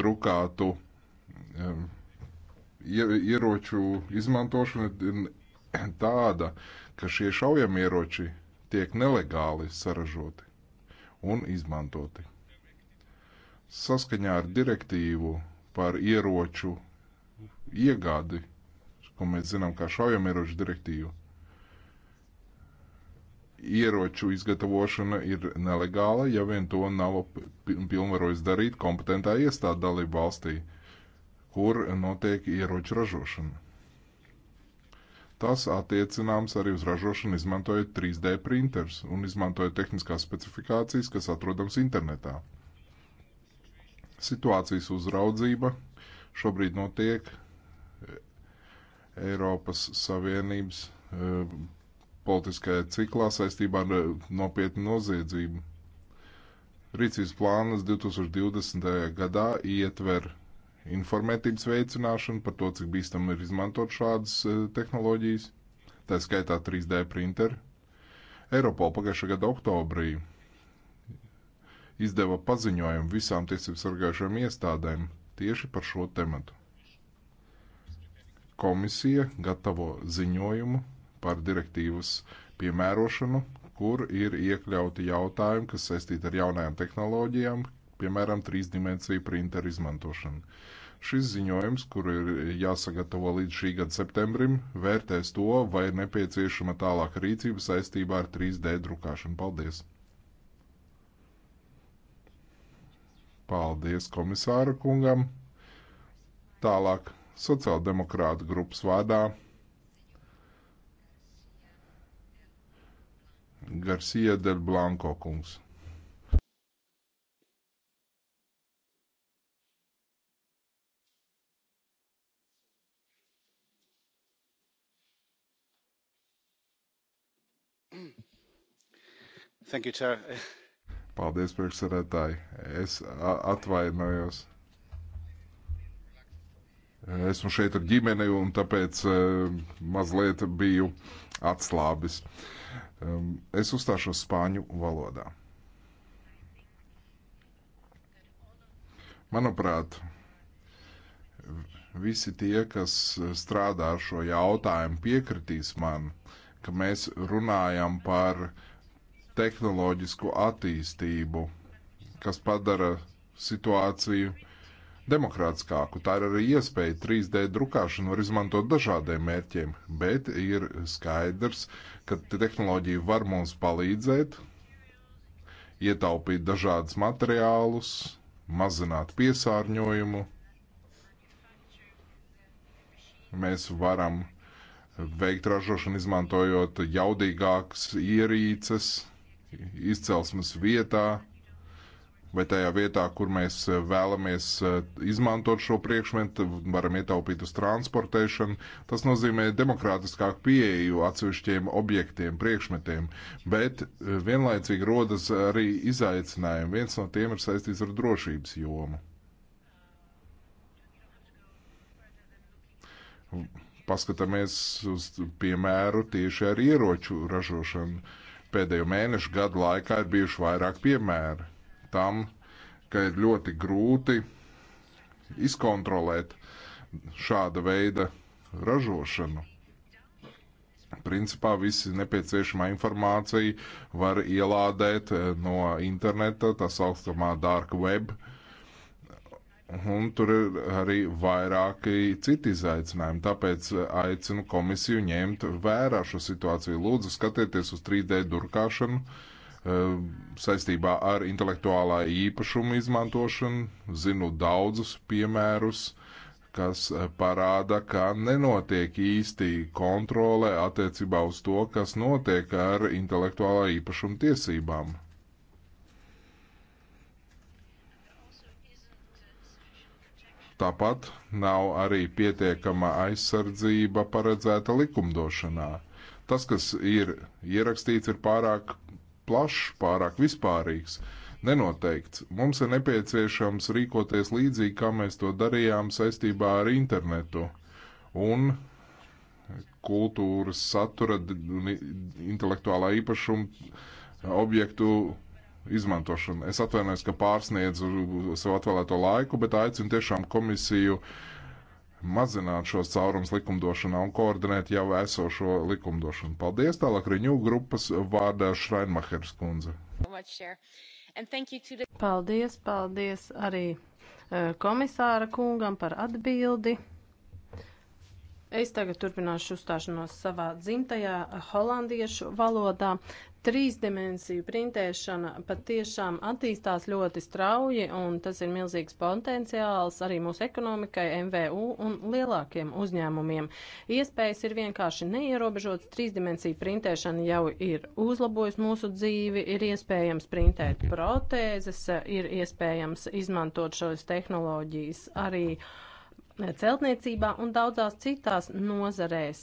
drukātu um, ieroču izmantošanu ir tāda, ka šie šaujamieroči tiek nelegāli saražoti un izmantoti. Saskaņā ar direktīvu par ieroču iegādi ko mēs zinām kā šaujamieroču direktīvu, ieroču izgatavošana ir nelegāla, ja vien to nav pilnvarojis darīt kompetentā iestāde dalību valstī, kur notiek ieroču ražošana. Tas attiecināms arī uz ražošanu, izmantojot 3D printers un izmantojot tehniskās specifikācijas, kas atrodams internetā. Situācijas uzraudzība šobrīd notiek Eiropas Savienības e, politiskajā ciklā saistībā ar e, nopietnu noziedzību. Rīcības plānas 2020. gadā ietver informētības veicināšanu par to, cik bīstam ir izmantot šādas e, tehnoloģijas, tā skaitā 3D printeri. Eiropol pagājušā gada oktobrī izdeva paziņojumu visām tiesību sargājušajām iestādēm tieši par šo tematu komisija gatavo ziņojumu par direktīvas piemērošanu, kur ir iekļauti jautājumi, kas saistīti ar jaunajām tehnoloģijām, piemēram, trīsdimensiju printeru izmantošanu. Šis ziņojums, kur ir jāsagatavo līdz šī gada septembrim, vērtēs to, vai ir nepieciešama tālāka rīcība saistībā ar 3D drukāšanu. Paldies! Paldies komisāra kungam! Tālāk sociāldemokrāta grupas vārdā Garcia del Blanco kungs. Thank you, Chair. Paldies, priekšsēdētāji. Es atvainojos. Esmu šeit ar ģimeni, un tāpēc eh, mazliet biju atslābis. Es uzstāšos spāņu valodā. Manuprāt, visi tie, kas strādā ar šo jautājumu, piekritīs man, ka mēs runājam par tehnoloģisku attīstību, kas padara situāciju uh, demokrātiskāku. Tā ir arī iespēja 3D drukāšanu var izmantot dažādiem mērķiem, bet ir skaidrs, ka tehnoloģija var mums palīdzēt ietaupīt dažādus materiālus, mazināt piesārņojumu. Mēs varam veikt ražošanu izmantojot jaudīgākas ierīces, izcelsmes vietā, vai tajā vietā, kur mēs eh, vēlamies eh, izmantot šo priekšmetu, varam ietaupīt uz transportēšanu. Tas nozīmē demokrātiskāku pieeju atsevišķiem objektiem, priekšmetiem, bet eh, vienlaicīgi rodas arī izaicinājumi. Viens no tiem ir saistīts ar drošības jomu. Paskatāmies uz piemēru tieši ar ieroču ražošanu. Pēdējo mēnešu gadu laikā ir bijuši vairāk piemēru tam, ka ir ļoti grūti izkontrolēt šāda veida ražošanu. Principā visi nepieciešamā informācija var ielādēt eh, no interneta, tā saucamā dark web. Un tur ir arī vairāki citi izaicinājumi, tāpēc eh, aicinu komisiju ņemt vērā šo situāciju. Lūdzu, skatieties uz 3D durkāšanu, uh, Ehm, saistībā ar intelektuālā īpašuma izmantošanu. Zinu daudzus piemērus, kas eh, parāda, ka nenotiek īsti kontrole attiecībā uz to, kas notiek ar intelektuālā īpašuma tiesībām. Tāpat nav arī pietiekama aizsardzība paredzēta likumdošanā. Tas, kas ir ierakstīts, ir pārāk plašs, pārāk vispārīgs, nenoteikts. Mums ir nepieciešams rīkoties līdzīgi, kā mēs to darījām saistībā ar internetu un kultūras satura un intelektuālā īpašuma objektu izmantošanu. Es atvainojos, ka pārsniedzu savu atvēlēto laiku, bet aicinu tiešām komisiju uh, mazināt šos caurums likumdošanā un koordinēt jau esošo likumdošanu. Paldies tālāk Riņū grupas vārdā Šrainmahers kundze. Paldies, paldies arī eh, komisāra kungam par atbildi. Es tagad turpināšu uzstāšanos savā dzimtajā holandiešu valodā. Trīs dimensiju printēšana patiešām attīstās ļoti strauji, un tas ir milzīgs potenciāls arī mūsu ekonomikai, MVU un lielākiem uzņēmumiem. Iespējas ir vienkārši neierobežotas. Trīs dimensiju printēšana jau ir uzlabojusi mūsu dzīvi, ir iespējams printēt protēzes, ir iespējams izmantot šos tehnoloģijas arī uh, celtniecībā un daudzās citās nozarēs.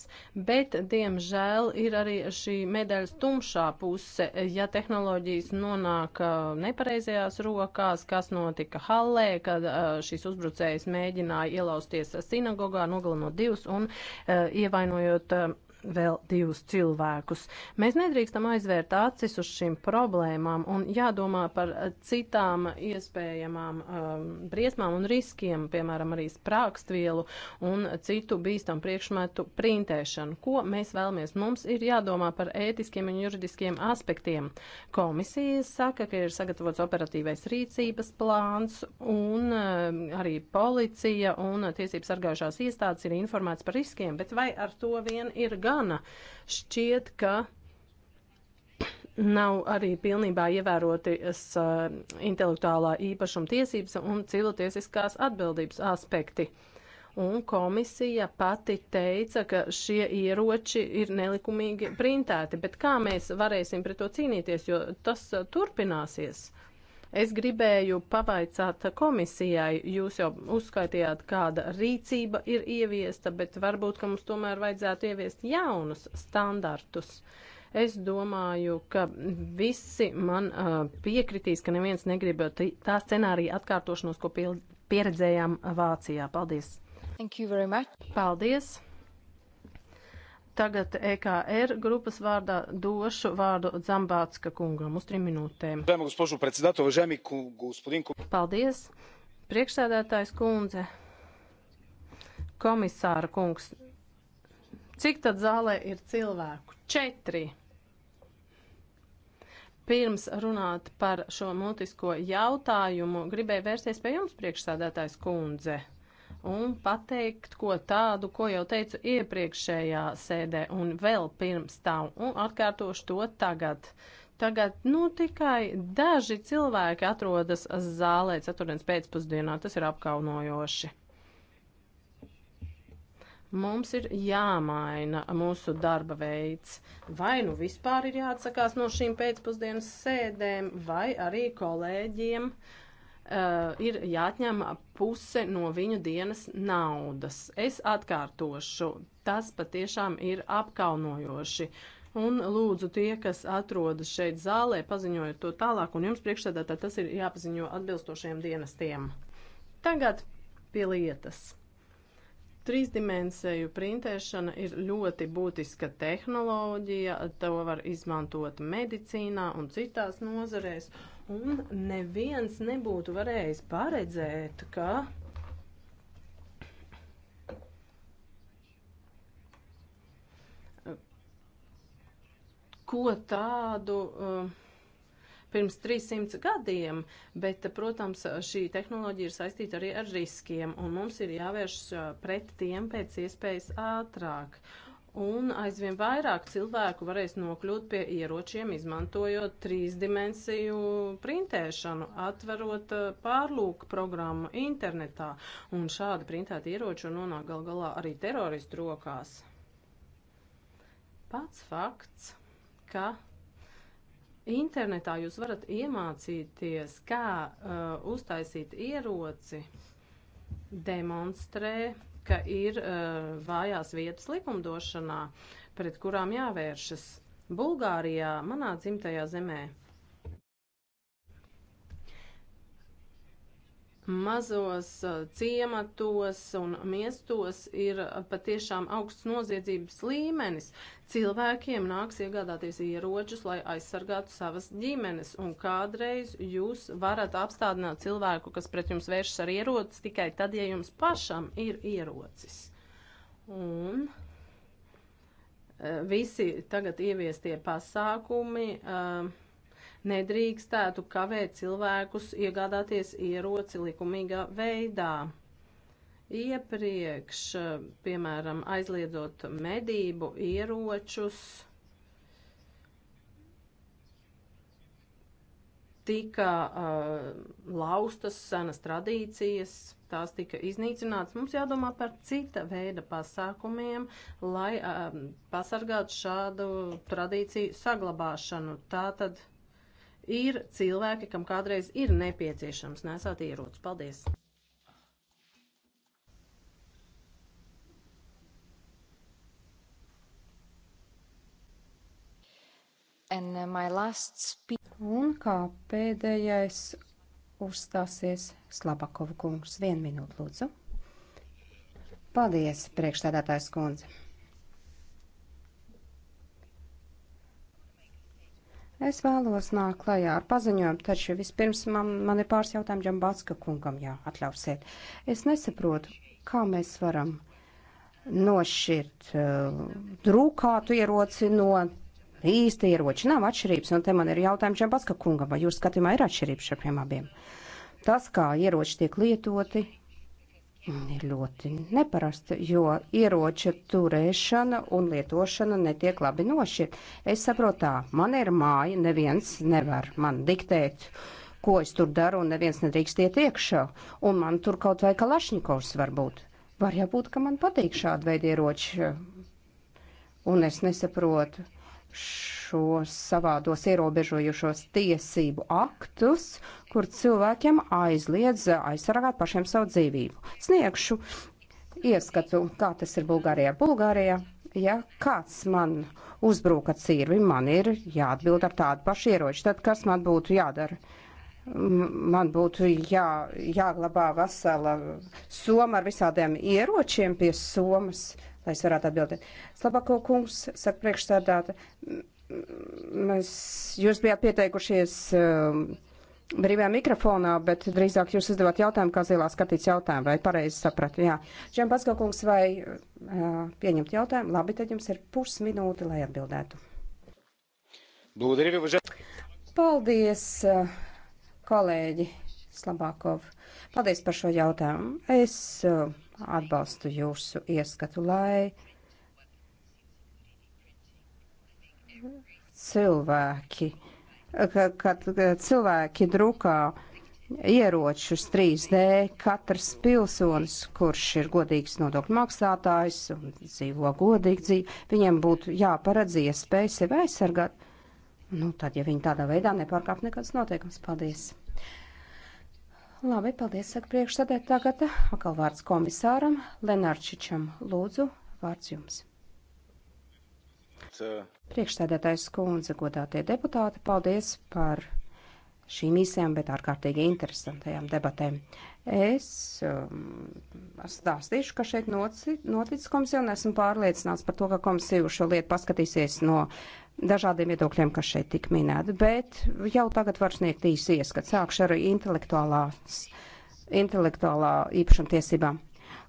Bet, diemžēl, ir arī šī medaļas tumšā puse. Ja tehnoloģijas nonāk nepareizajās rokās, kas notika Hallē, kad šis uzbrucējs mēģināja ielausties sinagogā, nogalinot divus un ievainojot vēl divus cilvēkus. Mēs nedrīkstam aizvērt acis uz šīm problēmām un jādomā par eh, citām iespējamām um, briesmām un riskiem, piemēram, arī sprākstvielu un citu bīstam priekšmetu printēšanu. Ko mēs vēlamies? Mums ir jādomā par ētiskiem un juridiskiem aspektiem. Komisija saka, ka ir sagatavots operatīvais rīcības plāns un um, arī policija un tiesības sargājušās iestādes ir informēts par riskiem, bet vai ar to vien ir galvenais? gana. Šķiet, ka nav arī pilnībā ievērotas uh, intelektuālā īpašuma tiesības un cilvēciskās atbildības aspekti. Un komisija pati teica, ka šie ieroči ir nelikumīgi printēti, bet kā mēs varēsim pret to cīnīties, jo tas uh, turpināsies? Es gribēju pavaicāt komisijai, jūs jau uzskaitījāt, kāda rīcība ir ieviesta, bet varbūt, ka mums tomēr vajadzētu ieviest jaunus standartus. Es domāju, ka visi man uh, piekritīs, ka neviens negrib tā scenārija atkārtošanos, ko pieredzējām Vācijā. Paldies! Thank you very much! Paldies! Tagad EKR grupas vārdā došu vārdu Dzambātska kungam uz trim minūtēm. Paldies, priekšsēdētājs kundze, komisāra kungs. Cik tad zālē ir cilvēku? Četri pirms runāt par šo mutisko jautājumu, gribēju vērsties pie jums, priekšsādātājs kundze un pateikt ko tādu, ko jau teicu iepriekšējā sēdē un vēl pirms tam, un atkārtošu to tagad. Tagad nu, tikai daži cilvēki atrodas zālē ceturtdienas pēcpusdienā. Tas ir apkaunojoši. Mums ir jāmaina mūsu darba veids. Vai nu vispār ir jāatsakās no šīm pēcpusdienas sēdēm, vai arī kolēģiem uh, uh, ir jāatņem puse no viņu dienas naudas. Es atkārtošu, tas patiešām ir apkaunojoši. Un lūdzu tie, kas atrodas šeit zālē, paziņojiet to tālāk, un jums priekšsēdētā tas ir jāpaziņo atbilstošiem dienestiem. Tagad pie lietas. Trīsdimensiju printēšana ir ļoti būtiska tehnoloģija, to var izmantot medicīnā un citās nozarēs. Uh, un neviens nebūtu varējis paredzēt, ka ko tādu uh, pirms 300 gadiem, bet, protams, šī tehnoloģija ir saistīta arī ar riskiem, un mums ir jāvēršas uh, pret tiem pēc iespējas ātrāk. Uh, un aizvien vairāk cilvēku varēs nokļūt pie ieročiem, izmantojot trīsdimensiju printēšanu, atverot eh, pārlūku programmu internetā, un šādi printēti ieroči nonāk gal galā arī teroristu rokās. Pats fakts, ka internetā jūs varat iemācīties, kā uh, uztaisīt ieroci, demonstrē ka ir uh, vājās vietas likumdošanā, pret kurām jāvēršas. Bulgārijā, manā dzimtajā zemē, mazos ciematos un miestos ir patiešām augsts noziedzības līmenis. Cilvēkiem nāks iegādāties ieročus, lai aizsargātu savas ģimenes, un kādreiz jūs varat apstādināt cilvēku, kas pret jums vēršas ar ierocis, tikai tad, ja jums pašam ir ierocis. Un visi tagad ieviestie pasākumi. Uh, nedrīkstētu kavēt cilvēkus iegādāties ieroci likumīgā veidā. Iepriekš, piemēram, aizliedzot medību ieročus, tika uh, laustas senas tradīcijas, tās tika iznīcinātas. Mums jādomā par cita veida pasākumiem, lai uh, pasargātu šādu tradīciju saglabāšanu. Tātad ir cilvēki, kam kādreiz ir nepieciešams nesāt ierocis. Paldies! Uh, Un kā pēdējais uzstāsies Slabakova kungs. Vienu minūtu, lūdzu. Paldies, priekšstādātājs kundze. Es vēlos nākt klajā ar paziņojumu, taču vispirms man, man ir pāris jautājumu Džambatska kungam, jā, atļausiet. Es nesaprotu, kā mēs varam nošķirt uh, drūkātu ieroci no īsta ieroča. Nav atšķirības, un te man ir jautājums Džambatska kungam, vai jūs skatījumā ir atšķirības šiem abiem. Tas, kā ieroči tiek lietoti, ir ļoti neparasta, jo ieroča turēšana un lietošana netiek labi nošķirt. Es saprotu tā, man ir māja, neviens nevar man diktēt, ko es tur daru, un neviens nedrīkst iet iekšā, un man tur kaut vai kalašņikovs var būt. Var jau būt, ka man patīk šāda veida ieroči, un es nesaprotu, šos savādos ierobežojušos tiesību aktus, kur cilvēkiem aizliedz aizsargāt pašiem savu dzīvību. Sniegšu ieskatu, kā tas ir Bulgārijā. Bulgārijā, ja kāds man uzbruka cīrvi, man ir jāatbild ar tādu pašu ieroči, tad kas man būtu jādara? Man būtu jā, jāglabā vesela soma ar visādiem ieročiem pie somas lai es varētu atbildēt. Slabāko kungs, saka priekšstādāta, mēs, jūs bijāt pieteikušies um, brīvajā mikrofonā, bet drīzāk jūs uzdevāt jautājumu, kā zilā skatīts jautājumu, vai pareizi sapratu, jā. Žem Pasko kungs, vai uh, pieņemt jautājumu? Labi, tad jums ir pusminūte, lai atbildētu. Paldies, uh, kolēģi Slabākov. Paldies par šo jautājumu. Es uh, atbalstu jūsu ieskatu, lai cilvēki, kad, kad cilvēki drukā ieročus 3D, katrs pilsonis, kurš ir godīgs nodokļu maksātājs un dzīvo godīgi dzīvi, viņiem būtu jāparedz iespēja sevi aizsargāt. Nu, tad, ja viņi tādā veidā nepārkāp nekādas noteikums, paldies! Labi, paldies, saka priekšsēdē. Tagad atkal vārds komisāram Lenārčičam. Lūdzu, vārds jums. Priekšsēdētājs skundze, godātie deputāti, paldies par šīm īsajām, bet ārkārtīgi interesantajām debatēm. Es um, stāstīšu, ka šeit noticis komisija un esmu pārliecināts par to, ka komisija šo lietu paskatīsies no dažādiem viedokļiem, kas šeit tik minēti, bet jau tagad var sniegt īsi ieskats. Sākšu ar intelektuālās, intelektuālā īpašuma tiesībām.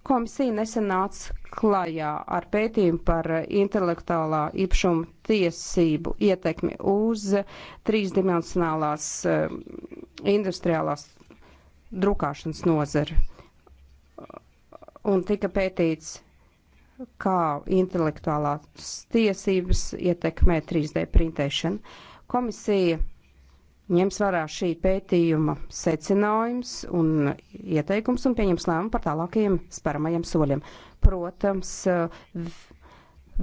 Komisija nesenāca klajā ar pētījumu par intelektuālā īpašuma tiesību ietekmi uz trīsdimensionālās uh, industriālās drukāšanas nozari. Un tika pētīts kā intelektuālās tiesības ietekmē 3D printēšanu. Komisija ņems vērā šī pētījuma secinājums un ieteikums un pieņems lēmumu par tālākajiem sparamajiem soļiem. Protams,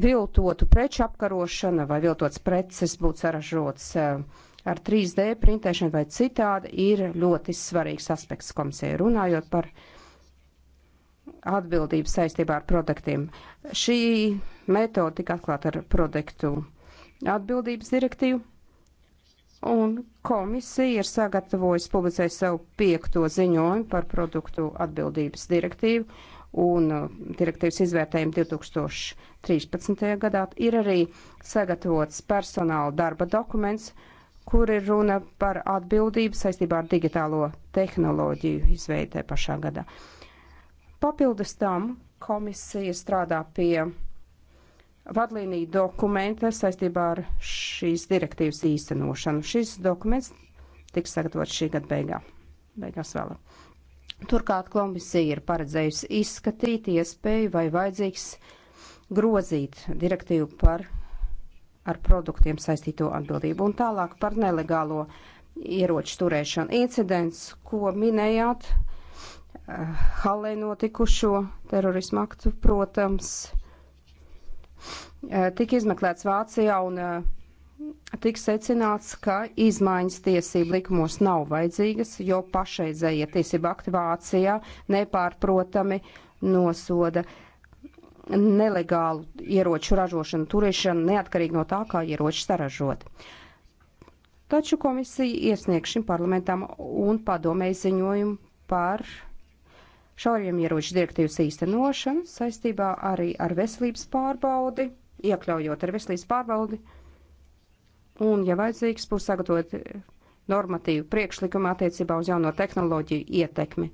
viltotu preču apkarošana vai viltots preces būtu saražots eh, ar 3D printēšanu vai citādi ir ļoti svarīgs aspekts komisijai runājot par atbildību saistībā ar produktiem. Šī metode tika atklāta ar produktu atbildības direktīvu, un komisija ir sagatavojusi publicēt savu piekto ziņojumu par produktu atbildības direktīvu, un uh, direktīvas izvērtējumu 2013. gadā ir arī sagatavots personāla darba dokuments, kur ir runa par atbildību saistībā ar digitālo tehnoloģiju izveidē pašā gadā. Uh, Papildus tam komisija strādā pie vadlīniju dokumenta saistībā ar šīs direktīvas īstenošanu. Šis dokuments tiks sagatavots šī gada beigā, beigās vēl. Turklāt komisija ir paredzējusi izskatīt iespēju vai vajadzīgs grozīt direktīvu par ar produktiem saistīto atbildību un tālāk par nelegālo ieroču turēšanu. Incidents, ko minējāt, Halē notikušo terorismu aktu, protams, eh, tika izmeklēts Vācijā un eh, tika secināts, ka izmaiņas tiesību likumos nav vajadzīgas, jo pašreizējie tiesību akti Vācijā nepārprotami nosoda nelegālu ieroču ražošanu, turēšanu, neatkarīgi no tā, kā ieroči saražot. Taču komisija iesniegš šim parlamentam un padomēji ziņojumu par šauriem ieroču direktīvas īstenošanu saistībā arī ar veselības pārbaudi, iekļaujot ar veselības pārbaudi, un, ja vajadzīgs, būs sagatavot normatīvu priekšlikumu attiecībā uz jauno tehnoloģiju ietekmi.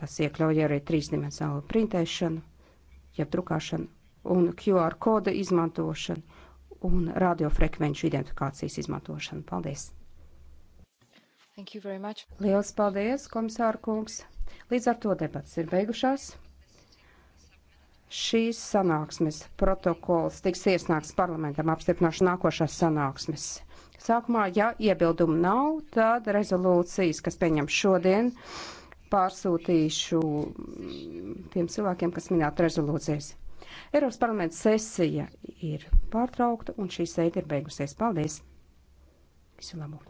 Tas iekļauj arī trīsdimensālu printēšanu, jeb drukāšanu, un QR koda izmantošanu un radiofrekvenču identifikācijas izmantošanu. Paldies! Lielas paldies, komisāra kungs! Līdz ar to debats ir beigušās. Šīs sanāksmes protokols tiks iesnāks parlamentam apstiprināšu nākošās sanāksmes. Sākumā, ja iebildumu nav, tad rezolūcijas, kas pieņem šodien, pārsūtīšu tiem cilvēkiem, kas minēt rezolūcijas. Eiropas parlamenta sesija ir pārtraukta un šī sēde ir beigusies. Paldies! Visu labu!